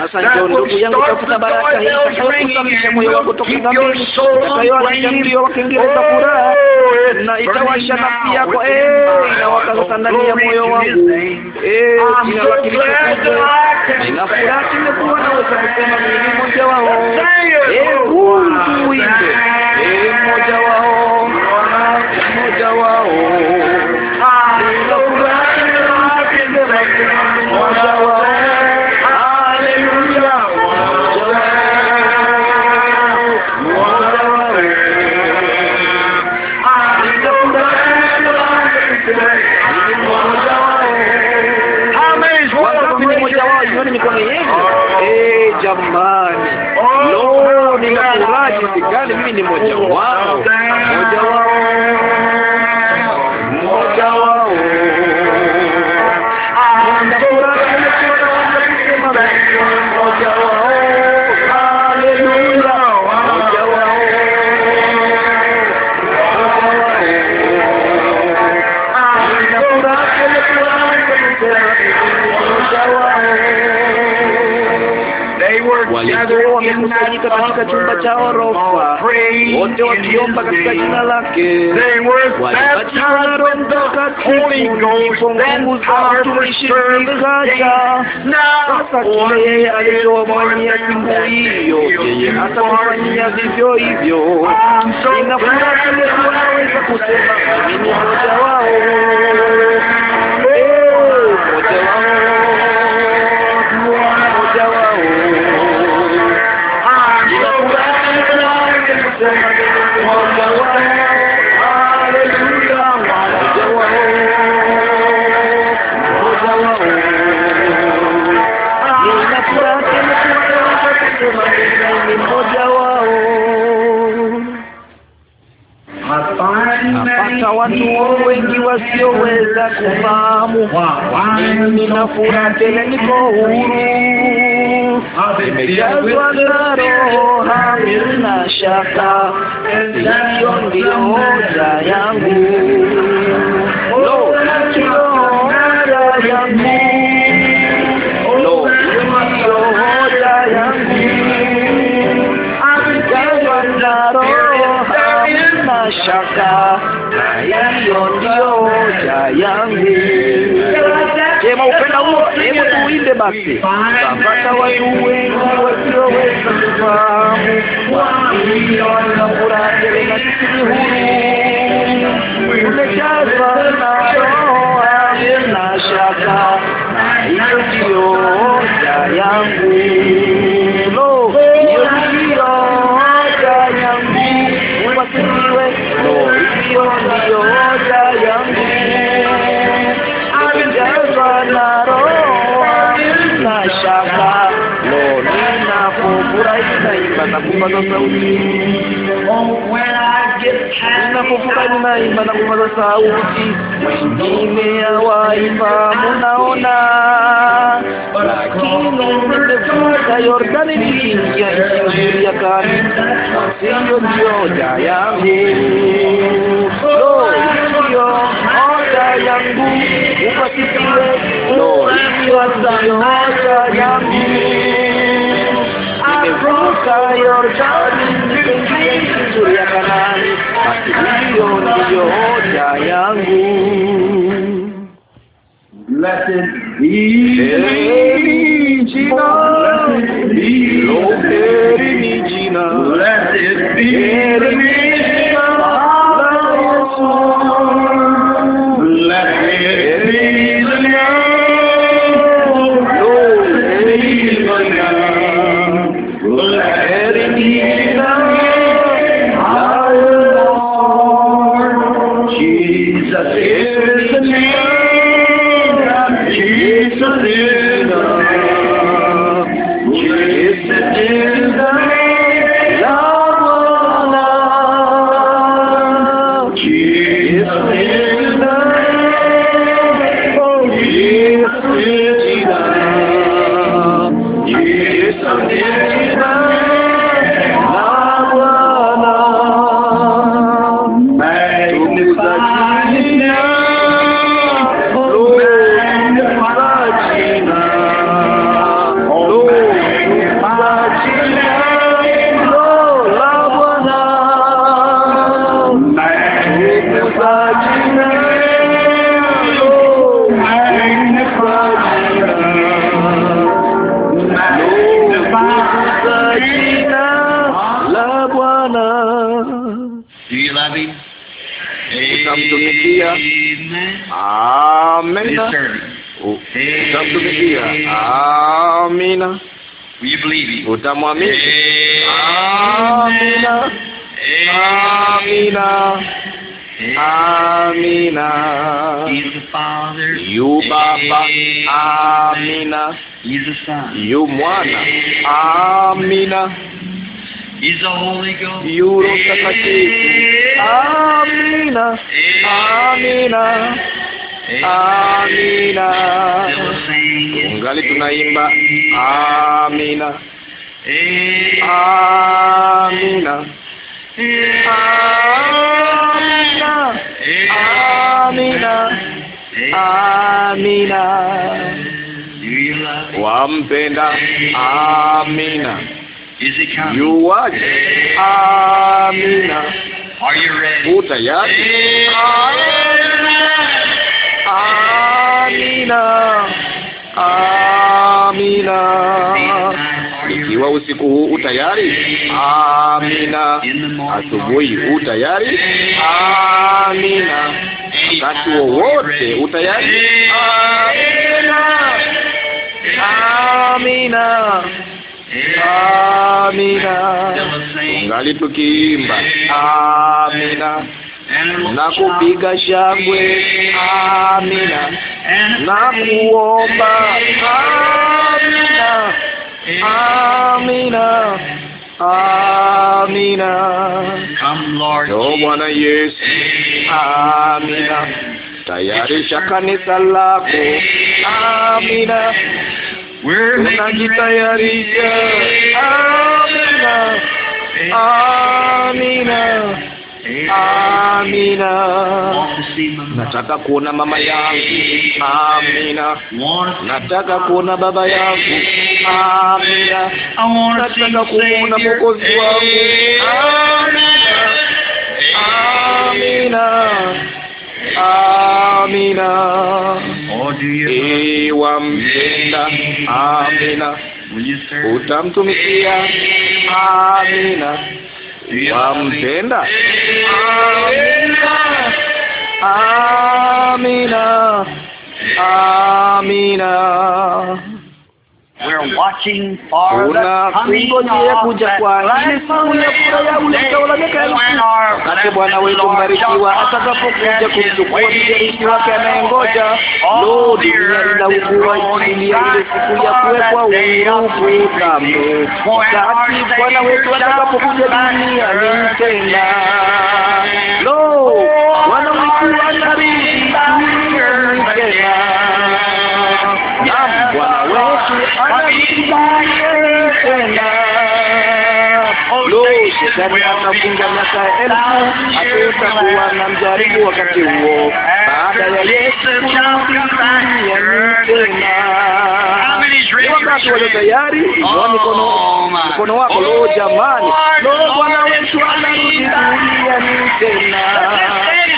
Sasa njoo ndugu yangu, tafuta baraka hii oh, itakayokusafisha eh, moyo wako toka dhambini, itakayoacha mlio wa kengele za furaha na itawasha nafsi yako. Inawaka sasa ndani ya moyo wangu, jina la Kristo. Nina furaha kimekuwa, naweza kusema mimi mmoja wao, eh, oh, uimbe eh, mmoja wao jinsi gani mimi ni mmoja wao, mmoja wao, mmoja wao. walikuwa wamekusanyika katika chumba wote wakiomba katika jina lake walibatizwa Roho nguvu za Sasa kile yeye alichowafanyia siku hiyo, yeye atamfanyia vivyo hivyo. Ninafuraha kile kusema ni mmoja wao, mmoja wao Yeah. watu wengi wasioweza kufahamu. Mimi nina furaha tele, niko huru, nimejazwa na Roho, hamna shaka. Hiyo ndiyo hoja yangu. yangu. Jema upenda uo, hebu tuimbe basi. Tapata watu wengi wasioweza kufahamu, waliona furaha tele na sisi huru, umejazwa na roho Ninapofuka no imba na kupaza sauti, para naona, lakini nimevuka Yordani nikiingia nchi nzuri ya no hiyo yangu, lo, hiyo yangu, Blessed be basi hiyo ndiyo hoja yangu. Blessed be jina lake utamwamini. Amina, amina, amina. Yu Baba, amina. Yu Mwana, amina. Yu Roho Mtakatifu, amina, amina. Amina, ungali tunaimba amina. Amina. Amina. Amina. Amina. Wampenda. Amina. Yuwaje? Amina. Utayari? Amina. Amina ikiwa usiku huu utayari, amina. Asubuhi utayari, amina. Wakati wowote utayari, amina. Amina, amina. Ngali tukiimba amina na kupiga shangwe amina na kuomba amina. Amina, amina. O oh, Bwana Yesu, amina. Tayarisha kanisa lako, amina. Tunajitayarisha, amina, amina. Amina. Nataka kuona mama yangu. Amina. Nataka kuona baba yangu. Amina. Nataka kuona mwokozi wangu. Amina. Amina. Amina. Ewa mpenda. Amina. Utamtumikia. Amina wampenda. Amina, amina unakungojea kuja kwa ile siku ya furaha ya ule utawala miaka elfu. Naye Bwana wetu mbarikiwa atakapokuja kumchukua mjarishi wake anayengoja. Lo, dunia inaugua chini ya ile siku ya kuwekwa urugu kamwe, wakati Bwana wetu atakapokuja duniani tena. Lo, Bwana wetu anakaribu. katika mafunga miaka ya elfu, hakutakuwa na mjaribu wakati huo baada ya Yesu kuingia tena wakati walio tayari na oh, mikono mkono wako. Lo, jamani, oh, lo, Bwana wetu anarudi duniani tena.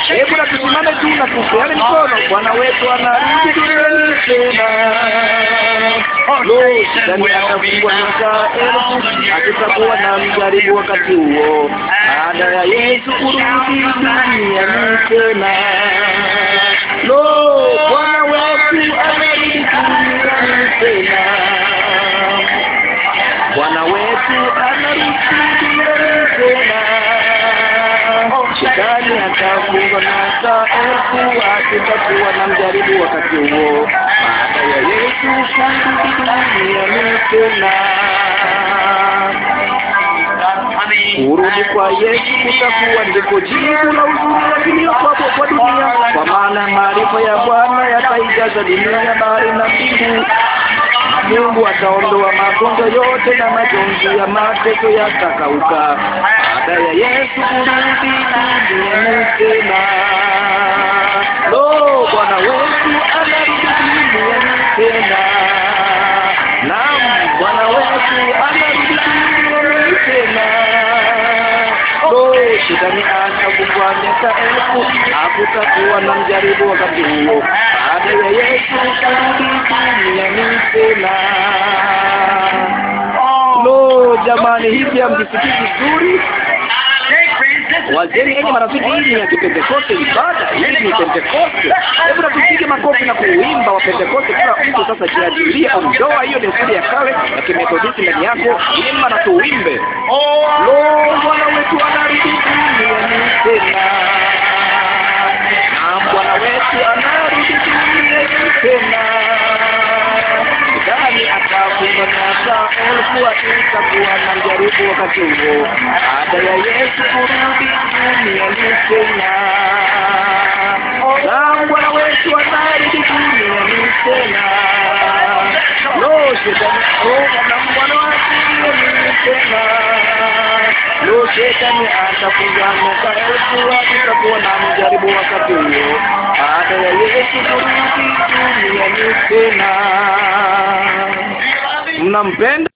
Hebu na tusimame tu na kupeane mikono. Bwana wetu anarudi duniani tena. Lo, shetani atafungwa miaka elfu akitakuwa na mjaribu wakati huo, baada ya Yesu kurudi duniani tena. Lo, Bwana wetu tena. Bwana wetu anarudi tena. Shetani atakuwa na dhaifu, akitakuwa na mjaribu wakati huo. Baada ya Yesu kurudi duniani tena Kurudi kwa Yesu kutakuwa ndiko jibu la uzuri lakiniokwapo kwa dunia, kwa maana maarifa ya Bwana yataijaza dunia, bahari na mbingu. Mungu ataondoa magonjwa yote na majonzi ya mateso yatakauka baada ya Yesu kurudi duniani tena. Lo, Bwana wetu anarudi duniani tena. Naam, Bwana wetu anarudi duniani tena. Lo, shetani anakufanya kae kutakuwa na mjaribu wakati huo. Baada ya Yesu kurudi duniani tena. Lo, jamani, hivi hamjisikii vizuri? Wazeni enyi marafiki, hii ni ya Kipentekoste, ibada hii ni Pentekoste. Hebu natupige makofi na kuimba wa Pentekoste. Kila mtu sasa jiajilie, ondoa hiyo desturi ya kale ya kimethodisti ndani yako, imba na tuimbe. Lo, Bwana wetu anarudi duniani tena. Yesu anarudi dunia tena. Dani akavuma na saa ulikuwa na jaribu wakati huo, baada ya Yesu kurudi dunia tena. Bwana wetu anarudi dunia tena. Lo, shetani roho na mwana wake tena Lo, shetani atakuzanuka elfu akitakuwa na mjaribu wakati huo. Baada ya Yesu kurudi duniani tena, mnampenda